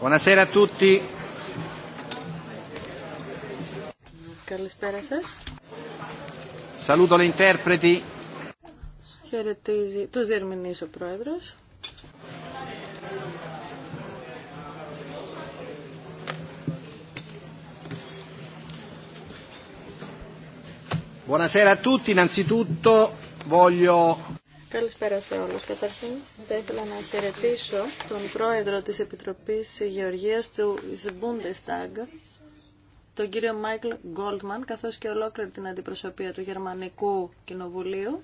Buonasera a tutti. Καλησπέρα σας. Saluto le interpreti. Χαιρετίζει τους διερμηνείς ο Πρόεδρος. Buonasera a tutti, innanzitutto voglio Καλησπέρα σε όλους. Καταρχήν θα ήθελα να χαιρετήσω τον πρόεδρο της Επιτροπής Γεωργίας του Bundestag, τον κύριο Μάικλ Γκόλτμαν, καθώς και ολόκληρη την αντιπροσωπεία του Γερμανικού Κοινοβουλίου.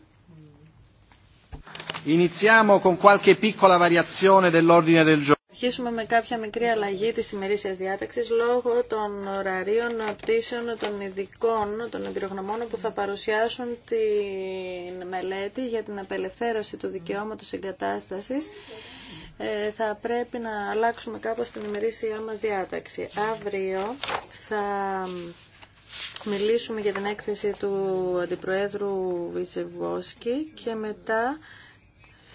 Iniziamo con qualche piccola variazione dell'ordine del giorno αρχίσουμε με κάποια μικρή αλλαγή της ημερήσιας διάταξης λόγω των ωραρίων πτήσεων των ειδικών, των εμπειρογνωμών που θα παρουσιάσουν την μελέτη για την απελευθέρωση του δικαιώματος εγκατάστασης. Ε, θα πρέπει να αλλάξουμε κάπως την ημερήσια μας διάταξη. Αύριο θα μιλήσουμε για την έκθεση του Αντιπροέδρου Βιζεβόσκη και μετά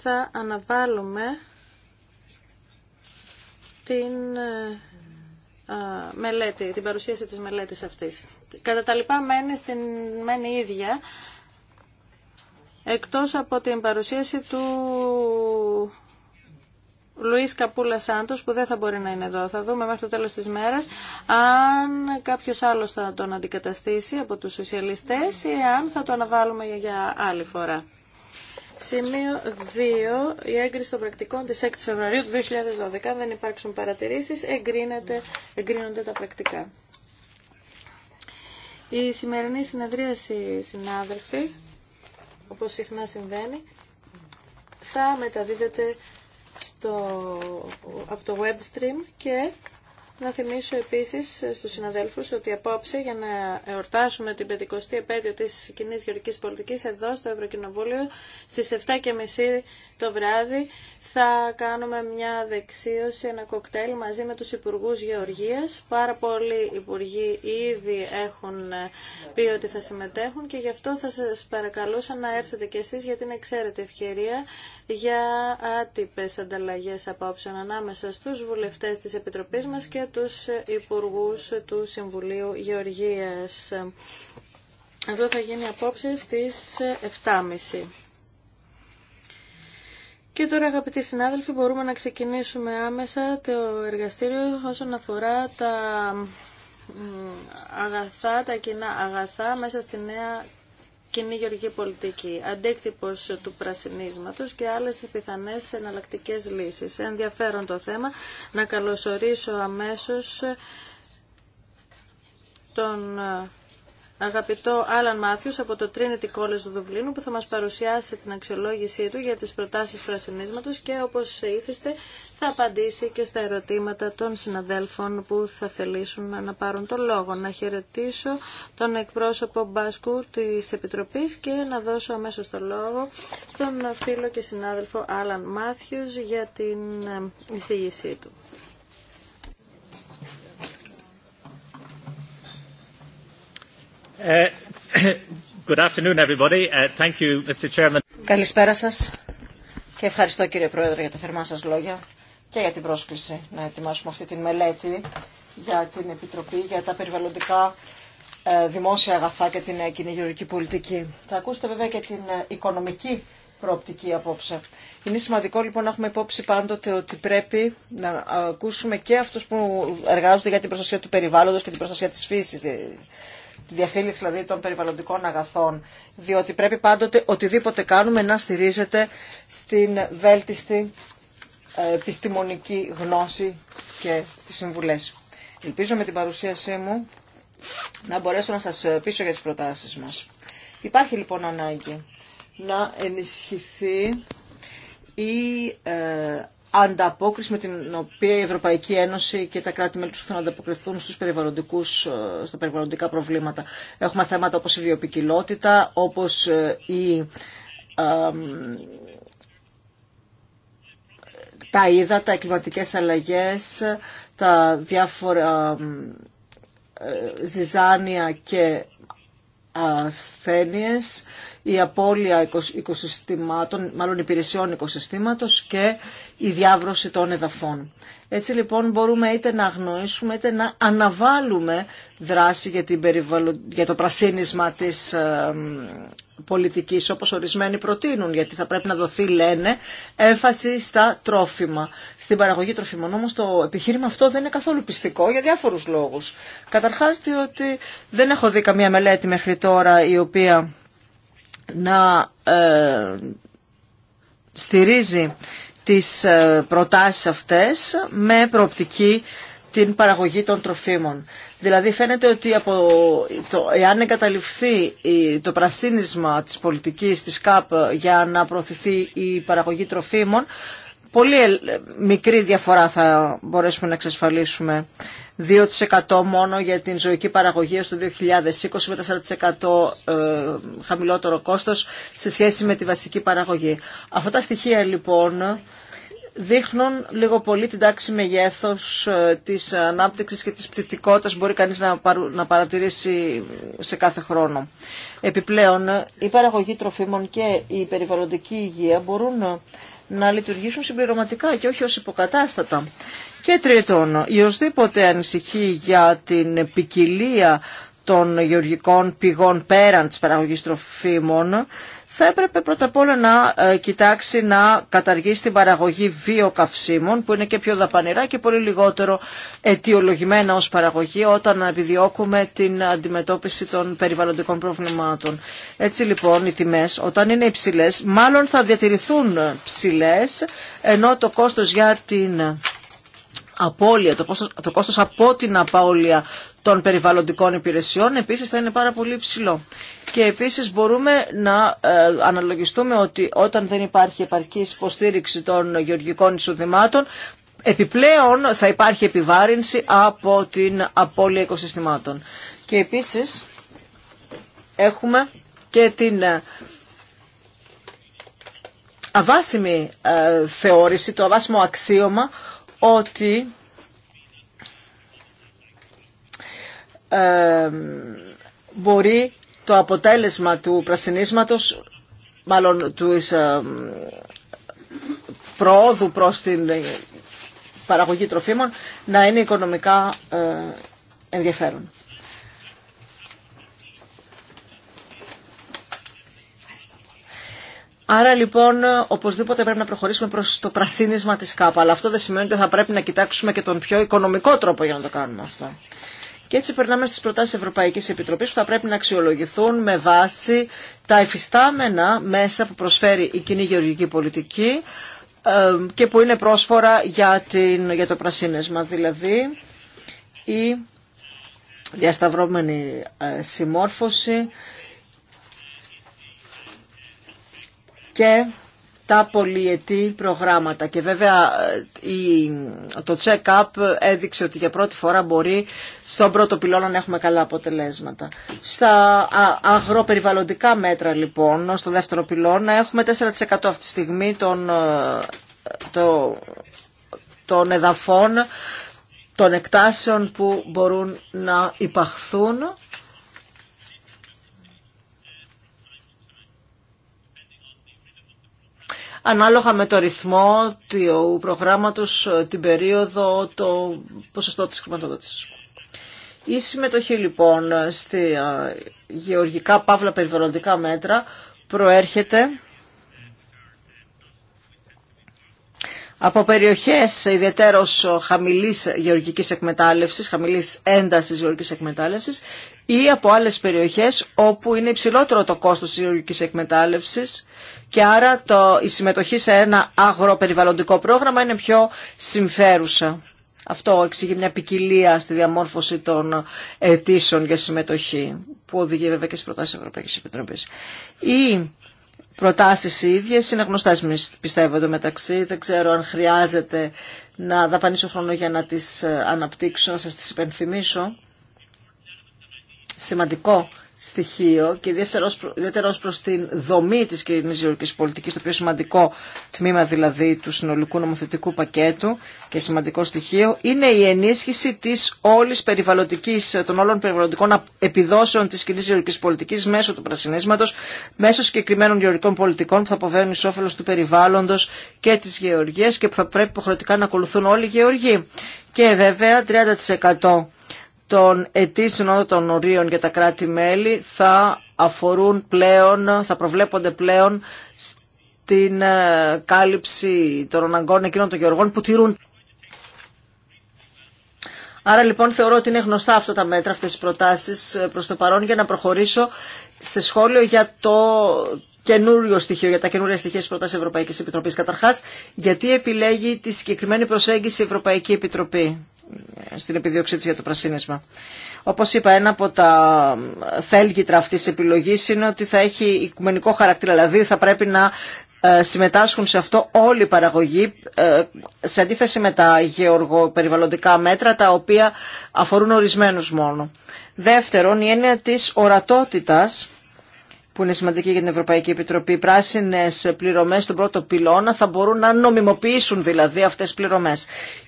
θα αναβάλουμε την ε, μελέτη, την παρουσίαση της μελέτης αυτής. Κατά τα λοιπά μένει, στην, μένει ίδια, εκτός από την παρουσίαση του Λουίς Καπούλα Σάντος που δεν θα μπορεί να είναι εδώ. Θα δούμε μέχρι το τέλος της μέρας αν κάποιος άλλος θα τον αντικαταστήσει από τους σοσιαλιστές ή αν θα το αναβάλουμε για άλλη φορά. Σημείο 2. Η έγκριση των πρακτικών της 6 Φεβρουαρίου του 2012. Δεν υπάρξουν παρατηρήσει. εγκρίνονται τα πρακτικά. Η σημερινή συνεδρίαση, συνάδελφοι, όπως συχνά συμβαίνει, θα μεταδίδεται στο, από το web stream και να θυμίσω επίσης στους συναδέλφους ότι απόψε για να εορτάσουμε την 50η επέτειο της κοινή γεωργικής πολιτικής εδώ στο Ευρωκοινοβούλιο στις 7.30 το βράδυ θα κάνουμε μια δεξίωση, ένα κοκτέιλ μαζί με τους Υπουργούς Γεωργίας. Πάρα πολλοί Υπουργοί ήδη έχουν πει ότι θα συμμετέχουν και γι' αυτό θα σας παρακαλούσα να έρθετε κι εσείς γιατί είναι εξαίρετη ευκαιρία για άτυπες ανταλλαγές απόψεων ανάμεσα στους βουλευτές της Επιτροπής μας και τους Υπουργούς του Συμβουλίου Γεωργίας. Αυτό θα γίνει απόψε στις 7.30. Και τώρα αγαπητοί συνάδελφοι μπορούμε να ξεκινήσουμε άμεσα το εργαστήριο όσον αφορά τα αγαθά, τα κοινά αγαθά μέσα στη νέα κοινή γεωργική πολιτική, αντίκτυπος του πρασινίσματος και άλλε πιθανέ εναλλακτικέ λύσεις. Ενδιαφέρον το θέμα, να καλωσορίσω αμέσως τον αγαπητό Άλαν Μάθιους από το Trinity College του Δουβλίνου που θα μας παρουσιάσει την αξιολόγησή του για τις προτάσεις πρασινίσματος και όπως ήθεστε θα απαντήσει και στα ερωτήματα των συναδέλφων που θα θελήσουν να πάρουν το λόγο. Να χαιρετήσω τον εκπρόσωπο Μπάσκου της Επιτροπής και να δώσω αμέσως το λόγο στον φίλο και συνάδελφο Άλαν Μάθιους για την ε, εισήγησή του. Uh, uh, Καλησπέρα σας και ευχαριστώ κύριε Πρόεδρε για τα θερμά σας λόγια και για την πρόσκληση να ετοιμάσουμε αυτή τη μελέτη για την Επιτροπή για τα περιβαλλοντικά ε, δημόσια αγαθά και την ε, κοινή πολιτική. Θα ακούσετε βέβαια και την ε, οικονομική προοπτική απόψε. Είναι σημαντικό λοιπόν να έχουμε υπόψη πάντοτε ότι πρέπει να ακούσουμε και αυτούς που εργάζονται για την προστασία του περιβάλλοντος και την προστασία της φύσης τη δηλαδή των περιβαλλοντικών αγαθών, διότι πρέπει πάντοτε οτιδήποτε κάνουμε να στηρίζεται στην βέλτιστη ε, επιστημονική γνώση και τις συμβουλές. Ελπίζω με την παρουσίασή μου να μπορέσω να σας πείσω για τις προτάσεις μας. Υπάρχει λοιπόν ανάγκη να ενισχυθεί η ε, ανταπόκριση με την οποία η Ευρωπαϊκή Ένωση και τα κράτη-μέλη τους θα ανταποκριθούν στους περιβαλλοντικούς, ε, στα περιβαλλοντικά προβλήματα. Έχουμε θέματα όπως η βιοπικιλότητα, όπως ε, η, τα ύδατα, τα κλιματικές αλλαγές, τα διάφορα ε, ζυζάνια και ασθένειες η απώλεια οικοσυστημάτων, μάλλον υπηρεσιών οικοσυστήματος και η διάβρωση των εδαφών. Έτσι λοιπόν μπορούμε είτε να αγνοήσουμε είτε να αναβάλουμε δράση για, την περιβαλλον... για το πρασίνισμα της πολιτικής όπως ορισμένοι προτείνουν γιατί θα πρέπει να δοθεί λένε έμφαση στα τρόφιμα. Στην παραγωγή τροφιμών όμως το επιχείρημα αυτό δεν είναι καθόλου πιστικό για διάφορους λόγους. Καταρχάς διότι δεν έχω δει καμία μελέτη μέχρι τώρα η οποία να ε, στηρίζει τις ε, προτάσεις αυτές με προοπτική την παραγωγή των τροφίμων. Δηλαδή φαίνεται ότι από το, εάν εγκαταληφθεί το πρασίνισμα της πολιτικής της ΚΑΠ για να προωθηθεί η παραγωγή τροφίμων, πολύ μικρή διαφορά θα μπορέσουμε να εξασφαλίσουμε 2% μόνο για την ζωική παραγωγή στο 2020 με 4% ε, χαμηλότερο κόστος σε σχέση με τη βασική παραγωγή. Αυτά τα στοιχεία λοιπόν δείχνουν λίγο πολύ την τάξη μεγέθος ε, της ανάπτυξης και της πτυτικότητας μπορεί κανείς να παρατηρήσει σε κάθε χρόνο. Επιπλέον, η παραγωγή τροφίμων και η περιβαλλοντική υγεία μπορούν να λειτουργήσουν συμπληρωματικά και όχι ως υποκατάστατα. Και τρίτον, η οσδήποτε ανησυχεί για την ποικιλία των γεωργικών πηγών πέραν της παραγωγής τροφίμων, θα έπρεπε πρώτα απ' όλα να ε, κοιτάξει να καταργήσει την παραγωγή βιοκαυσίμων που είναι και πιο δαπανηρά και πολύ λιγότερο αιτιολογημένα ως παραγωγή όταν επιδιώκουμε την αντιμετώπιση των περιβαλλοντικών προβλημάτων. Έτσι λοιπόν οι τιμές όταν είναι υψηλές μάλλον θα διατηρηθούν ψηλές ενώ το κόστος για την απώλεια, το, κόστος, το κόστος από την απώλεια των περιβαλλοντικών υπηρεσιών επίσης θα είναι πάρα πολύ υψηλό. Και επίσης μπορούμε να ε, αναλογιστούμε ότι όταν δεν υπάρχει επαρκής υποστήριξη των γεωργικών εισοδημάτων επιπλέον θα υπάρχει επιβάρυνση από την απώλεια οικοσυστημάτων. Και επίσης έχουμε και την ε, αβάσιμη ε, θεώρηση, το αβάσιμο αξίωμα ότι μπορεί το αποτέλεσμα του πρασινίσματος, μάλλον του προόδου προς την παραγωγή τροφίμων, να είναι οικονομικά ε, ενδιαφέρον. Άρα λοιπόν οπωσδήποτε πρέπει να προχωρήσουμε προς το πρασίνισμα της ΚΑΠΑ. Αλλά αυτό δεν σημαίνει ότι θα πρέπει να κοιτάξουμε και τον πιο οικονομικό τρόπο για να το κάνουμε αυτό. Και έτσι περνάμε στις προτάσεις Ευρωπαϊκής Επιτροπής που θα πρέπει να αξιολογηθούν με βάση τα εφιστάμενα μέσα που προσφέρει η κοινή γεωργική πολιτική και που είναι πρόσφορα για, την, για το πρασίνισμα. Δηλαδή η διασταυρώμενη ε, συμμόρφωση, και τα πολυετή προγράμματα. Και βέβαια ε, το check-up έδειξε ότι για πρώτη φορά μπορεί στον πρώτο πυλώνα να έχουμε καλά αποτελέσματα. Στα αγροπεριβαλλοντικά μέτρα λοιπόν, στο δεύτερο πυλώνα, έχουμε 4% αυτή τη στιγμή των, ε, των εδαφών, των εκτάσεων που μπορούν να υπαχθούν ανάλογα με το ρυθμό του προγράμματος, την περίοδο, το ποσοστό της χρηματοδότησης. Η συμμετοχή λοιπόν στη γεωργικά παύλα περιβαλλοντικά μέτρα προέρχεται από περιοχές ιδιαίτερως χαμηλής γεωργικής εκμετάλλευσης, χαμηλής έντασης γεωργικής εκμετάλλευσης ή από άλλες περιοχές όπου είναι υψηλότερο το κόστος της εκμετάλλευσης και άρα το, η συμμετοχή σε ένα αγροπεριβαλλοντικό πρόγραμμα είναι πιο συμφέρουσα. Αυτό εξηγεί μια ποικιλία στη διαμόρφωση των αιτήσεων για συμμετοχή που οδηγεί βέβαια και στις προτάσεις της Ευρωπαϊκής Επιτροπής. Η προτάσεις οι ίδιες είναι γνωστές πιστεύω εδώ μεταξύ. Δεν ξέρω αν χρειάζεται να δαπανίσω χρόνο για να τις ε, αναπτύξω, να σας τις υπενθυμίσω σημαντικό στοιχείο και ιδιαίτερα ως προς την δομή της κοινή γεωργικής πολιτικής, το πιο σημαντικό τμήμα δηλαδή του συνολικού νομοθετικού πακέτου και σημαντικό στοιχείο, είναι η ενίσχυση της όλης περιβαλλοντικής, των όλων περιβαλλοντικών επιδόσεων της κοινή γεωργικής πολιτικής μέσω του πρασινίσματος, μέσω συγκεκριμένων γεωργικών πολιτικών που θα αποβαίνουν εις όφελος του περιβάλλοντος και της γεωργίας και που θα πρέπει υποχρεωτικά να ακολουθούν όλοι οι γεωργοί. Και βέβαια 30% των αιτήσεων των ορίων για τα κράτη-μέλη θα αφορούν πλέον, θα προβλέπονται πλέον στην ε, κάλυψη των αναγκών εκείνων των γεωργών που τηρούν. Άρα λοιπόν θεωρώ ότι είναι γνωστά αυτά τα μέτρα, αυτές οι προτάσεις ε, προς το παρόν για να προχωρήσω σε σχόλιο για το καινούριο στοιχείο, για τα καινούρια στοιχεία της προτάσης Ευρωπαϊκής Επιτροπής. Καταρχάς, γιατί επιλέγει τη συγκεκριμένη προσέγγιση η Ευρωπαϊκή Επιτροπή στην επιδίωξή της για το πρασίνισμα. Όπως είπα, ένα από τα θέλγητρα αυτής της επιλογής είναι ότι θα έχει οικουμενικό χαρακτήρα, δηλαδή θα πρέπει να ε, συμμετάσχουν σε αυτό όλοι οι παραγωγοί ε, σε αντίθεση με τα γεωργοπεριβαλλοντικά μέτρα τα οποία αφορούν ορισμένους μόνο. Δεύτερον, η έννοια της ορατότητας που είναι σημαντική για την Ευρωπαϊκή Επιτροπή, πράσινε πληρωμέ στον πρώτο πυλώνα θα μπορούν να νομιμοποιήσουν δηλαδή αυτέ τι πληρωμέ.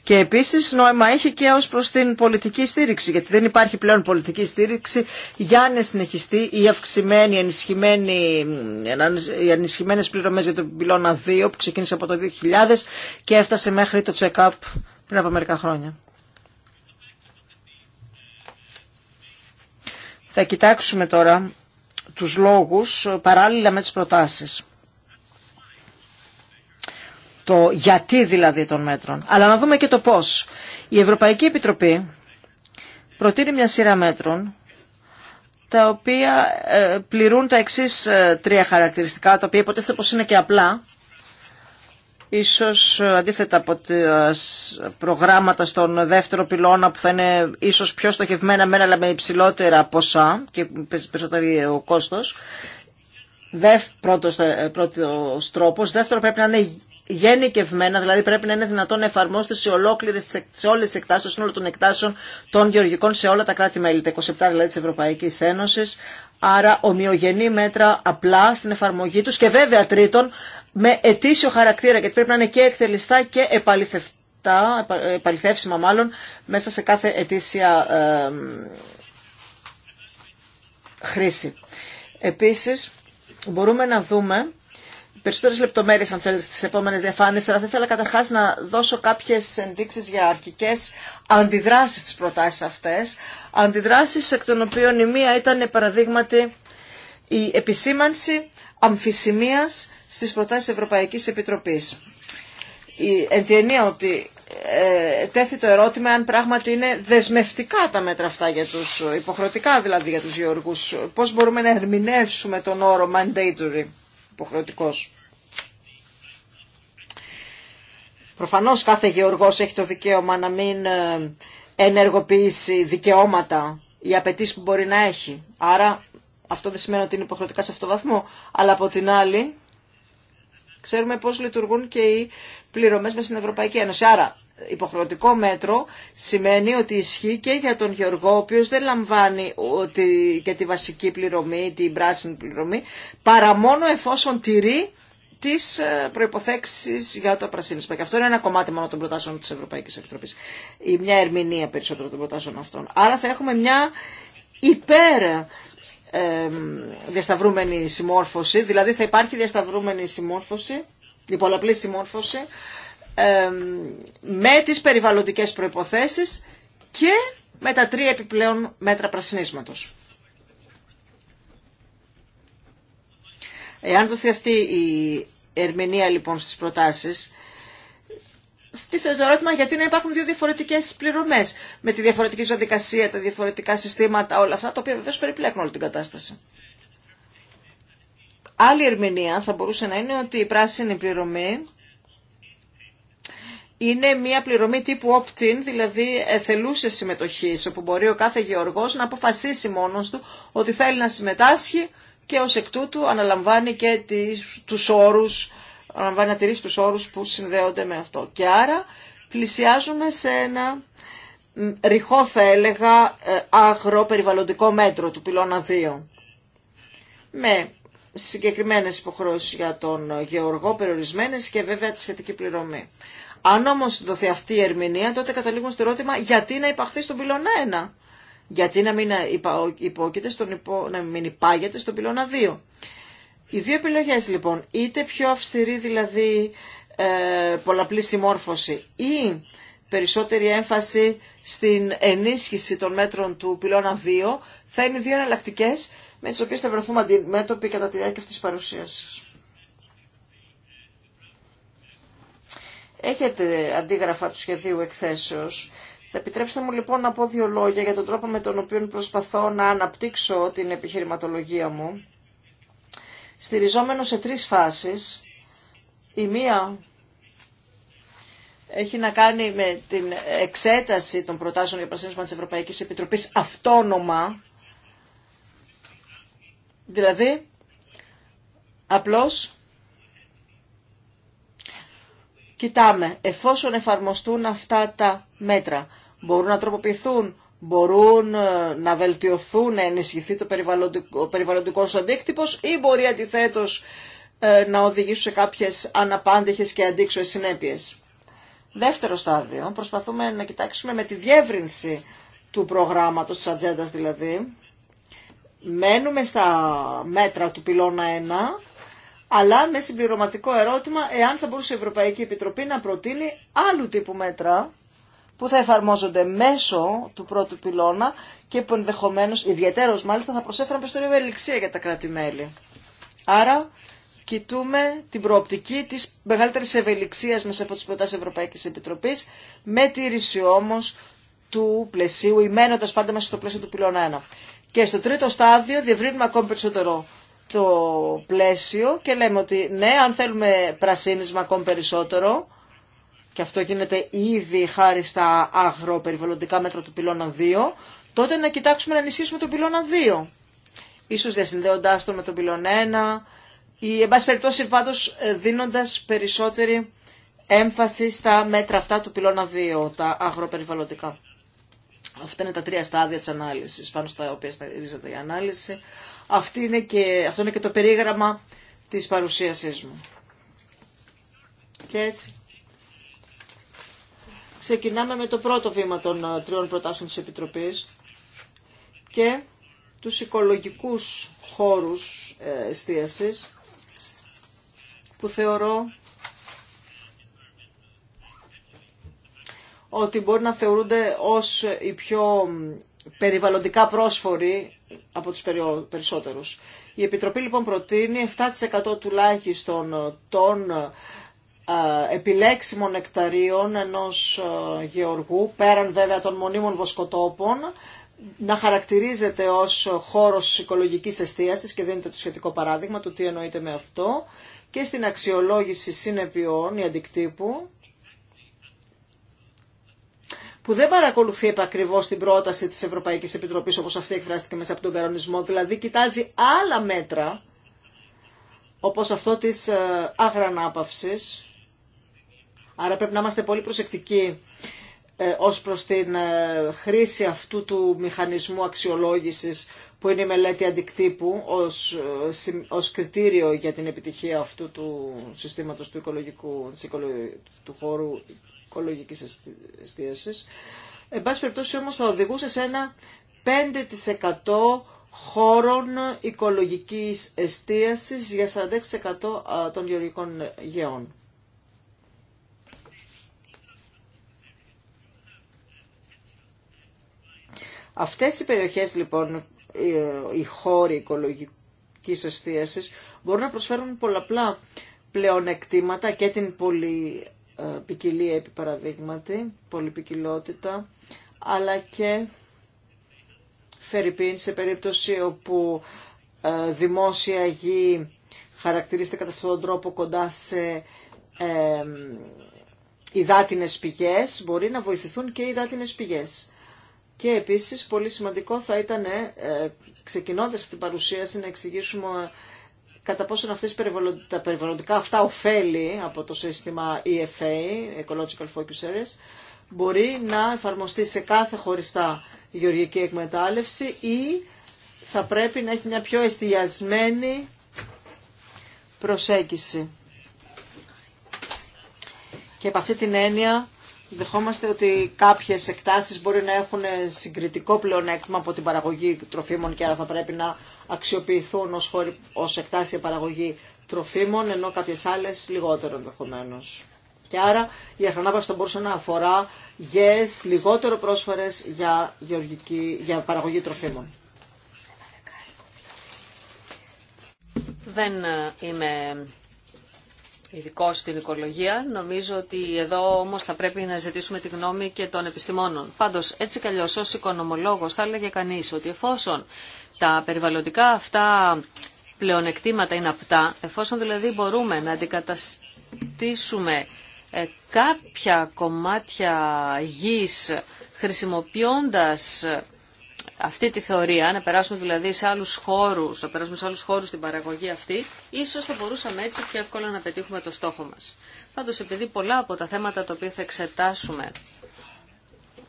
Και επίση νόημα έχει και ω προ την πολιτική στήριξη, γιατί δεν υπάρχει πλέον πολιτική στήριξη για να συνεχιστεί η αυξημένη, ενισχυμένη, οι ενισχυμένε πληρωμέ για τον πυλώνα 2 που ξεκίνησε από το 2000 και έφτασε μέχρι το check-up πριν από μερικά χρόνια. Θα κοιτάξουμε τώρα τους λόγους ε, παράλληλα με τις προτάσεις. Το γιατί δηλαδή των μέτρων. Αλλά να δούμε και το πώς. Η Ευρωπαϊκή Επιτροπή προτείνει μια σειρά μέτρων τα οποία ε, πληρούν τα εξής ε, τρία χαρακτηριστικά, τα οποία υποτίθεται πως είναι και απλά Ίσως αντίθετα από τα προγράμματα στον δεύτερο πυλώνα που θα είναι ίσως πιο στοχευμένα μένα αλλά με υψηλότερα ποσά και περισσότερο ε, ο κόστος. Δεύ, πρώτος, ε, πρώτος τρόπος. Δεύτερο πρέπει να είναι γενικευμένα, δηλαδή πρέπει να είναι δυνατόν να εφαρμόσετε σε, ολόκληρες, σε όλες τις εκτάσεις, σε όλων των εκτάσεων των γεωργικών σε όλα τα κράτη-μέλη, τα 27 δηλαδή της Ευρωπαϊκής Ένωσης. Άρα ομοιογενή μέτρα απλά στην εφαρμογή τους και βέβαια τρίτον με ετήσιο χαρακτήρα, γιατί πρέπει να είναι και εκτελεστά και επαληθευτά, επαληθεύσιμα μάλλον, μέσα σε κάθε ετήσια ε, χρήση. Επίσης, μπορούμε να δούμε περισσότερες λεπτομέρειες αν θέλετε στις επόμενες διαφάνειες, αλλά θα ήθελα καταρχάς να δώσω κάποιες ενδείξεις για αρχικές αντιδράσεις στις προτάσεις αυτές. Αντιδράσεις εκ των οποίων η μία ήταν παραδείγματι η επισήμανση αμφισημίας στις προτάσεις Ευρωπαϊκής Επιτροπής. Η ότι ε, τέθη το ερώτημα αν πράγματι είναι δεσμευτικά τα μέτρα αυτά για τους, υποχρεωτικά δηλαδή για τους γεωργούς. Πώς μπορούμε να ερμηνεύσουμε τον όρο mandatory, υποχρεωτικός. Προφανώς κάθε γεωργός έχει το δικαίωμα να μην ε, ενεργοποιήσει δικαιώματα ή απαιτήσει που μπορεί να έχει. Άρα αυτό δεν σημαίνει ότι είναι υποχρεωτικά σε αυτό το βαθμό, αλλά από την άλλη ξέρουμε πώς λειτουργούν και οι πληρωμές με στην Ευρωπαϊκή Ένωση. Άρα υποχρεωτικό μέτρο σημαίνει ότι ισχύει και για τον Γεωργό, ο οποίος δεν λαμβάνει ότι και τη βασική πληρωμή, την πράσινη πληρωμή, παρά μόνο εφόσον τηρεί τι ε, προποθέσει για το πρασίνισμα. Και αυτό είναι ένα κομμάτι μόνο των προτάσεων τη Ευρωπαϊκή Επιτροπή. Ή μια ερμηνεία περισσότερο των προτάσεων αυτών. Άρα θα έχουμε μια υπέρ διασταυρούμενη συμμόρφωση, δηλαδή θα υπάρχει διασταυρούμενη συμμόρφωση, η πολλαπλή συμμόρφωση, με τις περιβαλλοντικές προϋποθέσεις και με τα τρία επιπλέον μέτρα πρασινίσματος. Εάν δοθεί αυτή η ερμηνεία λοιπόν στις προτάσεις, Στήσετε το ερώτημα γιατί να υπάρχουν δύο διαφορετικέ πληρωμέ με τη διαφορετική διαδικασία, τα διαφορετικά συστήματα, όλα αυτά, τα οποία βεβαίω περιπλέκουν όλη την κατάσταση. Άλλη ερμηνεία θα μπορούσε να είναι ότι η πράσινη πληρωμή είναι μια πληρωμή τύπου opt-in, δηλαδή εθελούσε συμμετοχή, όπου μπορεί ο κάθε γεωργό να αποφασίσει μόνο του ότι θέλει να συμμετάσχει και ω εκ τούτου αναλαμβάνει και του όρου αναλαμβάνει να τηρήσει τους όρους που συνδέονται με αυτό. Και άρα πλησιάζουμε σε ένα ρηχό θα έλεγα αγροπεριβαλλοντικό ε, μέτρο του πυλώνα 2 με συγκεκριμένες υποχρεώσεις για τον γεωργό περιορισμένες και βέβαια τη σχετική πληρωμή. Αν όμω δοθεί αυτή η ερμηνεία τότε καταλήγουμε στο ερώτημα γιατί να υπαχθεί στον πυλώνα 1 γιατί να να μην υπάγεται στον πυλώνα 2. Οι δύο επιλογές λοιπόν, είτε πιο αυστηρή δηλαδή ε, πολλαπλή συμμόρφωση ή περισσότερη έμφαση στην ενίσχυση των μέτρων του πυλώνα 2, θα είναι δύο εναλλακτικέ με τις οποίες θα βρεθούμε αντιμέτωποι κατά τη διάρκεια αυτής της παρουσίασης. Έχετε αντίγραφα του σχεδίου εκθέσεως. Θα επιτρέψτε μου λοιπόν να πω δύο λόγια για τον τρόπο με τον οποίο προσπαθώ να αναπτύξω την επιχειρηματολογία μου στηριζόμενο σε τρεις φάσεις. Η μία έχει να κάνει με την εξέταση των προτάσεων για πρασίνισμα της Ευρωπαϊκής Επιτροπής αυτόνομα, δηλαδή απλώς κοιτάμε εφόσον εφαρμοστούν αυτά τα μέτρα. Μπορούν να τροποποιηθούν μπορούν ε, να βελτιωθούν, να ενισχυθεί το περιβαλλοντικό, ο περιβαλλοντικός αντίκτυπος ή μπορεί αντιθέτως ε, να οδηγήσουν σε κάποιες αναπάντεχες και αντίξωες συνέπειες. Δεύτερο στάδιο, προσπαθούμε να κοιτάξουμε με τη διεύρυνση του προγράμματος της ατζέντα δηλαδή. Μένουμε στα μέτρα του πυλώνα 1, αλλά με συμπληρωματικό ερώτημα εάν θα μπορούσε η Ευρωπαϊκή Επιτροπή να προτείνει άλλου τύπου μέτρα που θα εφαρμόζονται μέσω του πρώτου πυλώνα και που ενδεχομένω, ιδιαίτερω μάλιστα, θα προσέφεραν περισσότερη ευελιξία για τα κράτη-μέλη. Άρα, κοιτούμε την προοπτική τη μεγαλύτερη ευελιξία μέσα από τι προτάσει Ευρωπαϊκή Επιτροπή, με ρίση όμω του πλαισίου, ημένοντα πάντα μέσα στο πλαίσιο του πυλώνα 1. Και στο τρίτο στάδιο διευρύνουμε ακόμη περισσότερο το πλαίσιο και λέμε ότι ναι, αν θέλουμε πρασίνισμα ακόμη περισσότερο, και αυτό γίνεται ήδη χάρη στα αγροπεριβαλλοντικά μέτρα του πυλώνα 2, τότε να κοιτάξουμε να ενισχύσουμε τον πυλώνα 2. Ίσως διασυνδέοντάς τον με τον πυλώνα 1 ή, εν πάση περιπτώσει, πάντως ε, δίνοντας περισσότερη έμφαση στα μέτρα αυτά του πυλώνα 2, τα αγροπεριβαλλοντικά. Αυτά είναι τα τρία στάδια της ανάλυσης, πάνω στα οποία στηρίζεται η ανάλυση. είναι και, αυτό είναι και το περίγραμμα της παρουσίασής μου. Και έτσι Ξεκινάμε με το πρώτο βήμα των ε, τριών προτάσεων της Επιτροπής και τους οικολογικούς χώρους ε, εστίασης που θεωρώ ότι μπορεί να θεωρούνται ως οι πιο περιβαλλοντικά πρόσφοροι από τους περισσότερους. Η Επιτροπή λοιπόν προτείνει 7% τουλάχιστον ε, των ε, επιλέξιμων νεκταρίων ενός ε, γεωργού, πέραν βέβαια των μονίμων βοσκοτόπων, να χαρακτηρίζεται ως χώρος οικολογικής εστίασης και δίνεται το σχετικό παράδειγμα του τι εννοείται με αυτό και στην αξιολόγηση συνεπειών ή αντικτύπου που δεν παρακολουθεί επακριβώ την πρόταση της Ευρωπαϊκής Επιτροπής όπως αυτή εκφράστηκε μέσα από τον κανονισμό, δηλαδή κοιτάζει άλλα μέτρα όπως αυτό της ε, αγρανάπαυσης Άρα πρέπει να είμαστε πολύ προσεκτικοί ε, ως προς την ε, χρήση αυτού του μηχανισμού αξιολόγησης που είναι η μελέτη αντικτύπου ως, ε, ως κριτήριο για την επιτυχία αυτού του συστήματος του, οικολογικού, του χώρου οικολογικής εστίασης. Εν πάση περιπτώσει όμως θα οδηγούσε σε ένα 5% χώρων οικολογικής εστίασης για 46% των γεωργικών γεών. Αυτές οι περιοχές λοιπόν, οι χώροι οικολογικής εστίασης, μπορούν να προσφέρουν πολλαπλά πλεονεκτήματα και την πολυπικιλία επί παραδείγματι, πολυπικιλότητα, αλλά και φερρυπίν σε περίπτωση όπου ε, δημόσια γη χαρακτηρίζεται κατά αυτόν τον τρόπο κοντά σε ε, υδάτινες πηγές, μπορεί να βοηθηθούν και οι υδάτινες πηγές. Και επίσης πολύ σημαντικό θα ήταν, ε, ξεκινώντας αυτή την παρουσίαση, να εξηγήσουμε ε, κατά πόσο αυτές τα περιβαλλοντικά αυτά ωφέλη από το σύστημα EFA, Ecological Focus Areas, μπορεί να εφαρμοστεί σε κάθε χωριστά γεωργική εκμετάλλευση ή θα πρέπει να έχει μια πιο εστιασμένη προσέγγιση. Και από αυτή την έννοια Δεχόμαστε ότι κάποιες εκτάσεις μπορεί να έχουν συγκριτικό πλεονέκτημα από την παραγωγή τροφίμων και άρα θα πρέπει να αξιοποιηθούν ως, ως εκτάσεις για παραγωγή τροφίμων, ενώ κάποιες άλλες λιγότερο ενδεχομένω. Και άρα η αχρανάπαυση θα μπορούσε να αφορά γες λιγότερο πρόσφαρες για, γεωργική, για παραγωγή τροφίμων. Δεν ε, είμαι ειδικό στην οικολογία. Νομίζω ότι εδώ όμω θα πρέπει να ζητήσουμε τη γνώμη και των επιστημόνων. Πάντως, έτσι κι αλλιώς ως θα έλεγε κανείς ότι εφόσον τα περιβαλλοντικά αυτά πλεονεκτήματα είναι απτά, εφόσον δηλαδή μπορούμε να αντικαταστήσουμε ε, κάποια κομμάτια γης χρησιμοποιώντας αυτή τη θεωρία, να περάσουμε δηλαδή σε άλλου χώρου, να περάσουμε σε άλλου χώρου την παραγωγή αυτή, ίσω θα μπορούσαμε έτσι πιο εύκολα να πετύχουμε το στόχο μα. Πάντως επειδή πολλά από τα θέματα τα οποία θα εξετάσουμε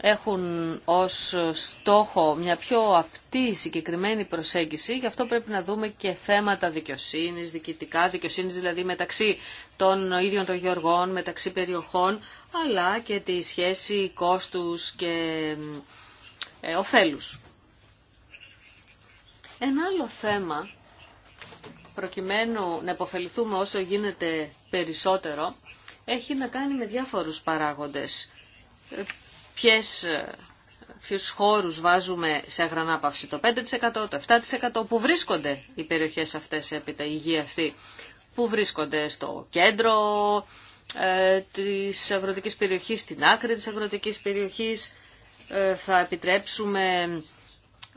έχουν ω στόχο μια πιο απτή συγκεκριμένη προσέγγιση, γι' αυτό πρέπει να δούμε και θέματα δικαιοσύνη, διοικητικά, δικαιοσύνη δηλαδή μεταξύ των ίδιων των γεωργών, μεταξύ περιοχών, αλλά και τη σχέση κόστου και ε, ένα άλλο θέμα, προκειμένου να υποφεληθούμε όσο γίνεται περισσότερο, έχει να κάνει με διάφορους παράγοντες. Ε, ποιες, ε, ποιους χώρους βάζουμε σε αγρανάπαυση, το 5%, το 7% που βρίσκονται οι περιοχές αυτές επί η υγεία αυτή, που βρίσκονται στο κέντρο ε, της αγροτικής περιοχής, στην άκρη της αγροτικής περιοχής, θα επιτρέψουμε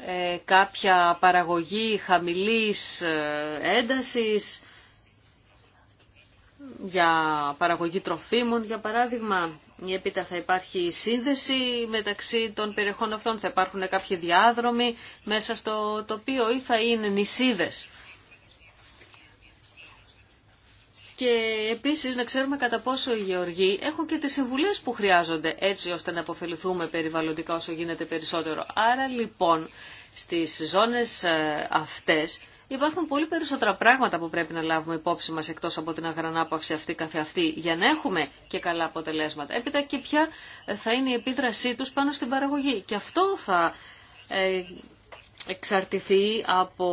ε, κάποια παραγωγή χαμηλής ε, έντασης, για παραγωγή τροφίμων, για παράδειγμα. Ή έπειτα θα υπάρχει σύνδεση μεταξύ των περιοχών αυτών, θα υπάρχουν κάποιοι διάδρομοι μέσα στο τοπίο ή θα είναι νησίδες. και επίσης να ξέρουμε κατά πόσο οι γεωργοί έχουν και τις συμβουλές που χρειάζονται έτσι ώστε να αποφεληθούμε περιβαλλοντικά όσο γίνεται περισσότερο. Άρα λοιπόν στις ζώνες ε, αυτές υπάρχουν πολύ περισσότερα πράγματα που πρέπει να λάβουμε υπόψη μας εκτός από την αγρανάπαυση αυτή καθεαυτή για να έχουμε και καλά αποτελέσματα. Έπειτα και ποια θα είναι η επίδρασή τους πάνω στην παραγωγή. Και αυτό θα ε, εξαρτηθεί από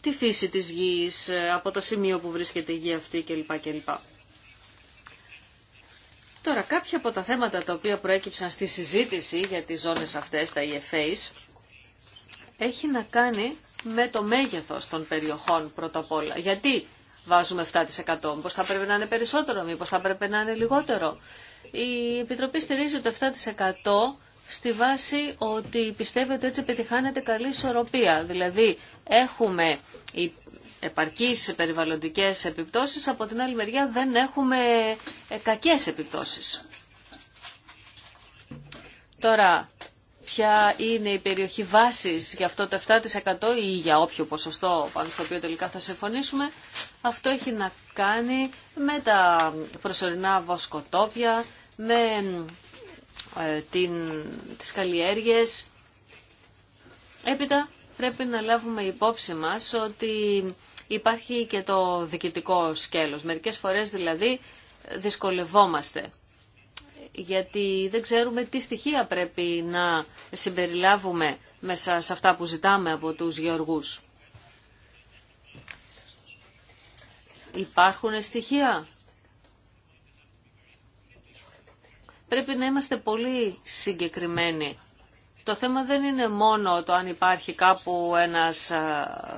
τη φύση της γης, από το σημείο που βρίσκεται η γη αυτή κλπ. κλπ. Τώρα, κάποια από τα θέματα τα οποία προέκυψαν στη συζήτηση για τις ζώνες αυτές, τα EFAs, έχει να κάνει με το μέγεθος των περιοχών πρώτα απ' όλα. Γιατί βάζουμε 7%, μήπως θα πρέπει να είναι περισσότερο, μήπως θα πρέπει να είναι λιγότερο. Η Επιτροπή στηρίζει το 7% στη βάση ότι πιστεύετε ότι έτσι επιτυχάνεται καλή ισορροπία. Δηλαδή έχουμε επαρκείς περιβαλλοντικές επιπτώσεις, από την άλλη μεριά δεν έχουμε ε, κακές επιπτώσεις. Τώρα, ποια είναι η περιοχή βάσης για αυτό το 7% ή για όποιο ποσοστό πάνω στο οποίο τελικά θα συμφωνήσουμε, αυτό έχει να κάνει με τα προσωρινά βοσκοτόπια, με ε, την, τις καλλιέργειες. Έπειτα πρέπει να λάβουμε υπόψη μας ότι υπάρχει και το διοικητικό σκέλος. Μερικές φορές δηλαδή δυσκολευόμαστε γιατί δεν ξέρουμε τι στοιχεία πρέπει να συμπεριλάβουμε μέσα σε αυτά που ζητάμε από τους γεωργούς. Υπάρχουν στοιχεία πρέπει να είμαστε πολύ συγκεκριμένοι. Το θέμα δεν είναι μόνο το αν υπάρχει κάπου ένας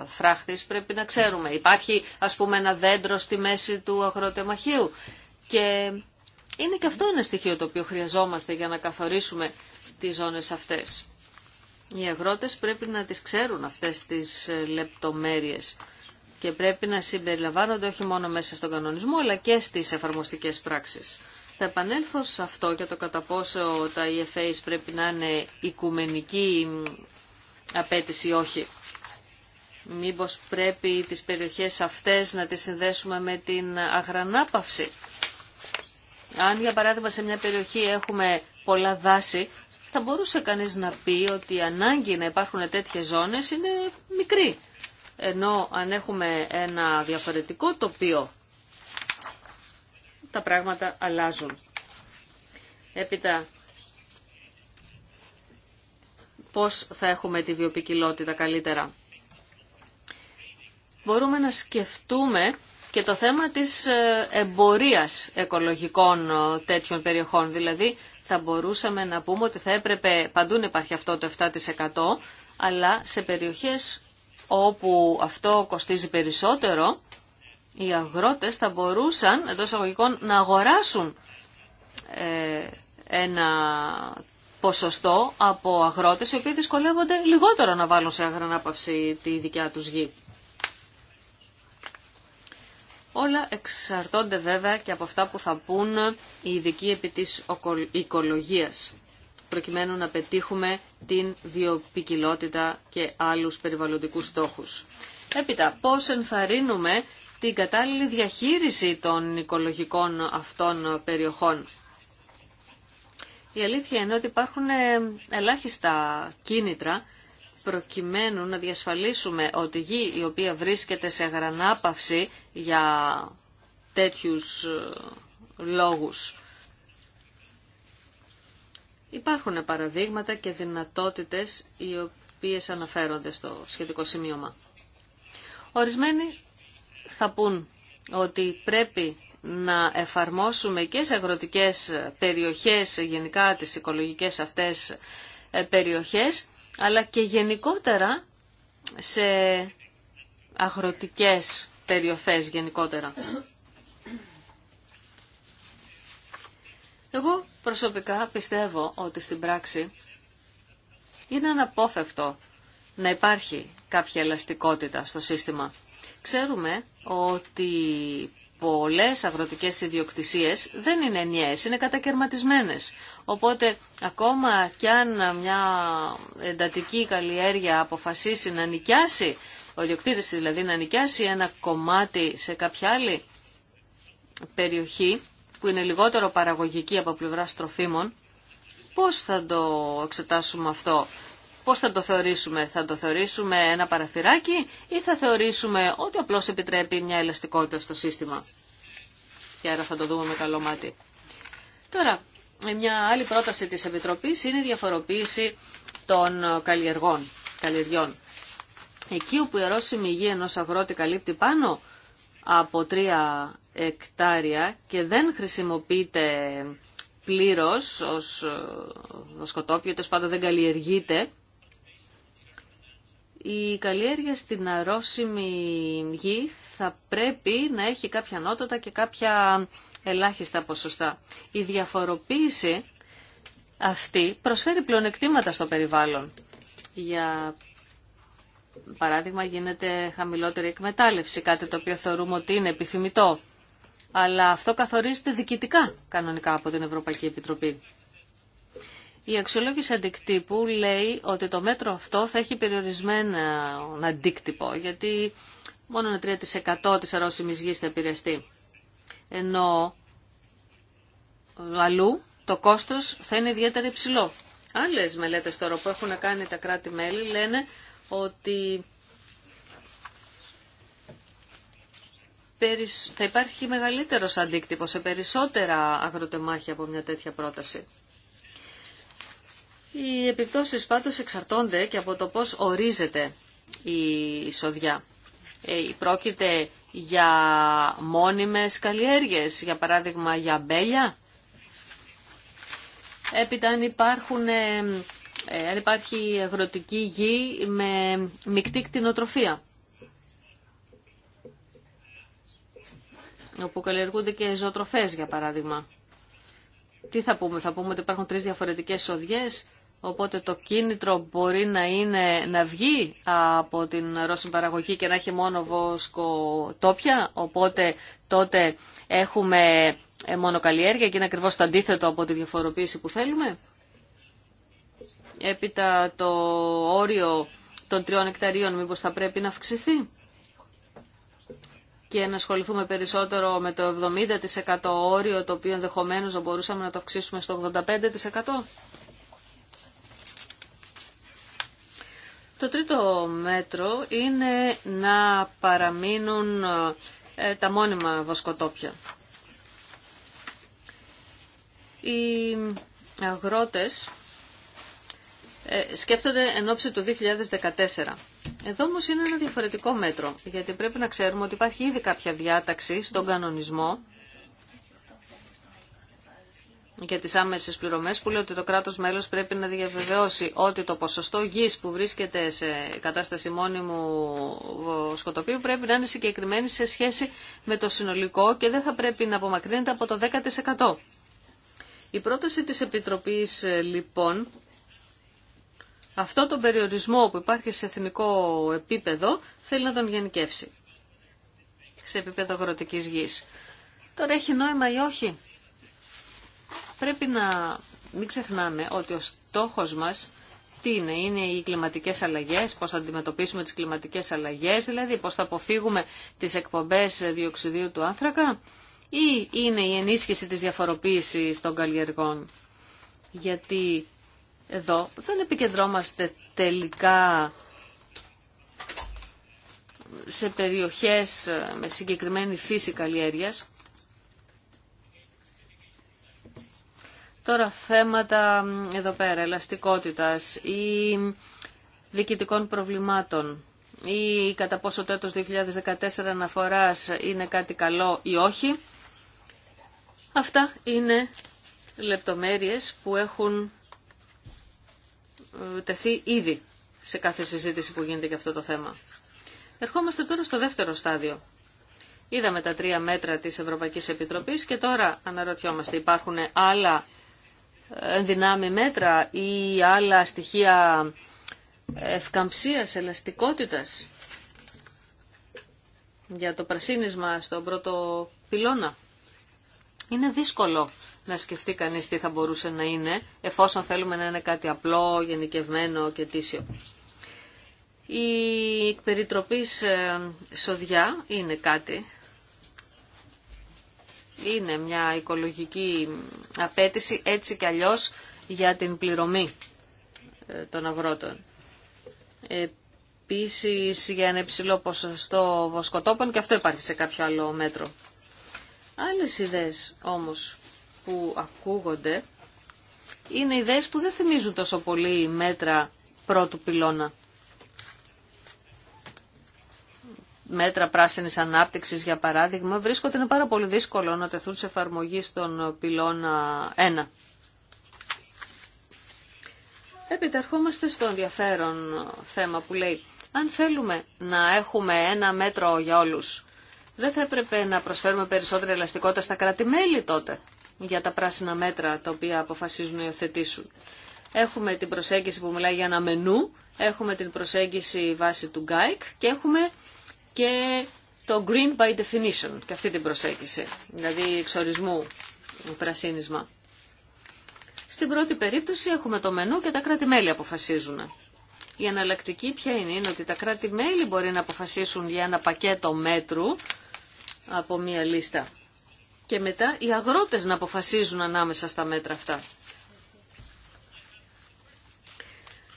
φράχτης, πρέπει να ξέρουμε. Υπάρχει ας πούμε ένα δέντρο στη μέση του αγροτεμαχίου και είναι και αυτό ένα στοιχείο το οποίο χρειαζόμαστε για να καθορίσουμε τις ζώνες αυτές. Οι αγρότες πρέπει να τις ξέρουν αυτές τις ε, λεπτομέρειες και πρέπει να συμπεριλαμβάνονται όχι μόνο μέσα στον κανονισμό αλλά και στις εφαρμοστικές πράξεις. Θα επανέλθω σε αυτό για το κατά πόσο τα EFAs πρέπει να είναι οικουμενική απέτηση ή όχι. Μήπως πρέπει τις περιοχές αυτές να τις συνδέσουμε με την αγρανάπαυση. Αν για παράδειγμα σε μια περιοχή έχουμε πολλά δάση, θα μπορούσε κανείς να πει ότι η ανάγκη να υπάρχουν τέτοιες ζώνες είναι μικρή. Ενώ αν έχουμε ένα διαφορετικό τοπίο τα πράγματα αλλάζουν. Έπειτα, πώς θα έχουμε τη βιοπικιλότητα καλύτερα. Μπορούμε να σκεφτούμε και το θέμα της ε, εμπορίας οικολογικών ε, τέτοιων περιοχών. Δηλαδή, θα μπορούσαμε να πούμε ότι θα έπρεπε παντού να υπάρχει αυτό το 7%, αλλά σε περιοχές όπου αυτό κοστίζει περισσότερο, οι αγρότες θα μπορούσαν εντό αγωγικών να αγοράσουν ε, ένα ποσοστό από αγρότες οι οποίοι δυσκολεύονται λιγότερο να βάλουν σε αγρανάπαυση τη δικιά τους γη. Όλα εξαρτώνται βέβαια και από αυτά που θα πούν οι ειδικοί επί της οικολογίας, προκειμένου να πετύχουμε την βιοπικιλότητα και άλλους περιβαλλοντικούς στόχους. Έπειτα, πώς ενθαρρύνουμε την κατάλληλη διαχείριση των οικολογικών αυτών περιοχών. Η αλήθεια είναι ότι υπάρχουν ε, ελάχιστα κίνητρα προκειμένου να διασφαλίσουμε ότι η γη η οποία βρίσκεται σε αγρανάπαυση για τέτοιους ε, λόγους. Υπάρχουν παραδείγματα και δυνατότητες οι οποίες αναφέρονται στο σχετικό σημείωμα. Ορισμένοι θα πούν ότι πρέπει να εφαρμόσουμε και σε αγροτικές περιοχές, γενικά τις οικολογικές αυτές ε, περιοχές, αλλά και γενικότερα σε αγροτικές περιοχές γενικότερα. Εγώ προσωπικά πιστεύω ότι στην πράξη είναι αναπόφευκτο να υπάρχει κάποια ελαστικότητα στο σύστημα. Ξέρουμε ότι πολλές αγροτικές ιδιοκτησίες δεν είναι ενιαίες, είναι κατακαιρματισμένες. Οπότε ακόμα κι αν μια εντατική καλλιέργεια αποφασίσει να νοικιάσει, ο ιδιοκτήτης δηλαδή να νοικιάσει ένα κομμάτι σε κάποια άλλη περιοχή που είναι λιγότερο παραγωγική από πλευρά τροφίμων, πώς θα το εξετάσουμε αυτό. Πώς θα το θεωρήσουμε, θα το θεωρήσουμε ένα παραθυράκι ή θα θεωρήσουμε ότι απλώς επιτρέπει μια ελαστικότητα στο σύστημα. Και άρα θα το δούμε με καλό μάτι. Τώρα, μια άλλη πρόταση της Επιτροπής είναι η διαφοροποίηση των καλλιεργών, καλλιεργιών. Εκεί όπου η αρρώσιμη γη ενός αγρότη καλύπτει πάνω από τρία εκτάρια και δεν χρησιμοποιείται πλήρως ως ε, σκοτόπιο, πάντα δεν καλλιεργείται, η καλλιέργεια στην αρρώσιμη γη θα πρέπει να έχει κάποια νότοτα και κάποια ελάχιστα ποσοστά. Η διαφοροποίηση αυτή προσφέρει πλεονεκτήματα στο περιβάλλον. Για παράδειγμα γίνεται χαμηλότερη εκμετάλλευση, κάτι το οποίο θεωρούμε ότι είναι επιθυμητό. Αλλά αυτό καθορίζεται διοικητικά κανονικά από την Ευρωπαϊκή Επιτροπή. Η αξιολόγηση αντικτύπου λέει ότι το μέτρο αυτό θα έχει περιορισμένο αντίκτυπο, γιατί μόνο ένα 3% της αρρώσιμης γης θα επηρεαστεί. Ενώ αλλού το κόστος θα είναι ιδιαίτερα υψηλό. Άλλες μελέτες τώρα που έχουν κάνει τα κράτη-μέλη λένε ότι θα υπάρχει μεγαλύτερος αντίκτυπο σε περισσότερα αγροτεμάχια από μια τέτοια πρόταση. Οι επιπτώσεις πάντως εξαρτώνται και από το πώς ορίζεται η εισοδιά. Ε, πρόκειται για μόνιμες καλλιέργειες, για παράδειγμα για μπέλια. Έπειτα αν, υπάρχουν, ε, ε, υπάρχει αγροτική γη με μεικτή κτηνοτροφία. όπου καλλιεργούνται και ζωοτροφές για παράδειγμα. Τι θα πούμε, θα πούμε ότι υπάρχουν τρεις διαφορετικές σοδιές, Οπότε το κίνητρο μπορεί να είναι να βγει από την ρώσιμη παραγωγή και να έχει μόνο βόσκο τόπια. Οπότε τότε έχουμε ε, μόνο καλλιέργεια και είναι ακριβώς το αντίθετο από τη διαφοροποίηση που θέλουμε. Έπειτα το όριο των τριών εκταρίων μήπως θα πρέπει να αυξηθεί και να ασχοληθούμε περισσότερο με το 70% όριο το οποίο ενδεχομένως μπορούσαμε να το αυξήσουμε στο 85%. Το τρίτο μέτρο είναι να παραμείνουν ε, τα μόνιμα βοσκοτόπια. Οι αγρότες ε, σκέφτονται εν ώψη του 2014. Εδώ όμως είναι ένα διαφορετικό μέτρο, γιατί πρέπει να ξέρουμε ότι υπάρχει ήδη κάποια διάταξη στον κανονισμό για τις άμεσες πληρωμές που λέει ότι το κράτος μέλος πρέπει να διαβεβαιώσει ότι το ποσοστό γης που βρίσκεται σε κατάσταση μόνιμου σκοτοπίου πρέπει να είναι συγκεκριμένη σε σχέση με το συνολικό και δεν θα πρέπει να απομακρύνεται από το 10%. Η πρόταση της Επιτροπής ε, λοιπόν αυτό τον περιορισμό που υπάρχει σε εθνικό επίπεδο θέλει να τον γενικεύσει σε επίπεδο αγροτικής γης. Τώρα έχει νόημα ή όχι. Πρέπει να μην ξεχνάμε ότι ο στόχος μας τι είναι, είναι οι κλιματικές αλλαγές, πώς θα αντιμετωπίσουμε τις κλιματικές αλλαγές, δηλαδή πώς θα αποφύγουμε τις εκπομπές διοξιδίου του άνθρακα ή είναι η ενίσχυση της διαφοροποίησης των καλλιεργών. Γιατί εδώ δεν επικεντρώμαστε τελικά σε περιοχές με συγκεκριμένη φύση καλλιέργειας, Τώρα θέματα εδώ πέρα, ελαστικότητας ή διοικητικών προβλημάτων ή κατά πόσο το έτος 2014 αναφοράς είναι κάτι καλό ή όχι. Αυτά είναι λεπτομέρειες που έχουν ε, τεθεί ήδη σε κάθε συζήτηση που γίνεται για αυτό το θέμα. Ερχόμαστε τώρα στο δεύτερο στάδιο. Είδαμε τα τρία μέτρα της Ευρωπαϊκής Επιτροπής και τώρα αναρωτιόμαστε υπάρχουν άλλα ενδυνάμει μέτρα ή άλλα στοιχεία ευκαμψίας, ελαστικότητας για το πρασίνισμα στον πρώτο πυλώνα. Είναι δύσκολο να σκεφτεί κανείς τι θα μπορούσε να είναι, εφόσον θέλουμε να είναι κάτι απλό, γενικευμένο και τίσιο. Η περιτροπής ε, σοδιά είναι κάτι είναι μια οικολογική απέτηση έτσι κι αλλιώς για την πληρωμή ε, των αγρότων. Επίσης για ένα υψηλό ποσοστό βοσκοτόπων και αυτό υπάρχει σε κάποιο άλλο μέτρο. Άλλες ιδέες όμως που ακούγονται είναι ιδέες που δεν θυμίζουν τόσο πολύ μέτρα πρώτου πυλώνα. μέτρα πράσινη ανάπτυξη, για παράδειγμα βρίσκω ότι είναι πάρα πολύ δύσκολο να τεθούν σε εφαρμογή στον πυλώνα 1. Έπειτα ερχόμαστε στο ενδιαφέρον θέμα που λέει αν θέλουμε να έχουμε ένα μέτρο για όλους δεν θα έπρεπε να προσφέρουμε περισσότερη ελαστικότητα στα κράτη-μέλη τότε για τα πράσινα μέτρα τα οποία αποφασίζουν να υιοθετήσουν. Έχουμε την προσέγγιση που μιλάει για ένα μενού, έχουμε την προσέγγιση βάση του γκάικ και έχουμε και το green by definition και αυτή την προσέγγιση, δηλαδή εξορισμού πρασίνισμα. Στην πρώτη περίπτωση έχουμε το μενού και τα κράτη-μέλη αποφασίζουν. Η αναλλακτική ποια είναι, είναι ότι τα κράτη-μέλη μπορεί να αποφασίσουν για ένα πακέτο μέτρου από μία λίστα και μετά οι αγρότες να αποφασίζουν ανάμεσα στα μέτρα αυτά.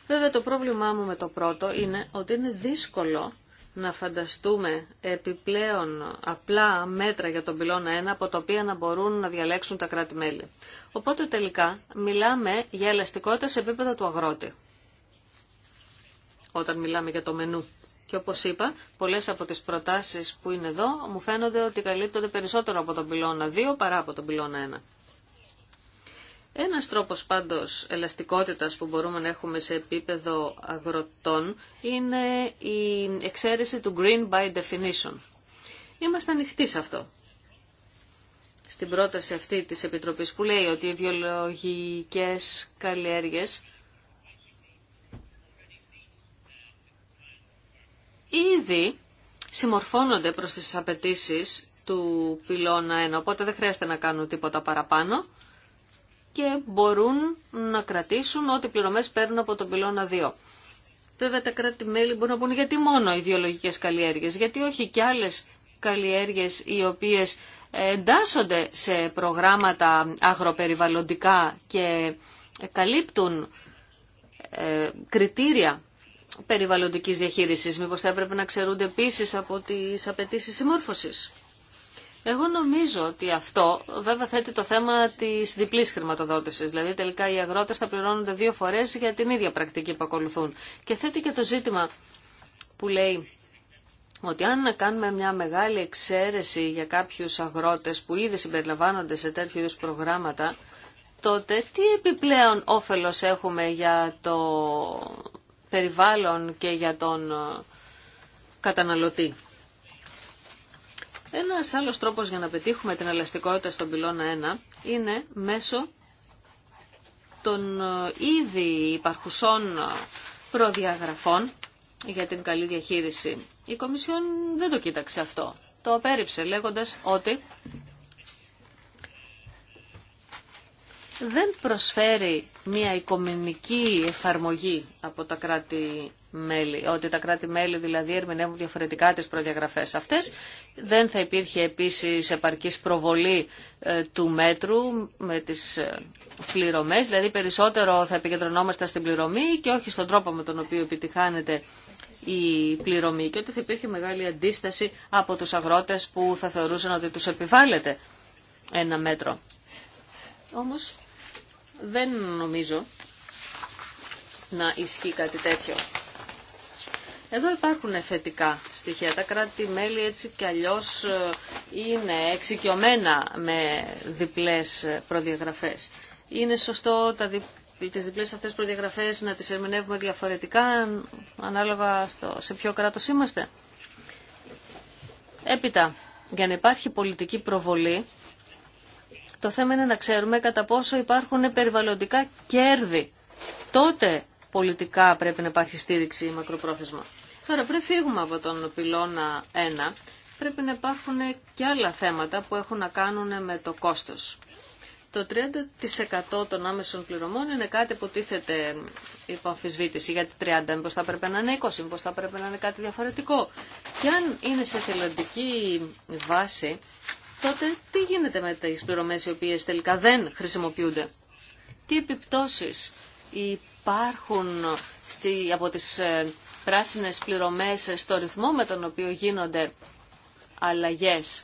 Βέβαια το πρόβλημά μου με το πρώτο είναι ότι είναι δύσκολο να φανταστούμε επιπλέον απλά μέτρα για τον πυλώνα 1 από τα οποία να μπορούν να διαλέξουν τα κράτη-μέλη. Οπότε τελικά μιλάμε για ελαστικότητα σε επίπεδο του αγρότη όταν μιλάμε για το μενού. Και όπως είπα, πολλές από τις προτάσεις που είναι εδώ μου φαίνονται ότι καλύπτονται περισσότερο από τον πυλώνα 2 παρά από τον πυλώνα 1. Ένας τρόπος πάντως ελαστικότητας που μπορούμε να έχουμε σε επίπεδο αγροτών είναι η εξαίρεση του green by definition. Είμαστε ανοιχτοί σε αυτό. Στην πρόταση αυτή της Επιτροπής που λέει ότι οι βιολογικές καλλιέργειες ήδη συμμορφώνονται προς τις απαιτήσεις του πυλώνα 1, οπότε δεν χρειάζεται να κάνουν τίποτα παραπάνω και μπορούν να κρατήσουν ό,τι πληρωμές παίρνουν από τον πυλώνα 2. Βέβαια τα κράτη-μέλη μπορούν να πούν γιατί μόνο οι καλλιέργειες, γιατί όχι και άλλες καλλιέργειες οι οποίες εντάσσονται σε προγράμματα αγροπεριβαλλοντικά και καλύπτουν ε, κριτήρια περιβαλλοντικής διαχείρισης. Μήπως θα έπρεπε να ξερούνται επίσης από τις απαιτήσει συμμόρφωσης. Εγώ νομίζω ότι αυτό βέβαια θέτει το θέμα της διπλής χρηματοδότησης. Δηλαδή τελικά οι αγρότες θα πληρώνονται δύο φορές για την ίδια πρακτική που ακολουθούν. Και θέτει και το ζήτημα που λέει ότι αν κάνουμε μια μεγάλη εξαίρεση για κάποιους αγρότες που ήδη συμπεριλαμβάνονται σε τέτοιου είδου προγράμματα, τότε τι επιπλέον όφελος έχουμε για το περιβάλλον και για τον καταναλωτή. Ένας άλλος τρόπος για να πετύχουμε την ελαστικότητα στον πυλώνα 1 είναι μέσω των ε, ήδη υπαρχουσών ε, προδιαγραφών για την καλή διαχείριση. Η Κομισιόν δεν το κοίταξε αυτό. Το απέρριψε λέγοντας ότι δεν προσφέρει μια οικομενική εφαρμογή από τα κράτη μέλη, ότι τα κράτη-μέλη δηλαδή ερμηνεύουν διαφορετικά τις προδιαγραφές αυτές. Δεν θα υπήρχε επίσης επαρκής προβολή ε, του μέτρου με τις ε, πληρωμές, δηλαδή περισσότερο θα επικεντρωνόμαστε στην πληρωμή και όχι στον τρόπο με τον οποίο επιτυχάνεται η πληρωμή και ότι θα υπήρχε μεγάλη αντίσταση από τους αγρότες που θα θεωρούσαν ότι τους επιβάλλεται ένα μέτρο. Όμως δεν νομίζω να ισχύει κάτι τέτοιο. Εδώ υπάρχουν θετικά στοιχεία. Τα κράτη-μέλη έτσι κι αλλιώς ε, είναι εξοικειωμένα με διπλές προδιαγραφές. Είναι σωστό τα δι... τις διπλές αυτές προδιαγραφές να τις ερμηνεύουμε διαφορετικά ανάλογα στο... σε ποιο κράτος είμαστε. Έπειτα, για να υπάρχει πολιτική προβολή, το θέμα είναι να ξέρουμε κατά πόσο υπάρχουν περιβαλλοντικά κέρδη. Τότε πολιτικά πρέπει να υπάρχει στήριξη μακροπρόθεσμα. Τώρα πριν φύγουμε από τον πυλώνα 1 πρέπει να υπάρχουν και άλλα θέματα που έχουν να κάνουν με το κόστος. Το 30% των άμεσων πληρωμών είναι κάτι που τίθεται υπό αμφισβήτηση. Γιατί 30, μήπως θα πρέπει να είναι 20, μήπως θα πρέπει να είναι κάτι διαφορετικό. Και αν είναι σε θελοντική βάση, τότε τι γίνεται με τις πληρωμές οι οποίες τελικά δεν χρησιμοποιούνται. Τι επιπτώσεις η υπάρχουν στη, από τις ε, πράσινες πληρωμές στο ρυθμό με τον οποίο γίνονται αλλαγές.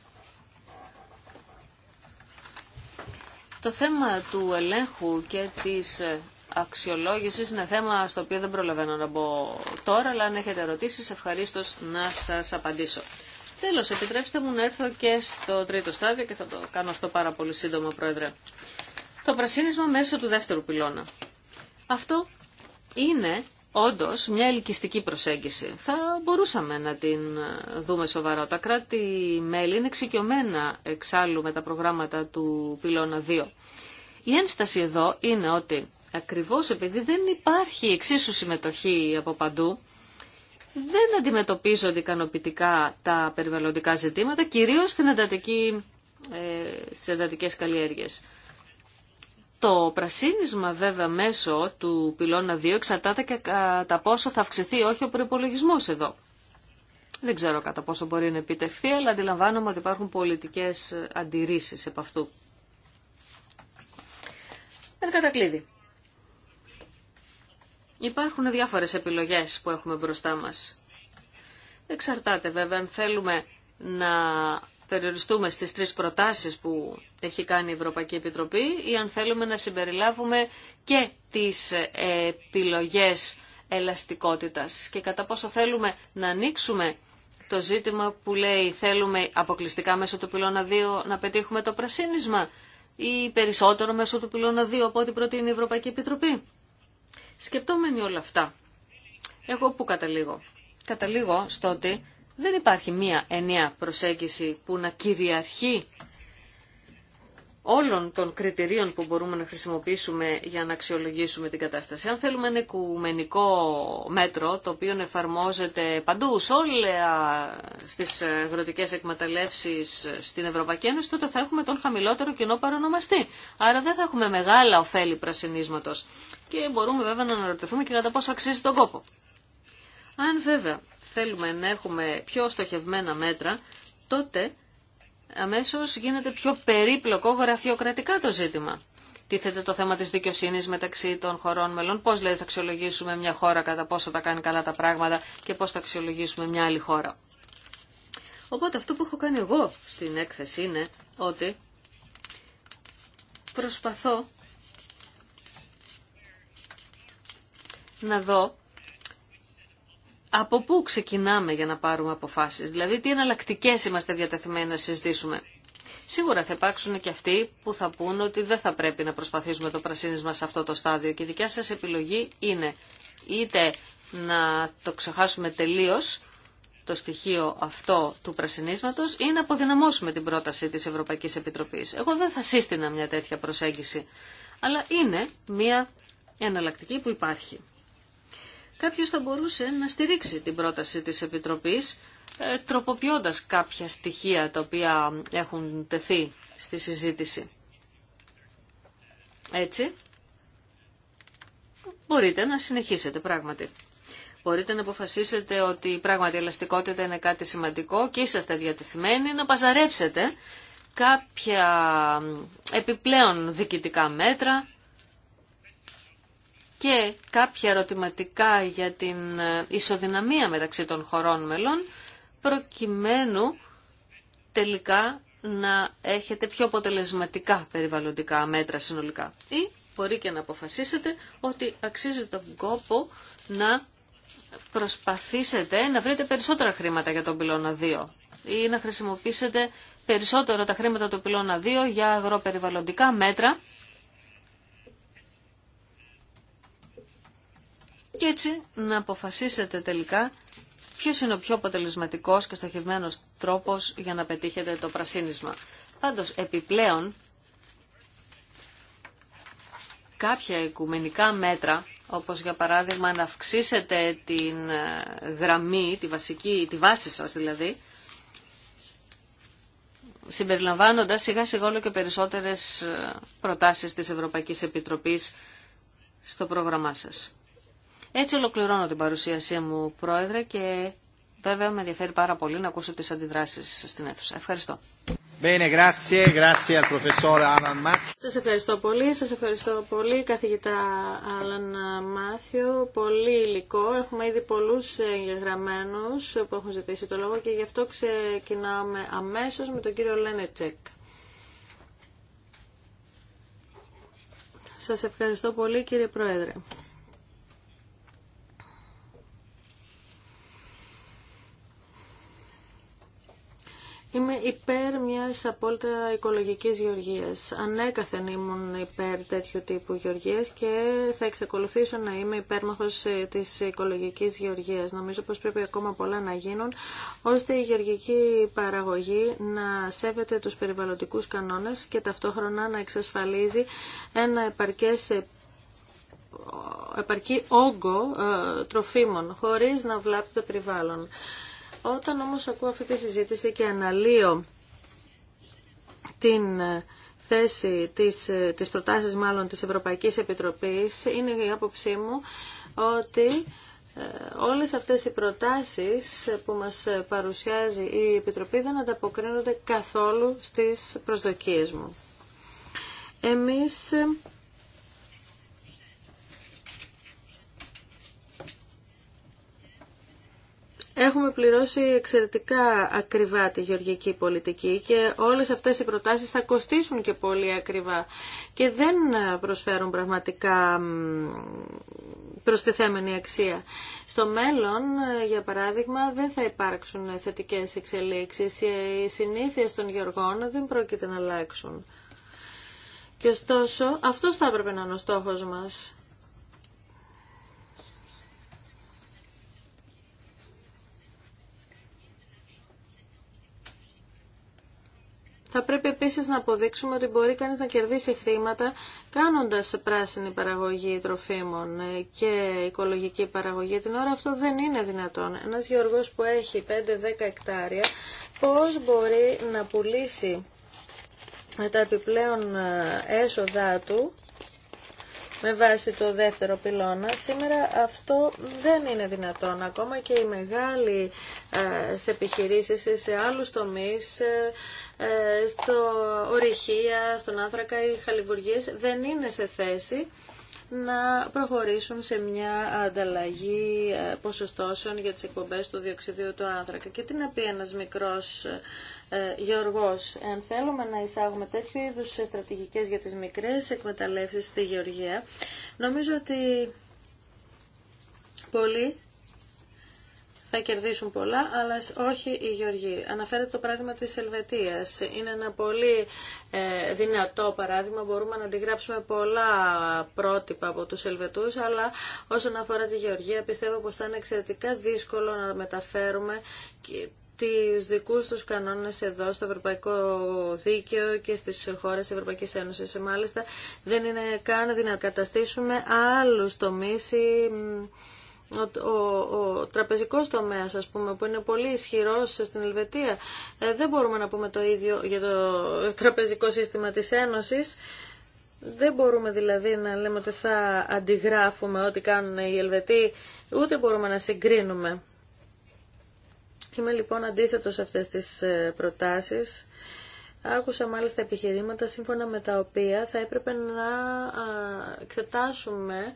Το θέμα του ελέγχου και της ε, αξιολόγησης είναι θέμα στο οποίο δεν προλαβαίνω να μπω τώρα, αλλά αν έχετε ερωτήσεις ευχαρίστω να σας απαντήσω. Τέλος, επιτρέψτε μου να έρθω και στο τρίτο στάδιο και θα το κάνω αυτό πάρα πολύ σύντομα, Πρόεδρε. Το πρασίνισμα μέσω του δεύτερου πυλώνα. Αυτό είναι όντως μια ελκυστική προσέγγιση. Θα μπορούσαμε να την ε, δούμε σοβαρό. Τα κράτη-μέλη είναι εξοικειωμένα εξάλλου με τα προγράμματα του πυλώνα 2. Η ένσταση εδώ είναι ότι ακριβώς επειδή δεν υπάρχει εξίσου συμμετοχή από παντού, δεν αντιμετωπίζονται ικανοποιητικά τα περιβαλλοντικά ζητήματα, κυρίως στην ε, στις εντατικές καλλιέργειες. Το πρασίνισμα βέβαια μέσω του πυλώνα 2 εξαρτάται και κατά πόσο θα αυξηθεί όχι ο προπολογισμό εδώ. Δεν ξέρω κατά πόσο μπορεί να επιτευχθεί, αλλά αντιλαμβάνομαι ότι υπάρχουν πολιτικές αντιρρήσεις επ' αυτού. Εν κατακλείδη. Υπάρχουν διάφορες επιλογές που έχουμε μπροστά μας. Εξαρτάται βέβαια αν θέλουμε να περιοριστούμε στις τρεις προτάσεις που έχει κάνει η Ευρωπαϊκή Επιτροπή ή αν θέλουμε να συμπεριλάβουμε και τις επιλογές ελαστικότητας και κατά πόσο θέλουμε να ανοίξουμε το ζήτημα που λέει θέλουμε αποκλειστικά μέσω του πυλώνα 2 να πετύχουμε το πρασίνισμα ή περισσότερο μέσω του πυλώνα 2 από ό,τι προτείνει η Ευρωπαϊκή Επιτροπή. Σκεπτόμενοι όλα αυτά, εγώ που καταλήγω. Καταλήγω στο ότι δεν υπάρχει μία ενιαία προσέγγιση που να κυριαρχεί όλων των κριτηρίων που μπορούμε να χρησιμοποιήσουμε για να αξιολογήσουμε την κατάσταση. Αν θέλουμε ένα οικουμενικό μέτρο, το οποίο εφαρμόζεται παντού σε όλε τι αγροτικέ εκμεταλλεύσει στην Ευρωπαϊκή Ένωση, τότε θα έχουμε τον χαμηλότερο κοινό παρονομαστή. Άρα δεν θα έχουμε μεγάλα ωφέλη πρασινίσματο Και μπορούμε βέβαια να αναρωτηθούμε και κατά πόσο αξίζει τον κόπο. Αν βέβαια θέλουμε να έχουμε πιο στοχευμένα μέτρα, τότε αμέσως γίνεται πιο περίπλοκο γραφειοκρατικά το ζήτημα. Τίθεται το θέμα της δικαιοσύνης μεταξύ των χωρών μελών, πώς λέει θα αξιολογήσουμε μια χώρα κατά πόσο θα κάνει καλά τα πράγματα και πώς θα αξιολογήσουμε μια άλλη χώρα. Οπότε αυτό που έχω κάνει εγώ στην έκθεση είναι ότι προσπαθώ να δω από πού ξεκινάμε για να πάρουμε αποφάσεις, δηλαδή τι εναλλακτικέ είμαστε διατεθειμένοι να συζητήσουμε. Σίγουρα θα υπάρξουν και αυτοί που θα πούν ότι δεν θα πρέπει να προσπαθήσουμε το πρασίνισμα σε αυτό το στάδιο και η δικιά σας επιλογή είναι είτε να το ξεχάσουμε τελείως το στοιχείο αυτό του πρασινίσματος ή να αποδυναμώσουμε την πρόταση της Ευρωπαϊκής Επιτροπής. Εγώ δεν θα σύστηνα μια τέτοια προσέγγιση, αλλά είναι μια εναλλακτική που υπάρχει κάποιος θα μπορούσε να στηρίξει την πρόταση της Επιτροπής ε, τροποποιώντας κάποια στοιχεία τα οποία έχουν τεθεί στη συζήτηση. Έτσι, μπορείτε να συνεχίσετε πράγματι. Μπορείτε να αποφασίσετε ότι πράγματι η ελαστικότητα είναι κάτι σημαντικό και είσαστε διατεθειμένοι να παζαρέψετε κάποια επιπλέον διοικητικά μέτρα και κάποια ερωτηματικά για την ε, ισοδυναμία μεταξύ των χωρών μελών, προκειμένου τελικά να έχετε πιο αποτελεσματικά περιβαλλοντικά μέτρα συνολικά. Ή μπορεί και να αποφασίσετε ότι αξίζει τον κόπο να προσπαθήσετε να βρείτε περισσότερα χρήματα για τον πυλώνα 2 ή να χρησιμοποιήσετε περισσότερο τα χρήματα του πυλώνα 2 για αγροπεριβαλλοντικά μέτρα και έτσι να αποφασίσετε τελικά ποιο είναι ο πιο αποτελεσματικό και στοχευμένο τρόπος για να πετύχετε το πρασίνισμα. Πάντως επιπλέον κάποια οικουμενικά μέτρα όπως για παράδειγμα να αυξήσετε την ε, γραμμή, τη βασική, τη βάση σας δηλαδή, συμπεριλαμβάνοντας σιγά σιγά όλο και περισσότερες ε, προτάσεις της Ευρωπαϊκής Επιτροπής στο πρόγραμμά σας. Έτσι ολοκληρώνω την παρουσίασή μου, Πρόεδρε, και βέβαια με ενδιαφέρει πάρα πολύ να ακούσω τις αντιδράσεις στην αίθουσα. Ευχαριστώ. Bene, grazie, grazie al Σας ευχαριστώ πολύ, σας ευχαριστώ πολύ καθηγητά Άλαν Μάθιο, πολύ υλικό. Έχουμε ήδη πολλούς εγγεγραμμένους που έχουν ζητήσει το λόγο και γι' αυτό ξεκινάμε αμέσως με τον κύριο Λένετσεκ. Σας ευχαριστώ πολύ κύριε Πρόεδρε. Είμαι υπέρ μιας απόλυτα οικολογικής γεωργίας. Ανέκαθεν ήμουν υπέρ τέτοιου τύπου γεωργίας και θα εξακολουθήσω να είμαι υπέρμαχος ε, της οικολογικής γεωργίας. Νομίζω πως πρέπει ακόμα πολλά να γίνουν ώστε η γεωργική παραγωγή να σέβεται τους περιβαλλοντικούς κανόνες και ταυτόχρονα να εξασφαλίζει ένα ε, επαρκή όγκο ε, τροφίμων χωρίς να βλάπτει το περιβάλλον. Όταν όμως ακούω αυτή τη συζήτηση και αναλύω την ε, θέση της, ε, της προτάσεις μάλλον της Ευρωπαϊκής Επιτροπής είναι η άποψή μου ότι ε, όλες αυτές οι προτάσεις που μας παρουσιάζει η Επιτροπή δεν ανταποκρίνονται καθόλου στις προσδοκίες μου. Εμείς Έχουμε πληρώσει εξαιρετικά ακριβά τη γεωργική πολιτική και όλες αυτές οι προτάσεις θα κοστίσουν και πολύ ακριβά και δεν προσφέρουν πραγματικά προστιθέμενη αξία. Στο μέλλον, για παράδειγμα, δεν θα υπάρξουν θετικές εξελίξεις. Οι συνήθειες των γεωργών δεν πρόκειται να αλλάξουν. Και ωστόσο, αυτός θα έπρεπε να είναι ο στόχος μας Θα πρέπει επίση να αποδείξουμε ότι μπορεί κανείς να κερδίσει χρήματα κάνοντας πράσινη παραγωγή τροφίμων και οικολογική παραγωγή. Την ώρα αυτό δεν είναι δυνατόν. Ένας γεωργό που έχει 5-10 εκτάρια πώ μπορεί να πουλήσει με τα επιπλέον έσοδά του με βάση το δεύτερο πυλώνα. Σήμερα αυτό δεν είναι δυνατόν. Ακόμα και οι μεγάλοι ε, σε επιχειρήσεις σε άλλους τομείς, ε, ε, στο ορυχία, στον άνθρακα, οι χαλιβουργίες δεν είναι σε θέση να προχωρήσουν σε μια ανταλλαγή ε, ποσοστώσεων για τις εκπομπές του διοξιδίου του άνθρακα. Και τι να πει ένας μικρός ε, γεωργός. Εάν θέλουμε να εισάγουμε τέτοιου είδους στρατηγικές για τις μικρές εκμεταλλεύσεις στη γεωργία, νομίζω ότι πολύ θα κερδίσουν πολλά, αλλά όχι οι γεωργοί. Αναφέρεται το παράδειγμα της Ελβετίας. Είναι ένα πολύ ε, δυνατό παράδειγμα. Μπορούμε να αντιγράψουμε πολλά πρότυπα από τους Ελβετούς, αλλά όσον αφορά τη γεωργία πιστεύω πως θα είναι εξαιρετικά δύσκολο να μεταφέρουμε τις δικούς τους κανόνες εδώ στο Ευρωπαϊκό Δίκαιο και στις χώρες της Ευρωπαϊκής Ένωσης. Μάλιστα δεν είναι καν να καταστήσουμε άλλους τομείς ο, ο, ο τραπεζικός τομέας, ας πούμε, που είναι πολύ ισχυρός στην Ελβετία, ε, δεν μπορούμε να πούμε το ίδιο για το τραπεζικό σύστημα της Ένωσης. Δεν μπορούμε δηλαδή να λέμε ότι θα αντιγράφουμε ό,τι κάνουν οι Ελβετοί, ούτε μπορούμε να συγκρίνουμε. Είμαι λοιπόν αντίθετο σε αυτές τις ε, προτάσεις. Άκουσα μάλιστα επιχειρήματα σύμφωνα με τα οποία θα έπρεπε να εξετάσουμε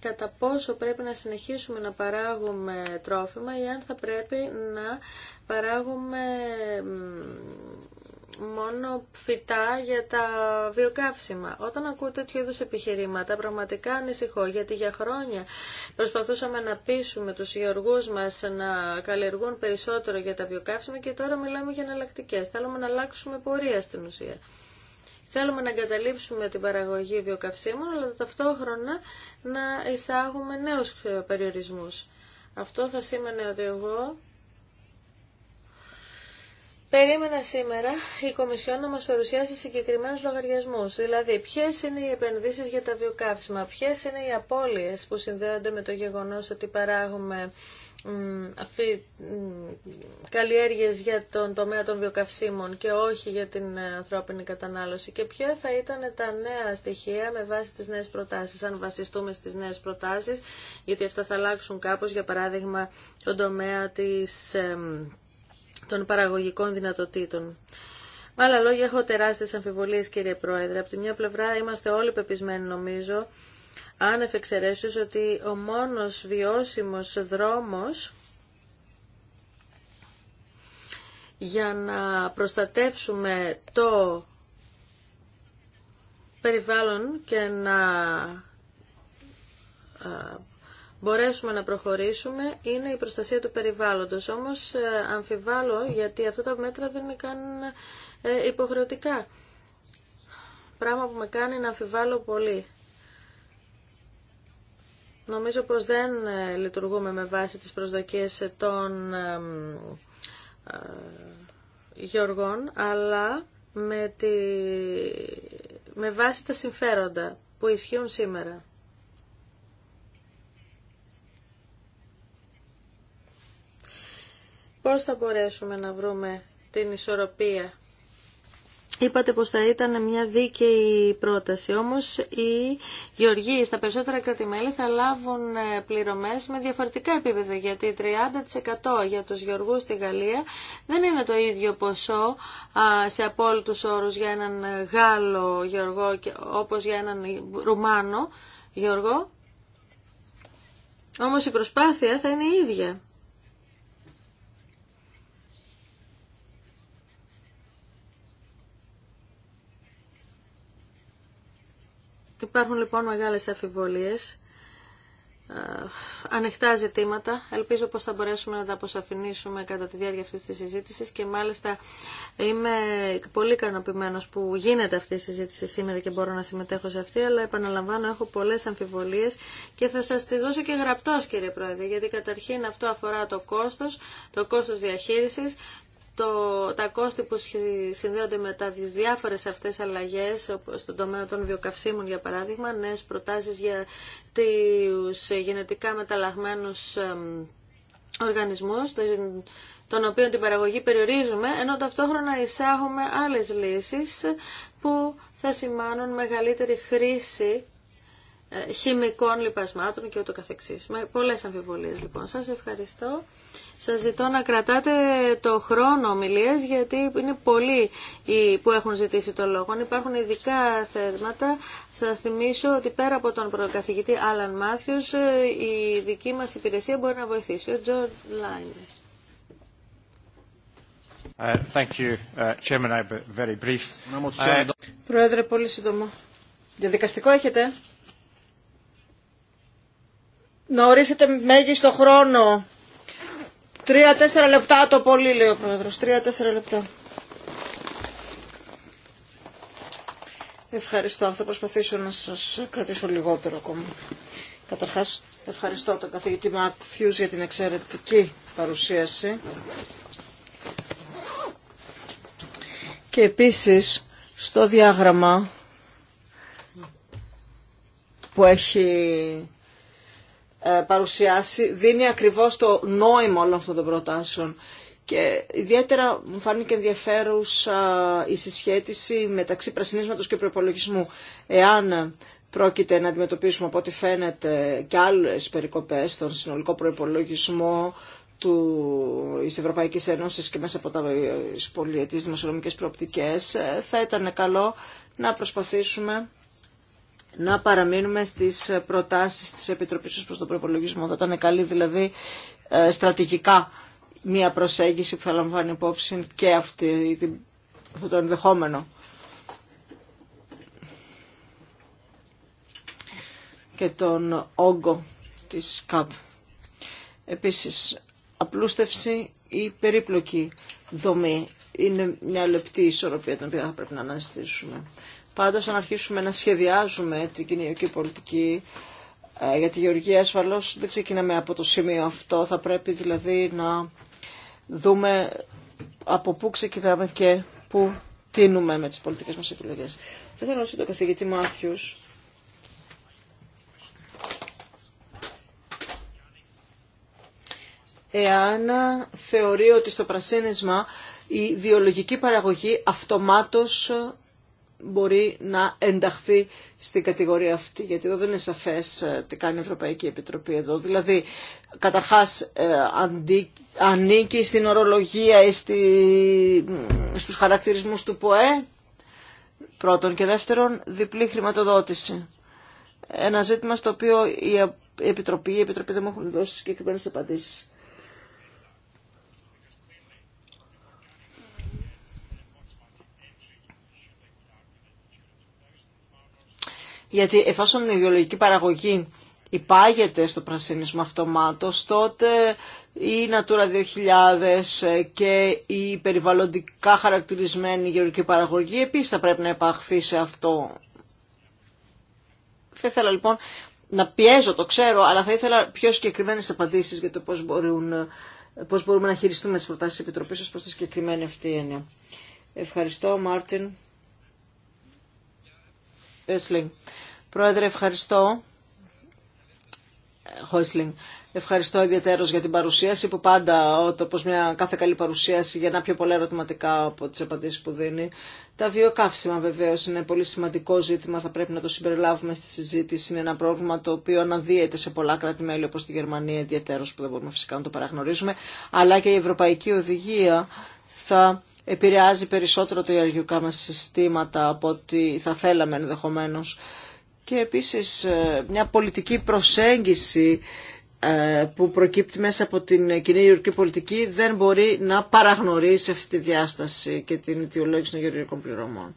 κατά πόσο πρέπει να συνεχίσουμε να παράγουμε τρόφιμα ή αν θα πρέπει να παράγουμε μόνο φυτά για τα βιοκαύσιμα. Όταν ακούω τέτοιου είδου επιχειρήματα, πραγματικά ανησυχώ, γιατί για χρόνια προσπαθούσαμε να πείσουμε τους γεωργούς μας να καλλιεργούν περισσότερο για τα βιοκαύσιμα και τώρα μιλάμε για εναλλακτικέ. Θέλουμε να αλλάξουμε πορεία στην ουσία. Θέλουμε να εγκαταλείψουμε την παραγωγή βιοκαυσίμων, αλλά ταυτόχρονα να εισάγουμε νέους περιορισμούς. Αυτό θα σήμαινε ότι εγώ Περίμενα σήμερα η Κομισιό να μας παρουσιάσει συγκεκριμένους λογαριασμούς, δηλαδή ποιες είναι οι επενδύσεις για τα βιοκαύσιμα, ποιες είναι οι απώλειες που συνδέονται με το γεγονός ότι παράγουμε καλλιέργειες για τον τομέα των βιοκαυσίμων και όχι για την ε, ανθρώπινη κατανάλωση και ποια θα ήταν τα νέα στοιχεία με βάση τις νέες προτάσεις, αν βασιστούμε στις νέες προτάσεις, γιατί αυτά θα αλλάξουν κάπως, για παράδειγμα, τον τομέα της, ε, των παραγωγικών δυνατοτήτων. Με άλλα λόγια, έχω τεράστιες αμφιβολίες, κύριε Πρόεδρε. Από τη μια πλευρά είμαστε όλοι πεπισμένοι, νομίζω, αν εφεξαιρέσεις ότι ο μόνος βιώσιμος δρόμος για να προστατεύσουμε το περιβάλλον και να μπορέσουμε να προχωρήσουμε είναι η προστασία του περιβάλλοντος. Όμως ε, αμφιβάλλω γιατί αυτά τα μέτρα δεν είναι καν ε, υποχρεωτικά. Πράγμα που με κάνει να αμφιβάλλω πολύ. Νομίζω πως δεν ε, λειτουργούμε με βάση τις προσδοκίες ε, των ε, γεωργών, αλλά με, με βάση τα συμφέροντα που ισχύουν σήμερα. Πώς θα μπορέσουμε να βρούμε την ισορροπία Είπατε πως θα ήταν μια δίκαιη πρόταση, όμως οι γεωργοί στα περισσότερα κρατημέλη θα λάβουν ε, πληρωμές με διαφορετικά επίπεδα, γιατί 30% για τους γεωργούς στη Γαλλία δεν είναι το ίδιο ποσό σε απόλυτους όρους για έναν Γάλλο γεωργό όπως για έναν Ρουμάνο γεωργό, όμως η προσπάθεια θα είναι η ίδια. Υπάρχουν λοιπόν μεγάλες αφιβολίες, ανοιχτά ζητήματα. Ελπίζω πως θα μπορέσουμε να τα αποσαφηνίσουμε κατά τη διάρκεια αυτής της συζήτησης και μάλιστα είμαι πολύ ικανοποιημένος που γίνεται αυτή η συζήτηση σήμερα και μπορώ να συμμετέχω σε αυτή, αλλά επαναλαμβάνω έχω πολλές αμφιβολίες και θα σας τις δώσω και γραπτός κύριε Πρόεδρε, γιατί καταρχήν αυτό αφορά το κόστος, το κόστος διαχείρισης, το, τα κόστη που συνδέονται με τα διάφορες αυτές αλλαγές, όπως στον τομέα των βιοκαυσίμων για παράδειγμα, νέες προτάσεις για τους γενετικά μεταλλαγμένους οργανισμούς, τον οποίο την παραγωγή περιορίζουμε, ενώ ταυτόχρονα εισάγουμε άλλες λύσεις που θα σημάνουν μεγαλύτερη χρήση ε, χημικών λοιπασμάτων και ούτω καθεξής. Με πολλές αμφιβολίες λοιπόν. Σας ευχαριστώ. Σας ζητώ να κρατάτε το χρόνο ομιλίες γιατί είναι πολλοί οι που έχουν ζητήσει το λόγο. υπάρχουν ειδικά θέματα, Σα θυμίσω ότι πέρα από τον πρωτοκαθηγητή Άλαν Μάθιο, η δική μας υπηρεσία μπορεί να βοηθήσει. Ο Τζον Λάινερ. Πρόεδρε, πολύ σύντομο. Διαδικαστικό έχετε. Να ορίσετε μέγιστο χρόνο Τρία-τέσσερα λεπτά το πολύ, λέει ο Πρόεδρος. Τρία-τέσσερα λεπτά. Ευχαριστώ. Θα προσπαθήσω να σας κρατήσω λιγότερο ακόμα. Καταρχάς, ευχαριστώ τον καθηγητή Μάτθιους για την εξαιρετική παρουσίαση. Και επίσης, στο διάγραμμα που έχει ε, παρουσιάσει δίνει ακριβώς το νόημα όλων αυτών των προτάσεων. Και ιδιαίτερα μου φάνηκε ενδιαφέρουσα η συσχέτιση μεταξύ πρασινίσματος και προπολογισμού. Εάν πρόκειται να αντιμετωπίσουμε από ό,τι φαίνεται και άλλες περικοπές στον συνολικό προπολογισμό του, της Ευρωπαϊκής Ένωσης και μέσα από τα πολιετής δημοσιονομικές προοπτικές, ε, θα ήταν καλό να προσπαθήσουμε να παραμείνουμε στις προτάσεις της Επιτροπής προς τον προπολογισμό. Θα ήταν καλή δηλαδή ε, στρατηγικά μια προσέγγιση που θα λαμβάνει υπόψη και αυτή, αυτό το ενδεχόμενο. και τον όγκο της ΚΑΠ. Επίσης, απλούστευση ή περίπλοκη δομή είναι μια λεπτή ισορροπία την οποία θα πρέπει να αναζητήσουμε. Πάντως, αν αρχίσουμε να σχεδιάζουμε την κοινωνική πολιτική ε, για τη γεωργία, ασφαλώς δεν ξεκινάμε από το σημείο αυτό. Θα πρέπει δηλαδή να δούμε από πού ξεκινάμε και πού τίνουμε με τις πολιτικές μας επιλογές. Δεν θέλω να τον καθηγητή Μάθιους. Εάν θεωρεί ότι στο πρασίνισμα η βιολογική παραγωγή αυτομάτως μπορεί να ενταχθεί στην κατηγορία αυτή. Γιατί εδώ δεν είναι σαφές ε, τι κάνει η Ευρωπαϊκή Επιτροπή εδώ. Δηλαδή, καταρχάς ε, ανήκει στην ορολογία ή ε, στη, στους χαρακτηρισμούς του ΠΟΕ. Πρώτον και δεύτερον, διπλή χρηματοδότηση. Ένα ζήτημα στο οποίο η Επιτροπή, η Επιτροπή δεν μου έχουν δώσει συγκεκριμένες απαντήσεις. Γιατί εφόσον η ιδεολογική παραγωγή υπάγεται στο πρασίνισμα αυτομάτως, τότε η Natura 2000 και η περιβαλλοντικά χαρακτηρισμένη γεωργική παραγωγή επίσης θα πρέπει να επαχθεί σε αυτό. Θα ήθελα λοιπόν να πιέζω, το ξέρω, αλλά θα ήθελα πιο συγκεκριμένε απαντήσει για το πώς, μπορούν, πώς μπορούμε να χειριστούμε τις προτάσεις της Επιτροπής ως προς τη συγκεκριμένη αυτή έννοια. Ευχαριστώ, Μάρτιν. Πρόεδρε, ευχαριστώ. Χόισλινγκ. Ευχαριστώ ιδιαίτερω για την παρουσίαση που πάντα, όπω μια κάθε καλή παρουσίαση, γεννά πιο πολλά ερωτηματικά από τι απαντήσει που δίνει. Τα βιοκαύσιμα βεβαίω είναι πολύ σημαντικό ζήτημα, θα πρέπει να το συμπεριλάβουμε στη συζήτηση. Είναι ένα πρόβλημα το οποίο αναδύεται σε πολλά κράτη-μέλη όπω τη Γερμανία ιδιαίτερω, που δεν μπορούμε φυσικά να το παραγνωρίζουμε, αλλά και η Ευρωπαϊκή Οδηγία θα επηρεάζει περισσότερο τα ιεραρχικά μας συστήματα από ό,τι θα θέλαμε ενδεχομένω. Και επίσης ε, μια πολιτική προσέγγιση ε, που προκύπτει μέσα από την κοινή γεωργική πολιτική δεν μπορεί να παραγνωρίσει αυτή τη διάσταση και την αιτιολόγηση των γεωργικών πληρωμών.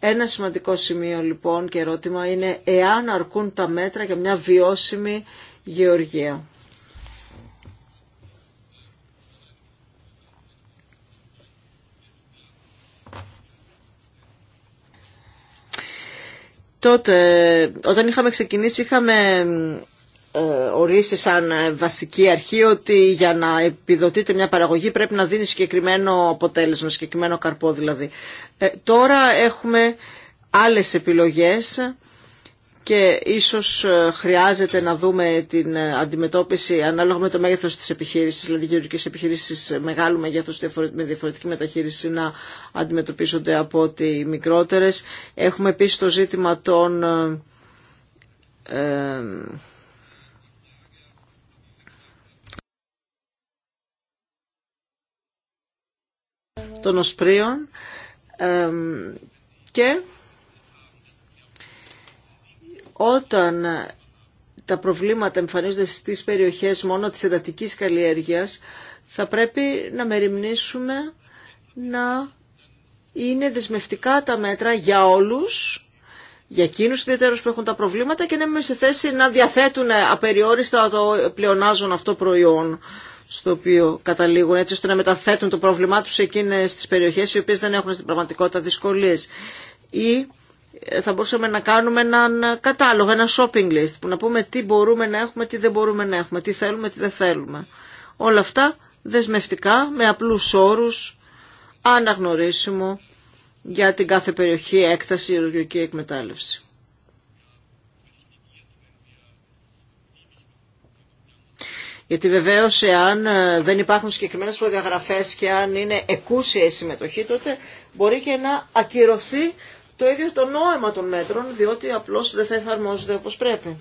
Ένα σημαντικό σημείο λοιπόν και ερώτημα είναι εάν αρκούν τα μέτρα για μια βιώσιμη γεωργία. τότε όταν είχαμε ξεκινήσει είχαμε ε, ορίσει σαν βασική αρχή ότι για να επιδοτείται μια παραγωγή πρέπει να δίνει συγκεκριμένο αποτέλεσμα, συγκεκριμένο καρπό δηλαδή. Ε, τώρα έχουμε άλλες επιλογές και ίσως ε, χρειάζεται να δούμε την ε, αντιμετώπιση ανάλογα με το μέγεθος της επιχείρησης, δηλαδή γεωργικές επιχειρήσεις μεγάλου μεγέθους με διαφορετική μεταχείριση να αντιμετωπίζονται από ότι μικρότερες. Έχουμε επίσης το ζήτημα των... Ε, των οσπρίων και όταν τα προβλήματα εμφανίζονται στις περιοχές μόνο της εντατικής καλλιέργειας, θα πρέπει να μεριμνήσουμε να είναι δεσμευτικά τα μέτρα για όλους, για εκείνους ιδιαίτερους που έχουν τα προβλήματα και να είμαι σε θέση να διαθέτουν απεριόριστα το πλεονάζον αυτό προϊόν στο οποίο καταλήγουν, έτσι ώστε να μεταθέτουν το πρόβλημά τους σε εκείνες τις περιοχές οι οποίες δεν έχουν στην πραγματικότητα δυσκολίες. Ή θα μπορούσαμε να κάνουμε έναν κατάλογο, ένα shopping list που να πούμε τι μπορούμε να έχουμε, τι δεν μπορούμε να έχουμε, τι θέλουμε, τι δεν θέλουμε. Όλα αυτά δεσμευτικά με απλούς όρους αναγνωρίσιμο για την κάθε περιοχή έκταση γεωργική εκμετάλλευση. Γιατί βεβαίω εάν ε, δεν υπάρχουν συγκεκριμένε προδιαγραφέ και αν είναι εκούσια η συμμετοχή, τότε μπορεί και να ακυρωθεί το ίδιο το νόημα των μέτρων, διότι απλώς δεν θα εφαρμόζονται όπως πρέπει.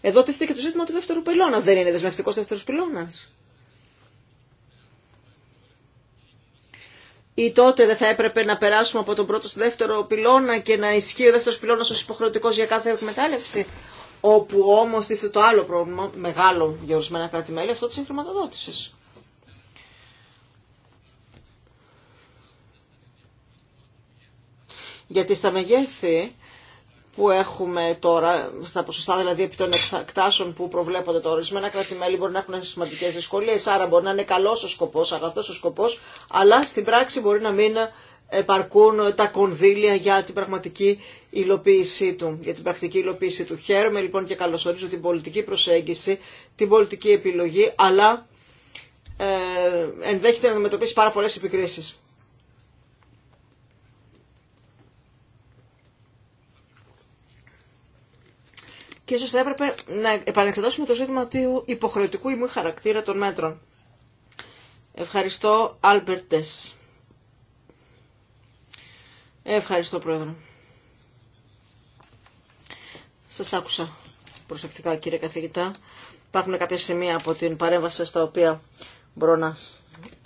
Εδώ τεθεί και το ζήτημα του δεύτερου πυλώνα. Δεν είναι δεσμευτικός δεύτερος πυλώνας. Ή τότε δεν θα έπρεπε να περάσουμε από τον πρώτο στο δεύτερο πυλώνα και να ισχύει ο δεύτερος πυλώνας ως υποχρεωτικός για κάθε εκμετάλλευση. Όπου όμως τίθεται το άλλο πρόβλημα, μεγάλο για ορισμένα κράτη-μέλη, αυτό της εγχρηματοδότησης. Γιατί στα μεγέθη που έχουμε τώρα, στα ποσοστά δηλαδή επί των εκτάσεων που προβλέπονται τώρα, ορισμένα κράτη-μέλη μπορεί να έχουν σημαντικέ δυσκολίε. Άρα μπορεί να είναι καλό ο σκοπό, αγαθό ο σκοπό, αλλά στην πράξη μπορεί να μην επαρκούν τα κονδύλια για την πραγματική υλοποίησή του, για την πρακτική υλοποίησή του. Χαίρομαι λοιπόν και καλωσορίζω την πολιτική προσέγγιση, την πολιτική επιλογή, αλλά ε, ενδέχεται να αντιμετωπίσει πάρα πολλέ επικρίσει. και ίσως θα έπρεπε να επανεξετάσουμε το ζήτημα του υποχρεωτικού ή μη χαρακτήρα των μέτρων. Ευχαριστώ, Άλμπερτες. Ευχαριστώ, Πρόεδρε. Σας άκουσα προσεκτικά, κύριε καθηγητά. Υπάρχουν κάποια σημεία από την παρέμβαση στα οποία μπορώ να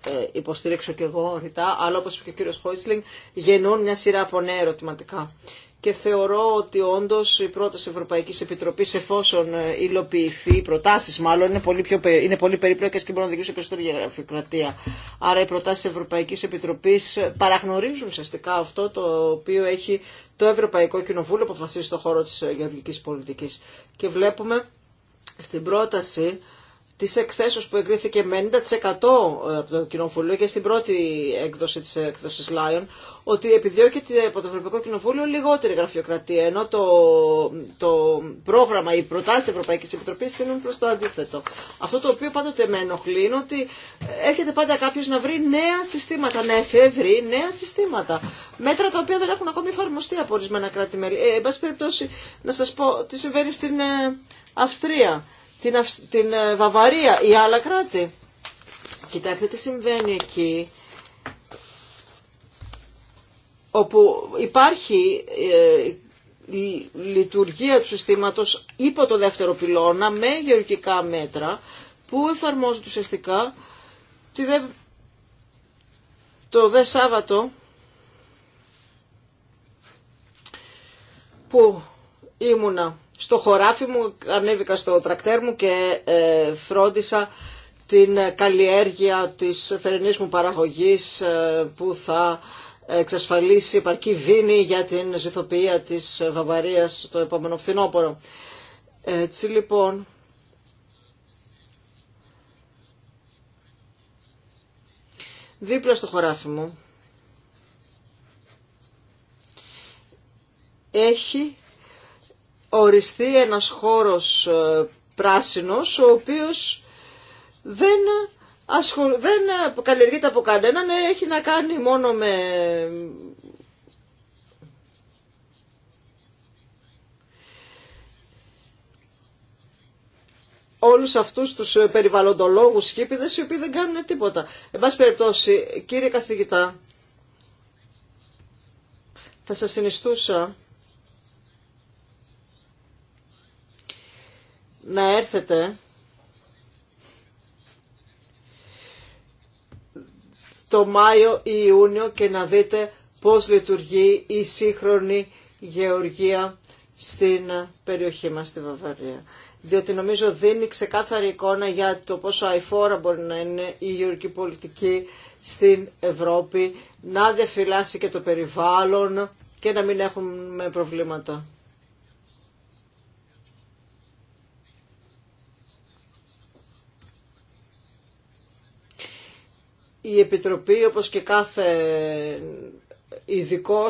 ε, υποστηρίξω και εγώ ρητά, αλλά όπως και ο κύριος Χόισλινγκ, γεννούν μια σειρά από νέα ερωτηματικά. Και θεωρώ ότι όντω η πρόταση Ευρωπαϊκή Επιτροπή, εφόσον ε, υλοποιηθεί, οι προτάσει, μάλλον είναι πολύ, πιο, πολύ περίπλοκες και μπορούν να οδηγήσουν περισσότερη γραφειοκρατία. Άρα οι προτάσει Ευρωπαϊκή Επιτροπή παραγνωρίζουν ουσιαστικά αυτό το οποίο έχει το Ευρωπαϊκό Κοινοβούλιο αποφασίσει στον χώρο τη γεωργική Πολιτική. Και βλέπουμε στην πρόταση Τη εκθέσεως που εγκρίθηκε με 90% ε, από το Κοινοβούλιο και στην πρώτη έκδοση τη έκδοση Lion, ότι επιδιώκεται από το Ευρωπαϊκό Κοινοβούλιο λιγότερη γραφειοκρατία, ενώ το, το πρόγραμμα, οι τη Ευρωπαϊκή Επιτροπή στείλουν προ το αντίθετο. Αυτό το οποίο πάντοτε με ενοχλεί είναι ότι έρχεται πάντα κάποιο να βρει νέα συστήματα, να εφεύρει νέα συστήματα. Μέτρα τα οποία δεν έχουν ακόμη εφαρμοστεί από ορισμένα κράτη-μέλη. Ε, εν πάση περιπτώσει, να σα πω τι συμβαίνει στην ε, Αυστρία την, την ε, Βαβαρία ή άλλα κράτη. Κοιτάξτε τι συμβαίνει εκεί όπου υπάρχει ε, λειτουργία του συστήματος υπό το δεύτερο πυλώνα με γεωργικά μέτρα που εφαρμόζουν ουσιαστικά τη δε... το δε Σάββατο που ήμουνα στο χωράφι μου, ανέβηκα στο τρακτέρ μου και ε, φρόντισα την καλλιέργεια της θερινής μου παραγωγής ε, που θα εξασφαλίσει επαρκή δίνη για την ζηθοποιία της Βαβαρίας το επόμενο φθινόπωρο. Έτσι λοιπόν... Δίπλα στο χωράφι μου έχει οριστεί ένας χώρος ε, πράσινος ο οποίος δεν, ασχολ, δεν καλλιεργείται από κανέναν, έχει να κάνει μόνο με όλους αυτούς τους ε, περιβαλλοντολόγους χίπηδες οι οποίοι δεν κάνουν τίποτα. Εν πάση περιπτώσει, κύριε καθηγητά, θα σας συνιστούσα να έρθετε το Μάιο ή Ιούνιο και να δείτε πώς λειτουργεί η σύγχρονη γεωργία στην περιοχή μας στη Βαβαρία. Διότι νομίζω δίνει ξεκάθαρη εικόνα για το πόσο αηφόρα μπορεί να είναι η γεωργική πολιτική στην Ευρώπη, να διαφυλάσει και το περιβάλλον και να μην έχουμε προβλήματα. η Επιτροπή όπως και κάθε ειδικό,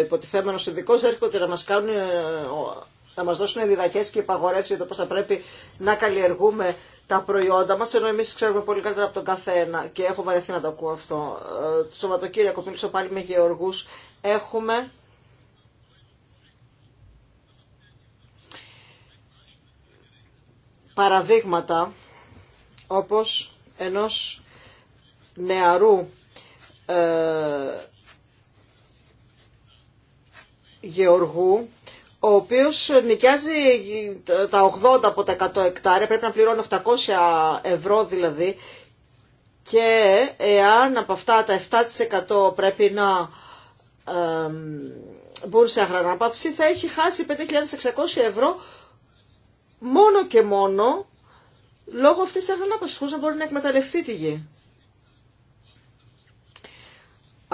υποτιθέμενος ειδικό, έρχονται να μας κάνουν να μας δώσουν διδαχέ και υπαγορεύσει για το πώς θα πρέπει να καλλιεργούμε τα προϊόντα μας, ενώ εμείς ξέρουμε πολύ καλύτερα από τον καθένα και έχω βαρεθεί να το ακούω αυτό. Το ε, Σαββατοκύριακο μίλησα πάλι με γεωργούς. Έχουμε παραδείγματα όπως ενός νεαρού ε, γεωργού ο οποίος νοικιάζει τα 80 από τα 100 εκτάρια, πρέπει να πληρώνει 800 ευρώ δηλαδή και εάν από αυτά τα 7% πρέπει να ε, μπουν σε αγρανάπαυση θα έχει χάσει 5.600 ευρώ μόνο και μόνο λόγω αυτής της αγρανάπαυσης χωρίς να μπορεί να εκμεταλλευτεί τη γη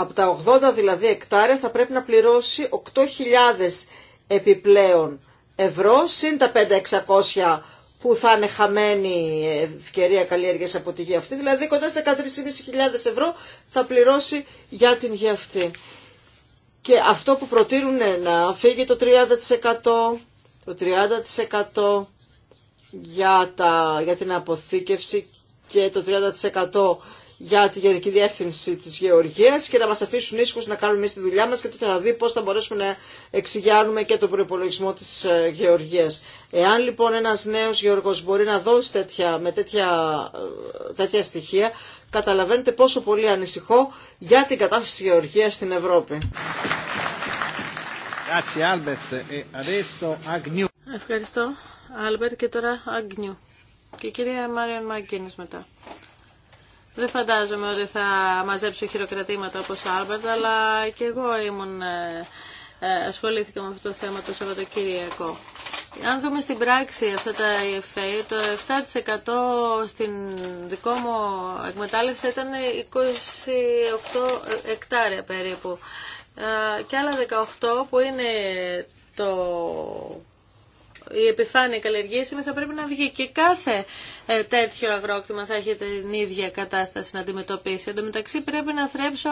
από τα 80 δηλαδή εκτάρια θα πρέπει να πληρώσει 8.000 επιπλέον ευρώ, συν τα 5.600 που θα είναι χαμένη ευκαιρία καλλιέργειας από τη γη αυτή, δηλαδή κοντά στα 13.500 ευρώ θα πληρώσει για την γη αυτή. Και αυτό που προτείνουν να φύγει το 30%, το 30% για, τα, για την αποθήκευση και το 30% για τη Γενική Διεύθυνση της Γεωργίας και να μας αφήσουν ίσχους να κάνουμε εμείς τη δουλειά μας και τότε να δει πώς θα μπορέσουμε να εξηγιάνουμε και τον προπολογισμό της ε, Γεωργίας. Εάν λοιπόν ένας νέος Γεωργός μπορεί να δώσει τέτοια, με τέτοια, ε, τέτοια στοιχεία, καταλαβαίνετε πόσο πολύ ανησυχώ για την κατάσταση της Γεωργίας στην Ευρώπη. Ε, Ευχαριστώ, Άλμπερτ, και τώρα Αγνιού. Και κυρία Μάριαν Μαγκίνης μετά. Δεν φαντάζομαι ότι θα μαζέψω χειροκρατήματα όπως ο Άλμπερτ, αλλά και εγώ ήμουν, ε, ε, ασχολήθηκα με αυτό το θέμα το Σαββατοκύριακο. Αν δούμε στην πράξη αυτά τα EFA, το 7% στην δικό μου εκμετάλλευση ήταν 28 εκτάρια περίπου ε, και άλλα 18 που είναι το η επιφάνεια καλλιεργήσιμη θα πρέπει να βγει και κάθε ε, τέτοιο αγρόκτημα θα έχει την ίδια κατάσταση να αντιμετωπίσει. Εν τω μεταξύ πρέπει να θρέψω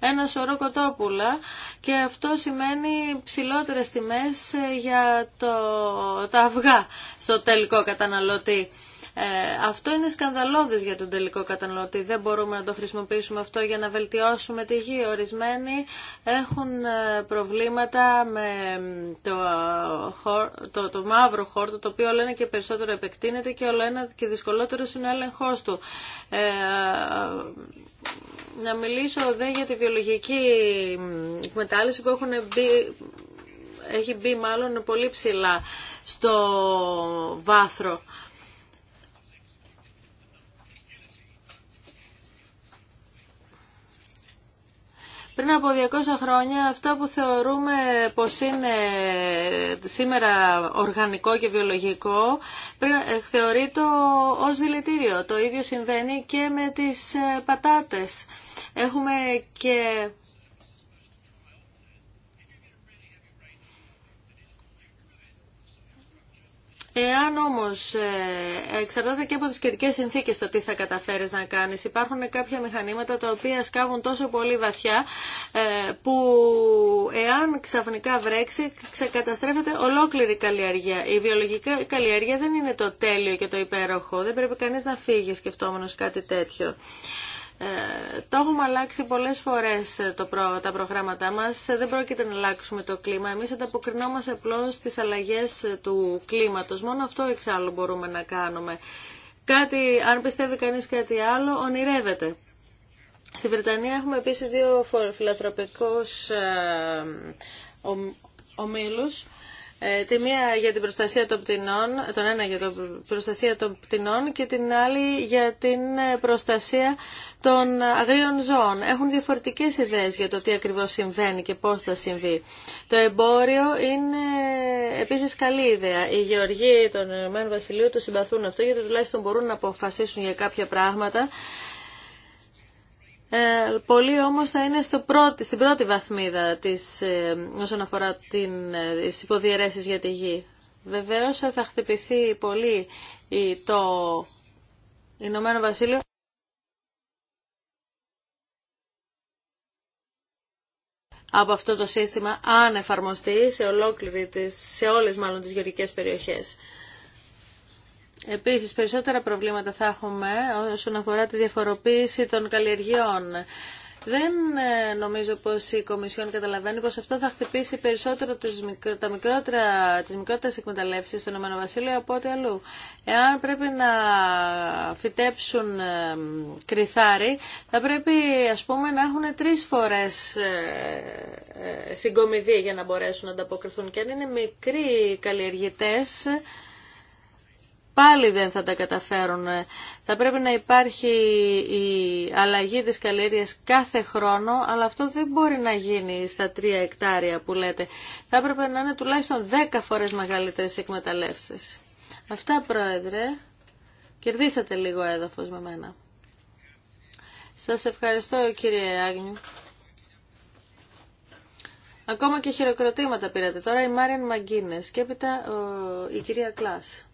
ένα σωρό κοτόπουλα και αυτό σημαίνει ψηλότερες τιμές ε, για το, τα αυγά στο τελικό καταναλωτή. Ε, αυτό είναι σκανδαλώδε για τον τελικό καταναλωτή. Δεν μπορούμε να το χρησιμοποιήσουμε αυτό για να βελτιώσουμε τη γη. Ορισμένοι έχουν ε, προβλήματα με το, το, το μαύρο χόρτο, το οποίο όλο ένα και περισσότερο επεκτείνεται και όλο ένα και δυσκολότερο είναι ο έλεγχό του. Ε, ε, να μιλήσω δε για τη βιολογική εκμετάλλευση που έχουν μπει, έχει μπει μάλλον πολύ ψηλά στο βάθρο Πριν από 200 χρόνια αυτό που θεωρούμε πως είναι σήμερα οργανικό και βιολογικό πριν, ε, θεωρεί το ως δηλητήριο. Το ίδιο συμβαίνει και με τις ε, πατάτες. Έχουμε και Εάν όμως ε, εξαρτάται και από τι καιρικέ συνθήκες το τι θα καταφέρεις να κάνεις, υπάρχουν κάποια μηχανήματα τα οποία σκάβουν τόσο πολύ βαθιά ε, που εάν ξαφνικά βρέξει ξεκαταστρέφεται ολόκληρη η καλλιέργεια. Η βιολογική καλλιέργεια δεν είναι το τέλειο και το υπέροχο, δεν πρέπει κανεί να φύγει σκεφτόμενο κάτι τέτοιο. Ε, το έχουμε αλλάξει πολλές φορές ε, το τα προγράμματά μας. Ε, δεν πρόκειται να αλλάξουμε το κλίμα. Εμείς ανταποκρινόμαστε απλώς στις αλλαγές του κλίματος. Μόνο αυτό εξάλλου μπορούμε να κάνουμε. Κάτι, αν πιστεύει κανείς κάτι άλλο, ονειρεύεται. Στη Βρετανία έχουμε επίσης δύο φιλατροπικούς ομίλους ε, τη μία για την προστασία των πτηνών, τον ένα για την προστασία των πτηνών και την άλλη για την ε, προστασία των αγρίων ζώων. Έχουν διαφορετικές ιδέες για το τι ακριβώς συμβαίνει και πώς θα συμβεί. Το εμπόριο είναι ε, επίσης καλή ιδέα. Οι γεωργοί των Ηνωμένων Βασιλείων το συμπαθούν αυτό γιατί τουλάχιστον μπορούν να αποφασίσουν για κάποια πράγματα ε, πολλοί όμως θα είναι στο πρώτη, στην πρώτη βαθμίδα της, ε, όσον αφορά την, ε, τις υποδιαιρέσεις για τη γη. Βεβαίως ε, θα χτυπηθεί πολύ το Ηνωμένο Βασίλειο. από αυτό το σύστημα αν εφαρμοστεί σε, ολόκληρη τις, σε όλες μάλλον τις γεωργικές περιοχές. Επίσης, περισσότερα προβλήματα θα έχουμε όσον αφορά τη διαφοροποίηση των καλλιεργειών. Δεν ε, νομίζω πως η Κομισιόν καταλαβαίνει πως αυτό θα χτυπήσει περισσότερο τις, τα μικρότερα, τις μικρότερες εκμεταλλεύσεις στον Ηνωμένο από ό,τι αλλού. Εάν πρέπει να φυτέψουν ε, κρυθάρι, θα πρέπει ας πούμε να έχουν τρεις φορές ε, συγκομιδή για να μπορέσουν να ανταποκριθούν. Και αν είναι μικροί καλλιεργητές, πάλι δεν θα τα καταφέρουν. Θα πρέπει να υπάρχει η αλλαγή της καλλιέργειας κάθε χρόνο, αλλά αυτό δεν μπορεί να γίνει στα τρία εκτάρια που λέτε. Θα έπρεπε να είναι τουλάχιστον δέκα φορές μεγαλύτερες εκμεταλλεύσεις. Αυτά, Πρόεδρε. Κερδίσατε λίγο έδαφος με μένα. Σας ευχαριστώ, κύριε Άγνιου. Ακόμα και χειροκροτήματα πήρατε. Τώρα η Μάριαν Μαγκίνες και έπειτα η κυρία Κλάς.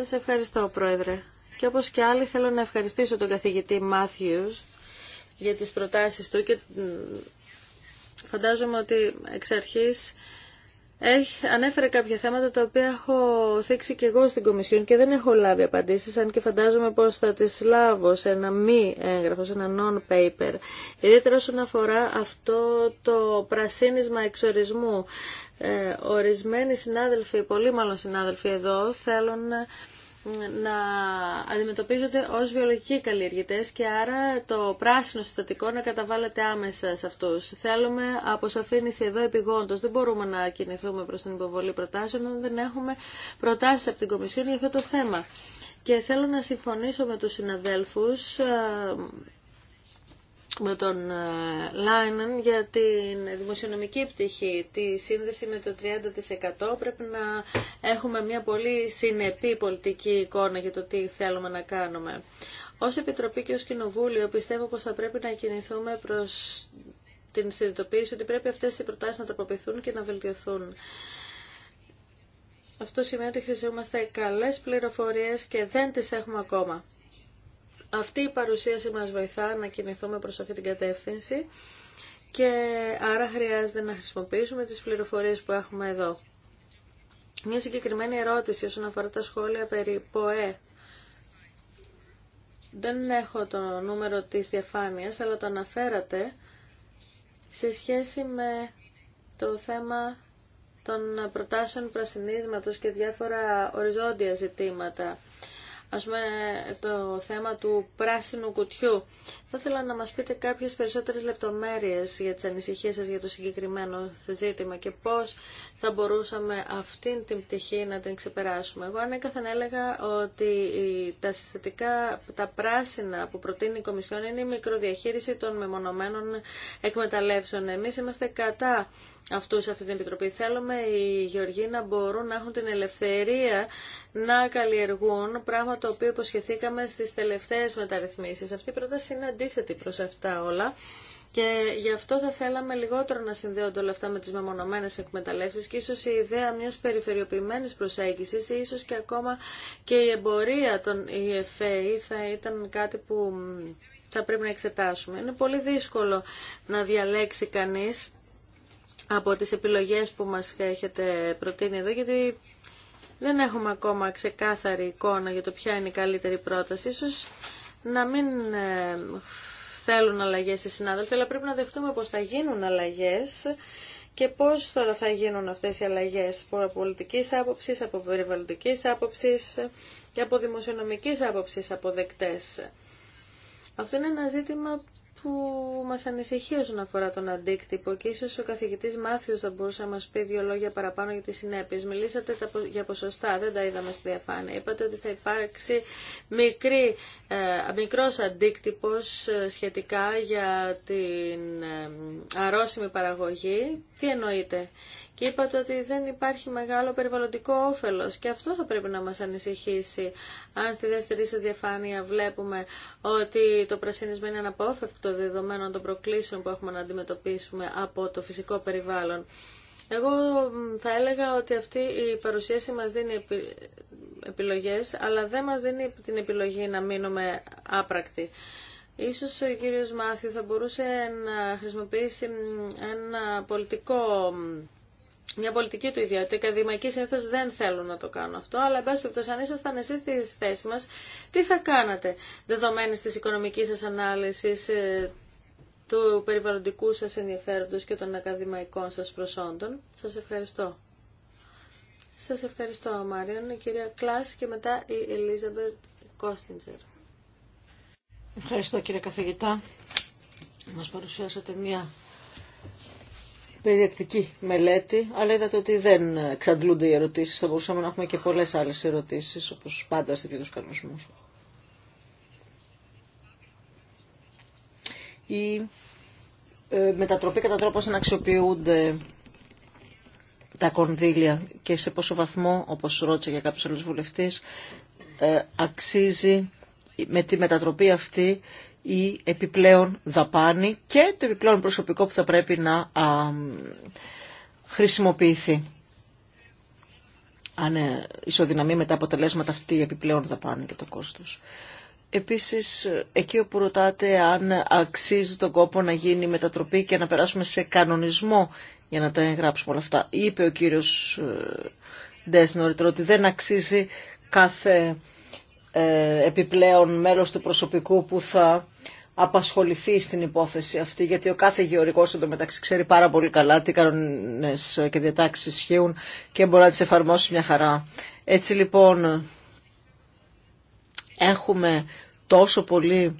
Σας ευχαριστώ, Πρόεδρε. Και όπως και άλλοι θέλω να ευχαριστήσω τον καθηγητή Μάθιους για τις προτάσεις του και φαντάζομαι ότι εξ αρχής έχει, ανέφερε κάποια θέματα τα οποία έχω θέξει και εγώ στην Κομισιόν και δεν έχω λάβει απαντήσεις, αν και φαντάζομαι πως θα τις λάβω σε ένα μη έγγραφο, σε ένα non-paper. Ιδιαίτερα όσον αφορά αυτό το πρασίνισμα εξορισμού ε, ορισμένοι συνάδελφοι, πολύ μάλλον συνάδελφοι εδώ, θέλουν ε, να αντιμετωπίζονται ως βιολογικοί καλλιεργητές και άρα το πράσινο συστατικό να καταβάλλεται άμεσα σε αυτούς. Θέλουμε αποσαφήνιση εδώ επιγόντως. Δεν μπορούμε να κινηθούμε προς την υποβολή προτάσεων αν δεν έχουμε προτάσεις από την Κομισιόν για αυτό το θέμα. Και θέλω να συμφωνήσω με τους συναδέλφους ε, με τον ε, Λάινεν για την δημοσιονομική πτυχή, τη σύνδεση με το 30% πρέπει να έχουμε μια πολύ συνεπή πολιτική εικόνα για το τι θέλουμε να κάνουμε. Ως Επιτροπή και ως Κοινοβούλιο πιστεύω πως θα πρέπει να κινηθούμε προς την συνειδητοποίηση ότι πρέπει αυτές οι προτάσεις να τροποποιηθούν και να βελτιωθούν. Αυτό σημαίνει ότι χρειαζόμαστε καλές πληροφορίες και δεν τις έχουμε ακόμα. Αυτή η παρουσίαση μας βοηθά να κινηθούμε προς αυτή την κατεύθυνση και άρα χρειάζεται να χρησιμοποιήσουμε τις πληροφορίες που έχουμε εδώ. Μια συγκεκριμένη ερώτηση όσον αφορά τα σχόλια περί ΠΟΕ. Δεν έχω το νούμερο της διαφάνειας, αλλά το αναφέρατε σε σχέση με το θέμα των προτάσεων πρασινίσματος και διάφορα οριζόντια ζητήματα ας πούμε το θέμα του πράσινου κουτιού. Θα ήθελα να μας πείτε κάποιες περισσότερες λεπτομέρειες για τις ανησυχίες σας για το συγκεκριμένο ζήτημα και πώς θα μπορούσαμε αυτήν την πτυχή να την ξεπεράσουμε. Εγώ ανέκαθεν έλεγα ότι τα συστατικά, τα πράσινα που προτείνει η Κομισιόν είναι η μικροδιαχείριση των μεμονωμένων εκμεταλλεύσεων. Εμείς είμαστε κατά αυτούς σε αυτή την Επιτροπή. Θέλουμε οι Γεωργοί να μπορούν να έχουν την ελευθερία να καλλιεργούν, πράγμα το οποίο υποσχεθήκαμε στις τελευταίες μεταρρυθμίσεις. Αυτή η πρόταση είναι αντίθετη προς αυτά όλα. Και γι' αυτό θα θέλαμε λιγότερο να συνδέονται όλα αυτά με τις μεμονωμένες εκμεταλλεύσεις και ίσως η ιδέα μιας περιφερειοποιημένης προσέγγισης ή ίσως και ακόμα και η εμπορία των EFA θα ήταν κάτι που θα πρέπει να εξετάσουμε. Είναι πολύ δύσκολο να διαλέξει κανείς από τις επιλογές που μας έχετε προτείνει εδώ, γιατί δεν έχουμε ακόμα ξεκάθαρη εικόνα για το ποια είναι η καλύτερη πρόταση. Ίσως να μην ε, θέλουν αλλαγές οι συνάδελφοι, αλλά πρέπει να δεχτούμε πώς θα γίνουν αλλαγές και πώς τώρα θα γίνουν αυτές οι αλλαγές από πολιτικής άποψης, από περιβαλλοντικής άποψης και από δημοσιονομικής άποψης αποδεκτές. Αυτό είναι ένα ζήτημα που μας ανησυχεί όσον αφορά τον αντίκτυπο και ίσως ο καθηγητής Μάθιος θα μπορούσε να μας πει δύο λόγια παραπάνω για τις συνέπειες. Μιλήσατε για ποσοστά, δεν τα είδαμε στη διαφάνεια. Είπατε ότι θα υπάρξει μικρή, ε, μικρός αντίκτυπος ε, σχετικά για την ε, αρρώσιμη παραγωγή. Τι εννοείτε και είπατε ότι δεν υπάρχει μεγάλο περιβαλλοντικό όφελος και αυτό θα πρέπει να μας ανησυχήσει. Αν στη δεύτερη σας διαφάνεια βλέπουμε ότι το πρασίνισμα είναι αναπόφευκτο δεδομένων των προκλήσεων που έχουμε να αντιμετωπίσουμε από το φυσικό περιβάλλον. Εγώ θα έλεγα ότι αυτή η παρουσίαση μας δίνει επιλογές, αλλά δεν μας δίνει την επιλογή να μείνουμε άπρακτοι. Ίσως ο κύριος Μάθιου θα μπορούσε να χρησιμοποιήσει ένα πολιτικό μια πολιτική του ιδιότητα. Οι ακαδημαϊκοί συνήθω δεν θέλουν να το κάνουν αυτό, αλλά εν πάση περιπτώσει, αν ήσασταν εσεί στη θέση μα, τι θα κάνατε δεδομένη τη οικονομική σα ανάλυση, ε, του περιβαλλοντικού σας ενδιαφέροντος και των ακαδημαϊκών σας προσόντων. Σας ευχαριστώ. Σας ευχαριστώ, Μάριον, η κυρία Κλά και μετά η Ελίζαμπετ Κόστιντζερ. Ευχαριστώ, κύριε καθηγητά. Μας παρουσιάσατε μια περιεκτική μελέτη, αλλά είδατε ότι δεν εξαντλούνται οι ερωτήσεις. Θα μπορούσαμε να έχουμε και πολλές άλλες ερωτήσεις, όπως πάντα σε τέτοιους κανονισμούς. Η ε, μετατροπή κατά τρόπο να αξιοποιούνται τα κονδύλια και σε πόσο βαθμό, όπως ρώτησε για κάποιους άλλους βουλευτές, ε, αξίζει με τη μετατροπή αυτή η επιπλέον δαπάνη και το επιπλέον προσωπικό που θα πρέπει να χρησιμοποιηθεί. Αν ε, ισοδυναμεί με τα αποτελέσματα αυτή η επιπλέον δαπάνη και το κόστος. Επίσης, εκεί όπου ρωτάτε αν αξίζει τον κόπο να γίνει μετατροπή και να περάσουμε σε κανονισμό για να τα εγγράψουμε όλα αυτά. Είπε ο κύριος ε, Ντες ότι δεν αξίζει κάθε ε, επιπλέον μέλος του προσωπικού που θα απασχοληθεί στην υπόθεση αυτή, γιατί ο κάθε γεωρικός μεταξύ ξέρει πάρα πολύ καλά τι κανόνες και διατάξεις ισχύουν και μπορεί να τις εφαρμόσει μια χαρά. Έτσι λοιπόν έχουμε τόσο πολύ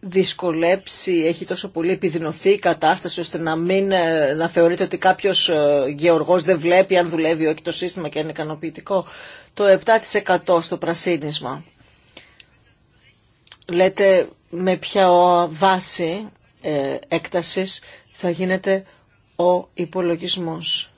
δυσκολέψει, έχει τόσο πολύ επιδεινωθεί η κατάσταση ώστε να μην ε, να θεωρείται ότι κάποιος ε, γεωργός δεν βλέπει αν δουλεύει όχι το σύστημα και αν είναι ικανοποιητικό. Το 7% στο πρασίνισμα. Λέτε με ποια βάση ε, έκτασης θα γίνεται ο υπολογισμός.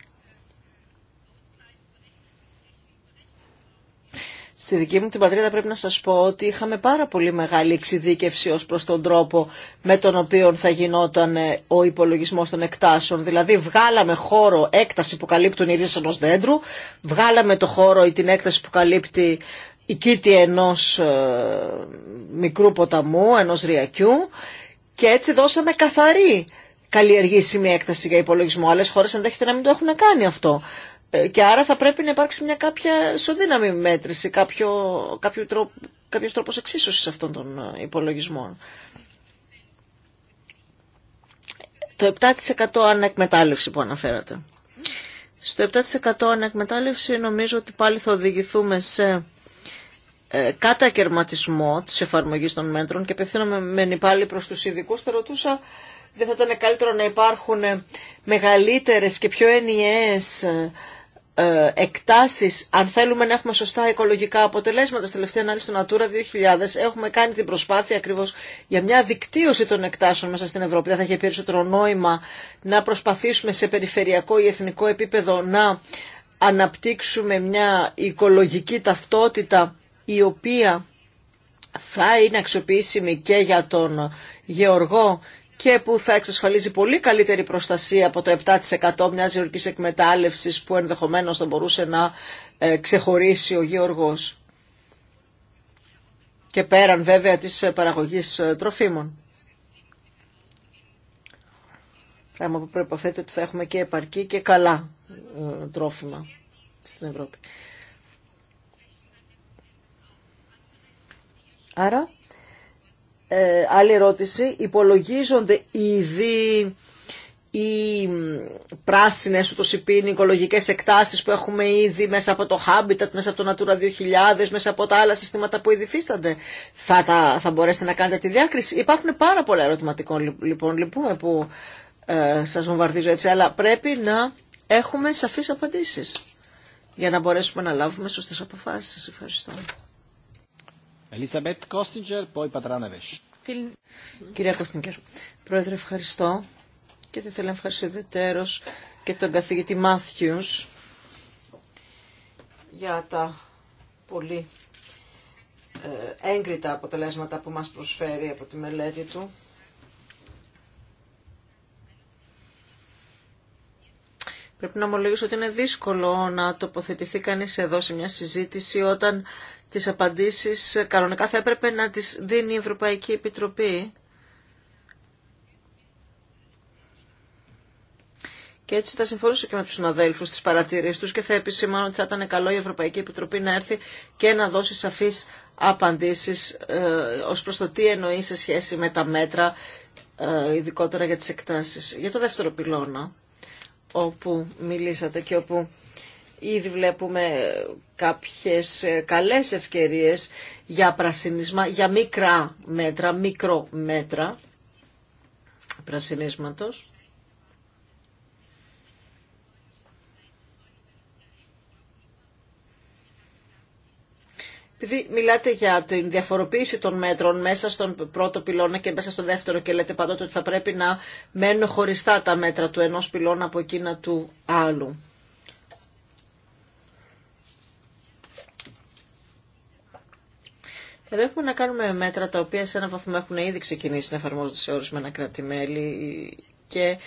Στη δική μου την πατρίδα πρέπει να σας πω ότι είχαμε πάρα πολύ μεγάλη εξειδίκευση ως προς τον τρόπο με τον οποίο θα γινόταν ε, ο υπολογισμός των εκτάσεων. Δηλαδή βγάλαμε χώρο έκταση που καλύπτουν οι ρίζες ενός δέντρου, βγάλαμε το χώρο ή την έκταση που καλύπτει η κήτη ενός ε, μικρού ποταμού, ενός ριακιού και έτσι δώσαμε καθαρή καλλιεργήσιμη έκταση για υπολογισμό. Άλλες χώρε ενδέχεται να μην το έχουν κάνει αυτό. Ε, και άρα θα πρέπει να υπάρξει μια κάποια ισοδύναμη μέτρηση, κάποιο, κάποιο τρόπο, κάποιος τρόπος εξίσωσης αυτών των ε, υπολογισμών. Το 7% ανεκμετάλλευση που αναφέρατε. Στο 7% ανεκμετάλλευση νομίζω ότι πάλι θα οδηγηθούμε σε ε, κατακαιρματισμό της εφαρμογής των μέτρων και απευθύνομαι μεν πάλι προς τους ειδικού. Θα ρωτούσα δεν θα ήταν καλύτερο να υπάρχουν μεγαλύτερες και πιο ενιαίες ε, εκτάσεις, αν θέλουμε να έχουμε σωστά οικολογικά αποτελέσματα, στη τελευταία ανάλυση του Natura 2000 έχουμε κάνει την προσπάθεια ακριβώς για μια δικτύωση των εκτάσεων μέσα στην Ευρώπη. Δεν θα είχε περισσότερο νόημα να προσπαθήσουμε σε περιφερειακό ή εθνικό επίπεδο να αναπτύξουμε μια οικολογική ταυτότητα η οποία θα είναι αξιοποιήσιμη και για τον γεωργό και που θα εξασφαλίζει πολύ καλύτερη προστασία από το 7% μιας γεωργικής εκμετάλλευσης που ενδεχομένως θα μπορούσε να ε, ξεχωρίσει ο γεωργός. Και πέραν βέβαια της ε, παραγωγής ε, τροφίμων. Πράγμα που προποθέτει ότι θα έχουμε και επαρκή και καλά τρόφιμα στην Ευρώπη. Άρα ε, άλλη ερώτηση. Υπολογίζονται ήδη οι πράσινες ούτως οικολογικές εκτάσεις που έχουμε ήδη μέσα από το Habitat, μέσα από το Natura 2000, μέσα από τα άλλα συστήματα που ήδη Θα, θα μπορέσετε να κάνετε τη διάκριση. Υπάρχουν πάρα πολλά ερωτηματικά λοιπόν, λοιπόν που ε, σας βομβαρδίζω έτσι, αλλά πρέπει να έχουμε σαφείς απαντήσεις για να μπορέσουμε να λάβουμε σωστές αποφάσεις. Ευχαριστώ. Κυρία Κόστιγκερ, Πρόεδρε ευχαριστώ και θα ήθελα να ευχαριστώ ιδιαίτερω και τον καθηγητή Μάθιους για τα πολύ ε, έγκριτα αποτελέσματα που μας προσφέρει από τη μελέτη του. Πρέπει να ομολογήσω ότι είναι δύσκολο να τοποθετηθεί κανείς εδώ σε μια συζήτηση όταν τις απαντήσεις ε, κανονικά θα έπρεπε να τις δίνει η Ευρωπαϊκή Επιτροπή. Και έτσι θα συμφωνήσω και με τους συναδέλφους τις παρατηρήσεις τους και θα επισημάνω ότι θα ήταν καλό η Ευρωπαϊκή Επιτροπή να έρθει και να δώσει σαφείς απαντήσεις ε, ως προς το τι εννοεί σε σχέση με τα μέτρα, ε, ειδικότερα για τις εκτάσεις. Για το δεύτερο πυλώνα, όπου μιλήσατε και όπου Ήδη βλέπουμε κάποιες ε, καλές ευκαιρίες για πρασινίσμα, για μικρά μέτρα, μικρό μέτρα πρασινίσματος. Επειδή μιλάτε για την διαφοροποίηση των μέτρων μέσα στον πρώτο πυλώνα και μέσα στον δεύτερο και λέτε παντότε ότι θα πρέπει να μένουν χωριστά τα μέτρα του ενός πυλώνα από εκείνα του άλλου. Εδώ έχουμε να κάνουμε μέτρα τα οποία σε ένα βαθμό έχουν ήδη ξεκινήσει να εφαρμόζονται σε ορισμένα κράτη-μέλη και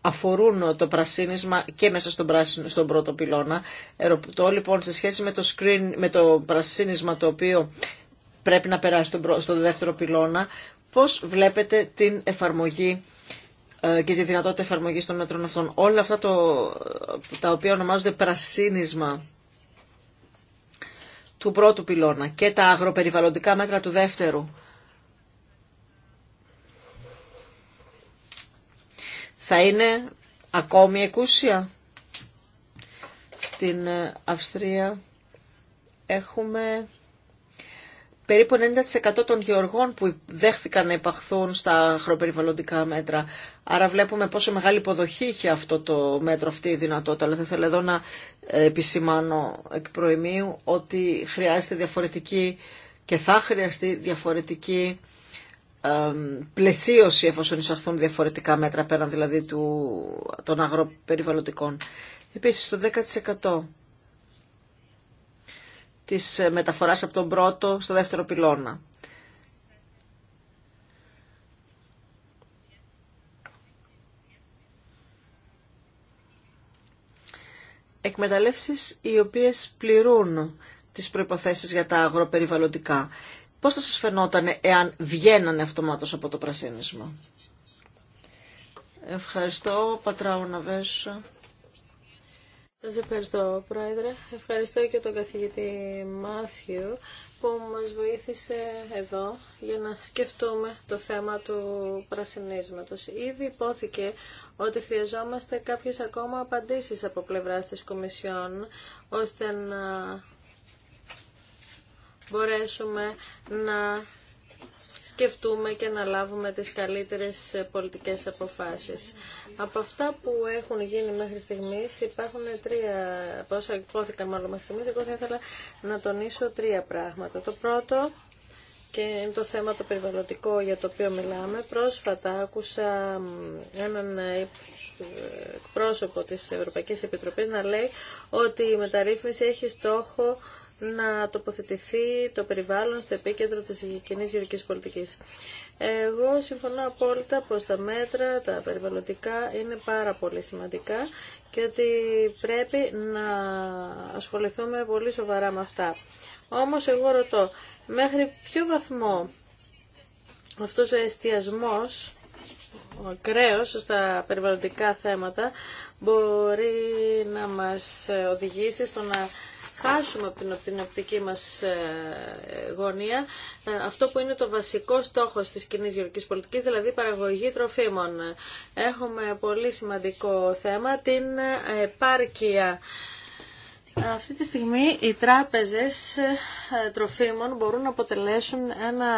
αφορούν το πρασίνισμα και μέσα στον, πράσινο, στον πρώτο πυλώνα. Ερωτώ λοιπόν σε σχέση με το, screen, με το πρασίνισμα το οποίο πρέπει να περάσει στον, στον δεύτερο πυλώνα, πώς βλέπετε την εφαρμογή ε, και τη δυνατότητα εφαρμογής των μέτρων αυτών. Όλα αυτά το, τα οποία ονομάζονται πρασίνισμα του πρώτου πυλώνα και τα αγροπεριβαλλοντικά μέτρα του δεύτερου. Θα είναι ακόμη εκούσια. Στην ε, Αυστρία έχουμε περίπου 90% των γεωργών που δέχθηκαν να υπαχθούν στα αγροπεριβαλλοντικά μέτρα. Άρα βλέπουμε πόσο μεγάλη υποδοχή είχε αυτό το μέτρο, αυτή η δυνατότητα. Αλλά θα ήθελα εδώ να ε, επισημάνω εκ προημίου ότι χρειάζεται διαφορετική και θα χρειαστεί διαφορετική πλαισίωση εφόσον εισαχθούν διαφορετικά μέτρα πέραν δηλαδή του, των αγροπεριβαλλοντικών. Επίσης το 10% της μεταφοράς από τον πρώτο στο δεύτερο πυλώνα. Εκμεταλλεύσεις οι οποίες πληρούν τις προϋποθέσεις για τα αγροπεριβαλλοντικά. Πώς θα σας φαινόταν εάν βγαίνανε αυτομάτως από το πρασίνισμα. Ευχαριστώ, Πατράου Ναβέσου. Σας ευχαριστώ, Πρόεδρε. Ευχαριστώ και τον καθηγητή Μάθιου που μας βοήθησε εδώ για να σκεφτούμε το θέμα του πρασινίσματος. Ήδη υπόθηκε ότι χρειαζόμαστε κάποιες ακόμα απαντήσεις από πλευράς της Κομισιόν, ώστε να μπορέσουμε να σκεφτούμε και να λάβουμε τις καλύτερες πολιτικές αποφάσεις. Από αυτά που έχουν γίνει μέχρι στιγμής υπάρχουν τρία, από όσα μάλλον μέχρι στιγμής, εγώ θα ήθελα να τονίσω τρία πράγματα. Το πρώτο και είναι το θέμα το περιβαλλοντικό για το οποίο μιλάμε. Πρόσφατα άκουσα έναν πρόσωπο της Ευρωπαϊκής Επιτροπής να λέει ότι η μεταρρύθμιση έχει στόχο να τοποθετηθεί το περιβάλλον στο επίκεντρο της κοινή γεωργικής πολιτικής. Εγώ συμφωνώ απόλυτα πως τα μέτρα, τα περιβαλλοντικά είναι πάρα πολύ σημαντικά και ότι πρέπει να ασχοληθούμε πολύ σοβαρά με αυτά. Όμως εγώ ρωτώ, μέχρι ποιο βαθμό αυτός ο εστιασμός ο κρέος στα περιβαλλοντικά θέματα μπορεί να μας οδηγήσει στο να χάσουμε από την, οπτική μας ε, γωνία ε, αυτό που είναι το βασικό στόχος της κοινή γεωργικής πολιτικής, δηλαδή η παραγωγή τροφίμων. Έχουμε πολύ σημαντικό θέμα, την επάρκεια. Αυτή τη στιγμή οι τράπεζες ε, τροφίμων μπορούν να αποτελέσουν ένα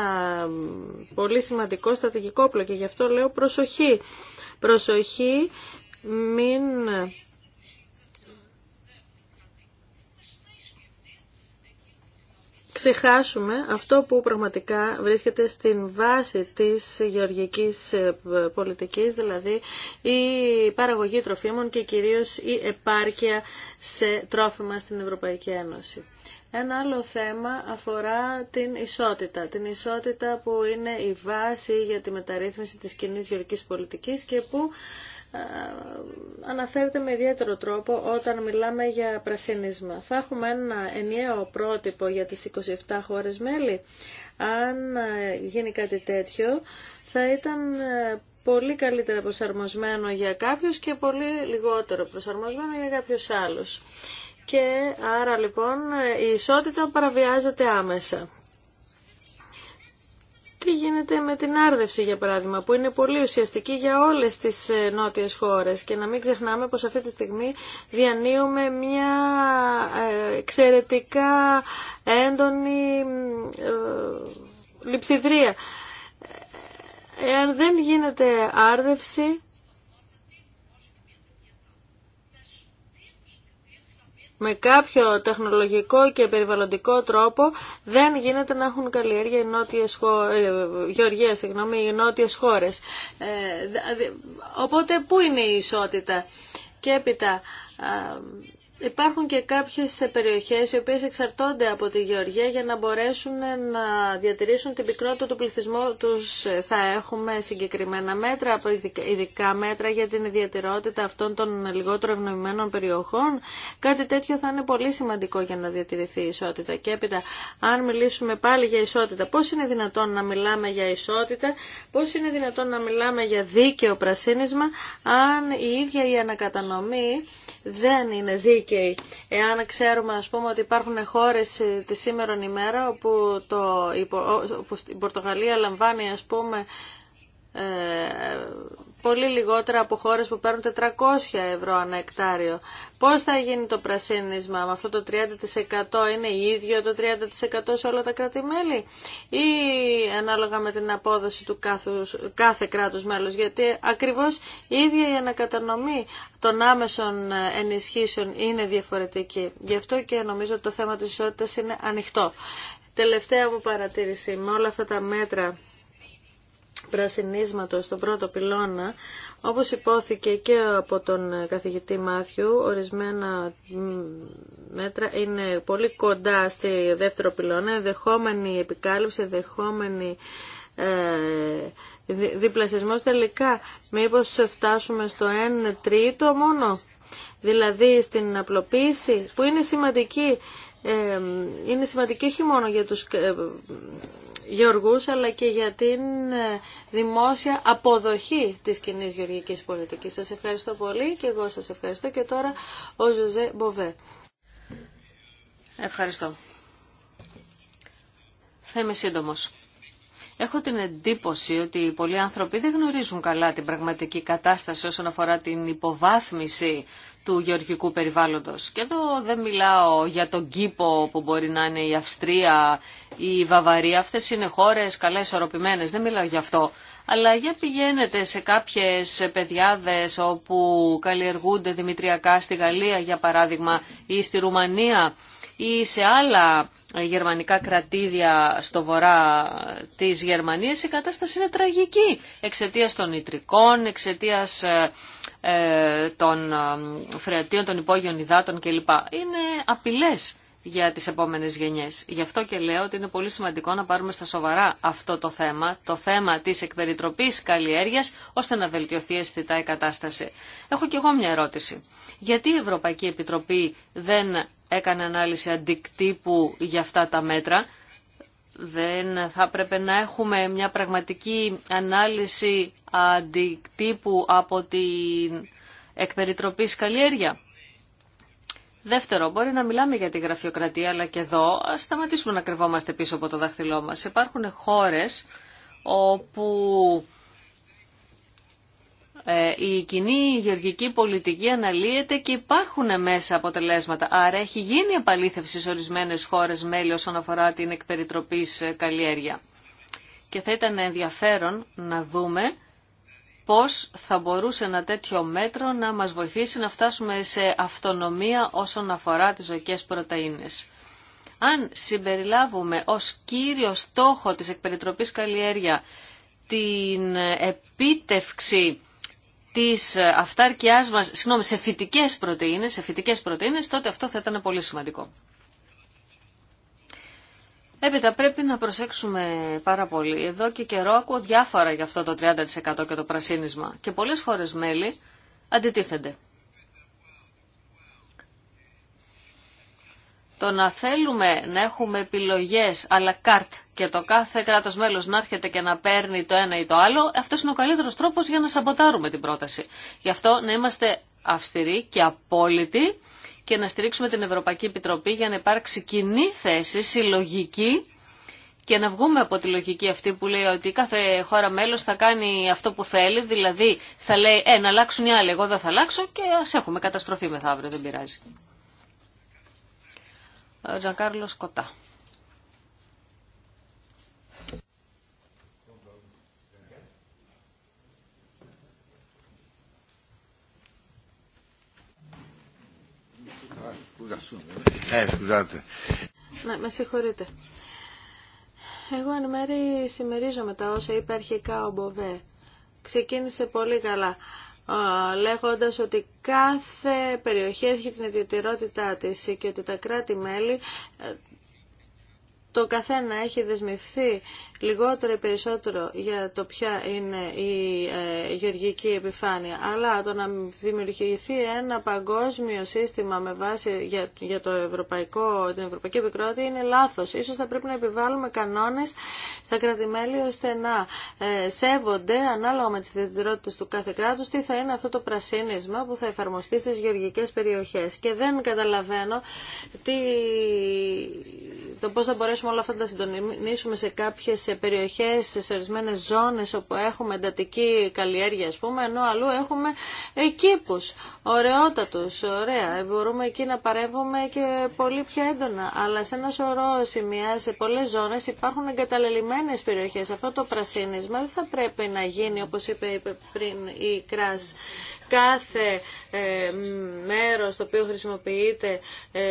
πολύ σημαντικό στρατηγικό όπλο και γι' αυτό λέω προσοχή. Προσοχή μην ξεχάσουμε αυτό που πραγματικά βρίσκεται στην βάση της γεωργικής ε, πολιτικής, δηλαδή η παραγωγή τροφίμων και κυρίως η επάρκεια σε τρόφιμα στην Ευρωπαϊκή Ένωση. Ένα άλλο θέμα αφορά την ισότητα. Την ισότητα που είναι η βάση για τη μεταρρύθμιση της κοινή γεωργικής πολιτικής και που ε, αναφέρεται με ιδιαίτερο τρόπο όταν μιλάμε για πρασίνισμα. Θα έχουμε ένα ενιαίο πρότυπο για τις 27 χώρες μέλη. Αν ε, γίνει κάτι τέτοιο θα ήταν ε, πολύ καλύτερα προσαρμοσμένο για κάποιους και πολύ λιγότερο προσαρμοσμένο για κάποιους άλλους. Και άρα λοιπόν η ισότητα παραβιάζεται άμεσα. Τι γίνεται με την άρδευση, για παράδειγμα, που είναι πολύ ουσιαστική για όλες τις ε, νότιες χώρες και να μην ξεχνάμε πως αυτή τη στιγμή διανύουμε μια ε, εξαιρετικά έντονη ε, λειψιδρία. Εάν δεν γίνεται άρδευση, με κάποιο τεχνολογικό και περιβαλλοντικό τρόπο δεν γίνεται να έχουν καλλιέργεια οι νότιες ε, γεωργία, συγγνώμη, οι νότιες χώρες. Ε, οπότε πού είναι η ισότητα. Και έπειτα Υπάρχουν και κάποιες περιοχές οι οποίες εξαρτώνται από τη γεωργία για να μπορέσουν να διατηρήσουν την πυκνότητα του πληθυσμού τους. Θα έχουμε συγκεκριμένα μέτρα, ειδικά μέτρα για την ιδιαιτερότητα αυτών των λιγότερο ευνοημένων περιοχών. Κάτι τέτοιο θα είναι πολύ σημαντικό για να διατηρηθεί η ισότητα. Και έπειτα, αν μιλήσουμε πάλι για ισότητα, πώς είναι δυνατόν να μιλάμε για ισότητα, πώς είναι δυνατόν να μιλάμε για δίκαιο πρασίνισμα, αν η ίδια η ανακατανομή δεν είναι δίκαιο Εάν ξέρουμε, ας πούμε, ότι υπάρχουν χώρες ε, τη σήμερον ημέρα όπου, το, όπου η Πορτογαλία λαμβάνει, ας πούμε, ε, πολύ λιγότερα από χώρες που παίρνουν 400 ευρώ ανά εκτάριο. Πώς θα γίνει το πρασίνισμα με αυτό το 30% είναι ίδιο το 30% σε όλα τα κράτη-μέλη ή ανάλογα με την απόδοση του κάθους, κάθε κράτους μέλους γιατί ακριβώς η ίδια η ανακατανομή των άμεσων ενισχύσεων είναι διαφορετική. Γι' αυτό και νομίζω ότι το θέμα της ισότητας είναι ανοιχτό. Τελευταία μου παρατήρηση με όλα αυτά τα μέτρα πρασινίσματος στον πρώτο πυλώνα, όπως υπόθηκε και από τον καθηγητή Μάθιου, ορισμένα μέτρα είναι πολύ κοντά στη δεύτερο πυλώνα, ενδεχόμενη επικάλυψη, ενδεχόμενη ε, διπλασιασμός τελικά. Μήπως φτάσουμε στο 1 τρίτο μόνο, δηλαδή στην απλοποίηση, που είναι σημαντική είναι σημαντική όχι μόνο για τους ε, γεωργούς αλλά και για την ε, δημόσια αποδοχή της κοινή γεωργικής πολιτικής. Σας ευχαριστώ πολύ και εγώ σας ευχαριστώ και τώρα ο Ζωζέ Μποβέ. Ευχαριστώ. Θα είμαι σύντομος. Έχω την εντύπωση ότι πολλοί άνθρωποι δεν γνωρίζουν καλά την πραγματική κατάσταση όσον αφορά την υποβάθμιση του γεωργικού περιβάλλοντος. Και εδώ δεν μιλάω για τον κήπο που μπορεί να είναι η Αυστρία ή η Βαβαρία. Αυτές είναι χώρες καλά ισορροπημένες, δεν μιλάω για αυτό. Αλλά για πηγαίνετε σε κάποιες παιδιάδες όπου καλλιεργούνται δημητριακά στη Γαλλία για παράδειγμα ή στη Ρουμανία ή σε άλλα γερμανικά κρατήδια στο βορρά της Γερμανίας η κατάσταση είναι τραγική εξαιτίας των νητρικών, εξαιτίας ε, ε, των ε, φρεατίων, των υπόγειων υδάτων κλπ. Είναι απειλές για τις επόμενες γενιές. Γι' αυτό και λέω ότι είναι πολύ σημαντικό να πάρουμε στα σοβαρά αυτό το θέμα, το θέμα της εκπεριτροπής καλλιέργειας, ώστε να βελτιωθεί αισθητά η κατάσταση. Έχω και εγώ μια ερώτηση. Γιατί η Ευρωπαϊκή Επιτροπή δεν έκανε ανάλυση αντικτύπου για αυτά τα μέτρα. Δεν θα έπρεπε να έχουμε μια πραγματική ανάλυση αντικτύπου από την εκπεριτροπή καλλιέργεια. Δεύτερο, μπορεί να μιλάμε για τη γραφειοκρατία, αλλά και εδώ ας σταματήσουμε να κρυβόμαστε πίσω από το δάχτυλό μας. Υπάρχουν χώρες όπου ε, η κοινή γεωργική πολιτική αναλύεται και υπάρχουν μέσα αποτελέσματα. Άρα έχει γίνει επαλήθευση σε ορισμένες χώρες μέλη όσον αφορά την εκπεριτροπής ε, καλλιέργεια. Και θα ήταν ενδιαφέρον να δούμε πώς θα μπορούσε ένα τέτοιο μέτρο να μας βοηθήσει να φτάσουμε σε αυτονομία όσον αφορά τις ζωικές πρωταΐνες. Αν συμπεριλάβουμε ως κύριο στόχο της εκπεριτροπής καλλιέργεια την επίτευξη της ε, αυτάρκειάς μας, σε φυτικές πρωτεΐνες, σε πρωτεΐνες, τότε αυτό θα ήταν πολύ σημαντικό. Έπειτα πρέπει να προσέξουμε πάρα πολύ. Εδώ και καιρό ακούω διάφορα για αυτό το 30% και το πρασίνισμα. Και πολλές χώρες μέλη αντιτίθενται. το να θέλουμε να έχουμε επιλογές αλλά καρτ και το κάθε κράτος μέλος να έρχεται και να παίρνει το ένα ή το άλλο, αυτός είναι ο καλύτερος τρόπος για να σαμποτάρουμε την πρόταση. Γι' αυτό να είμαστε αυστηροί και απόλυτοι και να στηρίξουμε την Ευρωπαϊκή Επιτροπή για να υπάρξει κοινή θέση, συλλογική και να βγούμε από τη λογική αυτή που λέει ότι κάθε χώρα μέλος θα κάνει αυτό που θέλει, δηλαδή θα λέει ε, να αλλάξουν οι άλλοι, εγώ δεν θα αλλάξω και ας έχουμε καταστροφή μεθαύριο, δεν πειράζει. Τζανκάρλο ε, Σκοτά. Ναι, με συγχωρείτε. Εγώ εν μέρει συμμερίζομαι τα όσα είπε αρχικά ο Μποβέ. Ξεκίνησε πολύ καλά λέγοντας ότι κάθε περιοχή έχει την ιδιαιτερότητά της και ότι τα κράτη-μέλη το καθένα έχει δεσμευθεί λιγότερο ή περισσότερο για το ποια είναι η ε, γεωργική επιφάνεια. Αλλά το να δημιουργηθεί ένα παγκόσμιο σύστημα με βάση για, το ευρωπαϊκό, την ευρωπαϊκή επικρότητα είναι λάθος. Ίσως θα πρέπει να επιβάλλουμε κανόνες στα κρατημέλη ώστε να ε, σέβονται ανάλογα με τις ιδιαιτερότητες του κάθε κράτους τι θα είναι αυτό το πρασίνισμα που θα εφαρμοστεί στις γεωργικές περιοχές. Και δεν καταλαβαίνω τι, το πώς θα μπορέσουμε όλα αυτά να τα συντονίσουμε σε κάποιες περιοχές, σε ορισμένε ζώνε όπου έχουμε εντατική καλλιέργεια α πούμε, ενώ αλλού έχουμε ε, κήπου ωραιότατου. ωραία. Ε, μπορούμε εκεί να παρεύουμε και πολύ πιο έντονα, αλλά σε ένα σωρό σημεία, σε πολλές ζώνες υπάρχουν εγκαταλελειμμένες περιοχές. Αυτό το πρασίνισμα δεν θα πρέπει να γίνει, όπως είπε πριν η Κράς, κάθε ε, μέρος το οποίο χρησιμοποιείται ε,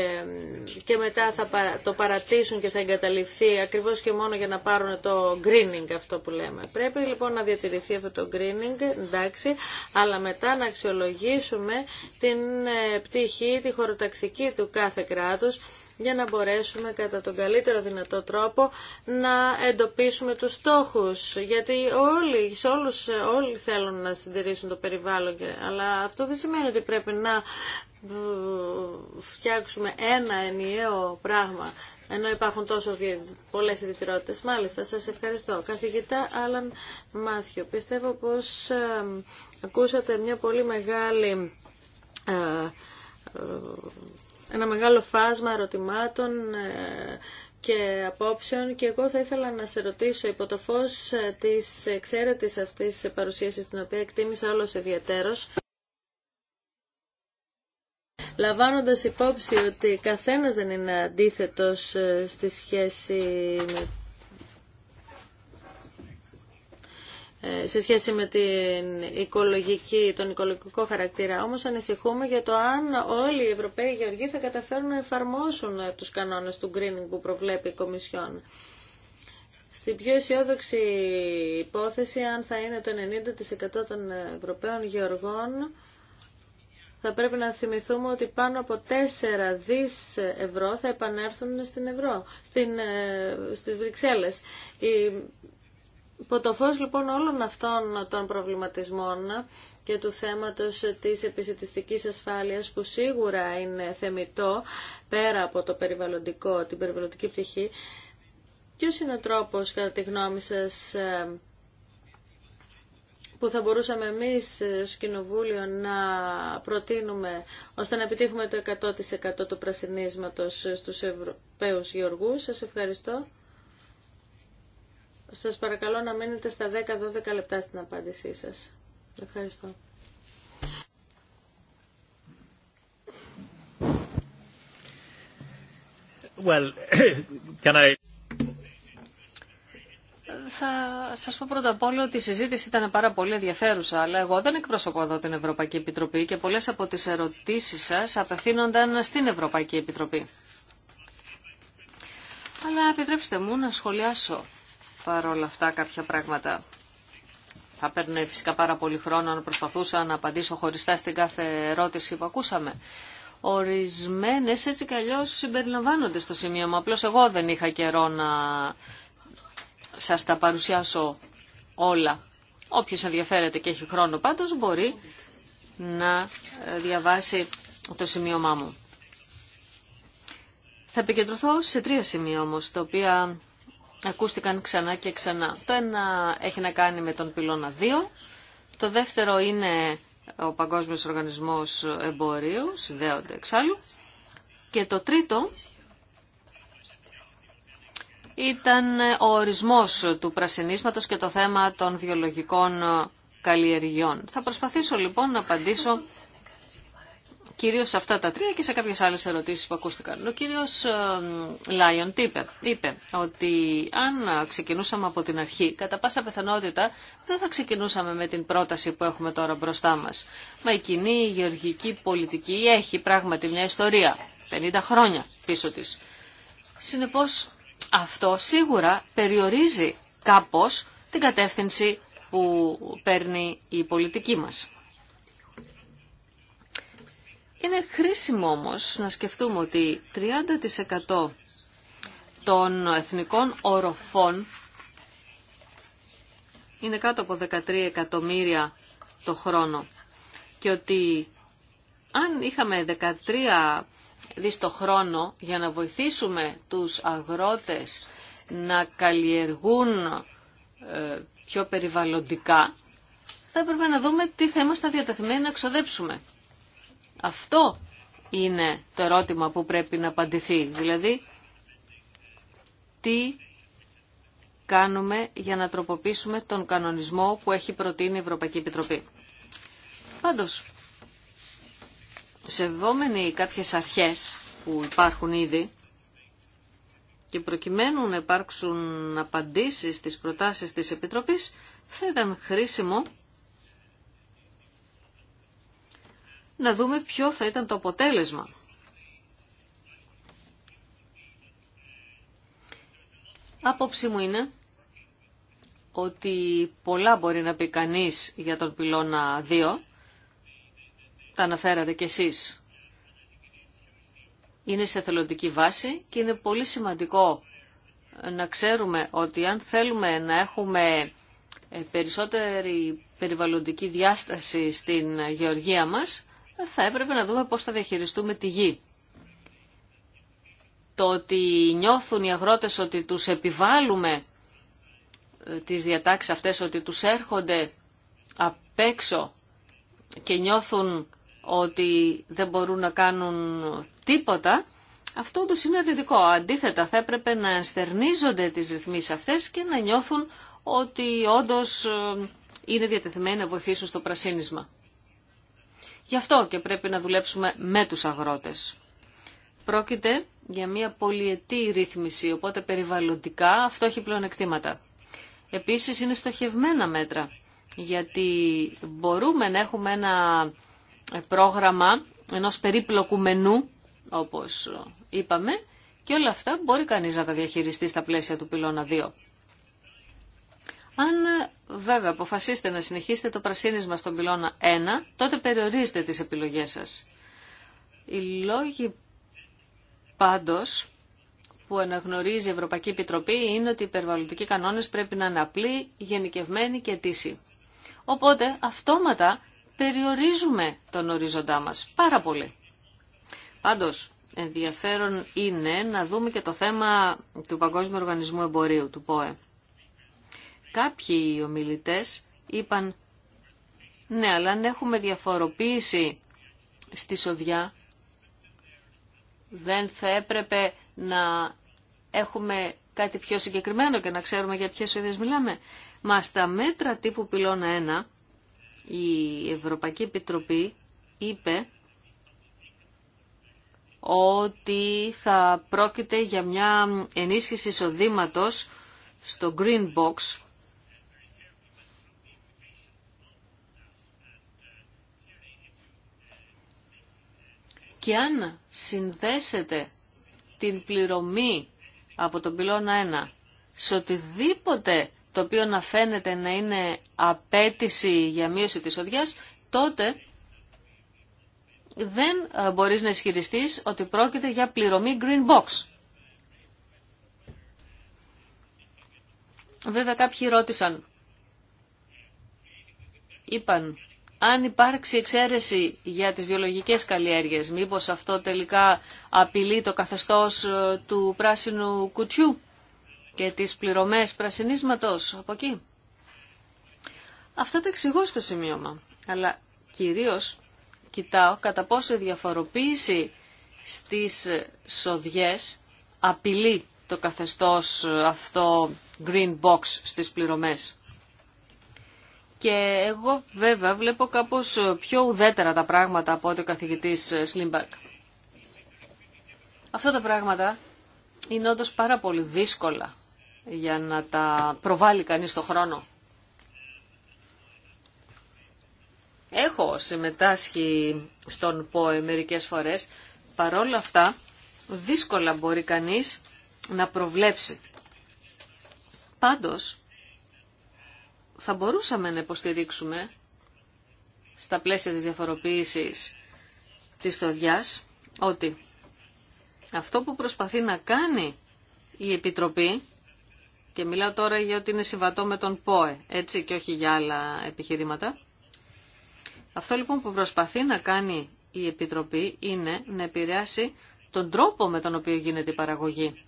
και μετά θα το παρατήσουν και θα εγκαταλειφθεί ακριβώς και μόνο για να πάρουν το greening αυτό που λέμε. Πρέπει λοιπόν να διατηρηθεί αυτό το greening, εντάξει, αλλά μετά να αξιολογήσουμε την ε, πτυχή, τη χωροταξική του κάθε κράτους για να μπορέσουμε κατά τον καλύτερο δυνατό τρόπο να εντοπίσουμε τους στόχους. Γιατί όλοι, όλους, όλοι θέλουν να συντηρήσουν το περιβάλλον, αλλά αυτό δεν σημαίνει ότι πρέπει να ε, φτιάξουμε ένα ενιαίο πράγμα ενώ υπάρχουν τόσο πολλές ιδιαιτερότητες. Μάλιστα, σας ευχαριστώ. Καθηγητά Άλαν Μάθιο, πιστεύω πως ε, ακούσατε μια πολύ μεγάλη ε, ένα μεγάλο φάσμα ερωτημάτων ε, και απόψεων και εγώ θα ήθελα να σε ρωτήσω υπό το φως ε, της εξαίρετης αυτής παρουσίαση την οποία εκτίμησα όλος ιδιαίτερος λαμβάνοντας υπόψη ότι καθένας δεν είναι αντίθετος ε, στη σχέση με Ε, σε σχέση με την οικολογική, τον οικολογικό χαρακτήρα. Όμως ανησυχούμε για το αν όλοι οι Ευρωπαίοι Γεωργοί θα καταφέρουν να εφαρμόσουν ε, τους κανόνες του greening που προβλέπει η Κομισιόν. Στην πιο αισιόδοξη υπόθεση, αν θα είναι το 90% των Ευρωπαίων Γεωργών, θα πρέπει να θυμηθούμε ότι πάνω από 4 δις ευρώ θα επανέλθουν στην ευρώ, στην, ε, στις Βρυξέλλες. Η Υπό το φως λοιπόν όλων αυτών των προβληματισμών και του θέματος της επιστημιστικής ασφάλειας που σίγουρα είναι θεμητό πέρα από το περιβαλλοντικό, την περιβαλλοντική πτυχή, ποιο είναι ο τρόπος κατά τη γνώμη σας που θα μπορούσαμε εμείς ως Κοινοβούλιο να προτείνουμε ώστε να επιτύχουμε το 100% του πρασινίσματος στους Ευρωπαίους Γεωργούς. Σας ευχαριστώ. Σας παρακαλώ να μείνετε στα 10-12 λεπτά στην απάντησή σας. Ευχαριστώ. Well, can I... Θα σας πω πρώτα απ' όλα ότι η συζήτηση ήταν πάρα πολύ ενδιαφέρουσα, αλλά εγώ δεν εκπροσωπώ εδώ την Ευρωπαϊκή Επιτροπή και πολλές από τις ερωτήσεις σας απευθύνονταν στην Ευρωπαϊκή Επιτροπή. Αλλά επιτρέψτε μου να σχολιάσω παρόλα αυτά κάποια πράγματα. Θα παίρνει φυσικά πάρα πολύ χρόνο να προσπαθούσα να απαντήσω χωριστά στην κάθε ερώτηση που ακούσαμε. Ορισμένες έτσι κι αλλιώ συμπεριλαμβάνονται στο σημείο μου. Απλώ εγώ δεν είχα καιρό να σας τα παρουσιάσω όλα. Όποιο ενδιαφέρεται και έχει χρόνο πάντως μπορεί να ε, διαβάσει το σημείωμά μου. Θα επικεντρωθώ σε τρία σημεία όμως, τα οποία ακούστηκαν ξανά και ξανά. Το ένα έχει να κάνει με τον πυλώνα 2, το δεύτερο είναι ο Παγκόσμιος Οργανισμός Εμπορίου, συνδέονται εξάλλου, και το τρίτο ήταν ο ορισμός του πρασινίσματος και το θέμα των βιολογικών καλλιεργιών. Θα προσπαθήσω λοιπόν να απαντήσω κυρίως σε αυτά τα τρία και σε κάποιες άλλες ερωτήσεις που ακούστηκαν. Ο κύριος ε, Λάιον είπε, είπε ότι αν ξεκινούσαμε από την αρχή, κατά πάσα πιθανότητα δεν θα ξεκινούσαμε με την πρόταση που έχουμε τώρα μπροστά μας. Μα η κοινή γεωργική πολιτική έχει πράγματι μια ιστορία, 50 χρόνια πίσω της. Συνεπώς αυτό σίγουρα περιορίζει κάπως την κατεύθυνση που παίρνει η πολιτική μας. Είναι χρήσιμο όμως να σκεφτούμε ότι 30% των εθνικών οροφών είναι κάτω από 13 εκατομμύρια το χρόνο και ότι αν είχαμε 13 δις το χρόνο για να βοηθήσουμε τους αγρότες να καλλιεργούν ε, πιο περιβαλλοντικά, θα έπρεπε να δούμε τι θα είμαστε διατεθειμένοι να ξοδέψουμε. Αυτό είναι το ερώτημα που πρέπει να απαντηθεί. Δηλαδή, τι κάνουμε για να τροποποιήσουμε τον κανονισμό που έχει προτείνει η Ευρωπαϊκή Επιτροπή. Πάντως, σεβόμενοι κάποιες αρχές που υπάρχουν ήδη και προκειμένου να υπάρξουν απαντήσεις στις προτάσεις της Επιτροπής, θα ήταν χρήσιμο να δούμε ποιο θα ήταν το αποτέλεσμα. Απόψη μου είναι ότι πολλά μπορεί να πει κανεί για τον πυλώνα 2. Τα αναφέρατε κι εσείς. Είναι σε θελοντική βάση και είναι πολύ σημαντικό να ξέρουμε ότι αν θέλουμε να έχουμε ε, περισσότερη περιβαλλοντική διάσταση στην γεωργία μας, ε, θα έπρεπε να δούμε πώς θα διαχειριστούμε τη γη. Το ότι νιώθουν οι αγρότες ότι τους επιβάλλουμε ε, τις διατάξεις αυτές, ότι τους έρχονται απ' έξω και νιώθουν ότι δεν μπορούν να κάνουν τίποτα, αυτό όντως είναι αρνητικό. Αντίθετα, θα έπρεπε να στερνίζονται τις ρυθμίσεις αυτές και να νιώθουν ότι όντως ε, είναι διατεθειμένοι να βοηθήσουν στο πρασίνισμα. Γι' αυτό και πρέπει να δουλέψουμε με τους αγρότες. Πρόκειται για μια πολυετή ρύθμιση, οπότε περιβαλλοντικά αυτό έχει πλεονεκτήματα. Επίσης είναι στοχευμένα μέτρα, γιατί μπορούμε να έχουμε ένα πρόγραμμα ενός περίπλοκου μενού, όπως είπαμε, και όλα αυτά μπορεί κανείς να τα διαχειριστεί στα πλαίσια του πυλώνα 2. Αν βέβαια αποφασίσετε να συνεχίσετε το πρασίνισμα στον πυλώνα 1, τότε περιορίζετε τις επιλογές σας. Οι λόγοι πάντως που αναγνωρίζει η Ευρωπαϊκή Επιτροπή είναι ότι οι υπερβαλλοντικοί κανόνες πρέπει να είναι απλοί, γενικευμένοι και αιτήσιοι. Οπότε αυτόματα περιορίζουμε τον οριζοντά μας πάρα πολύ. Πάντως, ενδιαφέρον είναι να δούμε και το θέμα του Παγκόσμιου Οργανισμού Εμπορίου, του ΠΟΕ. Κάποιοι ομιλητές είπαν ναι, αλλά αν έχουμε διαφοροποίηση στη σοδιά, δεν θα έπρεπε να έχουμε κάτι πιο συγκεκριμένο και να ξέρουμε για ποιες σοδιές μιλάμε. Μα στα μέτρα τύπου πυλώνα 1, η Ευρωπαϊκή Επιτροπή είπε ότι θα πρόκειται για μια ενίσχυση εισοδήματος στο Green Box Και αν συνδέσετε την πληρωμή από τον πυλώνα 1 σε οτιδήποτε το οποίο να φαίνεται να είναι απέτηση για μείωση της οδειάς, τότε δεν ε, μπορείς να ισχυριστείς ότι πρόκειται για πληρωμή green box. Βέβαια κάποιοι ρώτησαν, είπαν αν υπάρξει εξαίρεση για τις βιολογικές καλλιέργειες, μήπως αυτό τελικά απειλεί το καθεστώς ε, του πράσινου κουτιού και τις πληρωμές πρασινίσματος από εκεί. Αυτό το εξηγώ στο σημείωμα, αλλά κυρίως κοιτάω κατά πόσο η διαφοροποίηση στις σοδιές απειλεί το καθεστώς ε, αυτό green box στις πληρωμές. Και εγώ βέβαια βλέπω κάπως πιο ουδέτερα τα πράγματα από ότι ο καθηγητής ε, Σλίμπαρκ. Αυτά τα πράγματα είναι όντως πάρα πολύ δύσκολα για να τα προβάλλει κανείς στο χρόνο. Έχω συμμετάσχει στον ΠΟΕ μερικές φορές, παρόλα αυτά δύσκολα μπορεί κανείς να προβλέψει. Πάντως, θα μπορούσαμε να υποστηρίξουμε στα πλαίσια της διαφοροποίησης της στοδιάς ότι αυτό που προσπαθεί να κάνει η Επιτροπή και μιλάω τώρα για ότι είναι συμβατό με τον ΠΟΕ, έτσι και όχι για άλλα επιχειρήματα. Αυτό λοιπόν που προσπαθεί να κάνει η Επιτροπή είναι να επηρεάσει τον τρόπο με τον οποίο γίνεται η παραγωγή.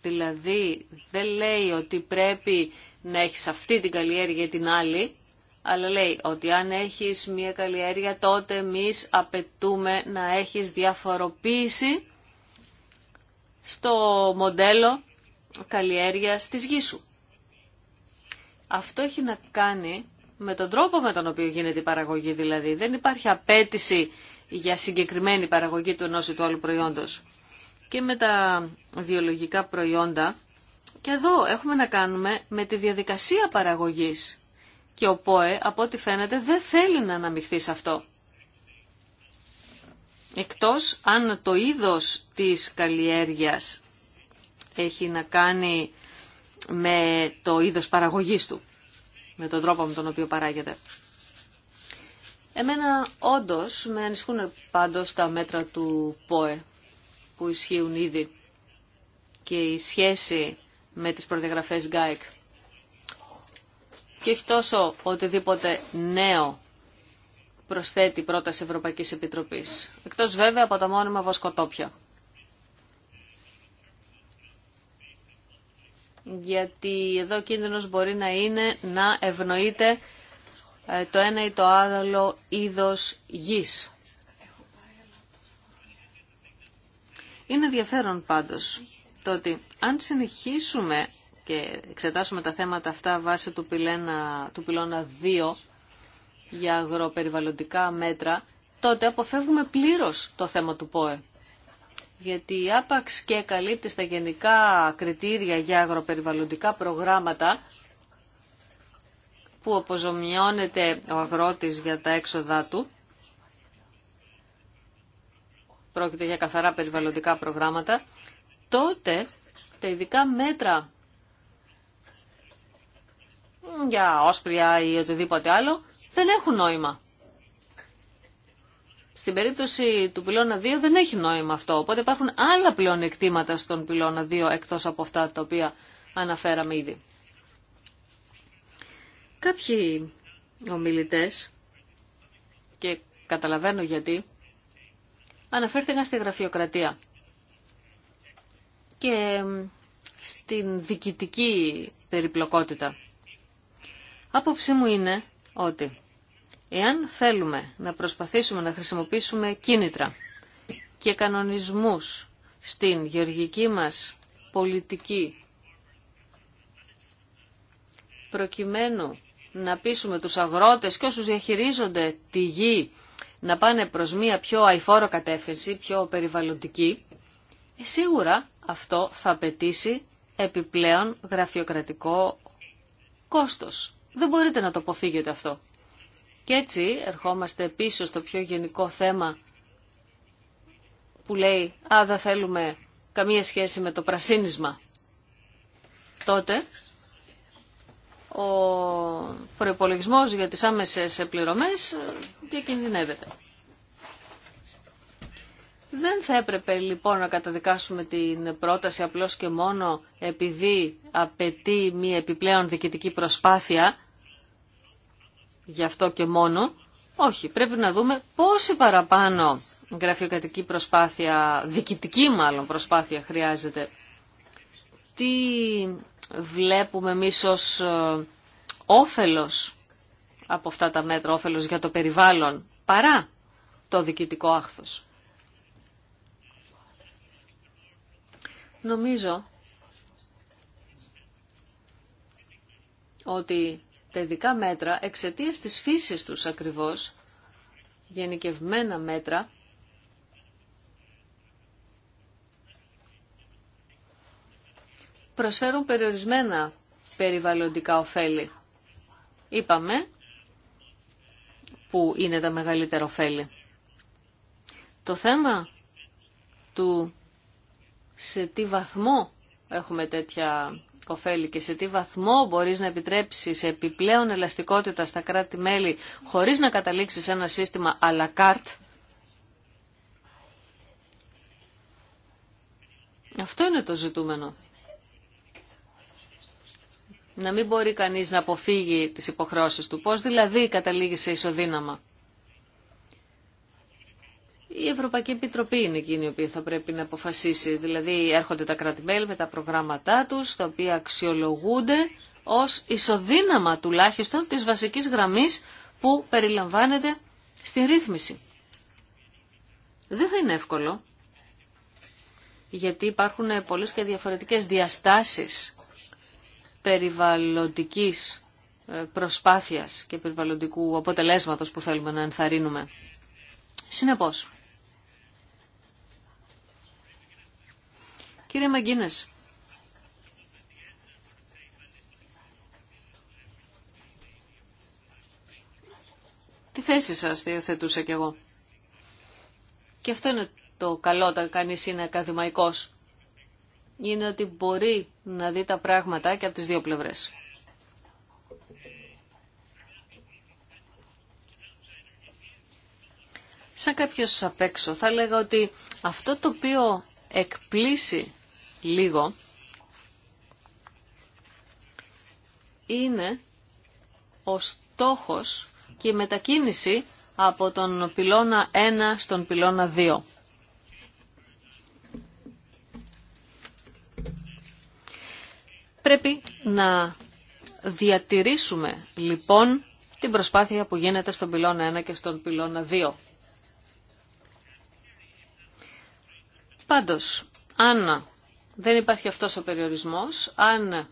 Δηλαδή δεν λέει ότι πρέπει να έχεις αυτή την καλλιέργεια την άλλη, αλλά λέει ότι αν έχεις μία καλλιέργεια τότε εμεί απαιτούμε να έχεις διαφοροποίηση στο μοντέλο καλλιέργειας της γης σου. Αυτό έχει να κάνει με τον τρόπο με τον οποίο γίνεται η παραγωγή δηλαδή. Δεν υπάρχει απέτηση για συγκεκριμένη παραγωγή του ενός ή του άλλου προϊόντος. Και με τα βιολογικά προϊόντα και εδώ έχουμε να κάνουμε με τη διαδικασία παραγωγής. Και ο ΠΟΕ, από ό,τι φαίνεται, δεν θέλει να αναμειχθεί σε αυτό. Εκτός αν το είδος της καλλιέργειας έχει να κάνει με το είδος παραγωγής του, με τον τρόπο με τον οποίο παράγεται. Εμένα όντως με ανισχούν πάντως τα μέτρα του ΠΟΕ που ισχύουν ήδη και η σχέση με τις προδιαγραφές ΓΑΕΚ. E Και έχει τόσο οτιδήποτε νέο προσθέτει πρόταση Ευρωπαϊκής Επιτροπής. Εκτός βέβαια από τα μόνιμα βοσκοτόπια. Γιατί εδώ ο κίνδυνος μπορεί να είναι να ευνοείται ε, το ένα ή το άλλο είδος γης. Είναι ενδιαφέρον πάντως το ότι αν συνεχίσουμε και εξετάσουμε τα θέματα αυτά βάσει του, πυλένα, του πυλώνα 2 για αγροπεριβαλλοντικά μέτρα, τότε αποφεύγουμε πλήρως το θέμα του ΠΟΕ. Γιατί άπαξ και καλύπτει στα γενικά κριτήρια για αγροπεριβαλλοντικά προγράμματα που αποζωμιώνεται ο αγρότης για τα έξοδά του, πρόκειται για καθαρά περιβαλλοντικά προγράμματα, τότε τα ειδικά μέτρα για όσπρια ή οτιδήποτε άλλο δεν έχουν νόημα. Στην περίπτωση του πυλώνα 2 δεν έχει νόημα αυτό, οπότε υπάρχουν άλλα πλεονεκτήματα στον πυλώνα 2 εκτός από αυτά τα οποία αναφέραμε ήδη. Κάποιοι ομιλητές, και καταλαβαίνω γιατί, αναφέρθηκαν στη γραφειοκρατία και στην διοικητική περιπλοκότητα. Άποψή μου είναι ότι εάν θέλουμε να προσπαθήσουμε να χρησιμοποιήσουμε κίνητρα και κανονισμούς στην γεωργική μας πολιτική προκειμένου να πείσουμε τους αγρότες και όσους διαχειρίζονται τη γη να πάνε προς μία πιο αηφόρο κατεύθυνση, πιο περιβαλλοντική, ε, σίγουρα αυτό θα απαιτήσει επιπλέον γραφειοκρατικό κόστος. Δεν μπορείτε να το αποφύγετε αυτό. Και έτσι ερχόμαστε πίσω στο πιο γενικό θέμα που λέει «Α, δεν θέλουμε καμία σχέση με το πρασίνισμα». Τότε ο προϋπολογισμός για τις άμεσες πληρωμές διακινδυνεύεται. Δεν θα έπρεπε λοιπόν να καταδικάσουμε την πρόταση απλώς και μόνο επειδή απαιτεί μία επιπλέον διοικητική προσπάθεια, γι' αυτό και μόνο. Όχι, πρέπει να δούμε πόση παραπάνω γραφειοκρατική προσπάθεια, διοικητική μάλλον προσπάθεια χρειάζεται. Τι βλέπουμε εμείς ως ε, όφελος από αυτά τα μέτρα, όφελος για το περιβάλλον, παρά το διοικητικό άχθος. Νομίζω ότι τα ειδικά μέτρα εξαιτία της φύση τους ακριβώς, γενικευμένα μέτρα, προσφέρουν περιορισμένα περιβαλλοντικά ωφέλη. Είπαμε που είναι τα μεγαλύτερα ωφέλη. Το θέμα του σε τι βαθμό έχουμε τέτοια ωφέλη και σε τι βαθμό μπορείς να επιτρέψεις επιπλέον ελαστικότητα στα κράτη-μέλη χωρίς να καταλήξεις ένα σύστημα à la carte. Αυτό είναι το ζητούμενο. Να μην μπορεί κανείς να αποφύγει τις υποχρεώσεις του. Πώς δηλαδή καταλήγει σε ισοδύναμα η Ευρωπαϊκή Επιτροπή είναι εκείνη η οποία θα πρέπει να αποφασίσει. Δηλαδή έρχονται τα κράτη-μέλη με τα προγράμματά τους, τα οποία αξιολογούνται ως ισοδύναμα τουλάχιστον της βασικής γραμμής που περιλαμβάνεται στη ρύθμιση. Δεν θα είναι εύκολο, γιατί υπάρχουν πολλές και διαφορετικές διαστάσεις περιβαλλοντικής ε, προσπάθειας και περιβαλλοντικού αποτελέσματος που θέλουμε να ενθαρρύνουμε. Συνεπώς, Κύριε Μαγκίνες, τι θέση σας διαθετούσα κι εγώ. Και αυτό είναι το καλό όταν κανείς είναι ακαδημαϊκός. Είναι ότι μπορεί να δει τα πράγματα και από τις δύο πλευρές. Σαν κάποιος απ' έξω θα λέγα ότι αυτό το οποίο εκπλήσει λίγο είναι ο στόχος και η μετακίνηση από τον πυλώνα 1 στον πυλώνα 2. Πρέπει να διατηρήσουμε λοιπόν την προσπάθεια που γίνεται στον πυλώνα 1 και στον πυλώνα 2. Πάντως, αν δεν υπάρχει αυτός ο περιορισμός. Αν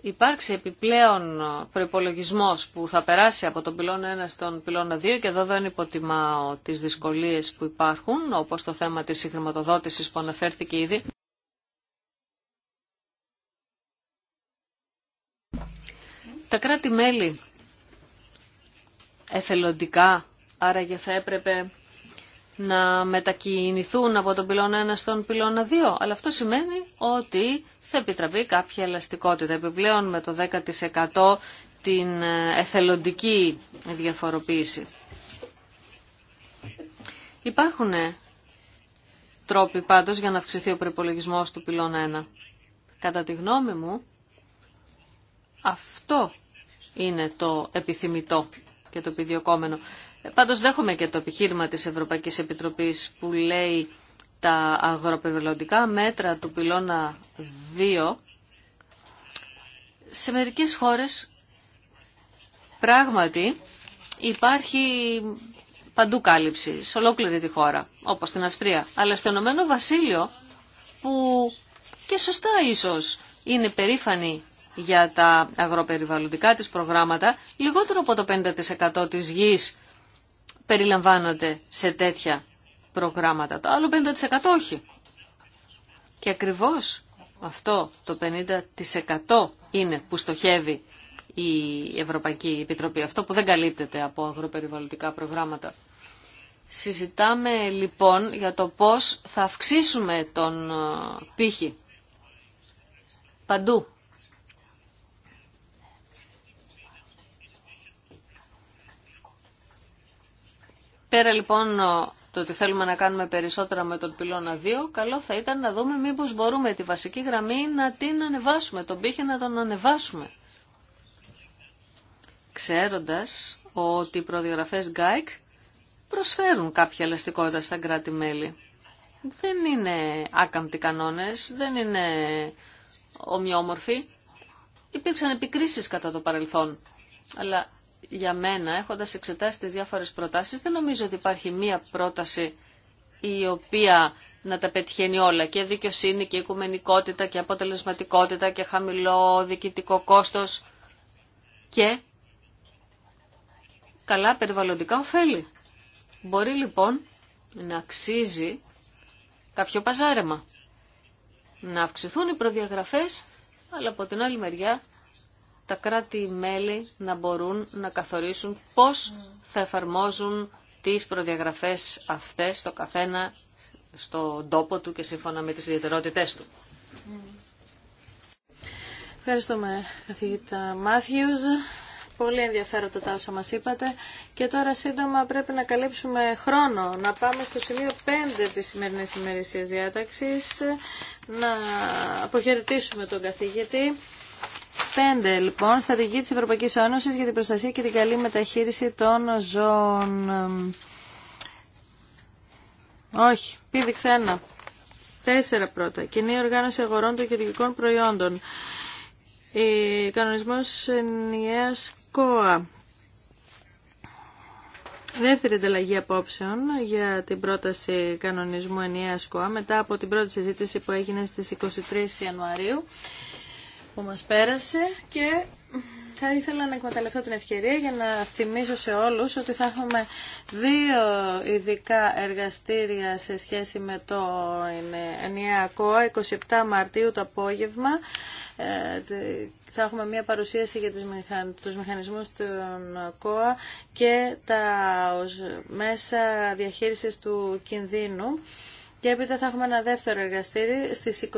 υπάρξει επιπλέον προϋπολογισμός που θα περάσει από τον πυλώνα 1 στον πυλώνα 2 και εδώ δεν υποτιμάω τις δυσκολίες που υπάρχουν, όπως το θέμα της συγχρηματοδότησης που αναφέρθηκε ήδη. Τα κράτη-μέλη εθελοντικά, άραγε θα έπρεπε να μετακινηθούν από τον πυλώνα 1 στον πυλώνα 2. Αλλά αυτό σημαίνει ότι θα επιτραπεί κάποια ελαστικότητα. Επιπλέον με το 10% την ε, εθελοντική διαφοροποίηση. Υπάρχουν ε, τρόποι πάντως για να αυξηθεί ο προπολογισμό του πυλώνα 1. Κατά τη γνώμη μου, αυτό είναι το επιθυμητό και το επιδιωκόμενο. Πάντω δέχομαι και το επιχείρημα τη Ευρωπαϊκή Επιτροπής που λέει τα αγροπεριβαλλοντικά μέτρα του πυλώνα 2 σε μερικές χώρες πράγματι υπάρχει παντού κάλυψη, σε ολόκληρη τη χώρα, όπως στην Αυστρία. Αλλά στο Ηνωμένο Βασίλειο, που και σωστά ίσως είναι περήφανη για τα αγροπεριβαλλοντικά της προγράμματα, λιγότερο από το 50% της γης περιλαμβάνονται σε τέτοια προγράμματα. Το άλλο 50% όχι. Και ακριβώς αυτό το 50% είναι που στοχεύει η Ευρωπαϊκή Επιτροπή. Αυτό που δεν καλύπτεται από αγροπεριβαλλοντικά προγράμματα. Συζητάμε λοιπόν για το πώς θα αυξήσουμε τον ε, πύχη παντού Πέρα λοιπόν το ότι θέλουμε να κάνουμε περισσότερα με τον πυλώνα 2, καλό θα ήταν να δούμε μήπως μπορούμε τη βασική γραμμή να την ανεβάσουμε, τον πύχη να τον ανεβάσουμε. Ξέροντας ότι οι προδιογραφές ΓΚΑΙΚ e προσφέρουν κάποια ελαστικότητα στα κράτη-μέλη. Δεν είναι άκαμπτοι κανόνες, δεν είναι ομοιόμορφοι. Υπήρξαν επικρίσεις κατά το παρελθόν, αλλά για μένα, έχοντας εξετάσει τις διάφορες προτάσεις, δεν νομίζω ότι υπάρχει μία πρόταση η οποία να τα πετυχαίνει όλα και δικαιοσύνη και οικουμενικότητα και αποτελεσματικότητα και χαμηλό διοικητικό κόστος και καλά περιβαλλοντικά ωφέλη. Μπορεί λοιπόν να αξίζει κάποιο παζάρεμα. Να αυξηθούν οι προδιαγραφές, αλλά από την άλλη μεριά τα κράτη-μέλη να μπορούν να καθορίσουν πώς θα εφαρμόζουν τις προδιαγραφές αυτές στο καθένα στον τόπο του και σύμφωνα με τις ιδιαιτερότητές του. Ευχαριστούμε καθηγητά Μάθιους. Πολύ ενδιαφέροντα τα όσα μας είπατε. Και τώρα σύντομα πρέπει να καλύψουμε χρόνο. Να πάμε στο σημείο 5 της σημερινής ημερησίας διάταξης. Να αποχαιρετήσουμε τον καθηγητή. 5 λοιπόν, στρατηγική της Ευρωπαϊκής Ένωσης για την προστασία και την καλή μεταχείριση των ζώων. Όχι, πήδηξε ένα. Τέσσερα πρώτα. Κοινή οργάνωση αγορών των χειρουργικών προϊόντων. Η κανονισμός ενιαίας ΚΟΑ. Δεύτερη ανταλλαγή απόψεων για την πρόταση κανονισμού ενιαίας ΚΟΑ μετά από την πρώτη συζήτηση που έγινε στις 23 Ιανουαρίου που μας πέρασε και θα ήθελα να εκμεταλλευτώ την ευκαιρία για να θυμίσω σε όλους ότι θα έχουμε δύο ειδικά εργαστήρια σε σχέση με το κόα 27 Μαρτίου το απόγευμα. Ε, θα έχουμε μια παρουσίαση για τους μηχανισμούς του ΚΟΑ και τα μέσα διαχείρισης του κινδύνου. Και έπειτα θα έχουμε ένα δεύτερο εργαστήρι στις 24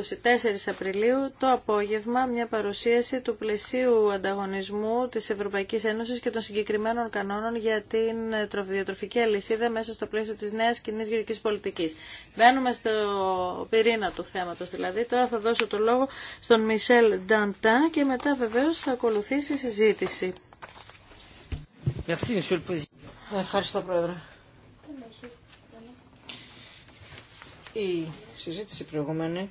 Απριλίου το απόγευμα μια παρουσίαση του πλαισίου ανταγωνισμού της Ευρωπαϊκής Ένωσης και των συγκεκριμένων κανόνων για την ε, τροφιδιατροφική αλυσίδα μέσα στο πλαίσιο της νέας κοινή γεωργικής πολιτικής. Μπαίνουμε στο πυρήνα του θέματος δηλαδή. Τώρα θα δώσω το λόγο στον Μισελ Νταντά και μετά βεβαίως θα ακολουθήσει η συζήτηση. Ευχαριστώ Πρόεδρε. η συζήτηση προηγούμενη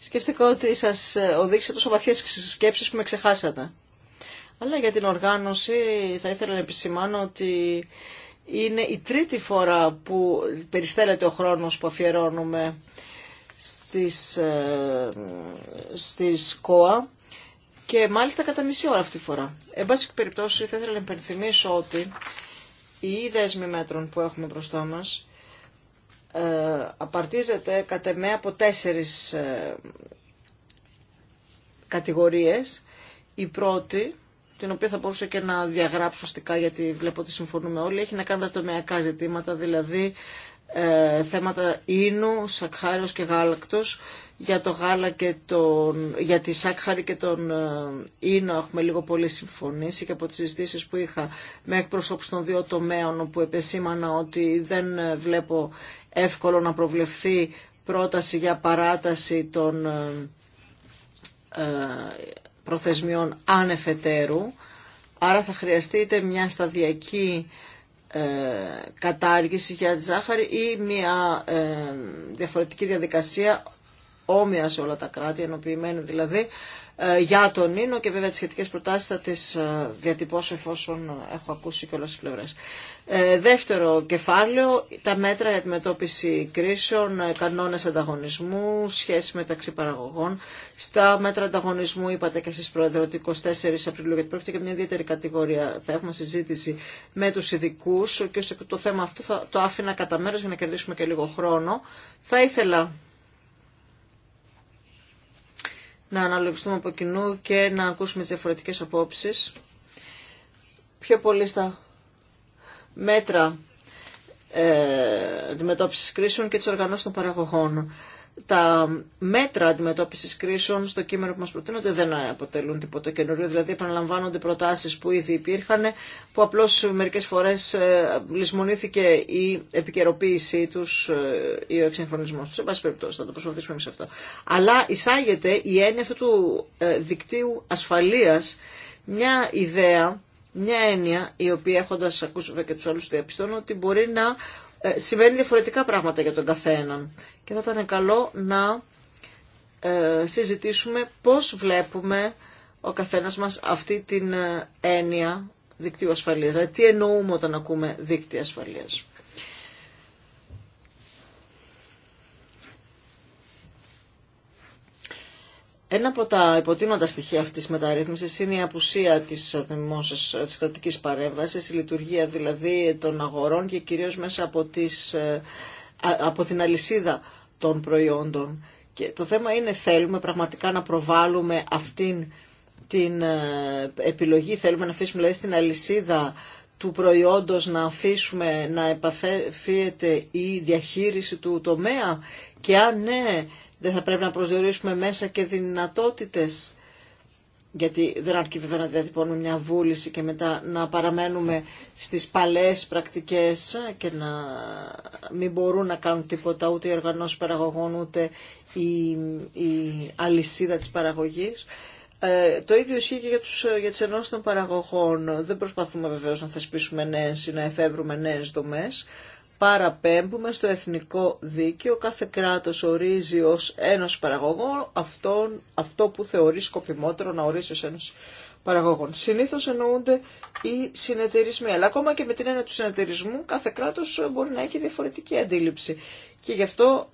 σκέφτηκα ότι σας οδήγησε τόσο βαθιές σκέψεις που με ξεχάσατε. Αλλά για την οργάνωση θα ήθελα να επισημάνω ότι είναι η τρίτη φορά που περιστέλλεται ο χρόνος που αφιερώνουμε στις, ε, στις ΚΟΑ και μάλιστα κατά μισή ώρα αυτή τη φορά. Εν πάση περιπτώσει θα ήθελα να υπενθυμίσω ότι η δέσμη μέτρων που έχουμε μπροστά μας ε, απαρτίζεται κατά με από τέσσερις ε, κατηγορίες. Η πρώτη, την οποία θα μπορούσα και να διαγράψω στικά γιατί βλέπω ότι συμφωνούμε όλοι, έχει να κάνει με τα τομεακά ζητήματα, δηλαδή ε, θέματα ίνου, σακχάριος και γάλακτος. Για, το γάλα και τον, για τη σάκχαρη και τον ε, ίνο έχουμε λίγο πολύ συμφωνήσει και από τις συζητήσει που είχα με εκπροσώπους των δύο τομέων όπου επεσήμανα ότι δεν ε, βλέπω εύκολο να προβλεφθεί πρόταση για παράταση των προθεσμιών ανεφετέρου. Άρα θα χρειαστείτε μια σταδιακή ε, κατάργηση για τη ζάχαρη ή μια ε, διαφορετική διαδικασία όμοια σε όλα τα κράτη, ενωποιημένη δηλαδή, ε, για τον Νίνο και βέβαια τις σχετικές προτάσεις θα τις ε, διατυπώσω εφόσον έχω ακούσει και όλες τις πλευρές. Ε, δεύτερο κεφάλαιο, τα μέτρα για αντιμετώπιση κρίσεων, κανόνες ανταγωνισμού, σχέση μεταξύ παραγωγών. Στα μέτρα ανταγωνισμού είπατε και εσείς πρόεδρε ότι 24 Απριλίου, γιατί πρόκειται για μια ιδιαίτερη κατηγορία, θα έχουμε συζήτηση με τους ειδικού και το θέμα αυτό θα το άφηνα κατά μέρος για να κερδίσουμε και λίγο χρόνο. Θα ήθελα να αναλογιστούμε από κοινού και να ακούσουμε τις διαφορετικές απόψεις. Πιο πολύ στα μέτρα ε, αντιμετώπισης κρίσεων και της οργανώσεις των παραγωγών τα μέτρα αντιμετώπιση κρίσεων στο κείμενο που μα προτείνονται δεν αποτελούν τίποτα καινούριο. Δηλαδή, επαναλαμβάνονται προτάσει που ήδη υπήρχαν, που απλώ μερικέ φορέ ε, λησμονήθηκε η επικαιροποίησή του ε, ή ο εξυγχρονισμό του. Σε πάση περιπτώσει, θα το προσπαθήσουμε εμεί αυτό. Αλλά εισάγεται η έννοια αυτού του ε, δικτύου ασφαλεία μια ιδέα μια έννοια η οποία έχοντας ακούσει και τους άλλους διαπιστώνω ότι μπορεί να ε, σημαίνει διαφορετικά πράγματα για τον καθέναν. Και θα ήταν καλό να ε, συζητήσουμε πώς βλέπουμε ο καθένας μας αυτή την ε, έννοια δικτύου ασφαλείας. Δηλαδή τι εννοούμε όταν ακούμε δίκτυα ασφαλείας. Ένα από τα υποτείνοντα στοιχεία αυτή τη μεταρρύθμιση είναι η απουσία τη της κρατική παρέμβαση, η λειτουργία δηλαδή των αγορών και κυρίω μέσα ε, από, την αλυσίδα των προϊόντων. Και το θέμα είναι θέλουμε πραγματικά να προβάλλουμε αυτήν την ε, επιλογή, θέλουμε να αφήσουμε δηλαδή, στην αλυσίδα του προϊόντος να αφήσουμε να επαφίεται η διαχείριση του τομέα και αν ναι, δεν θα πρέπει να προσδιορίσουμε μέσα και δυνατότητες γιατί δεν αρκεί βέβαια να διατυπώνουμε μια βούληση και μετά να παραμένουμε στις παλές πρακτικές και να μην μπορούν να κάνουν τίποτα ούτε οι οργανώσεις παραγωγών ούτε η, η αλυσίδα της παραγωγής. Ε, το ίδιο ισχύει και για, τους, για τις ενώσεις των παραγωγών. Δεν προσπαθούμε βεβαίως να θεσπίσουμε νέες ή να εφεύρουμε νέες δομές παραπέμπουμε στο εθνικό δίκαιο. Κάθε κράτος ορίζει ως ένος παραγωγών αυτό που θεωρεί σκοπιμότερο να ορίσει ως ένας παραγωγών. Συνήθως εννοούνται οι συνεταιρισμοί, αλλά ακόμα και με την έννοια του συνεταιρισμού κάθε κράτος μπορεί να έχει διαφορετική αντίληψη. Και γι' αυτό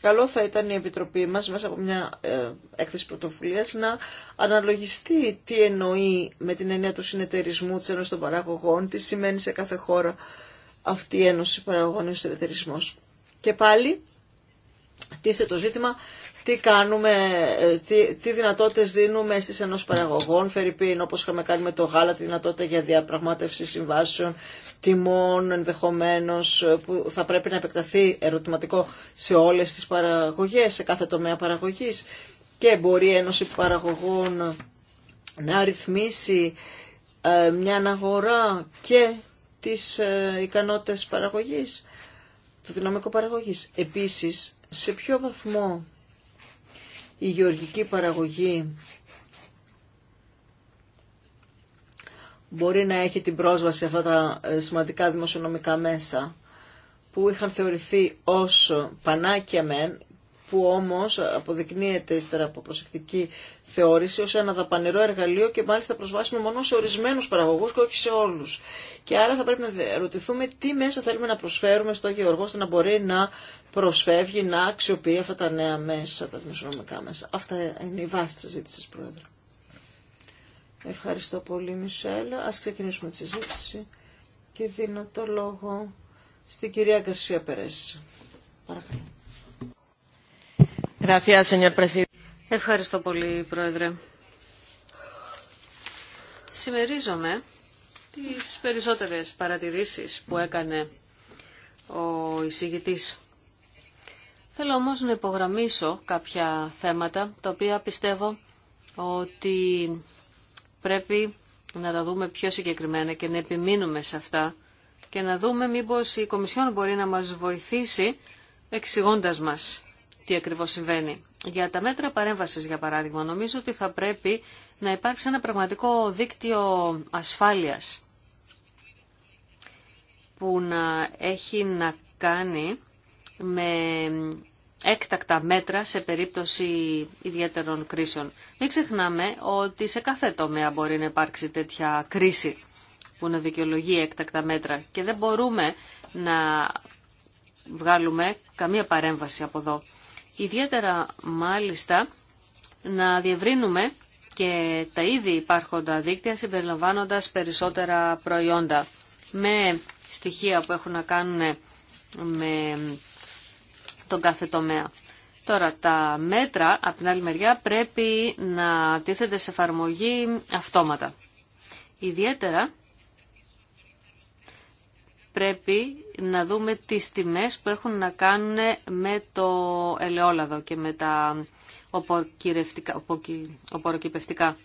καλό θα ήταν η Επιτροπή μας μέσα από μια ε, έκθεση πρωτοβουλία, να αναλογιστεί τι εννοεί με την έννοια του συνεταιρισμού της ένωσης των παραγωγών, τι σημαίνει σε κάθε χώρα αυτή η Ένωση Παραγωγών Εσωτερετηρισμός. Και πάλι τι τίθε το ζήτημα τι, κάνουμε, ε, τι, τι δυνατότητες δίνουμε στις ενός παραγωγών, όπως είχαμε κάνει με το γάλα, τη δυνατότητα για διαπραγμάτευση συμβάσεων, τιμών ενδεχομένω ε, που θα πρέπει να επεκταθεί ερωτηματικό σε όλες τις παραγωγές, σε κάθε τομέα παραγωγή και μπορεί η Ένωση Παραγωγών να ρυθμίσει ε, μια αναγορά και τις ε, ικανότητες παραγωγής, του δυναμικό παραγωγής. Επίσης, σε ποιο βαθμό η γεωργική παραγωγή μπορεί να έχει την πρόσβαση αυτά τα ε, σημαντικά δημοσιονομικά μέσα που είχαν θεωρηθεί ως πανάκια μεν που όμως αποδεικνύεται ύστερα από προσεκτική θεώρηση ως ένα δαπανερό εργαλείο και μάλιστα προσβάσιμο μόνο σε ορισμένους παραγωγούς και όχι σε όλους. Και άρα θα πρέπει να ρωτηθούμε τι μέσα θέλουμε να προσφέρουμε στο Γεωργό ώστε να μπορεί να προσφεύγει, να αξιοποιεί αυτά τα νέα μέσα, τα δημοσιονομικά μέσα. Αυτά είναι η βάση της συζήτηση, Πρόεδρε. Ευχαριστώ πολύ, Μισελ. Ας ξεκινήσουμε τη συζήτηση και δίνω το λόγο στην κυρία Γκαρσία Περέση. Παρακαλώ. Ευχαριστώ πολύ, Πρόεδρε. Σημερίζομαι τις περισσότερες παρατηρήσεις που έκανε ο εισηγητής. Θέλω όμως να υπογραμμίσω κάποια θέματα, τα οποία πιστεύω ότι πρέπει να τα δούμε πιο συγκεκριμένα και να επιμείνουμε σε αυτά και να δούμε μήπως η Κομισιόν μπορεί να μας βοηθήσει εξηγώντα μας τι ακριβώς συμβαίνει. Για τα μέτρα παρέμβασης, για παράδειγμα, νομίζω ότι θα πρέπει να υπάρξει ένα πραγματικό δίκτυο ασφάλειας που να έχει να κάνει με έκτακτα μέτρα σε περίπτωση ιδιαίτερων κρίσεων. Μην ξεχνάμε ότι σε κάθε τομέα μπορεί να υπάρξει τέτοια κρίση που να δικαιολογεί έκτακτα μέτρα και δεν μπορούμε να βγάλουμε καμία παρέμβαση από εδώ. Ιδιαίτερα μάλιστα να διευρύνουμε και τα ήδη υπάρχοντα δίκτυα συμπεριλαμβάνοντας περισσότερα προϊόντα με στοιχεία που έχουν να κάνουν με τον κάθε τομέα. Τώρα τα μέτρα από την άλλη μεριά πρέπει να τίθεται σε εφαρμογή αυτόματα. Ιδιαίτερα πρέπει να δούμε τις τιμές που έχουν να κάνουν με το ελαιόλαδο και με τα οποροκυπευτικά.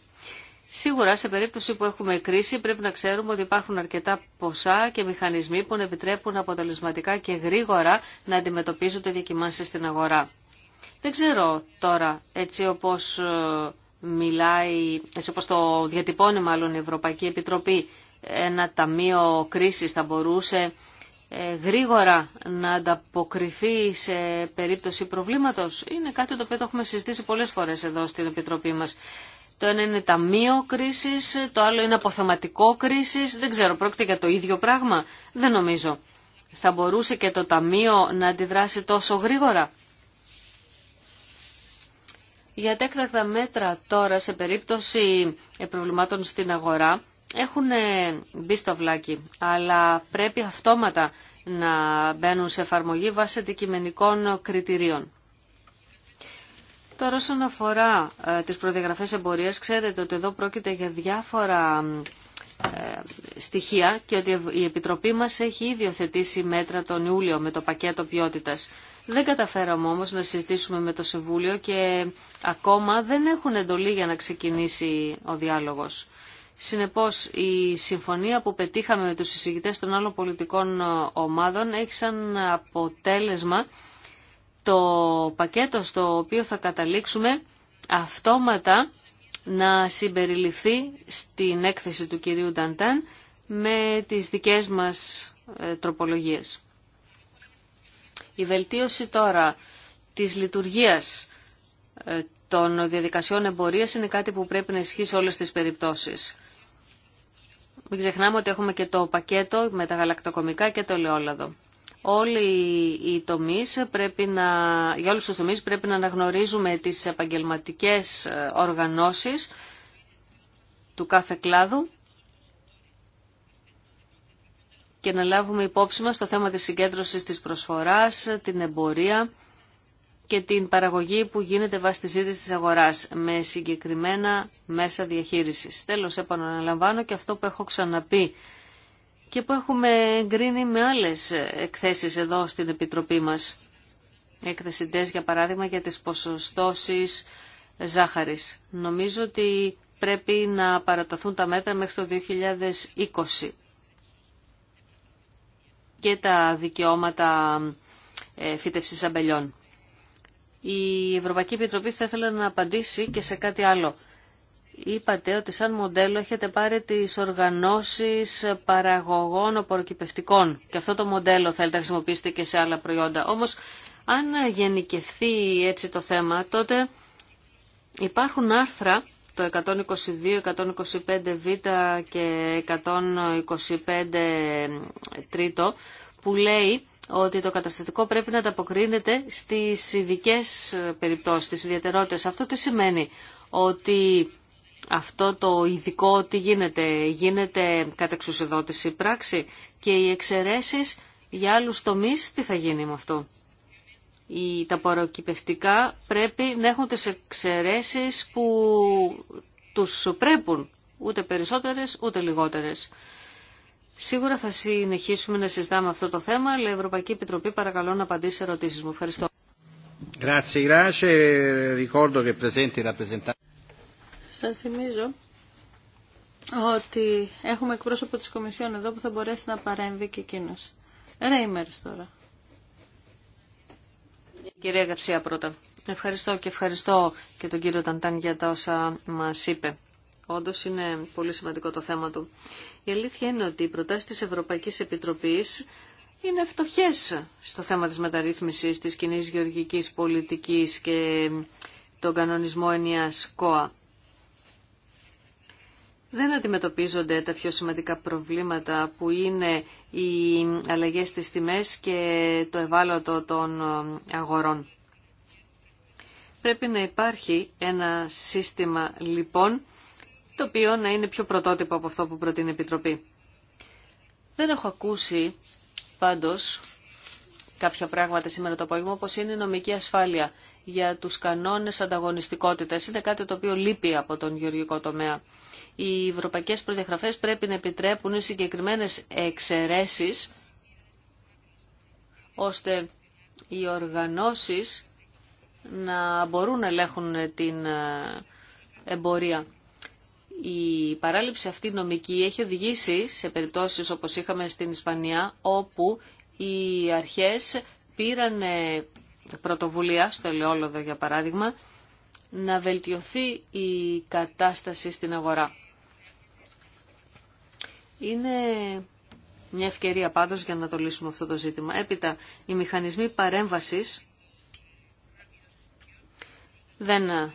Σίγουρα σε περίπτωση που έχουμε κρίση πρέπει να ξέρουμε ότι υπάρχουν αρκετά ποσά και μηχανισμοί που επιτρέπουν αποτελεσματικά και γρήγορα να αντιμετωπίζονται διακοιμάνσεις στην αγορά. Δεν ξέρω τώρα έτσι όπως ε, μιλάει, έτσι όπως το διατυπώνει μάλλον η Ευρωπαϊκή Επιτροπή, ένα ταμείο κρίσης θα μπορούσε ε, γρήγορα να ανταποκριθεί σε περίπτωση προβλήματος. Είναι κάτι το οποίο το έχουμε συζητήσει πολλές φορές εδώ στην Επιτροπή μας. Το ένα είναι ταμείο κρίσης, το άλλο είναι αποθεματικό κρίσης. Δεν ξέρω, πρόκειται για το ίδιο πράγμα. Δεν νομίζω. Θα μπορούσε και το ταμείο να αντιδράσει τόσο γρήγορα. Για τέκτακτα μέτρα τώρα σε περίπτωση ε, προβλημάτων στην αγορά, έχουν ε, μπει στο βλάκι, αλλά πρέπει αυτόματα να μπαίνουν σε εφαρμογή βάσει αντικειμενικών κριτηρίων. Τώρα όσον αφορά ε, τις προδιαγραφές εμπορίας, ξέρετε ότι εδώ πρόκειται για διάφορα ε, στοιχεία και ότι η Επιτροπή μας έχει ήδη οθετήσει μέτρα τον Ιούλιο με το πακέτο ποιότητας. Δεν καταφέραμε όμως να συζητήσουμε με το Συμβούλιο και ακόμα δεν έχουν εντολή για να ξεκινήσει ο διάλογος. Συνεπώς η συμφωνία που πετύχαμε με τους συζητητές των άλλων πολιτικών ε, ομάδων έχει σαν αποτέλεσμα το πακέτο στο οποίο θα καταλήξουμε αυτόματα να συμπεριληφθεί στην έκθεση του κυρίου Νταντάν με τις δικές μας ε, τροπολογίες. Η βελτίωση τώρα της λειτουργίας ε, των διαδικασιών εμπορίας είναι κάτι που πρέπει να ισχύει σε όλες τις περιπτώσεις. Μην ξεχνάμε ότι έχουμε και το πακέτο με τα γαλακτοκομικά και το ελαιόλαδο. Όλοι οι τομείς πρέπει να, για όλους τους τομείς πρέπει να αναγνωρίζουμε τις επαγγελματικέ ε, οργανώσεις του κάθε κλάδου και να λάβουμε υπόψη μας το θέμα της συγκέντρωσης της προσφοράς, την εμπορία και την παραγωγή που γίνεται βάσει τη ζήτηση αγοράς με συγκεκριμένα μέσα διαχείρισης. Τέλο επαναλαμβάνω και αυτό που έχω ξαναπεί και που έχουμε γκρίνει με άλλες εκθέσεις εδώ στην Επιτροπή μας. Εκθεσιντές, για παράδειγμα, για τις ποσοστώσει ζάχαρη. Νομίζω ότι πρέπει να παραταθούν τα μέτρα μέχρι το 2020 και τα δικαιώματα ε, φύτευσης αμπελιών. Η Ευρωπαϊκή Επιτροπή θα ήθελε να απαντήσει και σε κάτι άλλο. Είπατε ότι σαν μοντέλο έχετε πάρει τις οργανώσεις παραγωγών οποροκυπευτικών και αυτό το μοντέλο θέλετε να χρησιμοποιήσετε και σε άλλα προϊόντα. Όμως αν γενικευθεί έτσι το θέμα τότε υπάρχουν άρθρα το 122, 125 β και 125 τρίτο που λέει ότι το καταστατικό πρέπει να ανταποκρίνεται στις ειδικέ ε, περιπτώσεις, στις ιδιαιτερότητες. Αυτό τι σημαίνει, ότι αυτό το ειδικό τι γίνεται, γίνεται κατά εξουσιοδότηση πράξη και οι εξαιρέσεις για άλλους τομείς τι θα γίνει με αυτό. Οι, τα παροκυπευτικά πρέπει να έχουν τις εξαιρέσεις που τους πρέπουν, ούτε περισσότερες ούτε λιγότερες. Σίγουρα θα συνεχίσουμε να συζητάμε αυτό το θέμα, αλλά η Ευρωπαϊκή Επιτροπή παρακαλώ να απαντήσει σε ερωτήσεις μου. Ευχαριστώ. Σα θυμίζω ότι έχουμε εκπρόσωπο τη Κομισιόν εδώ που θα μπορέσει να παρέμβει και εκείνος. Ρέιμερ τώρα. Κυρία Γαρσία πρώτα. Ευχαριστώ και ευχαριστώ και τον κύριο Ταντάν για τα όσα μα είπε. Όντω είναι πολύ σημαντικό το θέμα του. Η αλήθεια είναι ότι οι προτάσει τη Ευρωπαϊκή Επιτροπή είναι φτωχέ στο θέμα τη μεταρρύθμιση τη κοινή γεωργική πολιτική και τον κανονισμό ενιαία ΚΟΑ. Δεν αντιμετωπίζονται τα πιο σημαντικά προβλήματα που είναι οι αλλαγές στις τιμές και το ευάλωτο των αγορών. Πρέπει να υπάρχει ένα σύστημα λοιπόν το οποίο να είναι πιο πρωτότυπο από αυτό που προτείνει η Επιτροπή. Δεν έχω ακούσει πάντως κάποια πράγματα σήμερα το απόγευμα, όπως είναι η νομική ασφάλεια για τους κανόνες ανταγωνιστικότητας. Είναι κάτι το οποίο λείπει από τον γεωργικό τομέα. Οι ευρωπαϊκές προδιαγραφές πρέπει να επιτρέπουν συγκεκριμένες εξαιρέσεις, ώστε οι οργανώσεις να μπορούν να ελέγχουν την ε, εμπορία η παράληψη αυτή νομική έχει οδηγήσει σε περιπτώσεις όπως είχαμε στην Ισπανία όπου οι αρχές πήραν ε, πρωτοβουλία, στο ελαιόλαδο για παράδειγμα, να βελτιωθεί η κατάσταση στην αγορά. Είναι μια ευκαιρία πάντως για να το λύσουμε αυτό το ζήτημα. Έπειτα, οι μηχανισμοί παρέμβασης δεν ε,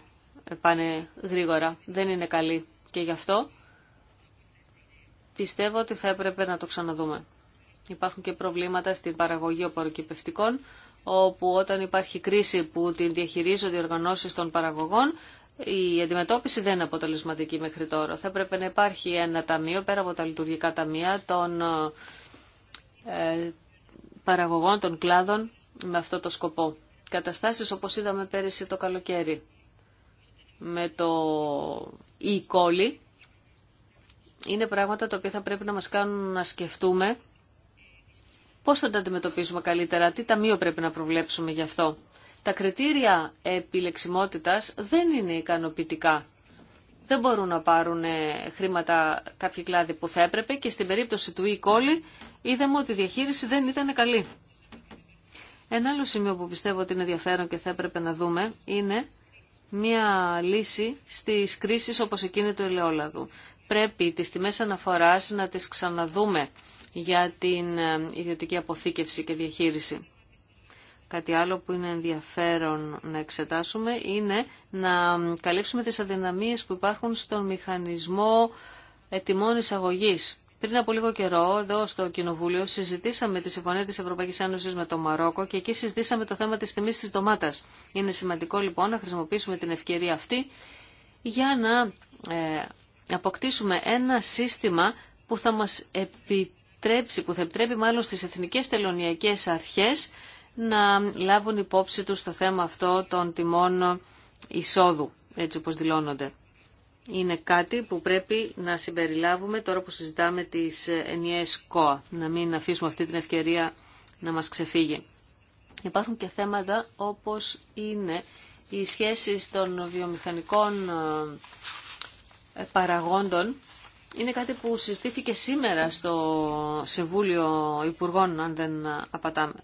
πάνε γρήγορα, δεν είναι καλοί. Και γι' αυτό πιστεύω ότι θα έπρεπε να το ξαναδούμε. Υπάρχουν και προβλήματα στην παραγωγή οπωροκυπευτικών, όπου όταν υπάρχει κρίση που την διαχειρίζονται οι οργανώσεις των παραγωγών, η αντιμετώπιση δεν είναι αποτελεσματική μέχρι τώρα. Θα έπρεπε να υπάρχει ένα ταμείο, πέρα από τα λειτουργικά ταμεία, των ε, παραγωγών των κλάδων με αυτό το σκοπό. Καταστάσεις όπως είδαμε πέρυσι το καλοκαίρι, με το η κόλλη είναι πράγματα τα οποία θα πρέπει να μας κάνουν να σκεφτούμε πώς θα τα αντιμετωπίσουμε καλύτερα, τι ταμείο πρέπει να προβλέψουμε γι' αυτό. Τα κριτήρια επιλεξιμότητας δεν είναι ικανοποιητικά. Δεν μπορούν να πάρουν ε, χρήματα κάποιοι κλάδοι που θα έπρεπε και στην περίπτωση του e είδαμε ότι η διαχείριση δεν ήταν καλή. Ένα άλλο σημείο που πιστεύω ότι είναι ενδιαφέρον και θα έπρεπε να δούμε είναι μία λύση στις κρίσεις όπως εκείνη του ελαιόλαδου. Πρέπει τις τιμές αναφοράς να τις ξαναδούμε για την ε, ιδιωτική αποθήκευση και διαχείριση. Κάτι άλλο που είναι ενδιαφέρον να εξετάσουμε είναι να καλύψουμε τις αδυναμίες που υπάρχουν στον μηχανισμό ετοιμών εισαγωγής πριν από λίγο καιρό, εδώ στο Κοινοβούλιο, συζητήσαμε τη Συμφωνία τη Ευρωπαϊκή Ένωση με το Μαρόκο και εκεί συζητήσαμε το θέμα τη τιμή τη ντομάτα. Είναι σημαντικό λοιπόν να χρησιμοποιήσουμε την ευκαιρία αυτή για να ε, αποκτήσουμε ένα σύστημα που θα μας επιτρέψει, που θα επιτρέπει μάλλον στις εθνικές τελωνιακές αρχές να λάβουν υπόψη τους το θέμα αυτό των τιμών εισόδου, έτσι όπως δηλώνονται είναι κάτι που πρέπει να συμπεριλάβουμε τώρα που συζητάμε τις ενιαίες ΚΟΑ, να μην αφήσουμε αυτή την ευκαιρία να μας ξεφύγει. Υπάρχουν και θέματα όπως είναι οι σχέσεις των βιομηχανικών ε, παραγόντων. Είναι κάτι που συζητήθηκε σήμερα στο Συμβούλιο Υπουργών, αν δεν απατάμε.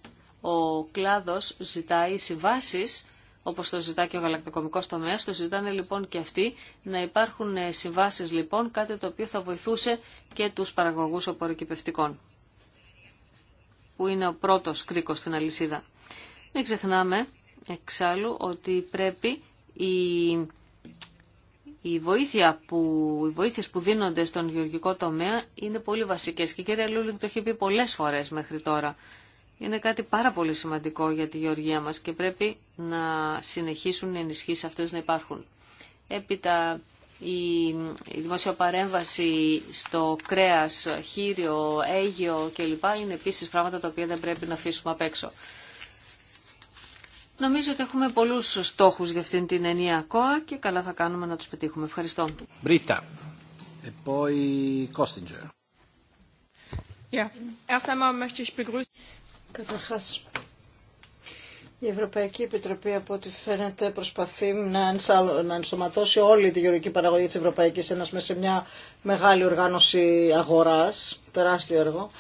Ο κλάδος ζητάει συμβάσεις όπως το ζητά και ο γαλακτοκομικό τομέας. Το ζητάνε λοιπόν και αυτοί να υπάρχουν ε, συμβάσει λοιπόν, κάτι το οποίο θα βοηθούσε και τους παραγωγούς οποροκυπευτικών, που είναι ο πρώτος κρίκος στην αλυσίδα. Μην ξεχνάμε εξάλλου ότι πρέπει η... βοήθεια που, οι βοήθειες που δίνονται στον γεωργικό τομέα είναι πολύ βασικές και η κυρία Λούλινγκ το έχει πει πολλές φορές μέχρι τώρα είναι κάτι πάρα πολύ σημαντικό για τη γεωργία μας και πρέπει να συνεχίσουν οι ενισχύσεις αυτές να υπάρχουν. Έπειτα η δημοσιοπαρέμβαση παρέμβαση στο κρέας, χείριο, αίγιο κλπ. είναι επίσης πράγματα τα οποία δεν πρέπει να αφήσουμε απ' έξω. Νομίζω ότι έχουμε πολλούς στόχους για αυτήν την ενία ΚΟΑ και καλά θα κάνουμε να τους πετύχουμε. Ευχαριστώ. Μπρίτα. Ε, Καταρχάς, η Ευρωπαϊκή Επιτροπή, από ό,τι φαίνεται, προσπαθεί να ενσωματώσει όλη τη γεωργική παραγωγή της Ευρωπαϊκής Ένωσης μέσα σε μια μεγάλη οργάνωση αγοράς, τεράστιο έργο.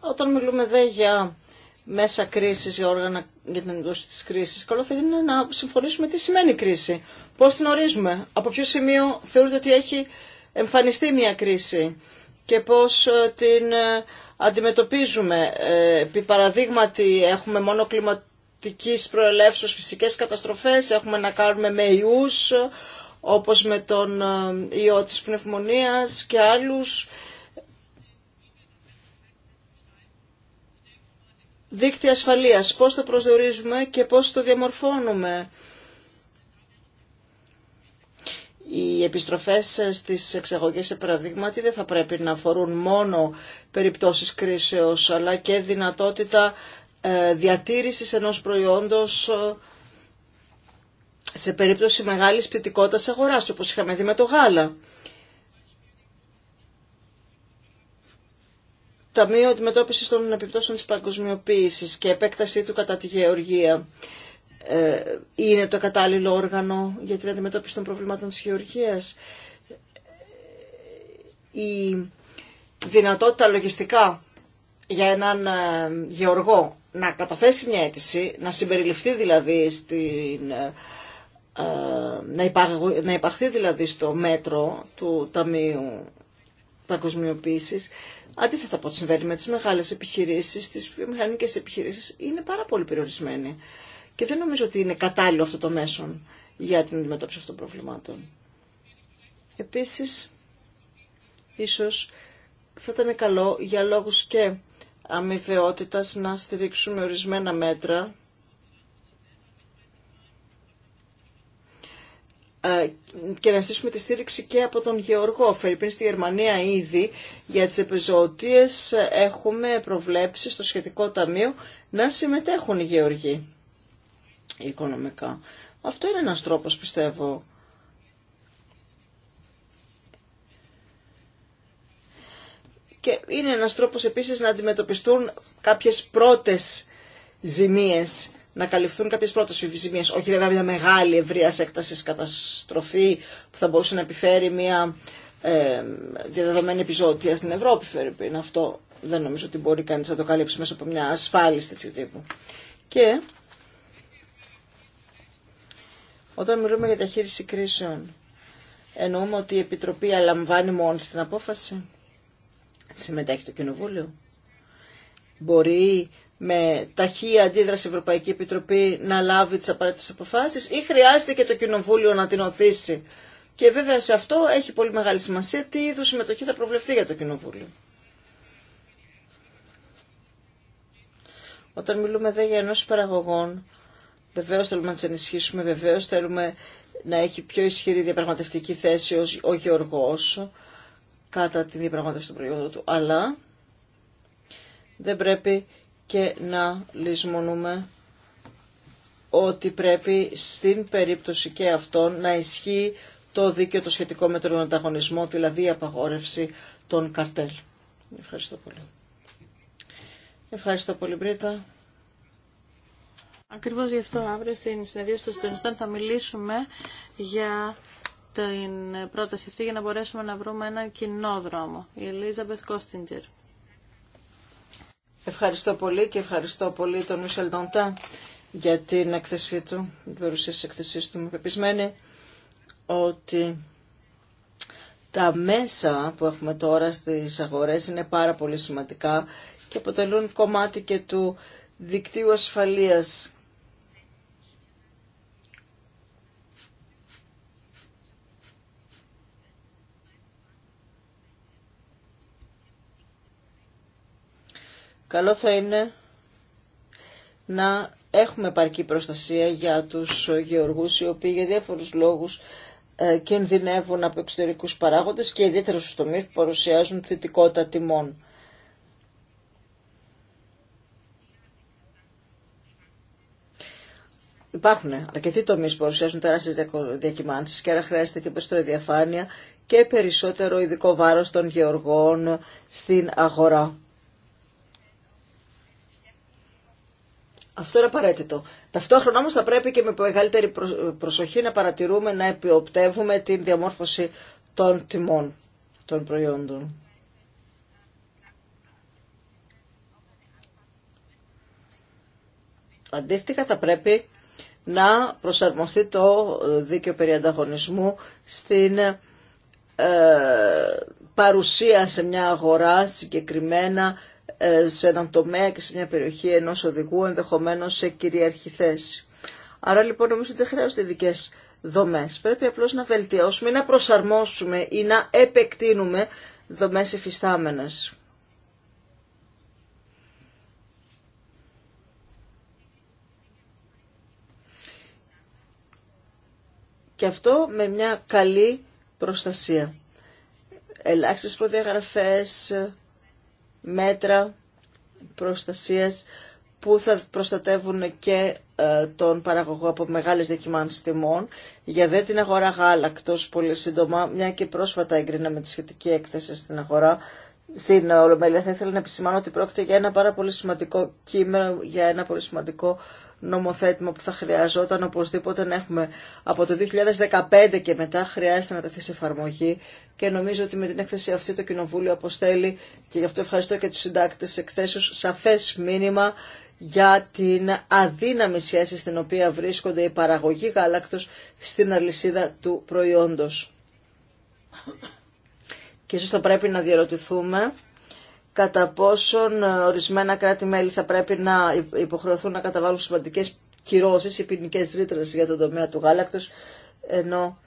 Όταν μιλούμε δε για μέσα κρίση, για όργανα για την εντόση τη κρίση. Καλό θα είναι να συμφωνήσουμε τι σημαίνει κρίση. Πώ την ορίζουμε, από ποιο σημείο θεωρείτε ότι έχει εμφανιστεί μια κρίση, και πώς ε, την ε, αντιμετωπίζουμε. Ε, επί παραδείγματι έχουμε μόνο κλιματικής προελεύσεως φυσικές καταστροφές, έχουμε να κάνουμε με ιούς, όπως με τον ιό της πνευμονίας και άλλους. Δίκτυα ασφαλείας, πώς το προσδιορίζουμε και πώς το διαμορφώνουμε οι επιστροφές στις εξαγωγές σε παραδείγματι δεν θα πρέπει να αφορούν μόνο περιπτώσεις κρίσεως αλλά και δυνατότητα ε, διατήρησης ενός προϊόντος ε, σε περίπτωση μεγάλης πτυτικότητας αγοράς όπως είχαμε δει με το γάλα. Ταμείο Αντιμετώπισης των Επιπτώσεων της Παγκοσμιοποίησης και επέκτασή του κατά τη γεωργία. Ε, είναι το κατάλληλο όργανο για την αντιμετώπιση των προβλημάτων της χειρουργίας. Η δυνατότητα λογιστικά για έναν ε, γεωργό να καταθέσει μια αίτηση, να συμπεριληφθεί δηλαδή στην, ε, να υπαχθεί δηλαδή στο μέτρο του Ταμείου Παγκοσμιοποίηση, αντίθετα από ό,τι συμβαίνει με τι μεγάλε επιχειρήσει, τι βιομηχανικέ επιχειρήσει, είναι πάρα πολύ περιορισμένη και δεν νομίζω ότι είναι κατάλληλο αυτό το μέσον για την αντιμετώπιση αυτών των προβλημάτων. Επίσης, ίσως θα ήταν καλό για λόγους και αμοιβαιότητας να στηρίξουμε ορισμένα μέτρα ε, και να στήσουμε τη στήριξη και από τον Γεωργό. Φερρυπίν στη Γερμανία ήδη για τις επιζωτίες έχουμε προβλέψει στο σχετικό ταμείο να συμμετέχουν οι Γεωργοί οικονομικά. Αυτό είναι ένας τρόπος πιστεύω και είναι ένας τρόπος επίσης να αντιμετωπιστούν κάποιες πρώτες ζημίες, να καλυφθούν κάποιες πρώτες ζημίες, όχι βέβαια μια μεγάλη ευρεία έκτασης καταστροφή που θα μπορούσε να επιφέρει μια ε, διαδεδομένη επιζώτια στην Ευρώπη, Φέρει, Αυτό δεν νομίζω ότι μπορεί κανείς να το καλύψει μέσα από μια ασφάλιση τέτοιου τύπου. Και όταν μιλούμε για διαχείριση κρίσεων, εννοούμε ότι η Επιτροπή αλαμβάνει μόνη στην απόφαση. Συμμετέχει το Κοινοβούλιο. Μπορεί με ταχεία αντίδραση η Ευρωπαϊκή Επιτροπή να λάβει τις απαραίτητες αποφάσεις ή χρειάζεται και το Κοινοβούλιο να την οθήσει. Και βέβαια σε αυτό έχει πολύ μεγάλη σημασία τι είδους συμμετοχή θα προβλεφθεί για το Κοινοβούλιο. Όταν μιλούμε δε για ενός παραγωγών, Βεβαίω θέλουμε να τι ενισχύσουμε, βεβαίω θέλουμε να έχει πιο ισχυρή διαπραγματευτική θέση ως ο Γεωργός κατά τη διαπραγματεύση του προϊόντου του, αλλά δεν πρέπει και να λησμονούμε ότι πρέπει στην περίπτωση και αυτών να ισχύει το δίκαιο το σχετικό με τον ανταγωνισμό, δηλαδή η απαγόρευση των καρτέλ. Ευχαριστώ πολύ. Ευχαριστώ πολύ Μπρίτα. Ακριβώς γι' αυτό αύριο στην συνεδρία στο συντονιστών θα μιλήσουμε για την πρόταση αυτή για να μπορέσουμε να βρούμε ένα κοινό δρόμο. Η Ελίζαμπεθ Κόστιντζερ. Ευχαριστώ πολύ και ευχαριστώ πολύ τον Μισελ Ντοντά για την έκθεσή του, την παρουσία της έκθεσής του. Είμαι πεπισμένη ότι τα μέσα που έχουμε τώρα στις αγορές είναι πάρα πολύ σημαντικά και αποτελούν κομμάτι και του δικτύου ασφαλείας καλό θα είναι να έχουμε επαρκή προστασία για τους γεωργούς οι οποίοι για διάφορους λόγους ε, κινδυνεύουν από εξωτερικούς παράγοντες και ιδιαίτερα στους τομείς που παρουσιάζουν θετικότητα τιμών. Υπάρχουν αρκετοί τομεί που παρουσιάζουν τεράστιε διακυμάνσει και άρα χρειάζεται και περισσότερη διαφάνεια και περισσότερο ειδικό βάρο των γεωργών στην αγορά. Αυτό είναι απαραίτητο. Ταυτόχρονα όμως θα πρέπει και με μεγαλύτερη προσοχή να παρατηρούμε, να επιοπτεύουμε την διαμόρφωση των τιμών των προϊόντων. Αντίστοιχα θα πρέπει να προσαρμοστεί το δίκαιο περί ανταγωνισμού στην ε, παρουσία σε μια αγορά συγκεκριμένα ε, σε έναν τομέα και σε μια περιοχή ενός οδηγού ενδεχομένως σε κυριαρχή θέση. Άρα λοιπόν νομίζω ότι δεν χρειάζονται ειδικέ δομές. Πρέπει απλώς να βελτιώσουμε ή να προσαρμόσουμε ή να επεκτείνουμε δομές εφιστάμενες. Και αυτό με μια καλή προστασία. Ελάχιστες προδιαγραφές, μέτρα προστασίας που θα προστατεύουν και ε, τον παραγωγό από μεγάλες διακυμάνσεις τιμών. Για δε την αγορά γάλακτος πολύ σύντομα, μια και πρόσφατα εγκρίναμε τη σχετική έκθεση στην αγορά, στην Ολομέλεια θα ήθελα να επισημάνω ότι πρόκειται για ένα πάρα πολύ σημαντικό κείμενο, για ένα πολύ σημαντικό νομοθέτημα που θα χρειαζόταν οπωσδήποτε να έχουμε από το 2015 και μετά χρειάζεται να τεθεί σε εφαρμογή και νομίζω ότι με την έκθεση αυτή το Κοινοβούλιο αποστέλει και γι' αυτό ευχαριστώ και τους συντάκτες εκθέσεως σαφές μήνυμα για την αδύναμη σχέση στην οποία βρίσκονται οι παραγωγοί γάλακτος στην αλυσίδα του προϊόντος. Και ίσως θα πρέπει να διαρωτηθούμε κατά πόσον ε, ορισμένα κράτη-μέλη θα πρέπει να υποχρεωθούν να καταβάλουν σημαντικές κυρώσεις ή ποινικέ ρήτρες για τον τομέα του γάλακτος, ενώ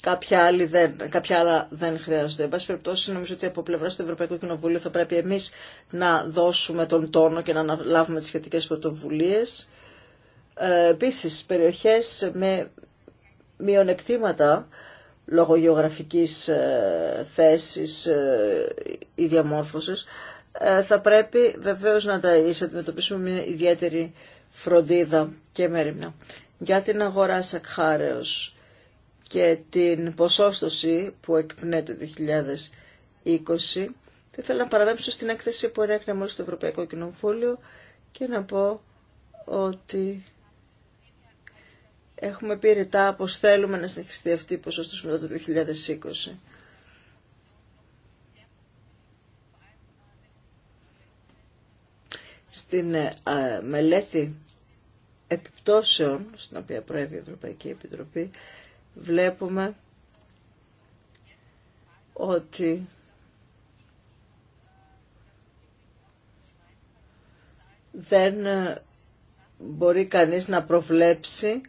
κάποια, άλλη δεν, κάποια άλλα δεν χρειάζονται. Εν πάση περιπτώσει, νομίζω ότι από πλευρά του Ευρωπαϊκού Κοινοβουλίου θα πρέπει εμείς να δώσουμε τον τόνο και να αναλάβουμε τις σχετικές πρωτοβουλίες. Ε, Επίση, περιοχές με μειονεκτήματα λόγω γεωγραφικής ε, θέσης ε, ή διαμόρφωσης ε, θα πρέπει βεβαίως να τα αντιμετωπίσουμε μια ιδιαίτερη φροντίδα και μέρημνα. Για την αγορά σακχάρεως και την ποσόστοση που εκπνέει το 2020, θα ήθελα να παραδέψω στην έκθεση που έρχεται μόλις στο Ευρωπαϊκό Κοινοβούλιο και να πω ότι έχουμε πει ρητά πως θέλουμε να συνεχιστεί αυτή η ποσόστοση μετά το 2020. στην ε, μελέτη επιπτώσεων, στην οποία προέβη η Ευρωπαϊκή Επιτροπή, βλέπουμε ότι δεν ε, μπορεί κανείς να προβλέψει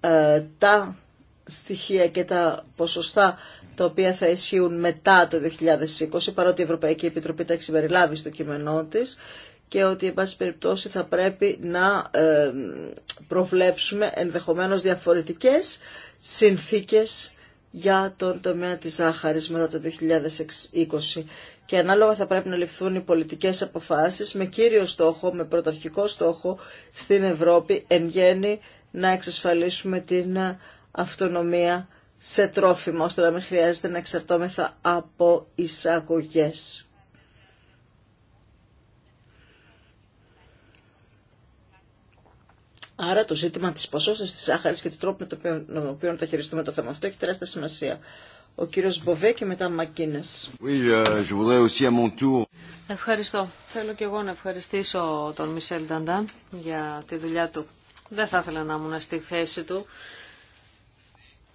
ε, τα στοιχεία και τα ποσοστά τα οποία θα ισχύουν μετά το 2020, παρότι η Ευρωπαϊκή Επιτροπή τα έχει συμπεριλάβει στο κείμενό της και ότι, εν πάση περιπτώσει, θα πρέπει να ε, προβλέψουμε ενδεχομένως διαφορετικές συνθήκες για τον τομέα της ζάχαρης μετά το 2020. Και ανάλογα θα πρέπει να ληφθούν οι πολιτικές αποφάσεις με κύριο στόχο, με πρωταρχικό στόχο στην Ευρώπη εν γέννη να εξασφαλίσουμε την αυτονομία σε τρόφιμα, ώστε να μην χρειάζεται να εξαρτώμεθα από εισαγωγές. Άρα το ζήτημα της ποσότητας της σάχαρης και του τρόπου με τον οποίο θα χειριστούμε το θέμα αυτό έχει τεράστια σημασία. Ο κύριος Μποβέ και μετά Μακίνες. Euh, Ευχαριστώ. Θέλω και εγώ να ευχαριστήσω τον Μισελ Νταντά για τη δουλειά του. Δεν θα ήθελα να ήμουν στη θέση του,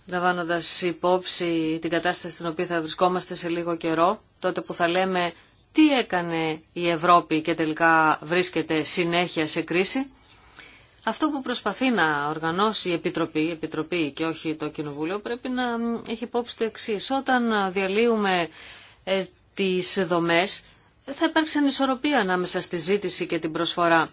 λαμβάνοντα υπόψη την κατάσταση στην οποία θα βρισκόμαστε σε λίγο καιρό, τότε που θα λέμε τι έκανε η Ευρώπη και τελικά βρίσκεται συνέχεια σε κρίση. Αυτό που προσπαθεί να οργανώσει η Επιτροπή, η Επιτροπή και όχι το Κοινοβούλιο, πρέπει να έχει υπόψη το εξή. Όταν διαλύουμε ε, τις δομές, θα υπάρξει ανισορροπία ανάμεσα στη ζήτηση και την προσφορά.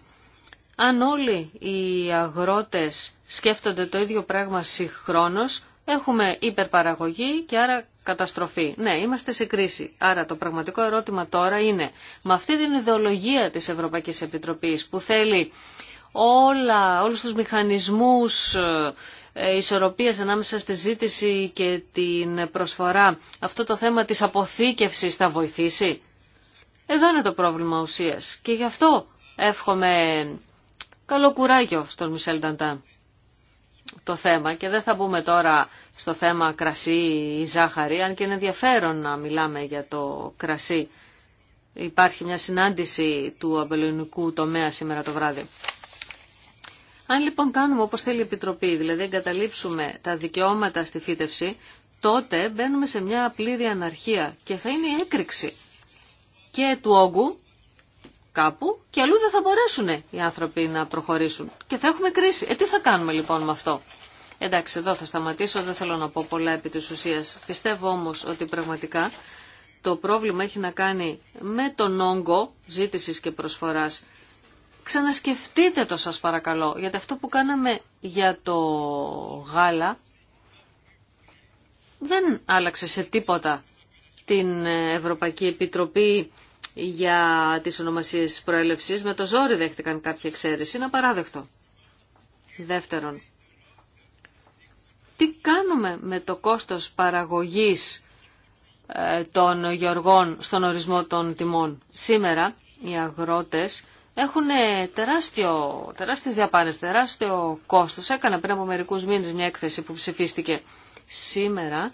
Αν όλοι οι αγρότες σκέφτονται το ίδιο πράγμα συγχρόνως, έχουμε υπερπαραγωγή και άρα καταστροφή. Ναι, είμαστε σε κρίση. Άρα το πραγματικό ερώτημα τώρα είναι, με αυτή την ιδεολογία της Ευρωπαϊκής Επιτροπής που θέλει όλα, όλους τους μηχανισμούς ε, ισορροπίας ανάμεσα στη ζήτηση και την προσφορά, αυτό το θέμα της αποθήκευσης θα βοηθήσει. Εδώ είναι το πρόβλημα ουσίας και γι' αυτό εύχομαι καλό κουράγιο στον Μισελ το θέμα και δεν θα μπούμε τώρα στο θέμα κρασί ή ζάχαρη, αν και είναι ενδιαφέρον να μιλάμε για το κρασί. Υπάρχει μια συνάντηση του αμπελονικού τομέα σήμερα το βράδυ. Αν λοιπόν κάνουμε όπως θέλει η Επιτροπή, δηλαδή εγκαταλείψουμε τα δικαιώματα στη φύτευση, τότε μπαίνουμε σε μια πλήρη αναρχία και θα είναι η έκρηξη και του όγκου κάπου και αλλού δεν θα μπορέσουν οι άνθρωποι να προχωρήσουν και θα έχουμε κρίση. Ε, τι θα κάνουμε λοιπόν με αυτό. Εντάξει, εδώ θα σταματήσω, δεν θέλω να πω πολλά επί της ουσίας. Πιστεύω όμως ότι πραγματικά το πρόβλημα έχει να κάνει με τον όγκο ζήτησης και προσφοράς Ξανασκεφτείτε το σας παρακαλώ, γιατί αυτό που κάναμε για το γάλα δεν άλλαξε σε τίποτα την Ευρωπαϊκή Επιτροπή για τις ονομασίες προέλευσης. Με το ζόρι δέχτηκαν κάποια εξαίρεση. Είναι απαράδεκτο. Δεύτερον, τι κάνουμε με το κόστος παραγωγής ε, των γεωργών στον ορισμό των τιμών. Σήμερα οι αγρότες έχουν ε, τεράστιο, τεράστιες διαπάνες, τεράστιο κόστος. Έκανα πριν από μερικούς μήνες μια έκθεση που ψηφίστηκε σήμερα.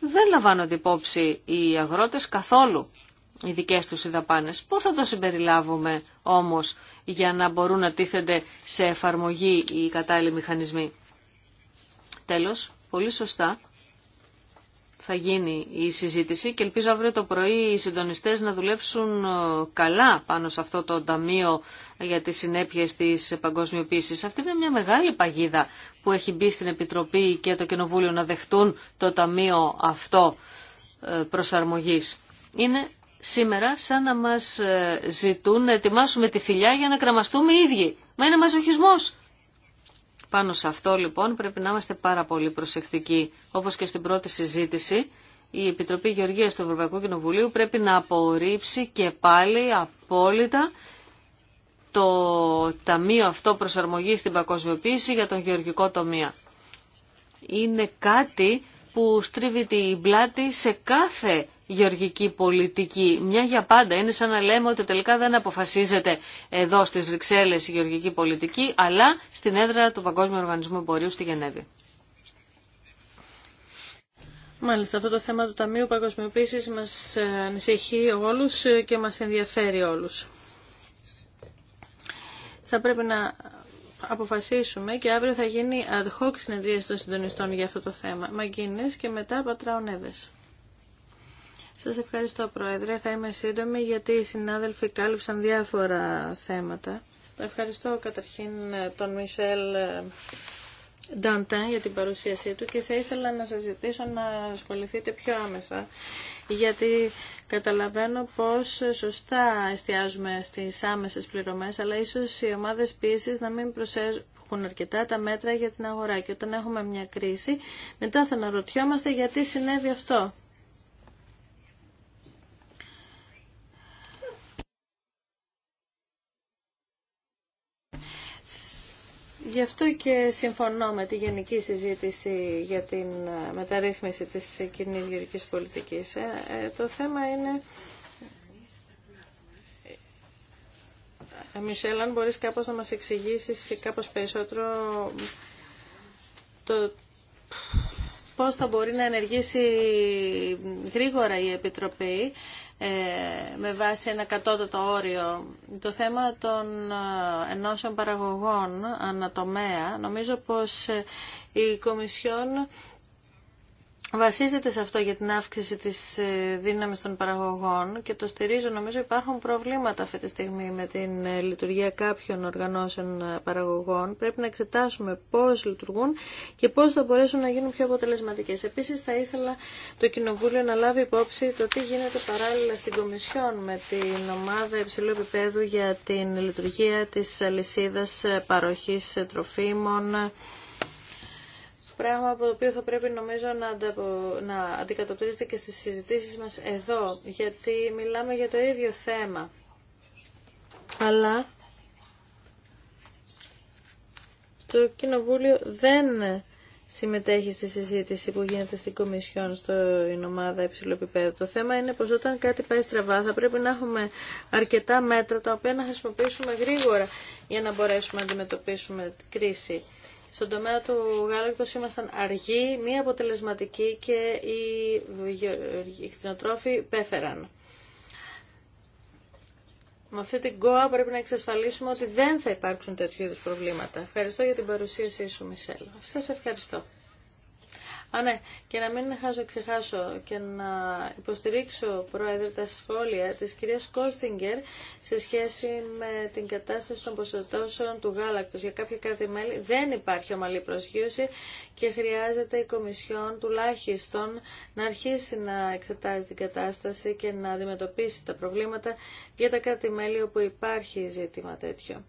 Δεν λαμβάνονται υπόψη οι αγρότες καθόλου οι δικές τους οι δαπάνες. Πώς θα το συμπεριλάβουμε όμως για να μπορούν να τίθενται σε εφαρμογή οι κατάλληλοι μηχανισμοί. Τέλος, πολύ σωστά θα γίνει η συζήτηση και ελπίζω αύριο το πρωί οι συντονιστές να δουλέψουν ε, καλά πάνω σε αυτό το ταμείο για τις συνέπειες της παγκοσμιοποίησης. Αυτή είναι μια μεγάλη παγίδα που έχει μπει στην Επιτροπή και το Κοινοβούλιο να δεχτούν το ταμείο αυτό ε, προσαρμογής. Είναι σήμερα σαν να μας ε, ζητούν να ετοιμάσουμε τη θηλιά για να κραμαστούμε οι ίδιοι. Μα είναι μαζοχισμός. Πάνω σε αυτό λοιπόν πρέπει να είμαστε πάρα πολύ προσεκτικοί. Όπως και στην πρώτη συζήτηση, η Επιτροπή Γεωργίας του Ευρωπαϊκού Κοινοβουλίου πρέπει να απορρίψει και πάλι απόλυτα το Ταμείο αυτό προσαρμογής στην παγκοσμιοποίηση για τον γεωργικό τομέα. Είναι κάτι που στρίβει την πλάτη σε κάθε γεωργική πολιτική. Μια για πάντα. Είναι σαν να λέμε ότι τελικά δεν αποφασίζεται εδώ στις Βρυξέλλες η γεωργική πολιτική, αλλά στην έδρα του Παγκόσμιου Οργανισμού Εμπορίου στη Γενέβη. Μάλιστα, αυτό το θέμα του Ταμείου Παγκοσμιοποίησης μας ε, ανησυχεί όλους και μας ενδιαφέρει όλους. Θα πρέπει να αποφασίσουμε και αύριο θα γίνει ad hoc συνεδρίαση των συντονιστών για αυτό το θέμα. Μαγκίνες και μετά Πατράων σας ευχαριστώ Πρόεδρε. Θα είμαι σύντομη γιατί οι συνάδελφοι κάλυψαν διάφορα θέματα. Ευχαριστώ καταρχήν τον Μισελ ε, Νταντά για την παρουσίασή του και θα ήθελα να σας ζητήσω να ασχοληθείτε πιο άμεσα γιατί καταλαβαίνω πως σωστά εστιάζουμε στις άμεσες πληρωμές αλλά ίσως οι ομάδες πίεσης να μην προσέχουν αρκετά τα μέτρα για την αγορά και όταν έχουμε μια κρίση μετά θα αναρωτιόμαστε γιατί συνέβη αυτό. Γι' αυτό και συμφωνώ με τη γενική συζήτηση για την ε, μεταρρύθμιση της κοινή γενική πολιτικής. Ε, ε, το θέμα είναι... Μισελ, αν μπορείς κάπως να μας εξηγήσεις κάπως περισσότερο το πώς θα μπορεί να ενεργήσει γρήγορα η Επιτροπή ε, με βάση ένα κατώτατο όριο. Το θέμα των ε, ενώσεων παραγωγών ανατομέα, νομίζω πως ε, η Κομισιόν βασίζεται σε αυτό για την αύξηση της ε, δύναμης των παραγωγών και το στηρίζω. Νομίζω υπάρχουν προβλήματα αυτή τη στιγμή με την ε, λειτουργία κάποιων οργανώσεων ε, παραγωγών. Πρέπει να εξετάσουμε πώς λειτουργούν και πώς θα μπορέσουν να γίνουν πιο αποτελεσματικές. Επίσης θα ήθελα το Κοινοβούλιο να λάβει υπόψη το τι γίνεται παράλληλα στην Κομισιόν με την ομάδα υψηλού επίπεδου για την λειτουργία της αλυσίδα παροχής τροφίμων Πράγμα από το οποίο θα πρέπει νομίζω να, να αντικατοπτρίζεται και στις συζητήσεις μας εδώ, γιατί μιλάμε για το ίδιο θέμα. Αλλά το Κοινοβούλιο δεν συμμετέχει στη συζήτηση που γίνεται στην Κομισιόν στην ομάδα επιπέδου. Το θέμα είναι πως όταν κάτι πάει στραβά θα πρέπει να έχουμε αρκετά μέτρα τα οποία να χρησιμοποιήσουμε γρήγορα για να μπορέσουμε να αντιμετωπίσουμε κρίση. Στον τομέα του γάλακτος ήμασταν αργοί, μη αποτελεσματικοί και οι κτηνοτρόφοι πέφεραν. Με αυτή την ΚΟΑ πρέπει να εξασφαλίσουμε ότι δεν θα υπάρξουν τέτοιου είδου προβλήματα. Ευχαριστώ για την παρουσίασή σου, Μισελ. Σα ευχαριστώ. Α, ναι, και να μην χάσω, ξεχάσω και να υποστηρίξω, Πρόεδρε, τα σχόλια της κυρίας Κόστιγκερ σε σχέση με την κατάσταση των ποσοτώσεων του γάλακτος. Για κάποια κράτη μέλη δεν υπάρχει ομαλή προσγείωση και χρειάζεται η Κομισιόν τουλάχιστον να αρχίσει να εξετάζει την κατάσταση και να αντιμετωπίσει τα προβλήματα για τα κράτη μέλη όπου υπάρχει ζήτημα τέτοιο.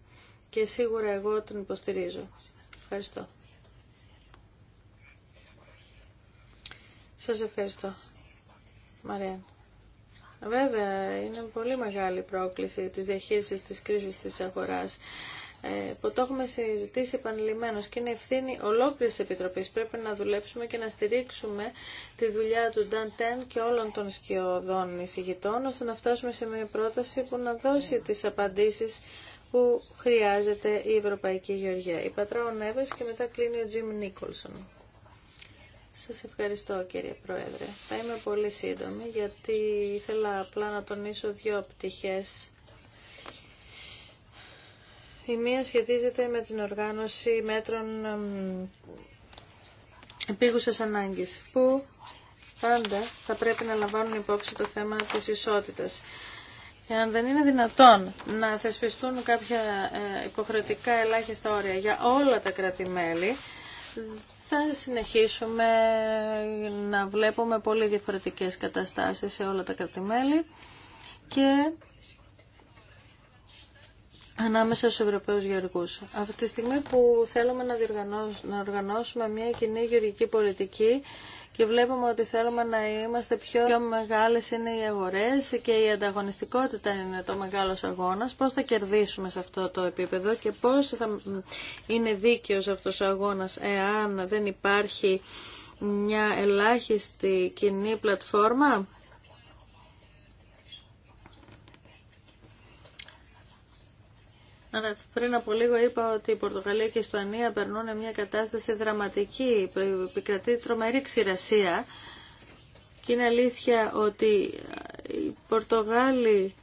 Και σίγουρα εγώ τον υποστηρίζω. Ευχαριστώ. Σας ευχαριστώ. Μαρία. Βέβαια, είναι πολύ μεγάλη πρόκληση της διαχείρισης της κρίσης της αγοράς ε, που το έχουμε συζητήσει επανειλημμένω και είναι ευθύνη ολόκληρη τη Επιτροπή. Πρέπει να δουλέψουμε και να στηρίξουμε τη δουλειά του Νταν Τεν και όλων των σκιωδών εισηγητών, ώστε να φτάσουμε σε μια πρόταση που να δώσει τι απαντήσει που χρειάζεται η Ευρωπαϊκή Γεωργία. Η πατράου Νέβες και μετά κλείνει ο Τζιμ Νίκολσον. Σας ευχαριστώ κύριε Πρόεδρε. Θα είμαι πολύ σύντομη γιατί ήθελα απλά να τονίσω δύο πτυχές. Η μία σχετίζεται με την οργάνωση μέτρων επίγουσας ανάγκης που πάντα θα πρέπει να λαμβάνουν υπόψη το θέμα της ισότητας. Εάν δεν είναι δυνατόν να θεσπιστούν κάποια ε, υποχρεωτικά ελάχιστα όρια για όλα τα κρατη θα συνεχίσουμε να βλέπουμε πολύ διαφορετικές καταστάσεις σε όλα τα κρατημέλη και ανάμεσα στους Ευρωπαίους Γεωργούς. Αυτή τη στιγμή που θέλουμε να, να οργανώσουμε μια κοινή γεωργική πολιτική και βλέπουμε ότι θέλουμε να είμαστε πιο, πιο μεγάλες είναι οι αγορές και η ανταγωνιστικότητα είναι το μεγάλος αγώνας. Πώς θα κερδίσουμε σε αυτό το επίπεδο και πώς θα είναι δίκαιος αυτός ο αγώνας εάν δεν υπάρχει μια ελάχιστη κοινή πλατφόρμα Πριν από λίγο είπα ότι η Πορτογαλία και η Ισπανία περνούν μια κατάσταση δραματική, επικρατεί τρομερή ξηρασία και είναι αλήθεια ότι οι Πορτογάλοι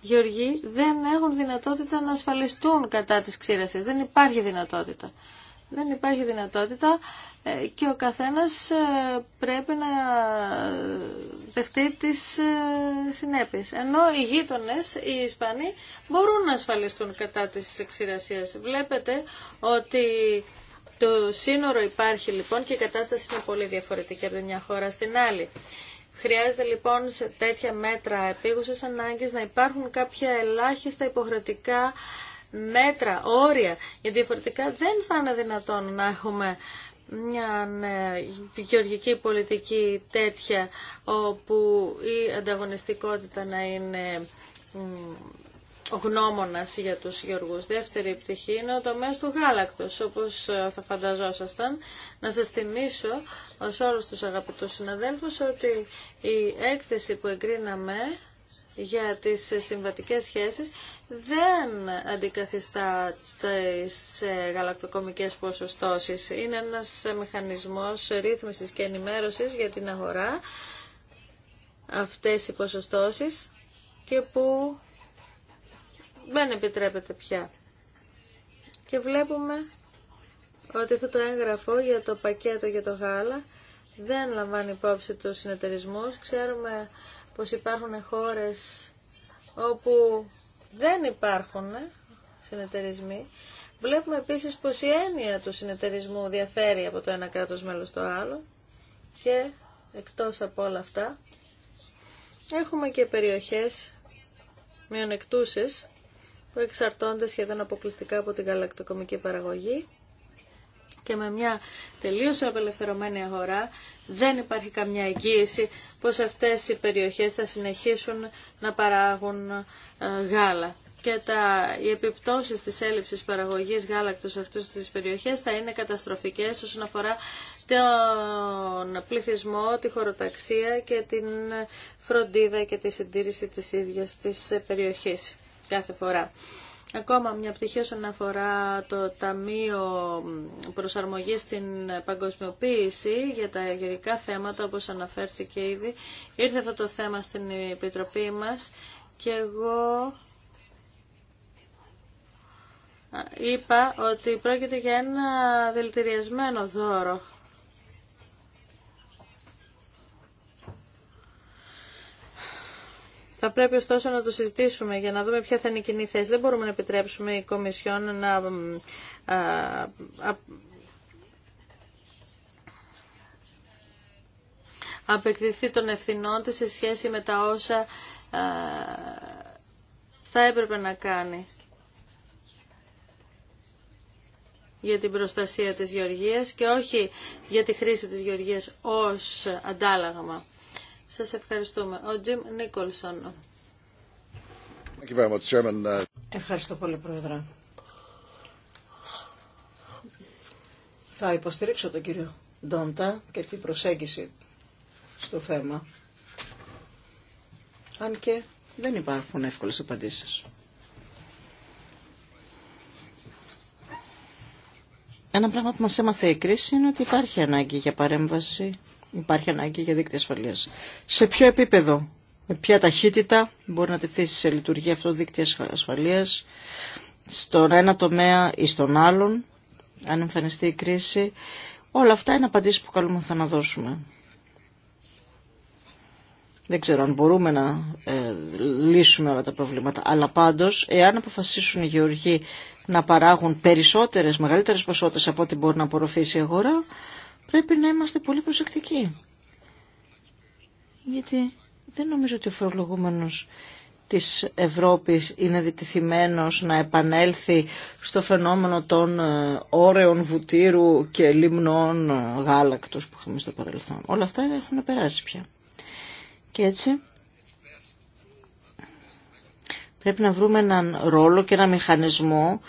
γεωργοί δεν έχουν δυνατότητα να ασφαλιστούν κατά της ξηρασίας. Δεν υπάρχει δυνατότητα. Δεν υπάρχει δυνατότητα ε, και ο καθένας ε, πρέπει να δεχτεί τις ε, συνέπειες. Ενώ οι γείτονες, οι Ισπανοί, μπορούν να ασφαλιστούν κατά της εξηρασίας. Βλέπετε ότι το σύνορο υπάρχει λοιπόν και η κατάσταση είναι πολύ διαφορετική από τη μια χώρα στην άλλη. Χρειάζεται λοιπόν σε τέτοια μέτρα επίγουσες ανάγκες να υπάρχουν κάποια ελάχιστα υποχρεωτικά μέτρα, όρια, γιατί διαφορετικά δεν θα είναι δυνατόν να έχουμε μια γεωργική πολιτική τέτοια όπου η ανταγωνιστικότητα να είναι ο γνώμονας για τους γεωργούς. Δεύτερη πτυχή είναι ο τομέας του γάλακτος, όπως ε, θα φανταζόσασταν. Να σας θυμίσω, ως όλους τους αγαπητούς συναδέλφους, ότι η έκθεση που εγκρίναμε για τις συμβατικές σχέσεις δεν αντικαθιστά τις ε, γαλακτοκομικές ποσοστώσεις. Είναι ένας μηχανισμός ρύθμισης και ενημέρωσης για την αγορά αυτές οι ποσοστώσεις και που δεν επιτρέπεται πια. Και βλέπουμε ότι αυτό το έγγραφο για το πακέτο για το γάλα δεν λαμβάνει υπόψη τους συνεταιρισμούς. Ξέρουμε πως υπάρχουν χώρες όπου δεν υπάρχουν συνεταιρισμοί. Βλέπουμε επίσης πως η έννοια του συνεταιρισμού διαφέρει από το ένα κράτος μέλος στο άλλο και εκτός από όλα αυτά έχουμε και περιοχές μειονεκτούσες που εξαρτώνται σχεδόν αποκλειστικά από την γαλακτοκομική παραγωγή και με μια τελείως απελευθερωμένη αγορά δεν υπάρχει καμιά εγγύηση πως αυτές οι περιοχές θα συνεχίσουν να παράγουν ε, γάλα και τα, οι επιπτώσεις της έλλειψης παραγωγής γάλακτος σε αυτές τις περιοχές θα είναι καταστροφικές όσον αφορά τον πληθυσμό, τη χωροταξία και την φροντίδα και τη συντήρηση της ίδιας της περιοχής κάθε φορά. Ακόμα μια πτυχή όσον αφορά το Ταμείο Προσαρμογής στην Παγκοσμιοποίηση για τα γεωργικά θέματα, όπως αναφέρθηκε ήδη. Ήρθε αυτό το θέμα στην Επιτροπή μας και εγώ είπα ότι πρόκειται για ένα δηλητηριασμένο δώρο Θα πρέπει ωστόσο να το συζητήσουμε για να δούμε ποια θα είναι η κοινή θέση. Δεν μπορούμε να επιτρέψουμε η Κομισιόν να απεκτηθεί των ευθυνών της σε σχέση με τα όσα θα έπρεπε να κάνει για την προστασία της γεωργίας και όχι για τη χρήση της γεωργίας ως αντάλλαγμα. Σας ευχαριστούμε. Ο Τζιμ Νίκολσον. Uh, Ευχαριστώ πολύ, Πρόεδρε. Θα υποστηρίξω τον κύριο Ντόντα και την προσέγγιση στο θέμα. Αν και δεν υπάρχουν εύκολες απαντήσεις. Ένα πράγμα που μας έμαθε η κρίση είναι ότι υπάρχει ανάγκη για παρέμβαση υπάρχει ανάγκη για δίκτυα ασφαλείας. Σε ποιο επίπεδο, με ποια ταχύτητα μπορεί να τεθεί σε λειτουργία αυτό το δίκτυο ασφαλείας, στον ένα τομέα ή στον άλλον, αν εμφανιστεί η κρίση. Όλα αυτά είναι απαντήσεις που καλούμε να δώσουμε. Δεν ξέρω αν μπορούμε να ε, λύσουμε όλα τα προβλήματα. Αλλά πάντως, εάν αποφασίσουν οι γεωργοί να παράγουν περισσότερες, μεγαλύτερες ποσότητες από ό,τι μπορεί να απορροφήσει η αγορά, πρέπει να είμαστε πολύ προσεκτικοί. Γιατί δεν νομίζω ότι ο φορολογούμενος της Ευρώπης είναι διτηθειμένος να επανέλθει στο φαινόμενο των ε, όρεων βουτύρου και λιμνών ε, γάλακτος που είχαμε στο παρελθόν. Όλα αυτά έχουν περάσει πια. Και έτσι πρέπει να βρούμε έναν ρόλο και ένα μηχανισμό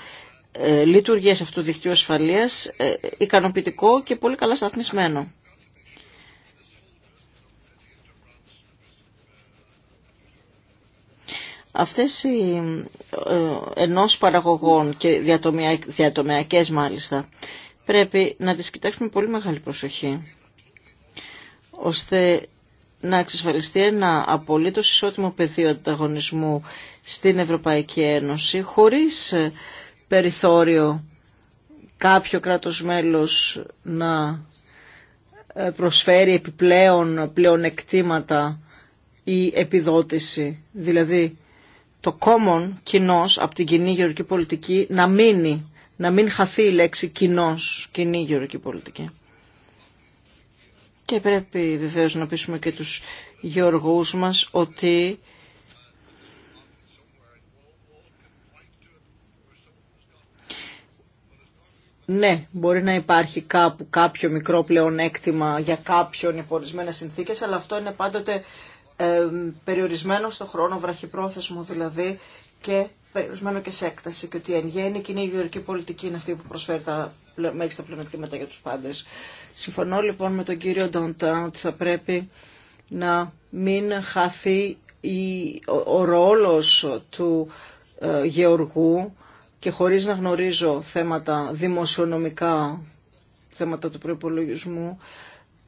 ε, λειτουργίας αυτού του δικτύου ασφαλείας ε, ικανοποιητικό και πολύ καλά σταθμισμένο. Αυτές οι ε, ενός παραγωγών και διατομιακές μάλιστα πρέπει να τις κοιτάξουμε πολύ μεγάλη προσοχή ώστε να εξασφαλιστεί ένα απολύτως ισότιμο πεδίο ανταγωνισμού στην Ευρωπαϊκή Ένωση χωρίς περιθώριο κάποιο κράτος μέλος να ε, προσφέρει επιπλέον πλεονεκτήματα ή επιδότηση. Δηλαδή το common κοινό από την κοινή γεωργική πολιτική να μείνει, να μην χαθεί η λέξη κοινό, κοινή γεωργική πολιτική. Και πρέπει βεβαίως να πείσουμε και τους γεωργούς μας ότι ναι, μπορεί να υπάρχει κάπου κάποιο μικρό πλεονέκτημα για κάποιον υπό ορισμένε συνθήκες, αλλά αυτό είναι πάντοτε ε, περιορισμένο στο χρόνο, βραχυπρόθεσμο δηλαδή, και περιορισμένο και σε έκταση. Και ότι εν γέννη η γεωργική πολιτική είναι αυτή που προσφέρει τα μέγιστα πλεονεκτήματα για τους πάντε. Συμφωνώ λοιπόν με τον κύριο Ντοντά ότι θα πρέπει να μην χαθεί ο, ο ρόλος του ε, γεωργού, και χωρίς να γνωρίζω θέματα δημοσιονομικά, θέματα του προϋπολογισμού,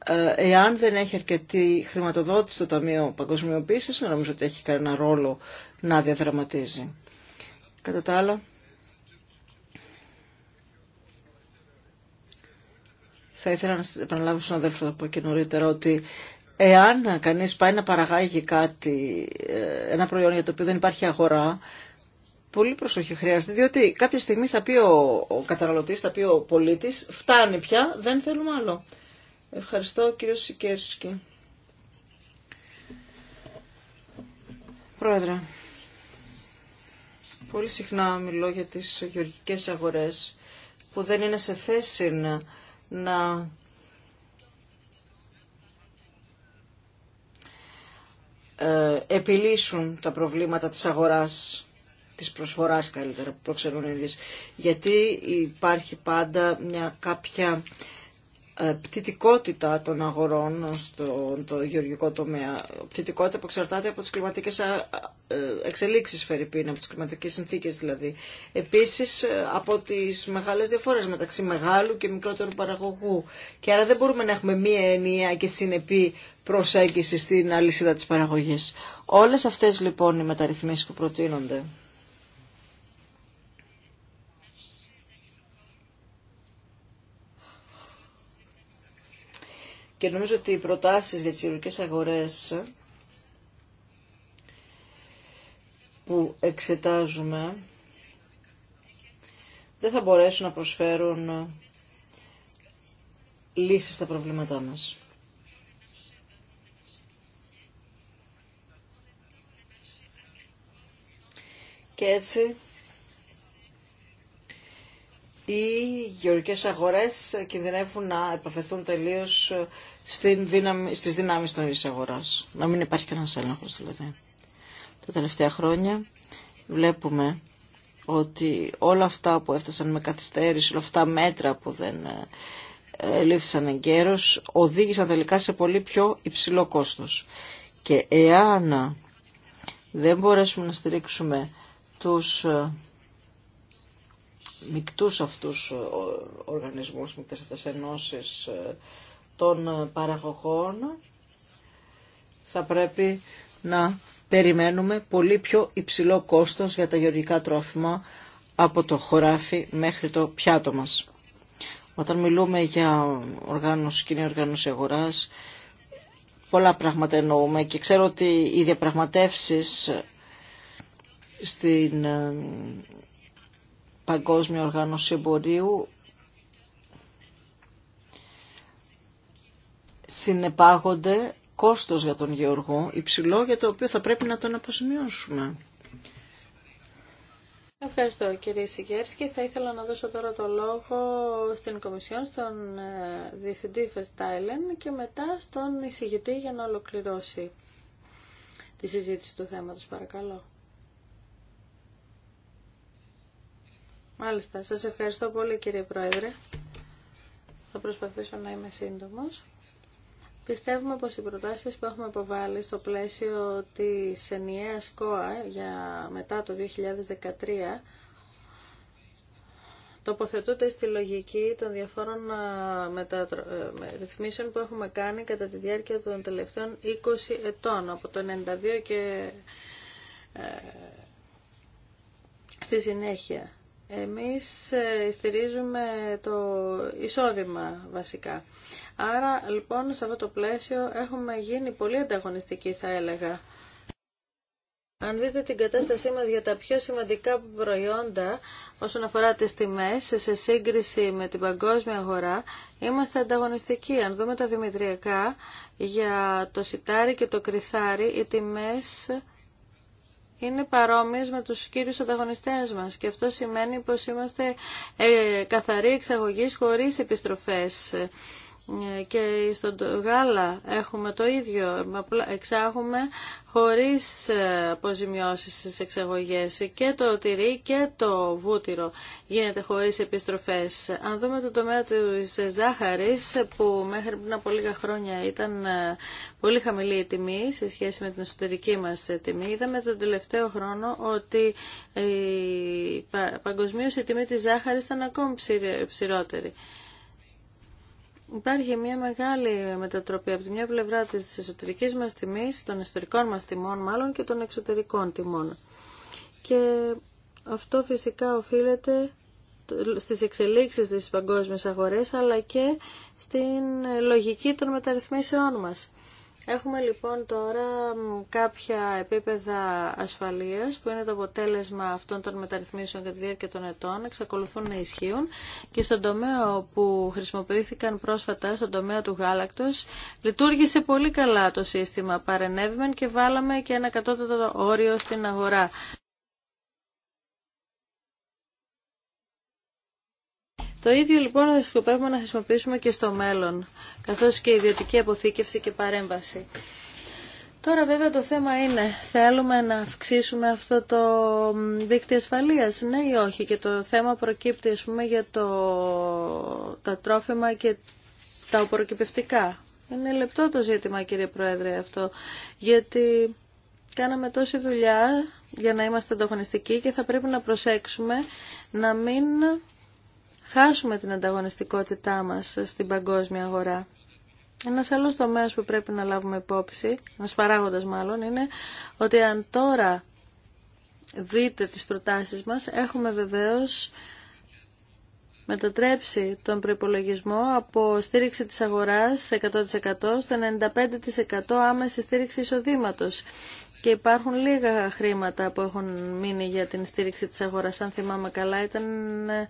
ε, εάν δεν έχει αρκετή χρηματοδότηση το Ταμείο Παγκοσμιοποίησης, νομίζω ότι έχει κανένα ρόλο να διαδραματίζει. Κατά τα άλλα, θα ήθελα να επαναλάβω στον αδέλφο να πω και νωρίτερα ότι εάν κανείς πάει να παραγάγει κάτι, ε, ένα προϊόν για το οποίο δεν υπάρχει αγορά, πολύ προσοχή χρειάζεται, διότι κάποια στιγμή θα πει ο, ο καταναλωτής, θα πει ο πολίτης, φτάνει πια, δεν θέλουμε άλλο. Ευχαριστώ κύριο Σικέρσκι. Πρόεδρε, πολύ συχνά μιλώ για τις γεωργικές αγορές που δεν είναι σε θέση να, να ε, επιλύσουν τα προβλήματα της αγοράς της προσφοράς καλύτερα που προξενούν Γιατί υπάρχει πάντα μια κάποια ε, πτυτικότητα των αγορών στον το γεωργικό τομέα. Πτυτικότητα που εξαρτάται από τις κλιματικές ε, εξελίξεις, Φερρυπίν, από τις κλιματικές συνθήκες δηλαδή. Επίσης ε, από τις μεγάλες διαφορές μεταξύ μεγάλου και μικρότερου παραγωγού. Και άρα δεν μπορούμε να έχουμε μία ενιαία και συνεπή προσέγγιση στην αλυσίδα της παραγωγής. Όλες αυτές λοιπόν οι μεταρρυθμίσεις που προτείνονται Και νομίζω ότι οι προτάσεις για τις ευρωπαϊκές αγορές που εξετάζουμε δεν θα μπορέσουν να προσφέρουν λύσεις στα προβλήματά μας. Και έτσι οι γεωργικές αγορές κινδυνεύουν να επαφεθούν τελείως στην δύναμη, στις δυνάμεις της αγοράς. Να μην υπάρχει κανένας έλεγχος δηλαδή. Τα τελευταία χρόνια βλέπουμε ότι όλα αυτά που έφτασαν με καθυστέρηση, όλα αυτά μέτρα που δεν ε, ε, λήφθησαν εγκαίρως, οδήγησαν τελικά σε πολύ πιο υψηλό κόστος. Και εάν δεν μπορέσουμε να στηρίξουμε τους ε, μικτούς αυτούς ε, οργανισμούς, μικτές αυτές ενώσεις ε, των ε, παραγωγών, θα πρέπει να περιμένουμε πολύ πιο υψηλό κόστος για τα γεωργικά τρόφιμα από το χωράφι μέχρι το πιάτο μας. Όταν μιλούμε για οργάνωση, κοινή οργάνωση αγοράς, πολλά πράγματα εννοούμε και ξέρω ότι οι διαπραγματεύσεις στην Παγκόσμια Οργάνωση Εμπορίου συνεπάγονται κόστος για τον Γεωργό υψηλό για το οποίο θα πρέπει να τον αποζημιώσουμε. Ευχαριστώ κύριε Σιγέρσκη. Θα ήθελα να δώσω τώρα το λόγο στην Κομισιόν, στον ε, Διευθυντή Φεστάιλεν και μετά στον εισηγητή για να ολοκληρώσει τη συζήτηση του θέματος. Παρακαλώ. Μάλιστα. Σας ευχαριστώ πολύ κύριε Πρόεδρε. Θα προσπαθήσω να είμαι σύντομος. Πιστεύουμε πως οι προτάσεις που έχουμε αποβάλει στο πλαίσιο της ενιαίας ΚΟΑ για μετά το 2013 τοποθετούνται στη λογική των διαφόρων ε, ε, ρυθμίσεων που έχουμε κάνει κατά τη διάρκεια των τελευταίων 20 ετών, από το 1992 και ε, στη συνέχεια. Εμείς ε, στηρίζουμε το εισόδημα βασικά. Άρα λοιπόν σε αυτό το πλαίσιο έχουμε γίνει πολύ ανταγωνιστικοί θα έλεγα. Αν δείτε την κατάστασή μας για τα πιο σημαντικά προϊόντα όσον αφορά τις τιμές σε σύγκριση με την παγκόσμια αγορά, είμαστε ανταγωνιστικοί. Αν δούμε τα δημητριακά για το σιτάρι και το κρυθάρι, οι τιμές είναι παρόμοιες με τους κύριους ανταγωνιστές μας και αυτό σημαίνει πως είμαστε ε, καθαροί εξαγωγής χωρίς επιστροφές. Ε, και στον γάλα έχουμε το ίδιο, εξάγουμε χωρίς ε, αποζημιώσεις στις εξαγωγές και το τυρί και το βούτυρο γίνεται χωρίς επιστροφές. Αν δούμε το τομέα της ζάχαρης που μέχρι πριν από λίγα χρόνια ήταν ε, πολύ χαμηλή η τιμή σε σχέση με την εσωτερική μας τιμή, είδαμε τον τελευταίο χρόνο ότι παγκοσμίως η τιμή της ζάχαρης ήταν ακόμη ψηρότερη. Υπάρχει μια μεγάλη μετατροπή από τη μια πλευρά της εσωτερικής μας τιμής, των ιστορικών μας τιμών μάλλον και των εξωτερικών τιμών. Και αυτό φυσικά οφείλεται στις εξελίξεις της παγκόσμιας αγορές αλλά και στην λογική των μεταρρυθμίσεών μας. Έχουμε λοιπόν τώρα κάποια επίπεδα ασφαλείας που είναι το αποτέλεσμα αυτών των μεταρρυθμίσεων κατά τη διάρκεια των ετών, εξακολουθούν να ισχύουν και στον τομέα που χρησιμοποιήθηκαν πρόσφατα, στον τομέα του γάλακτος, λειτουργήσε πολύ καλά το σύστημα. Παρενέβημεν και βάλαμε και ένα κατώτατο όριο στην αγορά. Το ίδιο λοιπόν θα να χρησιμοποιήσουμε και στο μέλλον, καθώς και ιδιωτική αποθήκευση και παρέμβαση. Τώρα βέβαια το θέμα είναι, θέλουμε να αυξήσουμε αυτό το δίκτυο ασφαλείας, ναι ή όχι. Και το θέμα προκύπτει ας πούμε για το, τα τρόφιμα και τα προκυπευτικά. Είναι λεπτό το ζήτημα κύριε Πρόεδρε αυτό, γιατί κάναμε τόση δουλειά για να είμαστε ανταγωνιστικοί και θα πρέπει να προσέξουμε να μην χάσουμε την ανταγωνιστικότητά μας στην παγκόσμια αγορά. Ένα άλλο τομέα που πρέπει να λάβουμε υπόψη, ένα παράγοντα μάλλον, είναι ότι αν τώρα δείτε τις προτάσεις μας, έχουμε βεβαίως μετατρέψει τον προϋπολογισμό από στήριξη της αγοράς 100% στο 95% άμεση στήριξη εισοδήματος. Και υπάρχουν λίγα χρήματα που έχουν μείνει για την στήριξη της αγοράς. Αν θυμάμαι καλά ήταν ε,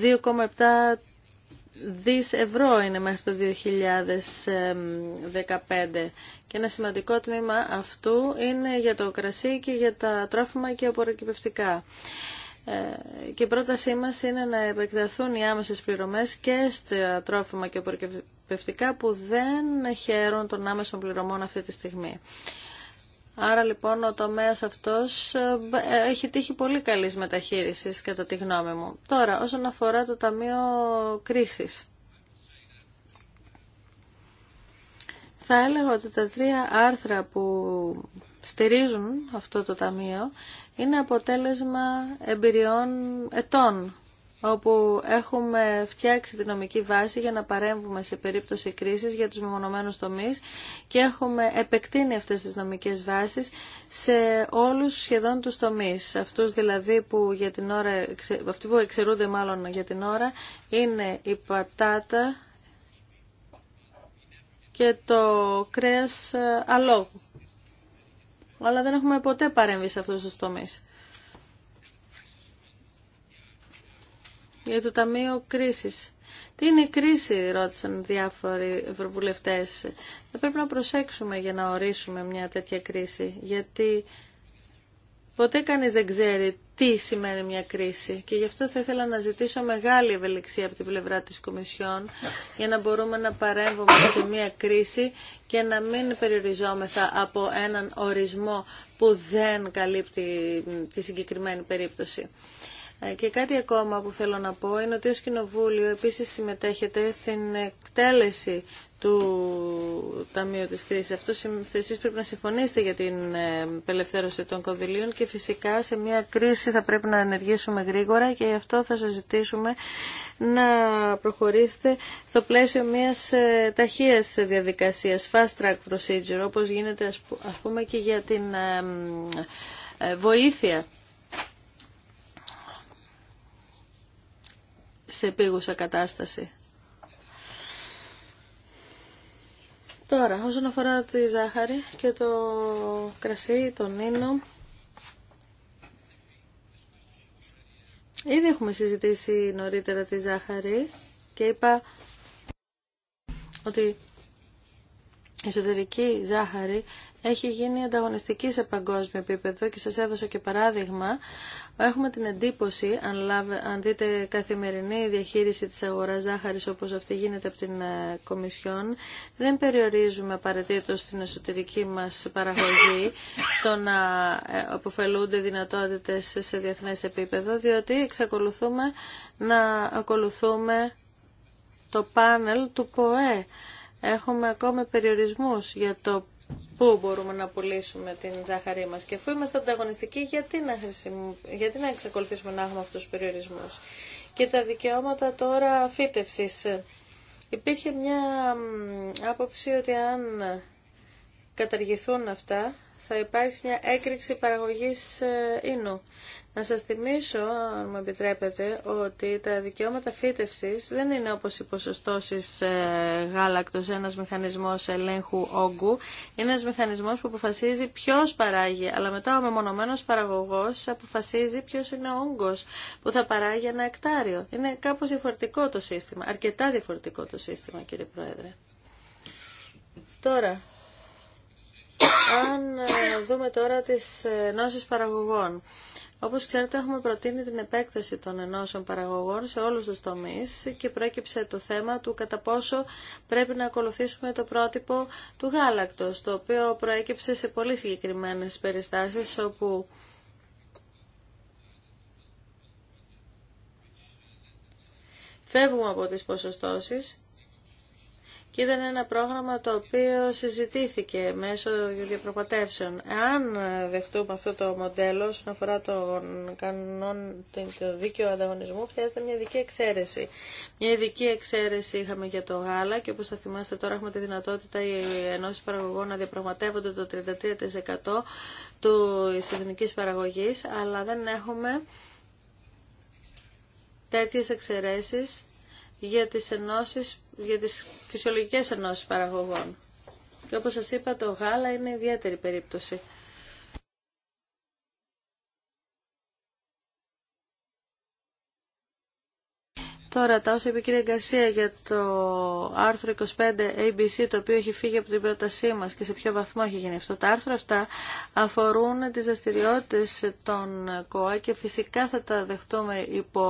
2,7 δις ευρώ είναι μέχρι το 2015 και ένα σημαντικό τμήμα αυτού είναι για το κρασί και για τα τρόφιμα και απορροκυπευτικά. Ε, και η πρότασή μας είναι να επεκταθούν οι άμεσες πληρωμές και στα τρόφιμα και απορροκυπευτικά που δεν χαίρουν των άμεσων πληρωμών αυτή τη στιγμή. Άρα λοιπόν ο τομέας αυτός ε, έχει τύχει πολύ καλής μεταχείρισης κατά τη γνώμη μου. Τώρα όσον αφορά το Ταμείο Κρίσης. Θα έλεγα ότι τα τρία άρθρα που στηρίζουν αυτό το ταμείο είναι αποτέλεσμα εμπειριών ετών όπου έχουμε φτιάξει τη νομική βάση για να παρέμβουμε σε περίπτωση κρίσης για τους μεμονωμένους τομείς και έχουμε επεκτείνει αυτές τις νομικές βάσεις σε όλους σχεδόν τους τομείς. Αυτούς δηλαδή που για την ώρα, αυτοί που εξαιρούνται μάλλον για την ώρα είναι η πατάτα και το κρέας ε, αλόγου. Αλλά δεν έχουμε ποτέ παρέμβει σε αυτούς τους τομείς. για το Ταμείο Κρίσης. Τι είναι η κρίση, ρώτησαν διάφοροι ευρωβουλευτές. Θα πρέπει να προσέξουμε για να ορίσουμε μια τέτοια κρίση, γιατί ποτέ κανείς δεν ξέρει τι σημαίνει μια κρίση και γι' αυτό θα ήθελα να ζητήσω μεγάλη ευελιξία από την πλευρά της Κομισιόν για να μπορούμε να παρέμβουμε σε μια κρίση και να μην περιοριζόμεθα από έναν ορισμό που δεν καλύπτει τη συγκεκριμένη περίπτωση. Ε, και κάτι ακόμα που θέλω να πω είναι ότι ως Κοινοβούλιο επίσης συμμετέχετε στην εκτέλεση του Ταμείου της Κρίσης. Αυτό εσείς πρέπει να συμφωνήσετε για την ε, απελευθέρωση των κονδυλίων και φυσικά σε μια κρίση θα πρέπει να ενεργήσουμε γρήγορα και γι' αυτό θα σας ζητήσουμε να προχωρήσετε στο πλαίσιο μιας ε, ταχείας διαδικασίας, fast track procedure, όπως γίνεται ας πούμε και για την βοήθεια σε επίγουσα κατάσταση. Τώρα, όσον αφορά τη ζάχαρη και το κρασί, τον νίνο ήδη έχουμε συζητήσει νωρίτερα τη ζάχαρη και είπα ότι η εσωτερική ζάχαρη έχει γίνει ανταγωνιστική σε παγκόσμιο επίπεδο και σας έδωσα και παράδειγμα. Έχουμε την εντύπωση, αν, αν δείτε καθημερινή διαχείριση της αγοράς ζάχαρης όπως αυτή γίνεται από την ε, Κομισιόν, δεν περιορίζουμε απαραίτητο στην εσωτερική μας παραγωγή στο να ε, αποφελούνται δυνατότητες σε διεθνές επίπεδο, διότι εξακολουθούμε να ακολουθούμε το πάνελ του ΠΟΕ Έχουμε ακόμη περιορισμούς για το πού μπορούμε να πουλήσουμε την ζάχαρή μας. Και αφού είμαστε ανταγωνιστικοί, γιατί να, χρησιμο... γιατί να εξακολουθήσουμε να έχουμε αυτούς τους περιορισμούς. Και τα δικαιώματα τώρα φύτευσης. Υπήρχε μια άποψη ότι αν καταργηθούν αυτά, θα υπάρξει μια έκρηξη παραγωγής ε, ίνου. Να σας θυμίσω, αν μου επιτρέπετε, ότι τα δικαιώματα φύτευσης δεν είναι όπως οι ποσοστώσεις ε, γάλακτος ένας μηχανισμός ελέγχου όγκου. Είναι ένας μηχανισμός που αποφασίζει ποιος παράγει, αλλά μετά ο μεμονωμένος παραγωγός αποφασίζει ποιος είναι ο όγκος που θα παράγει ένα εκτάριο. Είναι κάπως διαφορετικό το σύστημα, αρκετά διαφορετικό το σύστημα κύριε Πρόεδρε. Τώρα, αν ε, δούμε τώρα τις ε, ενώσεις παραγωγών. Όπως ξέρετε έχουμε προτείνει την επέκταση των ενώσεων παραγωγών σε όλους τους τομείς και πρόκειψε το θέμα του κατά πόσο πρέπει να ακολουθήσουμε το πρότυπο του γάλακτος, το οποίο προέκυψε σε πολύ συγκεκριμένες περιστάσεις όπου φεύγουμε από τις ποσοστώσεις και ήταν ένα πρόγραμμα το οποίο συζητήθηκε μέσω διαπροπατεύσεων. Αν δεχτούμε αυτό το μοντέλο όσον αφορά το, κανόν, το δίκαιο ανταγωνισμού, χρειάζεται μια ειδική εξαίρεση. Μια ειδική εξαίρεση είχαμε για το γάλα και όπως θα θυμάστε τώρα έχουμε τη δυνατότητα οι ενώσει παραγωγών να διαπραγματεύονται το 33% του εθνική παραγωγής, αλλά δεν έχουμε τέτοιες εξαιρέσεις για τις, ενώσεις, για τις φυσιολογικές ενώσεις παραγωγών. Και όπως σας είπα το γάλα είναι ιδιαίτερη περίπτωση. Τώρα, τα όσα είπε η κυρία Γκαρσία για το άρθρο 25 ABC, το οποίο έχει φύγει από την πρότασή μας και σε ποιο βαθμό έχει γίνει αυτό. Τα άρθρα αυτά αφορούν τις δραστηριότητε των ΚΟΑ και φυσικά θα τα δεχτούμε υπό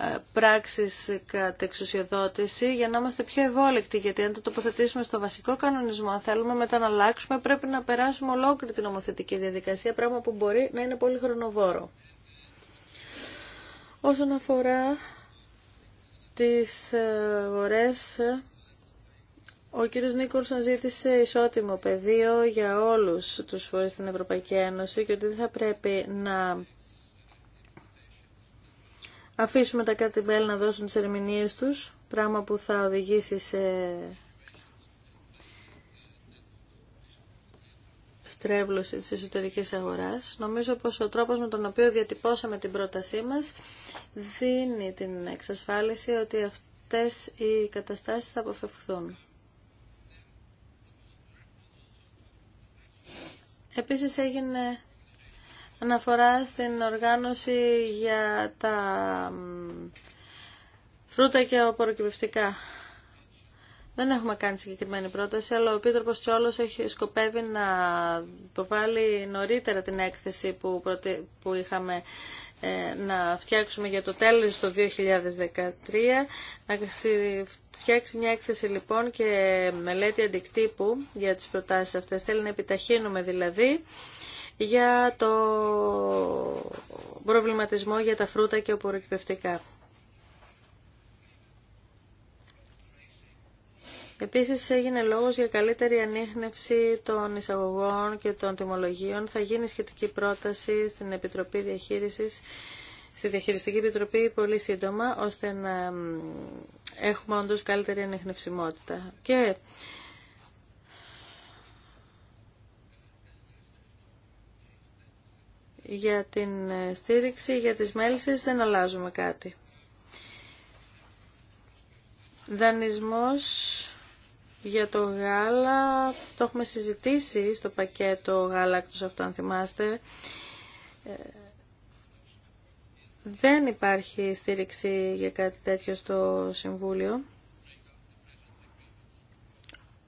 ε, πράξεις κατ' εξουσιοδότηση για να είμαστε πιο ευόλεκτοι γιατί αν το τοποθετήσουμε στο βασικό κανονισμό αν θέλουμε μετά να αλλάξουμε πρέπει να περάσουμε ολόκληρη την νομοθετική διαδικασία πράγμα που μπορεί να είναι πολύ χρονοβόρο. Όσον αφορά τις ε, αγορές ο κύριος Νίκολσον ζήτησε ισότιμο πεδίο για όλους τους φορείς στην Ευρωπαϊκή Ένωση και ότι δεν θα πρέπει να αφήσουμε τα κάτι μπελ να δώσουν τις ερμηνείες τους, πράγμα που θα οδηγήσει σε στρέβλωση της εσωτερικής αγοράς. Νομίζω πως ο τρόπος με τον οποίο διατυπώσαμε την πρότασή μας δίνει την εξασφάλιση ότι αυτές οι καταστάσεις θα αποφευχθούν. Επίσης έγινε αναφορά στην οργάνωση για τα φρούτα και απορροκυπευτικά. Δεν έχουμε κάνει συγκεκριμένη πρόταση, αλλά ο Επίτροπο Τσόλο έχει σκοπεύει να το βάλει νωρίτερα την έκθεση που, που είχαμε ε, να φτιάξουμε για το τέλος το 2013, να φτιάξει μια έκθεση λοιπόν και μελέτη αντικτύπου για τις προτάσεις αυτές. Θέλει να επιταχύνουμε δηλαδή για το προβληματισμό για τα φρούτα και οποροκυπευτικά. Επίσης έγινε λόγος για καλύτερη ανείχνευση των εισαγωγών και των τιμολογίων. Θα γίνει σχετική πρόταση στην Επιτροπή Διαχείρισης στη Διαχειριστική Επιτροπή πολύ σύντομα, ώστε να έχουμε όντως καλύτερη ανείχνευσιμότητα. Και για την ε, στήριξη, για τις μέλησες δεν αλλάζουμε κάτι. Δανεισμός για το γάλα το έχουμε συζητήσει στο πακέτο γάλακτος αυτό αν θυμάστε. Ε, δεν υπάρχει στήριξη για κάτι τέτοιο στο Συμβούλιο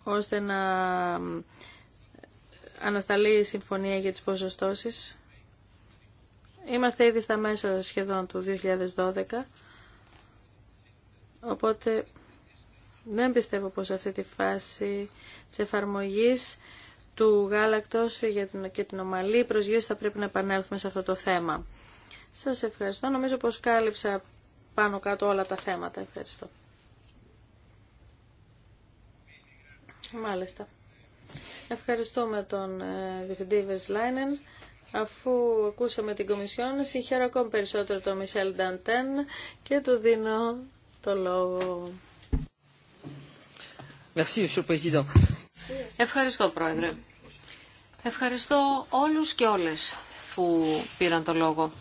ώστε να ανασταλεί η συμφωνία για τις ποσοστώσεις. Είμαστε ήδη στα μέσα σχεδόν του 2012, οπότε δεν πιστεύω πως αυτή τη φάση της εφαρμογής του γάλακτος και την ομαλή προσγείωση θα πρέπει να επανέλθουμε σε αυτό το θέμα. Σας ευχαριστώ. Νομίζω πως κάλυψα πάνω κάτω όλα τα θέματα. Ευχαριστώ. Μάλιστα. Ευχαριστούμε τον ε, Διευθυντή Βερσλάινεν. Αφού ακούσαμε την Κομισιόν, συγχαίρω ακόμη περισσότερο τον Μισελ Νταντέν και του δίνω το λόγο. Ευχαριστώ, Πρόεδρε. Ευχαριστώ όλους και όλες που πήραν το λόγο.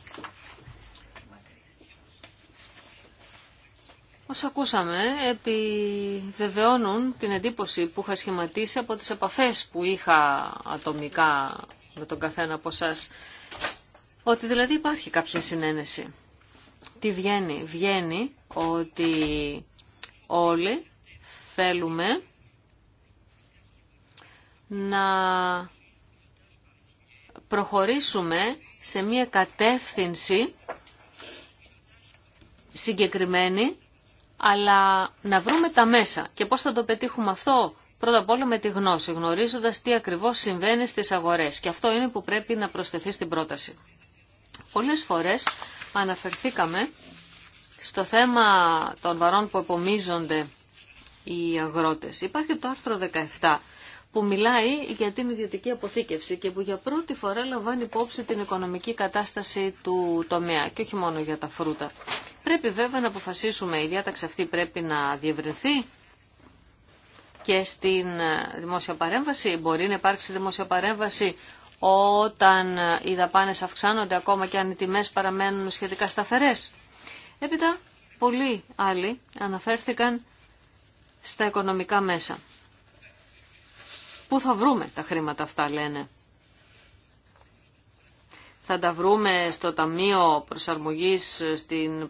Όσα ακούσαμε επιβεβαιώνουν την εντύπωση που είχα σχηματίσει από τις επαφές που είχα ατομικά με τον καθένα από εσά. Ότι δηλαδή υπάρχει κάποια συνένεση. Τι βγαίνει. Βγαίνει ότι όλοι θέλουμε να προχωρήσουμε σε μια κατεύθυνση συγκεκριμένη, αλλά να βρούμε τα μέσα. Και πώς θα το πετύχουμε αυτό, πρώτα απ' όλα με τη γνώση, γνωρίζοντας τι ακριβώς συμβαίνει στις αγορές. Και αυτό είναι που πρέπει να προσθεθεί στην πρόταση. Πολλές φορές αναφερθήκαμε στο θέμα των βαρών που επομίζονται οι αγρότες. Υπάρχει το άρθρο 17 που μιλάει για την ιδιωτική αποθήκευση και που για πρώτη φορά λαμβάνει υπόψη την οικονομική κατάσταση του τομέα και όχι μόνο για τα φρούτα. Πρέπει βέβαια να αποφασίσουμε η διάταξη αυτή πρέπει να διευρυνθεί και στην ε, δημόσια παρέμβαση. Μπορεί να υπάρξει δημόσια παρέμβαση όταν οι δαπάνες αυξάνονται ακόμα και αν οι τιμές παραμένουν σχετικά σταθερές. Έπειτα, πολλοί άλλοι αναφέρθηκαν στα οικονομικά μέσα. Πού θα βρούμε τα χρήματα αυτά, λένε. Θα τα βρούμε στο Ταμείο Προσαρμογής στην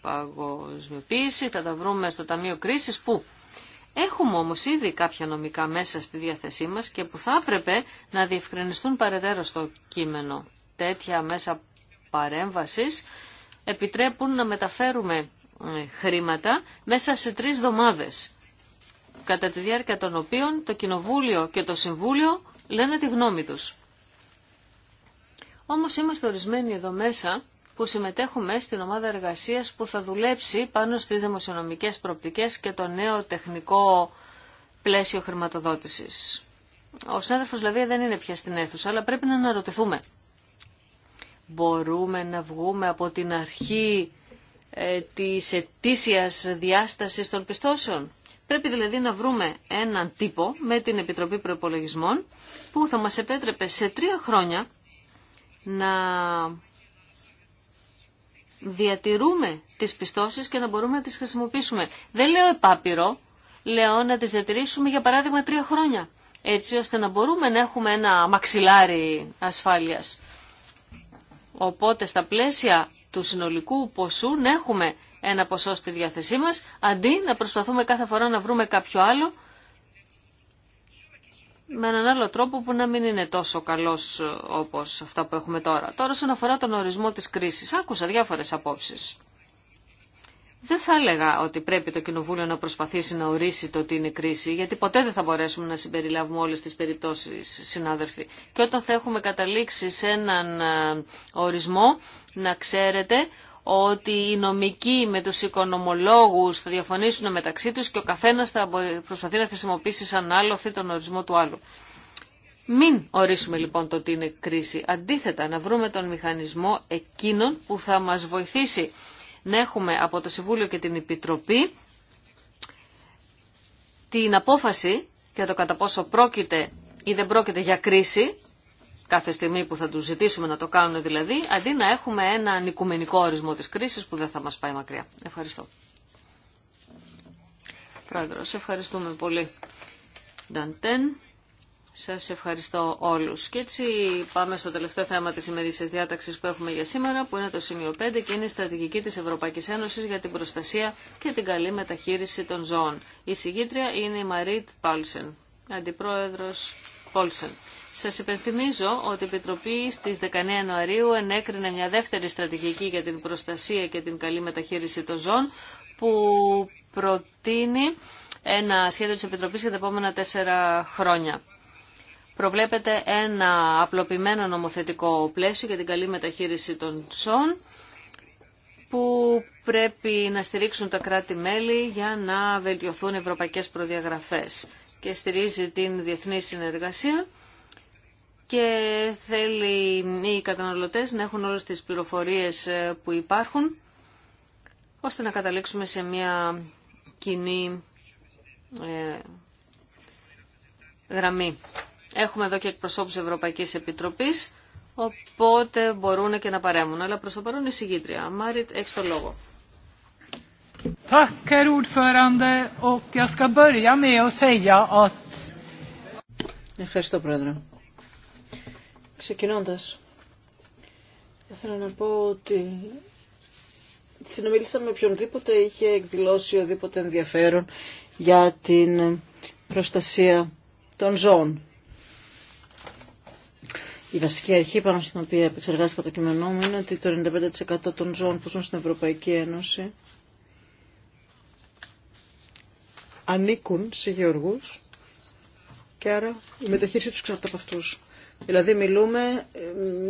Παγκοσμιοποίηση, θα τα βρούμε στο Ταμείο Κρίσης, πού. Έχουμε όμως ήδη κάποια νομικά μέσα στη διάθεσή μας και που θα έπρεπε να διευκρινιστούν παρετέρω στο κείμενο. Τέτοια μέσα παρέμβασης επιτρέπουν να μεταφέρουμε ε, χρήματα μέσα σε τρεις δομάδες κατά τη διάρκεια των οποίων το Κοινοβούλιο και το Συμβούλιο λένε τη γνώμη τους. Όμως είμαστε ορισμένοι εδώ μέσα που συμμετέχουμε στην ομάδα εργασίας που θα δουλέψει πάνω στις δημοσιονομικές προοπτικές και το νέο τεχνικό πλαίσιο χρηματοδότησης. Ο συνάδελφος δηλαδή δεν είναι πια στην αίθουσα, αλλά πρέπει να αναρωτηθούμε. Μπορούμε να βγούμε από την αρχή ε, της ετήσιας διάστασης των πιστώσεων. Πρέπει δηλαδή να βρούμε έναν τύπο με την Επιτροπή Προπολογισμών που θα μας επέτρεπε σε τρία χρόνια να διατηρούμε τις πιστώσεις και να μπορούμε να τις χρησιμοποιήσουμε. Δεν λέω επάπειρο, λέω να τις διατηρήσουμε για παράδειγμα τρία χρόνια, έτσι ώστε να μπορούμε να έχουμε ένα μαξιλάρι ασφάλειας. Οπότε στα πλαίσια του συνολικού ποσού να έχουμε ένα ποσό στη διάθεσή μας, αντί να προσπαθούμε κάθε φορά να βρούμε κάποιο άλλο με έναν άλλο τρόπο που να μην είναι τόσο καλός ε, όπως αυτά που έχουμε τώρα. Τώρα, όσον αφορά τον ορισμό της κρίσης, άκουσα διάφορες απόψεις. Δεν θα έλεγα ότι πρέπει το Κοινοβούλιο να προσπαθήσει να ορίσει το ότι είναι κρίση, γιατί ποτέ δεν θα μπορέσουμε να συμπεριλάβουμε όλες τις περιπτώσεις, συνάδελφοι. Και όταν θα έχουμε καταλήξει σε έναν ε, ορισμό, να ξέρετε ότι οι νομικοί με τους οικονομολόγους θα διαφωνήσουν μεταξύ τους και ο καθένας θα προσπαθεί να χρησιμοποιήσει σαν άλλο αυτή τον ορισμό του άλλου. Μην ορίσουμε λοιπόν το ότι είναι κρίση. Αντίθετα, να βρούμε τον μηχανισμό εκείνων που θα μας βοηθήσει να έχουμε από το Συμβούλιο και την Επιτροπή την απόφαση για το κατά πόσο πρόκειται ή δεν πρόκειται για κρίση κάθε στιγμή που θα τους ζητήσουμε να το κάνουν δηλαδή, αντί να έχουμε έναν οικουμενικό ορισμό της κρίσης που δεν θα μας πάει μακριά. Ευχαριστώ. σε ευχαριστούμε πολύ. Νταντέν. Σας ευχαριστώ όλους. Και έτσι πάμε στο τελευταίο θέμα της ημερήσιας διάταξης που έχουμε για σήμερα, που είναι το σημείο 5 και είναι η στρατηγική της Ευρωπαϊκής Ένωσης για την προστασία και την καλή μεταχείριση των ζώων. Η συγγήτρια είναι η Μαρίτ Πάλσεν, αντιπρόεδρος Πόλσεν. Σας υπενθυμίζω ότι η Επιτροπή στις 19 Ιανουαρίου ενέκρινε μια δεύτερη στρατηγική για την προστασία και την καλή μεταχείριση των ζώων που προτείνει ένα σχέδιο της Επιτροπής για τα επόμενα τέσσερα χρόνια. Προβλέπεται ένα απλοποιημένο νομοθετικό πλαίσιο για την καλή μεταχείριση των ζών που πρέπει να στηρίξουν τα κράτη-μέλη για να βελτιωθούν ευρωπαϊκές προδιαγραφές και στηρίζει την διεθνή συνεργασία και θέλει οι καταναλωτές να έχουν όλες τις πληροφορίες ε, που υπάρχουν ώστε να καταλήξουμε σε μια κοινή ε, γραμμή. Έχουμε εδώ και εκπροσώπους Ευρωπαϊκής Επιτροπής, οπότε μπορούν και να παρέμουν. Αλλά προς το παρόν η συγγήτρια. Μάριτ, έχεις το λόγο. Ευχαριστώ, Πρόεδρε. Ξεκινώντας, ήθελα να πω ότι συνομίλησα με οποιονδήποτε είχε εκδηλώσει οδήποτε ενδιαφέρον για την προστασία των ζώων. Η βασική αρχή πάνω στην οποία επεξεργάστηκα το κείμενό μου είναι ότι το 95% των ζώων που ζουν στην Ευρωπαϊκή Ένωση ανήκουν σε γεωργούς και άρα η μεταχείριση τους ξέρετε από αυτούς. Δηλαδή μιλούμε ε,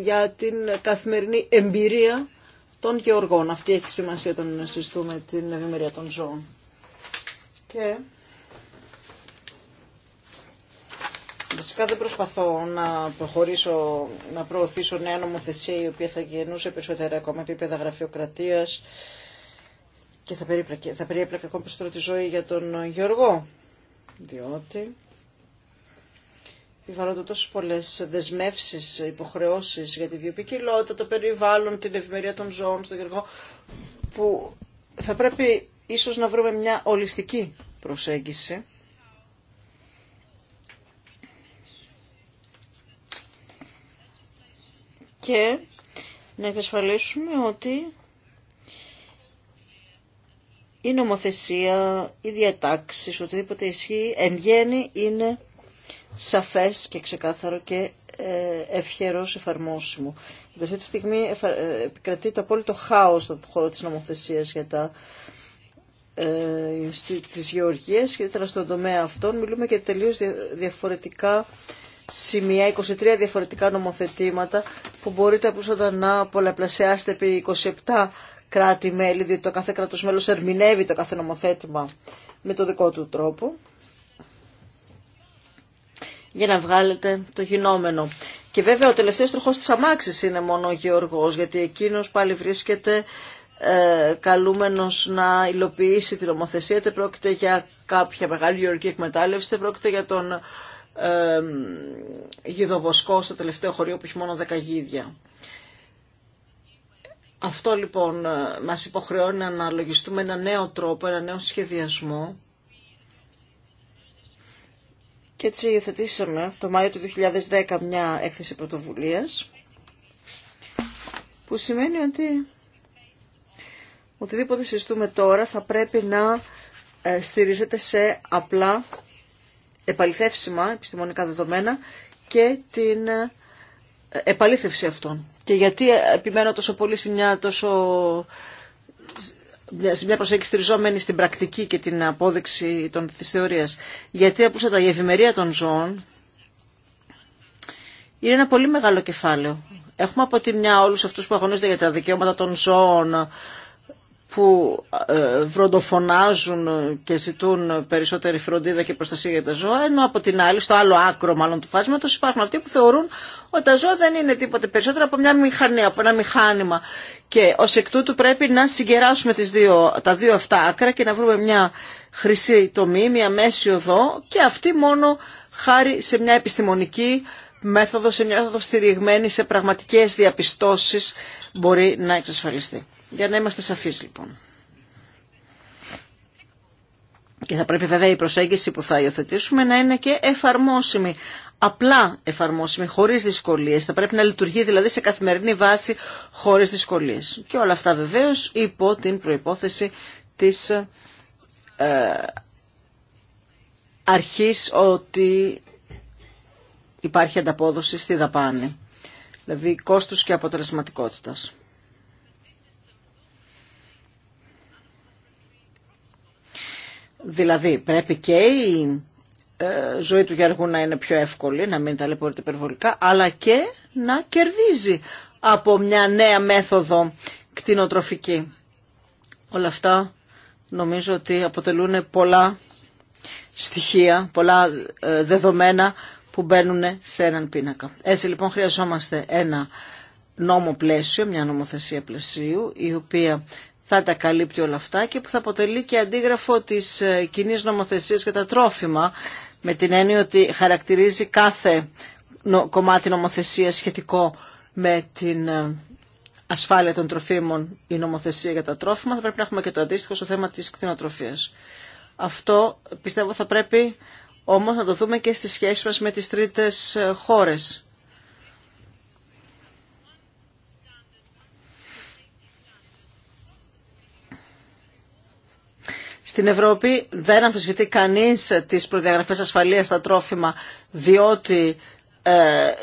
για την καθημερινή εμπειρία των γεωργών. Αυτή έχει σημασία όταν συζητούμε την ευημερία των ζώων. Και Βασικά δεν προσπαθώ να προχωρήσω, να προωθήσω νέα νομοθεσία η οποία θα γεννούσε περισσότερα ακόμα επίπεδα γραφειοκρατίας και θα περίπλακε, θα περίπλακε ακόμα περισσότερο τη ζωή για τον Γιώργο. Διότι Επιβάλλονται τόσε πολλέ δεσμεύσει, υποχρεώσει για τη βιοπικιλότητα, το περιβάλλον, την ευημερία των ζώων στον γεργό, που θα πρέπει ίσως να βρούμε μια ολιστική προσέγγιση. Και να εξασφαλίσουμε ότι η νομοθεσία, οι διατάξεις, οτιδήποτε ισχύει, εν γέννη είναι σαφές και ξεκάθαρο και ε, ευχερός εφαρμόσιμο. σε αυτή τη στιγμή ε, επικρατεί το απόλυτο χάος στον χώρο της νομοθεσίας για τα ε, γεωργίες και ιδιαίτερα στον τομέα αυτών, μιλούμε για τελείως διαφορετικά σημεία, 23 διαφορετικά νομοθετήματα που μπορείτε απλούστατα να πολλαπλασιάσετε επί 27 κράτη-μέλη, διότι το κάθε κράτος μέλος ερμηνεύει το κάθε νομοθέτημα με το δικό του τρόπο για να βγάλετε το γινόμενο. Και βέβαια ο τελευταίος τροχός της αμάξης είναι μόνο ο Γεωργός, γιατί εκείνος πάλι βρίσκεται ε, καλούμενος να υλοποιήσει την ομοθεσία. είτε πρόκειται για κάποια μεγάλη γεωργική εκμετάλλευση, δεν πρόκειται για τον ε, γιδοβοσκό στο τελευταίο χωριό που έχει μόνο δεκαγίδια. Αυτό λοιπόν ε, μας υποχρεώνει να αναλογιστούμε ένα νέο τρόπο, ένα νέο σχεδιασμό, και έτσι υιοθετήσαμε το Μάιο του 2010 μια έκθεση πρωτοβουλίας που σημαίνει ότι οτιδήποτε συζητούμε τώρα θα πρέπει να ε, στηρίζεται σε απλά επαληθεύσιμα επιστημονικά δεδομένα και την ε, επαλήθευση αυτών. Και γιατί επιμένω τόσο πολύ σε μια τόσο σε μια προσέγγιση στηριζόμενη στην πρακτική και την απόδειξη των, της θεωρίας. Γιατί ακούσατε η ευημερία των ζώων είναι ένα πολύ μεγάλο κεφάλαιο. Έχουμε από τη μια όλους αυτούς που αγωνίζονται για τα δικαιώματα των ζώων, που ε, βροντοφωνάζουν και ζητούν περισσότερη φροντίδα και προστασία για τα ζώα, ενώ από την άλλη, στο άλλο άκρο μάλλον του φάσματος, υπάρχουν αυτοί που θεωρούν ότι τα ζώα δεν είναι τίποτε περισσότερο από μια μηχανία, από ένα μηχάνημα. Και ως εκ τούτου πρέπει να συγκεράσουμε τις δύο, τα δύο αυτά άκρα και να βρούμε μια χρυσή τομή, μια μέση οδό και αυτή μόνο χάρη σε μια επιστημονική μέθοδο, σε μια μέθοδο στηριγμένη σε πραγματικές διαπιστώσεις μπορεί να εξασφαλιστεί. Για να είμαστε σαφείς λοιπόν. Και θα πρέπει βέβαια η προσέγγιση που θα υιοθετήσουμε να είναι και εφαρμόσιμη. Απλά εφαρμόσιμη, χωρί δυσκολίε. Θα πρέπει να λειτουργεί δηλαδή σε καθημερινή βάση χωρί δυσκολίε. Και όλα αυτά βεβαίω υπό την προπόθεση τη ε, αρχή ότι υπάρχει ανταπόδοση στη δαπάνη. Δηλαδή κόστους και αποτελεσματικότητας. Δηλαδή πρέπει και η ε, ζωή του Γεωργού να είναι πιο εύκολη, να μην ταλαιπωρείται υπερβολικά, αλλά και να κερδίζει από μια νέα μέθοδο κτηνοτροφική. Όλα αυτά νομίζω ότι αποτελούν πολλά στοιχεία, πολλά ε, δεδομένα που μπαίνουν σε έναν πίνακα. Έτσι λοιπόν χρειαζόμαστε ένα νόμο πλαίσιο, μια νομοθεσία πλαισίου, η οποία θα τα καλύπτει όλα αυτά και που θα αποτελεί και αντίγραφο της ε, κοινή νομοθεσίας για τα τρόφιμα με την έννοια ότι χαρακτηρίζει κάθε κομμάτι νομοθεσία σχετικό με την ε, ασφάλεια των τροφίμων η νομοθεσία για τα τρόφιμα, θα πρέπει να έχουμε και το αντίστοιχο στο θέμα της κτηνοτροφίας. Αυτό πιστεύω θα πρέπει όμως να το δούμε και στις σχέσεις μας με τις τρίτες ε, χώρες. Στην Ευρώπη δεν αμφισβητεί κανείς τις προδιαγραφές ασφαλείας στα τρόφιμα διότι ε,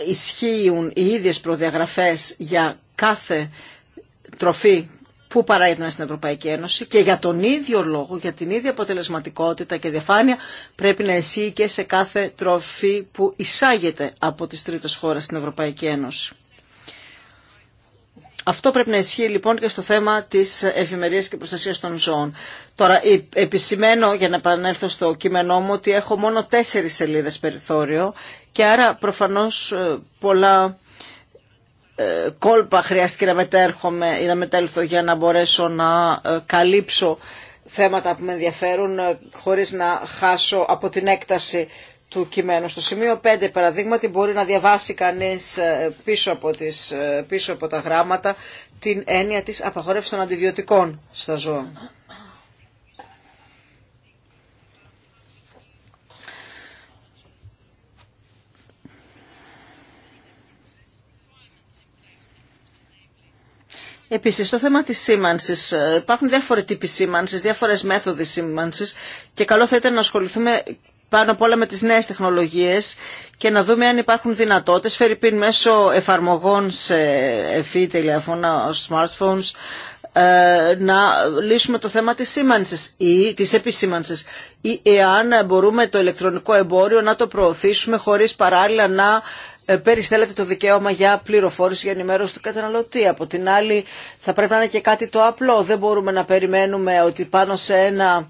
ισχύουν οι ίδιες προδιαγραφές για κάθε τροφή που παράγεται στην Ευρωπαϊκή Ένωση και για τον ίδιο λόγο, για την ίδια αποτελεσματικότητα και διαφάνεια πρέπει να ισχύει και σε κάθε τροφή που εισάγεται από τις τρίτες χώρες στην Ευρωπαϊκή Ένωση. Αυτό πρέπει να ισχύει λοιπόν και στο θέμα της ευημερία και προστασίας των ζώων. Τώρα επισημαίνω για να επανέλθω στο κείμενό μου ότι έχω μόνο τέσσερις σελίδες περιθώριο και άρα προφανώς ε, πολλά ε, κόλπα χρειάστηκε να μετέρχομαι ή να μετέλθω για να μπορέσω να ε, καλύψω θέματα που με ενδιαφέρουν χωρίς να χάσω από την έκταση του κειμένου. Στο σημείο 5 παραδείγματι μπορεί να διαβάσει κανείς ε, πίσω από, τις, ε, πίσω από τα γράμματα την έννοια της απαγόρευσης των αντιβιωτικών στα ζώα. Επίση, στο θέμα τη σήμανση, ε, υπάρχουν διάφοροι τύποι σήμανση, διάφορε μέθοδοι σήμανση και καλό θα ήταν να ασχοληθούμε πάνω απ' όλα με τις νέες τεχνολογίες και να δούμε αν υπάρχουν δυνατότητες, φερειπίν μέσω εφαρμογών σε εφή τηλέφωνα, smartphones, ε, να λύσουμε το θέμα της σήμανσης ή της επισήμανσης ή εάν μπορούμε το ηλεκτρονικό εμπόριο να το προωθήσουμε χωρίς παράλληλα να ε, περιστέλλεται το δικαίωμα για πληροφόρηση για ενημέρωση του καταναλωτή. Από την άλλη θα πρέπει να είναι και κάτι το απλό. Δεν μπορούμε να περιμένουμε ότι πάνω σε ένα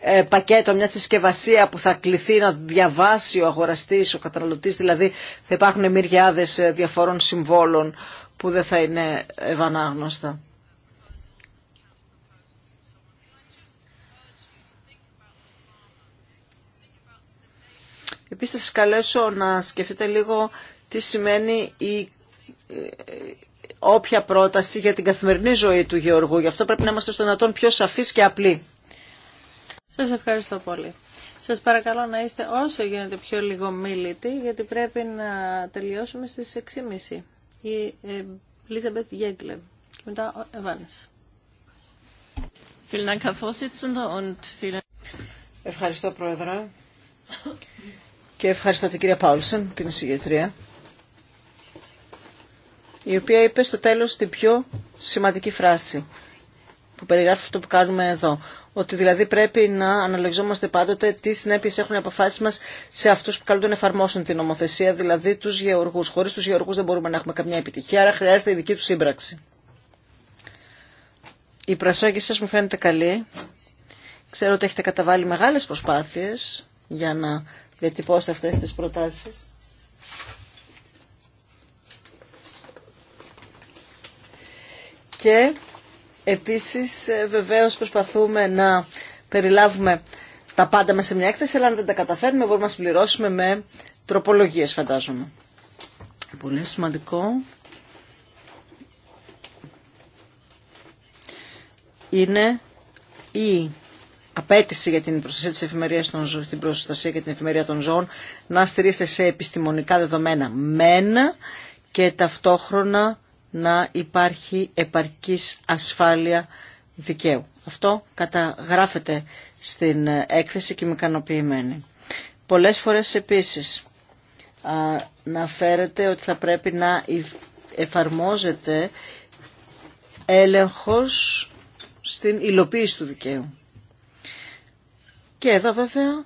ε, πακέτο, μια συσκευασία που θα κληθεί να διαβάσει ο αγοραστής, ο καταναλωτής, δηλαδή θα υπάρχουν μυριάδες ε, διαφορών συμβόλων που δεν θα είναι ευανάγνωστα. Επίσης θα σας καλέσω να σκεφτείτε λίγο τι σημαίνει η ε, όποια πρόταση για την καθημερινή ζωή του Γεωργού. Γι' αυτό πρέπει να είμαστε στον δυνατόν πιο σαφείς και απλοί. Σας ευχαριστώ πολύ. Σας παρακαλώ να είστε όσο γίνεται πιο λίγο μίλητοι, γιατί πρέπει να τελειώσουμε στις 6.30. Η ε, Λίζαμπετ Γέγκλε και μετά ο Εβάνης. Ευχαριστώ, Πρόεδρε. Και ευχαριστώ την κυρία Πάουλσεν, την συγγετρία, η οποία είπε στο τέλος την πιο σημαντική φράση που περιγράφει αυτό που κάνουμε εδώ. Ότι δηλαδή πρέπει να αναλογιζόμαστε πάντοτε τι συνέπειε έχουν οι αποφάσει μα σε αυτού που καλούνται να εφαρμόσουν την νομοθεσία, δηλαδή του γεωργού. Χωρί του γεωργού δεν μπορούμε να έχουμε καμιά επιτυχία, άρα χρειάζεται η δική του σύμπραξη. Η προσέγγιση σα μου φαίνεται καλή. Ξέρω ότι έχετε καταβάλει μεγάλε προσπάθειε για να διατυπώσετε αυτέ τι προτάσει. Και Επίσης, ε, βεβαίως προσπαθούμε να περιλάβουμε τα πάντα μέσα σε μια έκθεση, αλλά αν δεν τα καταφέρνουμε μπορούμε να συμπληρώσουμε με τροπολογίες, φαντάζομαι. Πολύ σημαντικό. Είναι η απέτηση για την προστασία της εφημερίας των την προστασία και την εφημερία των ζώων, να στηρίζεται σε επιστημονικά δεδομένα μένα και ταυτόχρονα να υπάρχει επαρκής ασφάλεια δικαίου. Αυτό καταγράφεται στην έκθεση και είμαι ικανοποιημένη. Πολλές φορές επίσης αναφέρεται ότι θα πρέπει να εφαρμόζεται έλεγχος στην υλοποίηση του δικαίου. Και εδώ βέβαια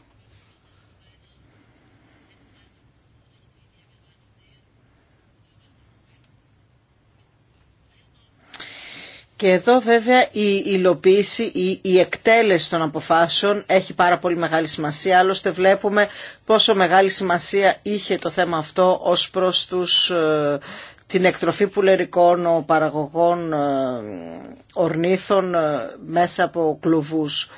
Και εδώ βέβαια η υλοποίηση, η, η εκτέλεση των αποφάσεων έχει πάρα πολύ μεγάλη σημασία. Άλλωστε βλέπουμε πόσο μεγάλη σημασία είχε το θέμα αυτό ως προς τους, ε, την εκτροφή πουλερικών παραγωγών ε, ορνήθων ε, μέσα από κλουβούς.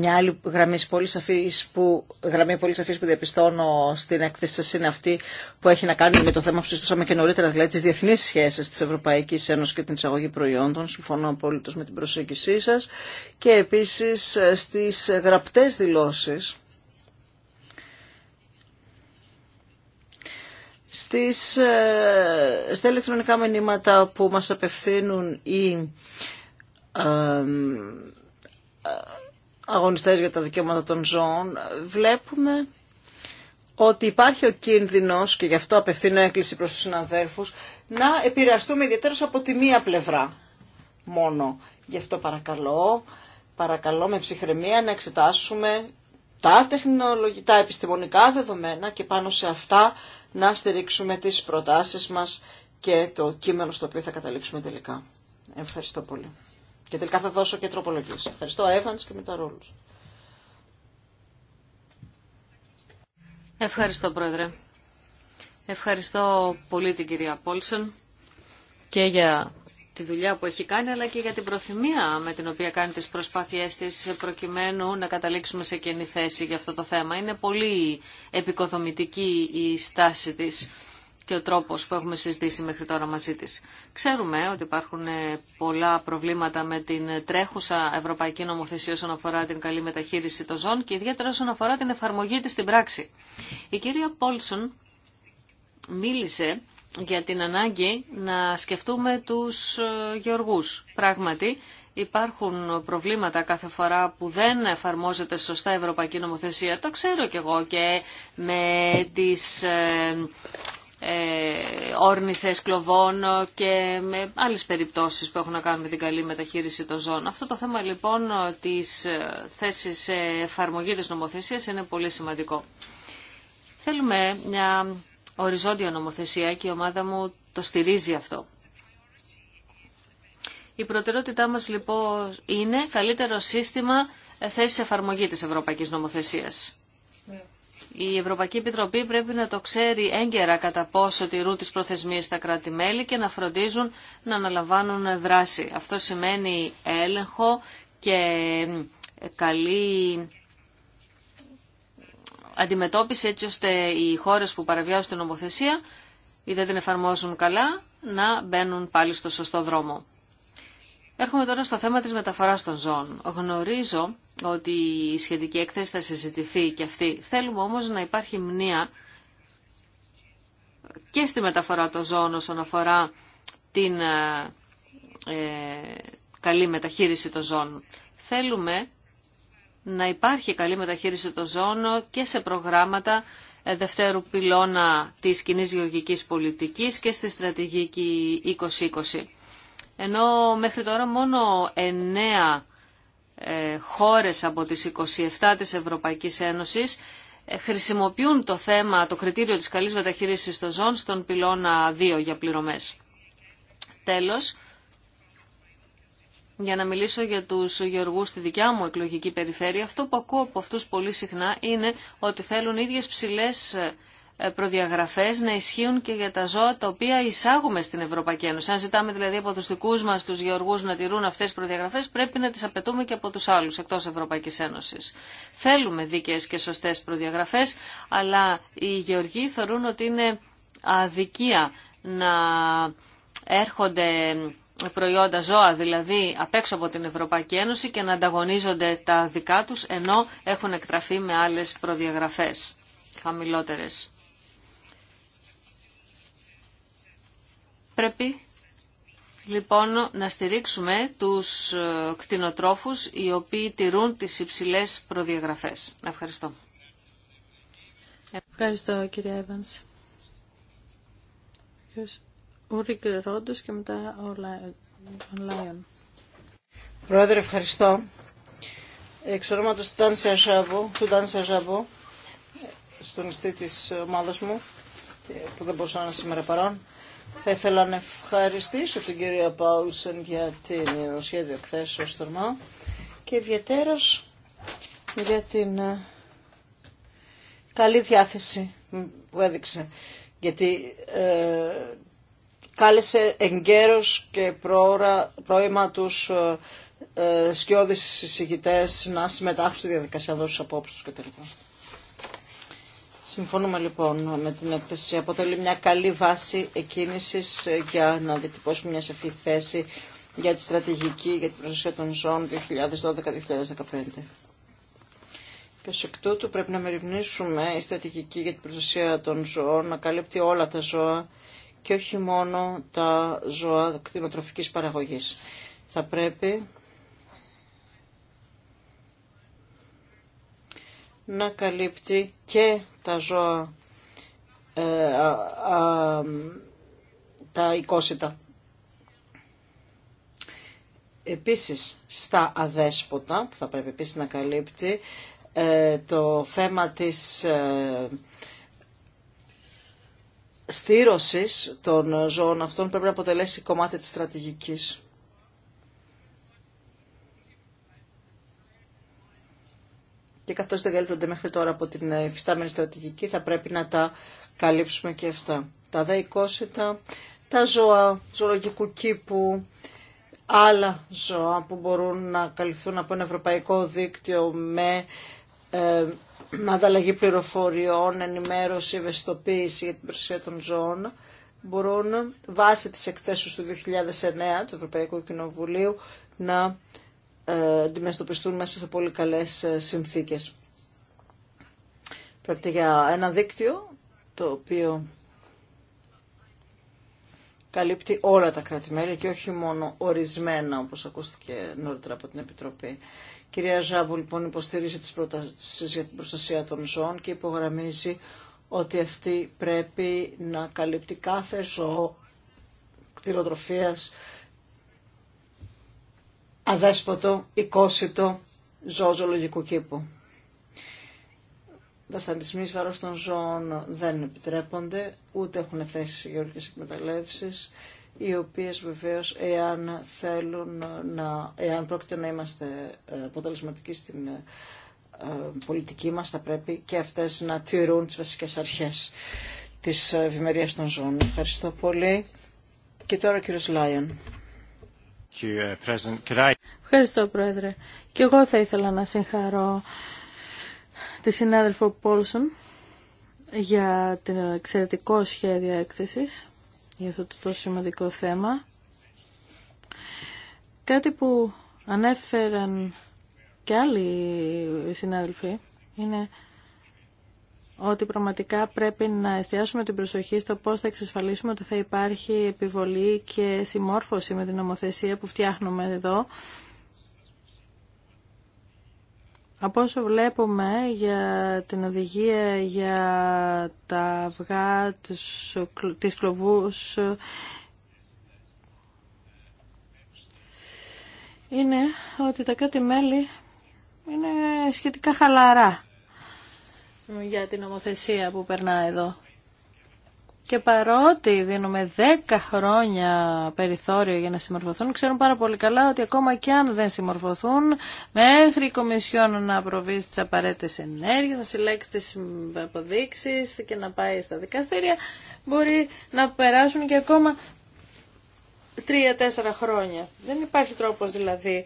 Μια άλλη γραμμή πολύ σαφής που, γραμμή πολύ σαφής που διαπιστώνω στην έκθεση σας είναι αυτή που έχει να κάνει με το θέμα που συζητούσαμε και νωρίτερα, δηλαδή τις διεθνείς σχέσεις της Ευρωπαϊκής Ένωσης και την εισαγωγή προϊόντων. Συμφωνώ απόλυτος με την προσέγγισή σας. Και επίσης ε, στις γραπτές δηλώσεις στις, ε, στα ηλεκτρονικά μηνύματα που μας απευθύνουν οι ε, αγωνιστές για τα δικαιώματα των ζώων, βλέπουμε ότι υπάρχει ο κίνδυνος, και γι' αυτό απευθύνω έκκληση προς τους συναδέρφους, να επηρεαστούμε ιδιαίτερα από τη μία πλευρά μόνο. Γι' αυτό παρακαλώ, παρακαλώ με ψυχραιμία να εξετάσουμε τα τεχνολογικά, τα επιστημονικά δεδομένα και πάνω σε αυτά να στηρίξουμε τις προτάσεις μας και το κείμενο στο οποίο θα καταλήξουμε τελικά. Ευχαριστώ πολύ. Και τελικά θα δώσω και τροπολογίες. Ευχαριστώ, Evans και μετά Ρόλους. Ευχαριστώ, Πρόεδρε. Ευχαριστώ πολύ την κυρία Πόλσεν και για τη δουλειά που έχει κάνει, αλλά και για την προθυμία με την οποία κάνει τις προσπάθειές της προκειμένου να καταλήξουμε σε καινή θέση για αυτό το θέμα. Είναι πολύ επικοδομητική η στάση της και ο τρόπος που έχουμε συζητήσει μέχρι τώρα μαζί της. Ξέρουμε ότι υπάρχουν ε, πολλά προβλήματα με την τρέχουσα Ευρωπαϊκή Νομοθεσία όσον αφορά την καλή μεταχείριση των ζών και ιδιαίτερα όσον αφορά την εφαρμογή της στην πράξη. Η κυρία Πόλσον μίλησε για την ανάγκη να σκεφτούμε τους ε, γεωργούς. Πράγματι, υπάρχουν προβλήματα κάθε φορά που δεν εφαρμόζεται σωστά η Ευρωπαϊκή Νομοθεσία. Το ξέρω κι εγώ και με τις ε, ε, όρνηθες κλοβών και με άλλες περιπτώσεις που έχουν να κάνουν με την καλή μεταχείριση των ζώων. Αυτό το θέμα λοιπόν της ε, θέσης εφαρμογή της νομοθεσίας είναι πολύ σημαντικό. Θέλουμε μια οριζόντια νομοθεσία και η ομάδα μου το στηρίζει αυτό. Η προτεραιότητά μας λοιπόν είναι καλύτερο σύστημα θέσης εφαρμογή της Ευρωπαϊκής Νομοθεσίας. Η Ευρωπαϊκή Επιτροπή πρέπει να το ξέρει έγκαιρα κατά πόσο τηρούν τις προθεσμίες στα κράτη-μέλη και να φροντίζουν να αναλαμβάνουν δράση. Αυτό σημαίνει έλεγχο και καλή αντιμετώπιση έτσι ώστε οι χώρες που παραβιάζουν την νομοθεσία ή δεν την εφαρμόζουν καλά να μπαίνουν πάλι στο σωστό δρόμο. Έρχομαι τώρα στο θέμα της μεταφοράς των ζώων. Γνωρίζω ότι η σχετική έκθεση θα συζητηθεί και αυτή. Θέλουμε όμως να υπάρχει μνήα και στη μεταφορά των ζώων όσον αφορά την ε, ε καλή μεταχείριση των ζώων. Θέλουμε να υπάρχει καλή μεταχείριση των ζώων και σε προγράμματα ε, δευτέρου πυλώνα της κοινή γεωργικής πολιτικής και στη στρατηγική 2020 ενώ μέχρι τώρα μόνο 9 ε, χώρες από τις 27 της Ευρωπαϊκής Ένωσης ε, χρησιμοποιούν το θέμα, το κριτήριο της καλής μεταχείρισης των ζών στον πυλώνα 2 για πληρωμές. Τέλος, για να μιλήσω για τους γεωργούς στη δικιά μου εκλογική περιφέρεια, αυτό που ακούω από αυτούς πολύ συχνά είναι ότι θέλουν ίδιες ψηλές ε, προδιαγραφές να ισχύουν και για τα ζώα τα οποία εισάγουμε στην Ευρωπαϊκή Ένωση. Αν ζητάμε δηλαδή από τους δικούς μας τους γεωργούς να τηρούν αυτές τις προδιαγραφές, πρέπει να τις απαιτούμε και από τους άλλους εκτός Ευρωπαϊκής Ένωσης. Θέλουμε δίκαιες και σωστές προδιαγραφές, αλλά οι γεωργοί θεωρούν ότι είναι αδικία να έρχονται προϊόντα ζώα δηλαδή απ' έξω από την Ευρωπαϊκή Ένωση και να ανταγωνίζονται τα δικά τους ενώ έχουν εκτραφεί με άλλες προδιαγραφές χαμηλότερες. Πρέπει λοιπόν να στηρίξουμε τους ε, κτηνοτρόφους οι οποίοι τηρούν τις υψηλές προδιαγραφές. Ευχαριστώ. Ευχαριστώ κύριε Εύανς. Ούρικ και μετά ο Λάιον. Πρόεδρε, ευχαριστώ. Εξ ονόματος του Τάνσια Ζαβού, στον ιστή της ομάδας μου, που δεν μπορούσα να είναι σήμερα παρόν, θα ήθελα να ευχαριστήσω την κυρία Πάουλσεν για το ε, σχέδιο στο θερμά και ιδιαίτερα για την ε, καλή διάθεση που έδειξε. Γιατί ε, κάλεσε εγκαίρως και προώρα, πρόημα τους ε, σκιώδεις συζητητές να συμμετάσχουν στη διαδικασία απόψεις απόψεως κτλ. Συμφωνούμε λοιπόν με την έκθεση. Αποτελεί μια καλή βάση εκκίνησης ε, για να διατυπώσουμε μια σαφή θέση για τη στρατηγική για την προστασία των ζώων 2012-2015. Και ως εκ τούτου πρέπει να μεριμνήσουμε η στρατηγική για την προστασία των ζώων να καλύπτει όλα τα ζώα και όχι μόνο τα ζώα κτηματροφικής παραγωγής. Θα πρέπει να καλύπτει και τα ζώα ε, τα οικόσιτα. Επίσης στα αδέσποτα που θα πρέπει επίσης να καλύπτει ε, το θέμα της ε, στήρωσης των ζώων αυτών πρέπει να αποτελέσει κομμάτι της στρατηγικής. και καθώς δεν καλύπτονται μέχρι τώρα από την υφιστάμενη στρατηγική θα πρέπει να τα καλύψουμε και αυτά. Τα δαϊκόσιτα, τα ζώα ζωολογικού κήπου, άλλα ζώα που μπορούν να καλυφθούν από ένα ευρωπαϊκό δίκτυο με ε, ανταλλαγή πληροφοριών, ενημέρωση, ευαισθητοποίηση για την προστασία των ζώων μπορούν βάσει της εκθέσεως του 2009 του Ευρωπαϊκού Κοινοβουλίου να ε, αντιμετωπιστούν μέσα σε πολύ καλές ε, συνθήκες. Πρόκειται για ένα δίκτυο το οποίο καλύπτει όλα τα κράτη-μέλη και όχι μόνο ορισμένα, όπως ακούστηκε νωρίτερα από την Επιτροπή. Η κυρία Ζάμπου λοιπόν υποστηρίζει τις προτάσεις για την προστασία των ζώων και υπογραμμίζει ότι αυτή πρέπει να καλύπτει κάθε ζώο κτηροτροφίας, αδέσποτο, οικόσιτο ζώο ζωολογικού κήπου. σαντισμής βαρός των ζώων δεν επιτρέπονται, ούτε έχουν θέσει γεωργικές εκμεταλλεύσει, οι οποίες βεβαίως εάν θέλουν να, εάν πρόκειται να είμαστε ε, αποτελεσματικοί στην ε, πολιτική μας θα πρέπει και αυτές να τηρούν τις βασικές αρχές της ευημερίας των ζώων. Ευχαριστώ πολύ. Και τώρα ο κύριος Λάιον. Ευχαριστώ, Πρόεδρε. Και εγώ θα ήθελα να συγχαρώ τη συνάδελφο Πόλσον για το εξαιρετικό σχέδιο έκθεσης για αυτό το τόσο σημαντικό θέμα. Κάτι που ανέφεραν και άλλοι συνάδελφοι είναι ότι πραγματικά πρέπει να εστιάσουμε την προσοχή στο πώς θα εξασφαλίσουμε ότι θα υπάρχει επιβολή και συμμόρφωση με την νομοθεσία που φτιάχνουμε εδώ από όσο βλέπουμε για την οδηγία για τα αυγά, τις, τις κλωβούς, είναι ότι τα κάτι μελη είναι σχετικά χαλαρά για την ομοθεσία που περνά εδώ. Και παρότι δίνουμε 10 χρόνια περιθώριο για να συμμορφωθούν, ξέρουν πάρα πολύ καλά ότι ακόμα και αν δεν συμμορφωθούν, μέχρι η Κομισιόν να προβεί στις απαραίτητε ενέργειε, να συλλέξει τις αποδείξει και να πάει στα δικαστήρια, μπορεί να περάσουν και ακόμα 3-4 χρόνια. Δεν υπάρχει τρόπος δηλαδή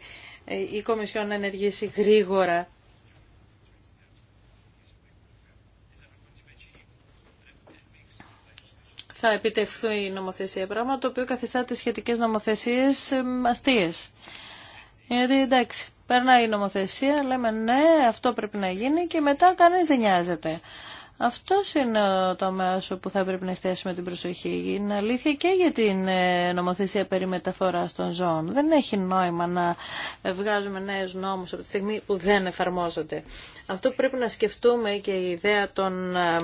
η Κομισιόν να ενεργήσει γρήγορα θα επιτευχθεί η νομοθεσία, πράγμα το οποίο καθιστά τις σχετικές νομοθεσίες αστείε. Γιατί εντάξει, περνάει η νομοθεσία, λέμε ναι, αυτό πρέπει να γίνει και μετά κανεί δεν νοιάζεται. Αυτό είναι ο τομέα που θα πρέπει να εστιάσουμε την προσοχή. Είναι αλήθεια και για την ε, νομοθεσία περί μεταφορά των ζώων. Δεν έχει νόημα να βγάζουμε νέου νόμου από τη στιγμή που δεν εφαρμόζονται. Αυτό που πρέπει να σκεφτούμε και η ιδέα των ε,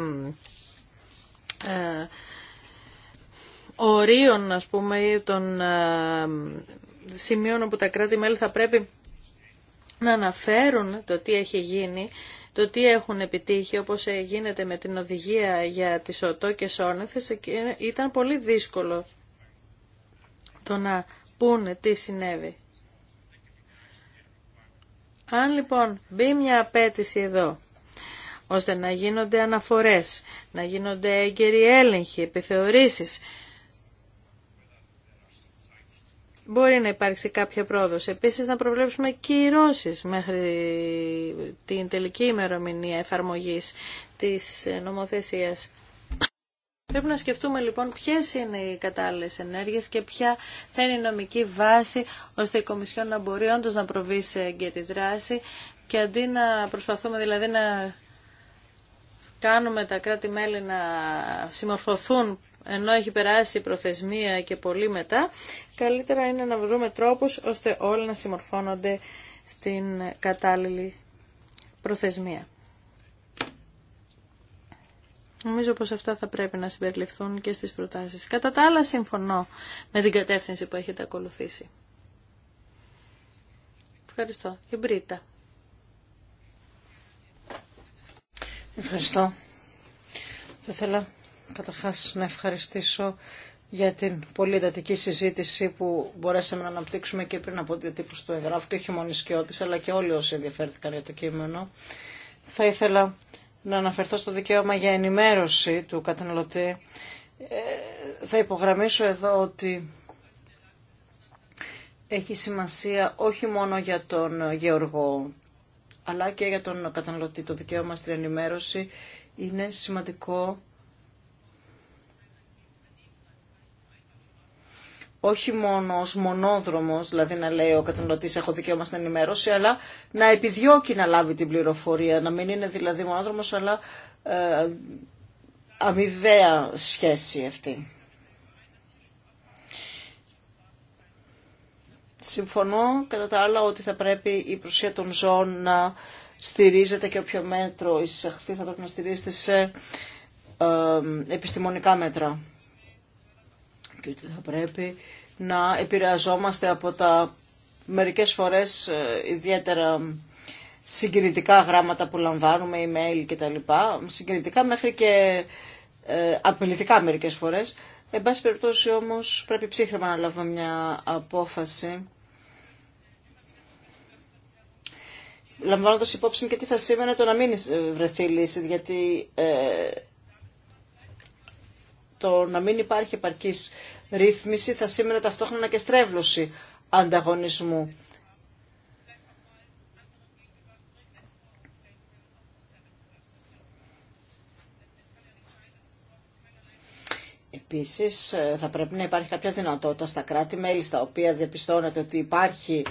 ορίων, ας πούμε, των ε, σημείων όπου τα κράτη-μέλη θα πρέπει να αναφέρουν το τι έχει γίνει, το τι έχουν επιτύχει, όπως γίνεται με την οδηγία για τις ΟΤΟ και σώνεθες, ήταν πολύ δύσκολο το να πούνε τι συνέβη. Αν λοιπόν μπει μια απέτηση εδώ, ώστε να γίνονται αναφορές, να γίνονται έγκαιροι έλεγχοι, επιθεωρήσεις, μπορεί να υπάρξει κάποια πρόοδος. Επίσης να προβλέψουμε κυρώσεις μέχρι την τελική ημερομηνία εφαρμογής της νομοθεσίας. Πρέπει να σκεφτούμε λοιπόν ποιες είναι οι κατάλληλες ενέργειες και ποια θα είναι η νομική βάση ώστε η Κομισιόν να μπορεί όντω να προβεί σε εγκαιρή δράση και αντί να προσπαθούμε δηλαδή να κάνουμε τα κράτη-μέλη να συμμορφωθούν ενώ έχει περάσει η προθεσμία και πολύ μετά, καλύτερα είναι να βρούμε τρόπους ώστε όλοι να συμμορφώνονται στην κατάλληλη προθεσμία. Νομίζω πως αυτά θα πρέπει να συμπεριληφθούν και στις προτάσεις. Κατά τα άλλα συμφωνώ με την κατεύθυνση που έχετε ακολουθήσει. Ευχαριστώ. Η Μπρίτα. Ευχαριστώ. Θα ήθελα καταρχάς να ευχαριστήσω για την πολύ εντατική συζήτηση που μπορέσαμε να αναπτύξουμε και πριν από δύο τύπους του εγγράφου και όχι μόνο οι αλλά και όλοι όσοι ενδιαφέρθηκαν για το κείμενο. Θα ήθελα να αναφερθώ στο δικαίωμα για ενημέρωση του καταναλωτή. Ε, θα υπογραμμίσω εδώ ότι έχει σημασία όχι μόνο για τον γεωργό, αλλά και για τον καταναλωτή. Το δικαίωμα στην ενημέρωση είναι σημαντικό όχι μόνο ως μονόδρομος, δηλαδή να λέει ο καταναλωτής έχω δικαίωμα στην ενημέρωση, αλλά να επιδιώκει να λάβει την πληροφορία, να μην είναι δηλαδή μονόδρομος, αλλά ε, αμοιβαία σχέση αυτή. Συμφωνώ κατά τα άλλα ότι θα πρέπει η προσία των ζώων να στηρίζεται και όποιο μέτρο εισαχθεί θα πρέπει να στηρίζεται σε ε, επιστημονικά μέτρα και ότι θα πρέπει να επηρεαζόμαστε από τα μερικές φορές ε, ιδιαίτερα συγκινητικά γράμματα που λαμβάνουμε, email κτλ. Συγκινητικά μέχρι και ε, απειλητικά μερικές φορές. Εν πάση περιπτώσει όμως πρέπει ψύχρεμα να λάβουμε μια απόφαση. λαμβάνοντας υπόψη και τι θα σήμαινε το να μην βρεθεί λύση, γιατί ε, το να μην υπάρχει επαρκής ρύθμιση θα σήμαινε ταυτόχρονα και στρέβλωση ανταγωνισμού. Επίσης ε, θα πρέπει να υπάρχει κάποια δυνατότητα στα κράτη-μέλη στα οποία διαπιστώνεται ότι υπάρχει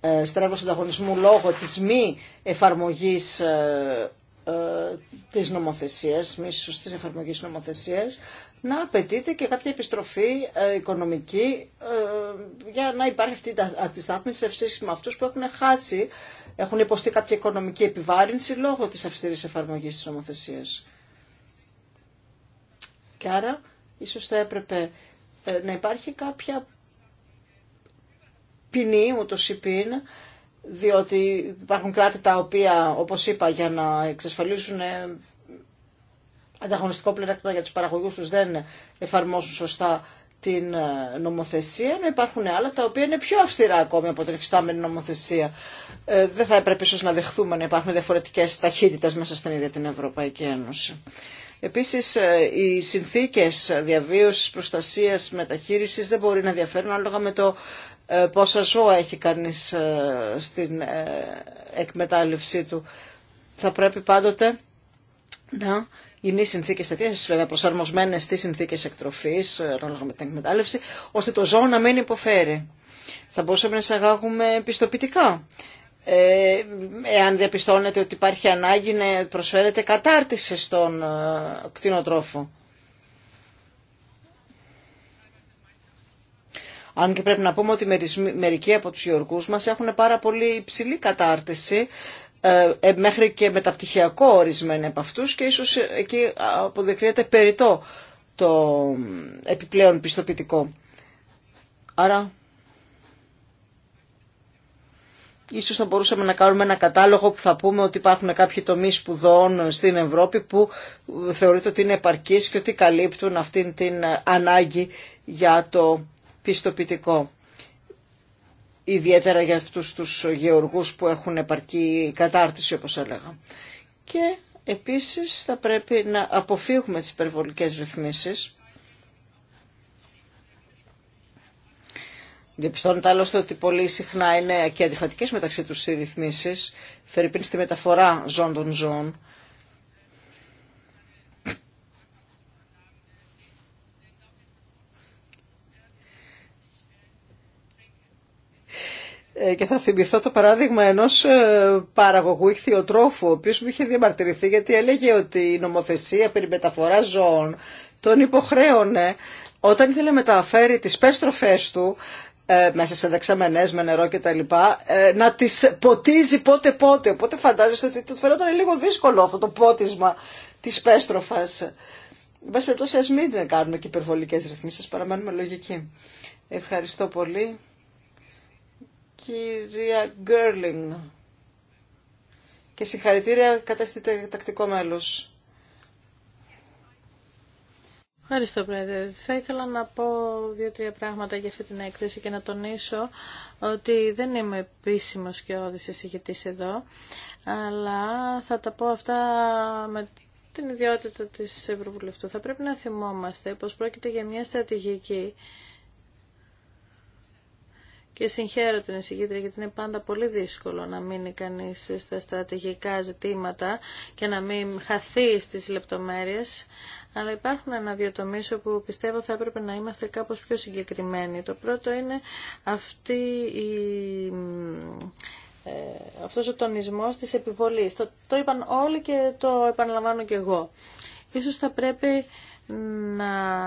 ε, στρέβλωση ανταγωνισμού λόγω της μη εφαρμογής ε, ε, της νομοθεσίας, μη σωστής εφαρμογής νομοθεσίας, να απαιτείται και κάποια επιστροφή ε, οικονομική ε, για να υπάρχει αυτή η αντιστάθμιση σε με αυτούς που έχουν χάσει, έχουν υποστεί κάποια οικονομική επιβάρυνση λόγω της αυστηρής εφαρμογής της νομοθεσίας. Και άρα ίσως θα έπρεπε να υπάρχει κάποια ποινή, ούτως ή διότι υπάρχουν κράτη τα οποία, όπως είπα, για να εξασφαλίσουν ε, ανταγωνιστικό πλεονέκτημα για τους παραγωγούς τους δεν εφαρμόσουν σωστά την ε, νομοθεσία, ενώ υπάρχουν άλλα τα οποία είναι πιο αυστηρά ακόμη από την εφιστάμενη νομοθεσία. Ε, δεν θα έπρεπε ίσως να δεχθούμε να υπάρχουν διαφορετικές ταχύτητες μέσα στην ίδια την Ευρωπαϊκή Ένωση. Επίσης, οι συνθήκες διαβίωσης, προστασίας, μεταχείρισης δεν μπορεί να διαφέρουν ανάλογα με το ε, πόσα ζώα έχει κανείς ε, στην ε, εκμετάλλευσή του. Θα πρέπει πάντοτε να είναι οι συνθήκε τέτοιε, βέβαια προσαρμοσμένε στι συνθήκε εκτροφή, ανάλογα με την εκμετάλλευση, ώστε το ζώο να μην υποφέρει. Θα μπορούσαμε να εισαγάγουμε πιστοποιητικά. Ε, εάν διαπιστώνεται ότι υπάρχει ανάγκη να προσφέρετε κατάρτιση στον κτηνοτρόφο. Αν και πρέπει να πούμε ότι μερικοί από τους γεωργούς μας έχουν πάρα πολύ υψηλή κατάρτιση, ε, ε, μέχρι και μεταπτυχιακό ορισμένοι από αυτούς και ίσως εκεί αποδεικνύεται περιττό το επιπλέον πιστοποιητικό. Άρα, ίσως θα μπορούσαμε να κάνουμε ένα κατάλογο που θα πούμε ότι υπάρχουν κάποιοι τομείς σπουδών στην Ευρώπη που ε, θεωρείται ότι είναι επαρκής και ότι καλύπτουν αυτήν την ανάγκη για το πιστοποιητικό. Ιδιαίτερα για αυτούς τους γεωργούς που έχουν επαρκή κατάρτιση όπως έλεγα. Και επίσης θα πρέπει να αποφύγουμε τις υπερβολικές ρυθμίσεις. Διαπιστώνεται άλλωστε ότι πολύ συχνά είναι και αντιφατικές μεταξύ τους οι ρυθμίσεις, φερειπίν στη μεταφορά ζών των ζώων Ε, και θα θυμηθώ το παράδειγμα ενός ε, παραγωγού ηχθειοτρόφου, ο οποίος μου είχε διαμαρτυρηθεί γιατί έλεγε ότι η νομοθεσία περί μεταφορά ζώων τον υποχρέωνε όταν ήθελε να μεταφέρει τις πέστροφές του ε, μέσα σε δεξαμενές με νερό κτλ. να τις ποτίζει πότε πότε. Οπότε φαντάζεστε ότι το φαινόταν λίγο δύσκολο αυτό το πότισμα της πέστροφας. Εν πάση περιπτώσει α μην κάνουμε και υπερβολικές ρυθμίσεις, παραμένουμε λογικοί. Ευχαριστώ πολύ κυρία Γκέρλινγκ. Και συγχαρητήρια, κατέστητε τακτικό μέλος. Ευχαριστώ, Πρόεδρε. Θα ήθελα να πω δύο-τρία πράγματα για αυτή την έκθεση και να τονίσω ότι δεν είμαι επίσημο και όδηση ηγητή εδώ, αλλά θα τα πω αυτά με την ιδιότητα της Ευρωβουλευτού. Θα πρέπει να θυμόμαστε πως πρόκειται για μια στρατηγική και συγχαίρω την εισηγήτρια γιατί είναι πάντα πολύ δύσκολο να μείνει κανείς στα στρατηγικά ζητήματα και να μην χαθεί στις λεπτομέρειες. Αλλά υπάρχουν ένα-δύο τομεί όπου πιστεύω θα έπρεπε να είμαστε κάπως πιο συγκεκριμένοι. Το πρώτο είναι αυτή η ε, αυτός ο τονισμός της επιβολής. Το, το είπαν όλοι και το επαναλαμβάνω και εγώ. Ίσως θα πρέπει να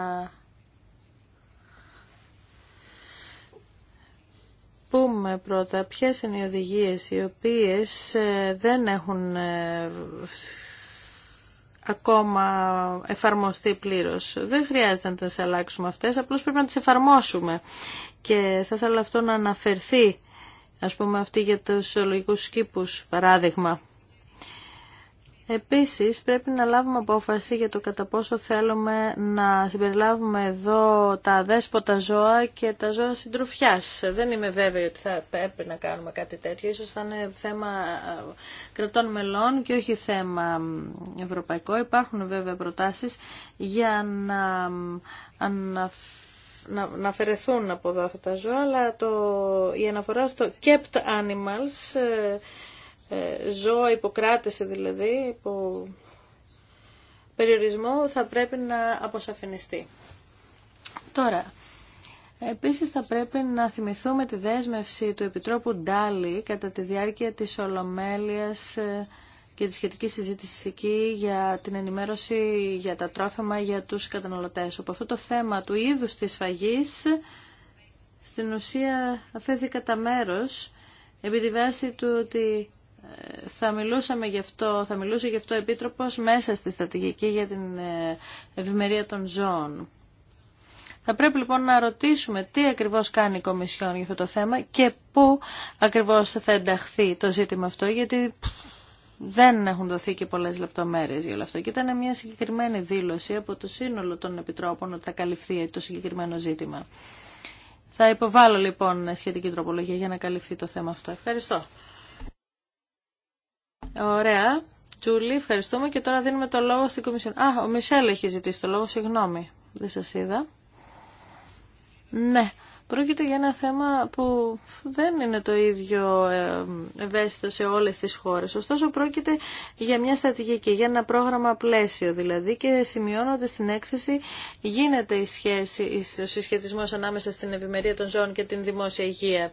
πούμε πρώτα ποιες είναι οι οδηγίες οι οποίες ε, δεν έχουν ε, ακόμα εφαρμοστεί πλήρως. Δεν χρειάζεται να τις αλλάξουμε αυτές, απλώς πρέπει να τις εφαρμόσουμε. Και θα ήθελα αυτό να αναφερθεί, ας πούμε αυτή για τους ολογικούς σκήπους, παράδειγμα. Επίσης πρέπει να λάβουμε απόφαση για το κατά πόσο θέλουμε να συμπεριλάβουμε εδώ τα δέσποτα ζώα και τα ζώα συντροφιάς. Δεν είμαι βέβαιη ότι θα πρέπει να κάνουμε κάτι τέτοιο. Ίσως θα είναι θέμα ε, κρατών μελών και όχι θέμα ευρωπαϊκό. Υπάρχουν βέβαια προτάσεις για να να, να αφαιρεθούν από εδώ αυτά τα ζώα, αλλά το, η αναφορά στο kept animals ε, ε, ζώα υποκράτηση δηλαδή, υπό περιορισμό θα πρέπει να αποσαφινιστεί. Τώρα, Επίσης θα πρέπει να θυμηθούμε τη δέσμευση του Επιτρόπου Ντάλι κατά τη διάρκεια της Ολομέλειας ε, και τη σχετική συζήτηση εκεί για την ενημέρωση για τα τρόφιμα για τους καταναλωτές. Οπότε αυτό το θέμα του είδους της φαγής στην ουσία αφέθη κατά μέρος επί τη βάση του ότι θα μιλούσαμε γι' αυτό, θα μιλούσε γι' αυτό ο Επίτροπος μέσα στη στρατηγική για την ε, ευημερία των ζώων. Θα πρέπει λοιπόν να ρωτήσουμε τι ακριβώς κάνει η Κομισιόν για αυτό το θέμα και πού ακριβώς θα ενταχθεί το ζήτημα αυτό, γιατί δεν έχουν δοθεί και πολλές λεπτομέρειες για όλο αυτό. Και ήταν μια συγκεκριμένη δήλωση από το σύνολο των επιτρόπων ότι θα καλυφθεί το συγκεκριμένο ζήτημα. Θα υποβάλω λοιπόν σχετική τροπολογία για να καλυφθεί το θέμα αυτό. Ευχαριστώ. Ωραία. Τζούλη, ευχαριστούμε και τώρα δίνουμε το λόγο στην Κομισιόν. Α, ο Μισελ έχει ζητήσει το λόγο, συγγνώμη. Δεν σας είδα. Ναι, Πρόκειται για ένα θέμα που δεν είναι το ίδιο ε, ευαίσθητο σε όλες τις χώρες. Ωστόσο πρόκειται για μια στρατηγική, για ένα πρόγραμμα πλαίσιο δηλαδή και σημειώνονται στην έκθεση γίνεται η σχέση, ο συσχετισμός ανάμεσα στην ευημερία των ζώων και την δημόσια υγεία.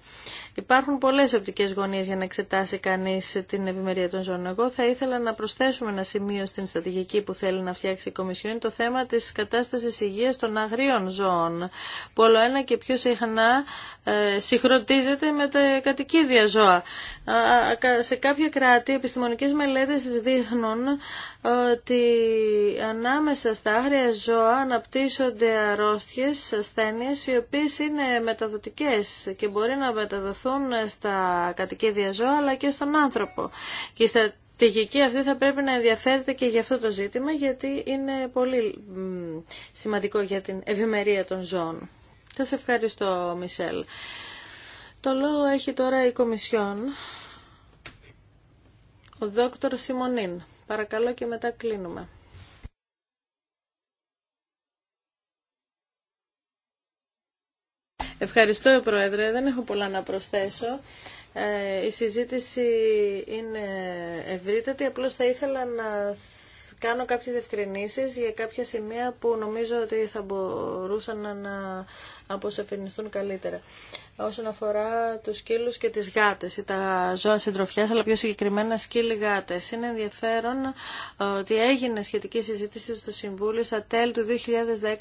Υπάρχουν πολλές οπτικές γωνίες για να εξετάσει κανείς την ευημερία των ζώων. Εγώ θα ήθελα να προσθέσουμε ένα σημείο στην στρατηγική που θέλει να φτιάξει η Κομισιόν το θέμα της κατάστασης υγείας των αγρίων ζώων. Που ένα και ποιος να ε, συγχροντίζεται με τα κατοικίδια ζώα. Σε κάποια κράτη επιστημονικές μελέτες δείχνουν ότι ανάμεσα στα άγρια ζώα αναπτύσσονται αρρώστιες, ασθένειες οι οποίες είναι μεταδοτικές και μπορεί να μεταδοθούν στα κατοικίδια ζώα αλλά και στον άνθρωπο. Και η στρατηγική αυτή θα πρέπει να ενδιαφέρεται και για αυτό το ζήτημα γιατί είναι πολύ σημαντικό για την ευημερία των ζώων. Σα ευχαριστώ, Μισελ. Το λόγο έχει τώρα η Κομισιόν, ο δόκτωρ Σιμονίν. Παρακαλώ και μετά κλείνουμε. Ευχαριστώ, Πρόεδρε. Δεν έχω πολλά να προσθέσω. Ε, η συζήτηση είναι ευρύτατη. Απλώς θα ήθελα να κάνω κάποιες ευκρινήσεις για κάποια σημεία που νομίζω ότι θα μπορούσαν να αποσαφηνιστούν καλύτερα όσον αφορά τους σκύλους και τις γάτες ή τα ζώα συντροφιάς, αλλά πιο συγκεκριμένα σκύλοι γάτες. Είναι ενδιαφέρον ε, ότι έγινε σχετική συζήτηση στο Συμβούλιο στα τέλη του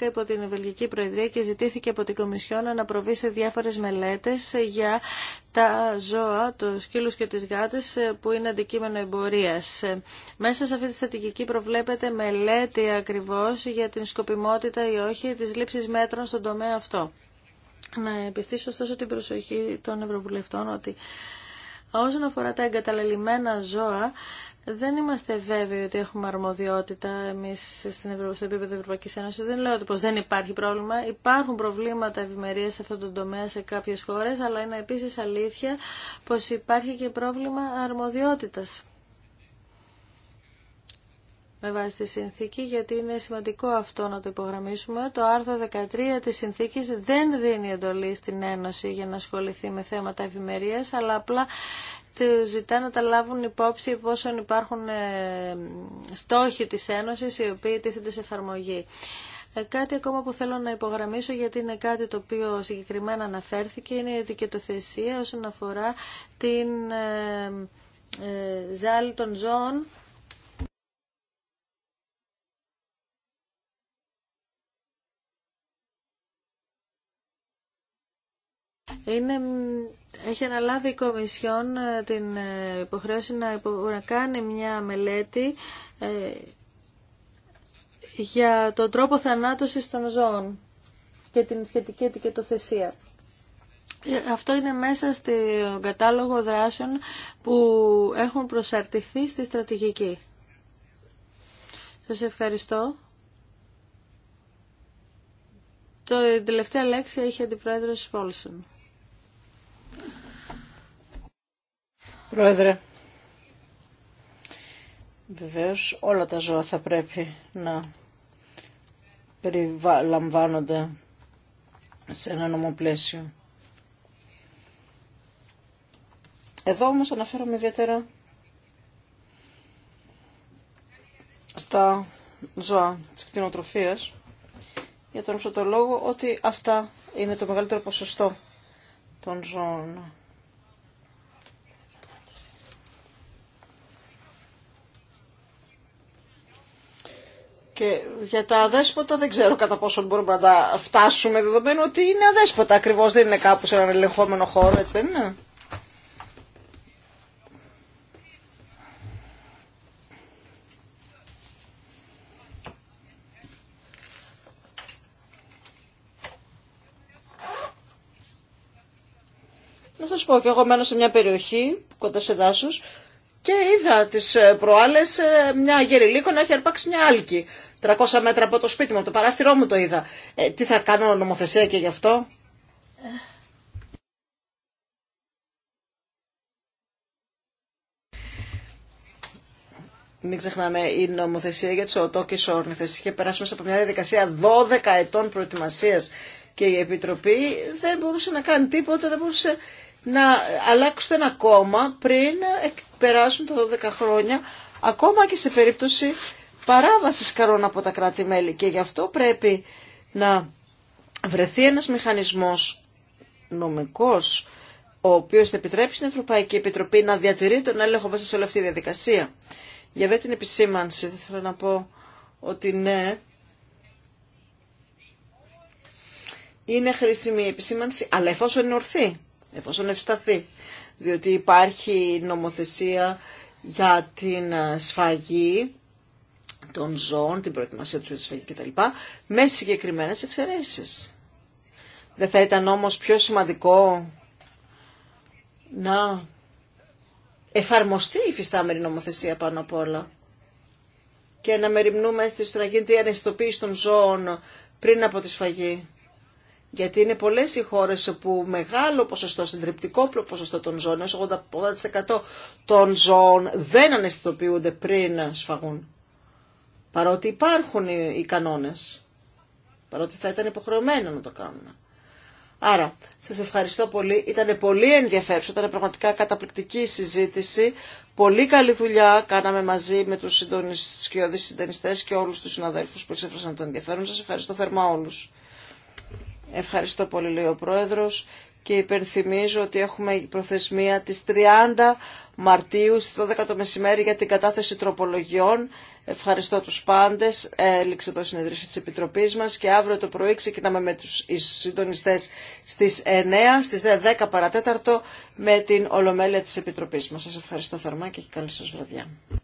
2010 υπό την Βελγική Προεδρία και ζητήθηκε από την Κομισιόν να προβεί σε διάφορες μελέτες για τα ζώα, τους σκύλους και τις γάτες ε, που είναι αντικείμενο εμπορίας. Ε, μέσα σε αυτή τη στατικική προβλέπεται μελέτη ακριβώς για την σκοπιμότητα ή όχι της λήψης μέτρων στον τομέα αυτό να επιστήσω ωστόσο την προσοχή των Ευρωβουλευτών ότι όσον αφορά τα εγκαταλελειμμένα ζώα, δεν είμαστε βέβαιοι ότι έχουμε αρμοδιότητα εμεί σε επίπεδο Ευρωπαϊκή Ένωση. Δεν λέω πως δεν υπάρχει πρόβλημα. Υπάρχουν προβλήματα ευημερία σε αυτόν τον τομέα σε κάποιε χώρε, αλλά είναι επίση αλήθεια πω υπάρχει και πρόβλημα αρμοδιότητα με βάση τη συνθήκη, γιατί είναι σημαντικό αυτό να το υπογραμμίσουμε. Το άρθρο 13 της συνθήκης δεν δίνει εντολή στην Ένωση για να ασχοληθεί με θέματα ευημερίας, αλλά απλά ζητά να τα λάβουν υπόψη πόσον υπάρχουν ε, στόχοι της Ένωσης οι οποίοι τίθενται σε εφαρμογή. Ε, κάτι ακόμα που θέλω να υπογραμμίσω γιατί είναι κάτι το οποίο συγκεκριμένα αναφέρθηκε είναι η δικαιοθεσία όσον αφορά την ε, ζάλη των ζώων είναι, έχει αναλάβει η Κομισιόν ε, την ε, υποχρέωση να, κάνει μια μελέτη ε, για τον τρόπο θανάτωσης των ζώων και την σχετική ετικετοθεσία. Αυτό είναι μέσα στο κατάλογο δράσεων που έχουν προσαρτηθεί στη στρατηγική. Σας ευχαριστώ. Το τελευταία λέξη έχει αντιπρόεδρος Φόλσον. Πρόεδρε, βεβαίω όλα τα ζώα θα πρέπει να περιλαμβάνονται σε ένα νομοπλαίσιο. Εδώ όμως αναφέρομαι ιδιαίτερα στα ζώα της κτηνοτροφίας για τον λόγο ότι αυτά είναι το μεγαλύτερο ποσοστό των ζώων Και για τα αδέσποτα δεν ξέρω κατά πόσο μπορούμε να τα φτάσουμε δεδομένου ότι είναι αδέσποτα ακριβώς, δεν είναι κάπου σε έναν ελεγχόμενο χώρο, έτσι δεν είναι. Να σας πω, και εγώ μένω σε μια περιοχή κοντά σε δάσους και είδα τι ε, προάλλες ε, μια γεριλίκο να έχει αρπάξει μια άλκη. 300 μέτρα από το σπίτι μου, από το παράθυρό μου το είδα. Ε, τι θα κάνω νομοθεσία και γι' αυτό. Μην ξεχνάμε, η νομοθεσία για τι οτόκε όρνηθε είχε περάσει μέσα από μια διαδικασία 12 ετών προετοιμασία και η Επιτροπή δεν μπορούσε να κάνει τίποτα, δεν μπορούσε να αλλάξουν ένα κόμμα πριν περάσουν τα 12 χρόνια, ακόμα και σε περίπτωση παράβασης καρών από τα κράτη-μέλη. Και γι' αυτό πρέπει να βρεθεί ένας μηχανισμός νομικός, ο οποίος θα επιτρέψει στην Ευρωπαϊκή Επιτροπή να διατηρεί τον έλεγχο μέσα σε όλη αυτή τη διαδικασία. Για δε την επισήμανση, θα ήθελα να πω ότι ναι, είναι χρήσιμη η επισήμανση, αλλά εφόσον είναι ορθή εφόσον ευσταθεί. Διότι υπάρχει νομοθεσία για την σφαγή των ζώων, την προετοιμασία του για τη σφαγή κτλ. με συγκεκριμένε εξαιρέσει. Δεν θα ήταν όμως πιο σημαντικό να εφαρμοστεί η φυστάμενη νομοθεσία πάνω απ' όλα και να μεριμνούμε στο να γίνεται η των ζώων πριν από τη σφαγή. Γιατί είναι πολλέ οι χώρε που μεγάλο ποσοστό, συντριπτικό ποσοστό των ζώων, 80% των ζώων δεν αναισθητοποιούνται πριν σφαγούν. Παρότι υπάρχουν οι κανόνε. Παρότι θα ήταν υποχρεωμένο να το κάνουν. Άρα, σα ευχαριστώ πολύ. Ήταν πολύ ενδιαφέρουσα, ήταν πραγματικά καταπληκτική συζήτηση. Πολύ καλή δουλειά κάναμε μαζί με του συντονιστέ και όλου του συναδέλφου που εξέφρασαν το ενδιαφέρον. Σα ευχαριστώ θερμά όλου. Ευχαριστώ πολύ, λέει ο Πρόεδρος. Και υπενθυμίζω ότι έχουμε προθεσμία τις 30 Μαρτίου στις 12 το μεσημέρι για την κατάθεση τροπολογιών. Ευχαριστώ τους πάντες. Έληξε το συνεδρίαση της Επιτροπής μας και αύριο το πρωί ξεκινάμε με τους συντονιστές στις 9, στις 10 παρατέταρτο με την Ολομέλεια της Επιτροπής μας. Σας ευχαριστώ θερμά και καλή σας βραδιά.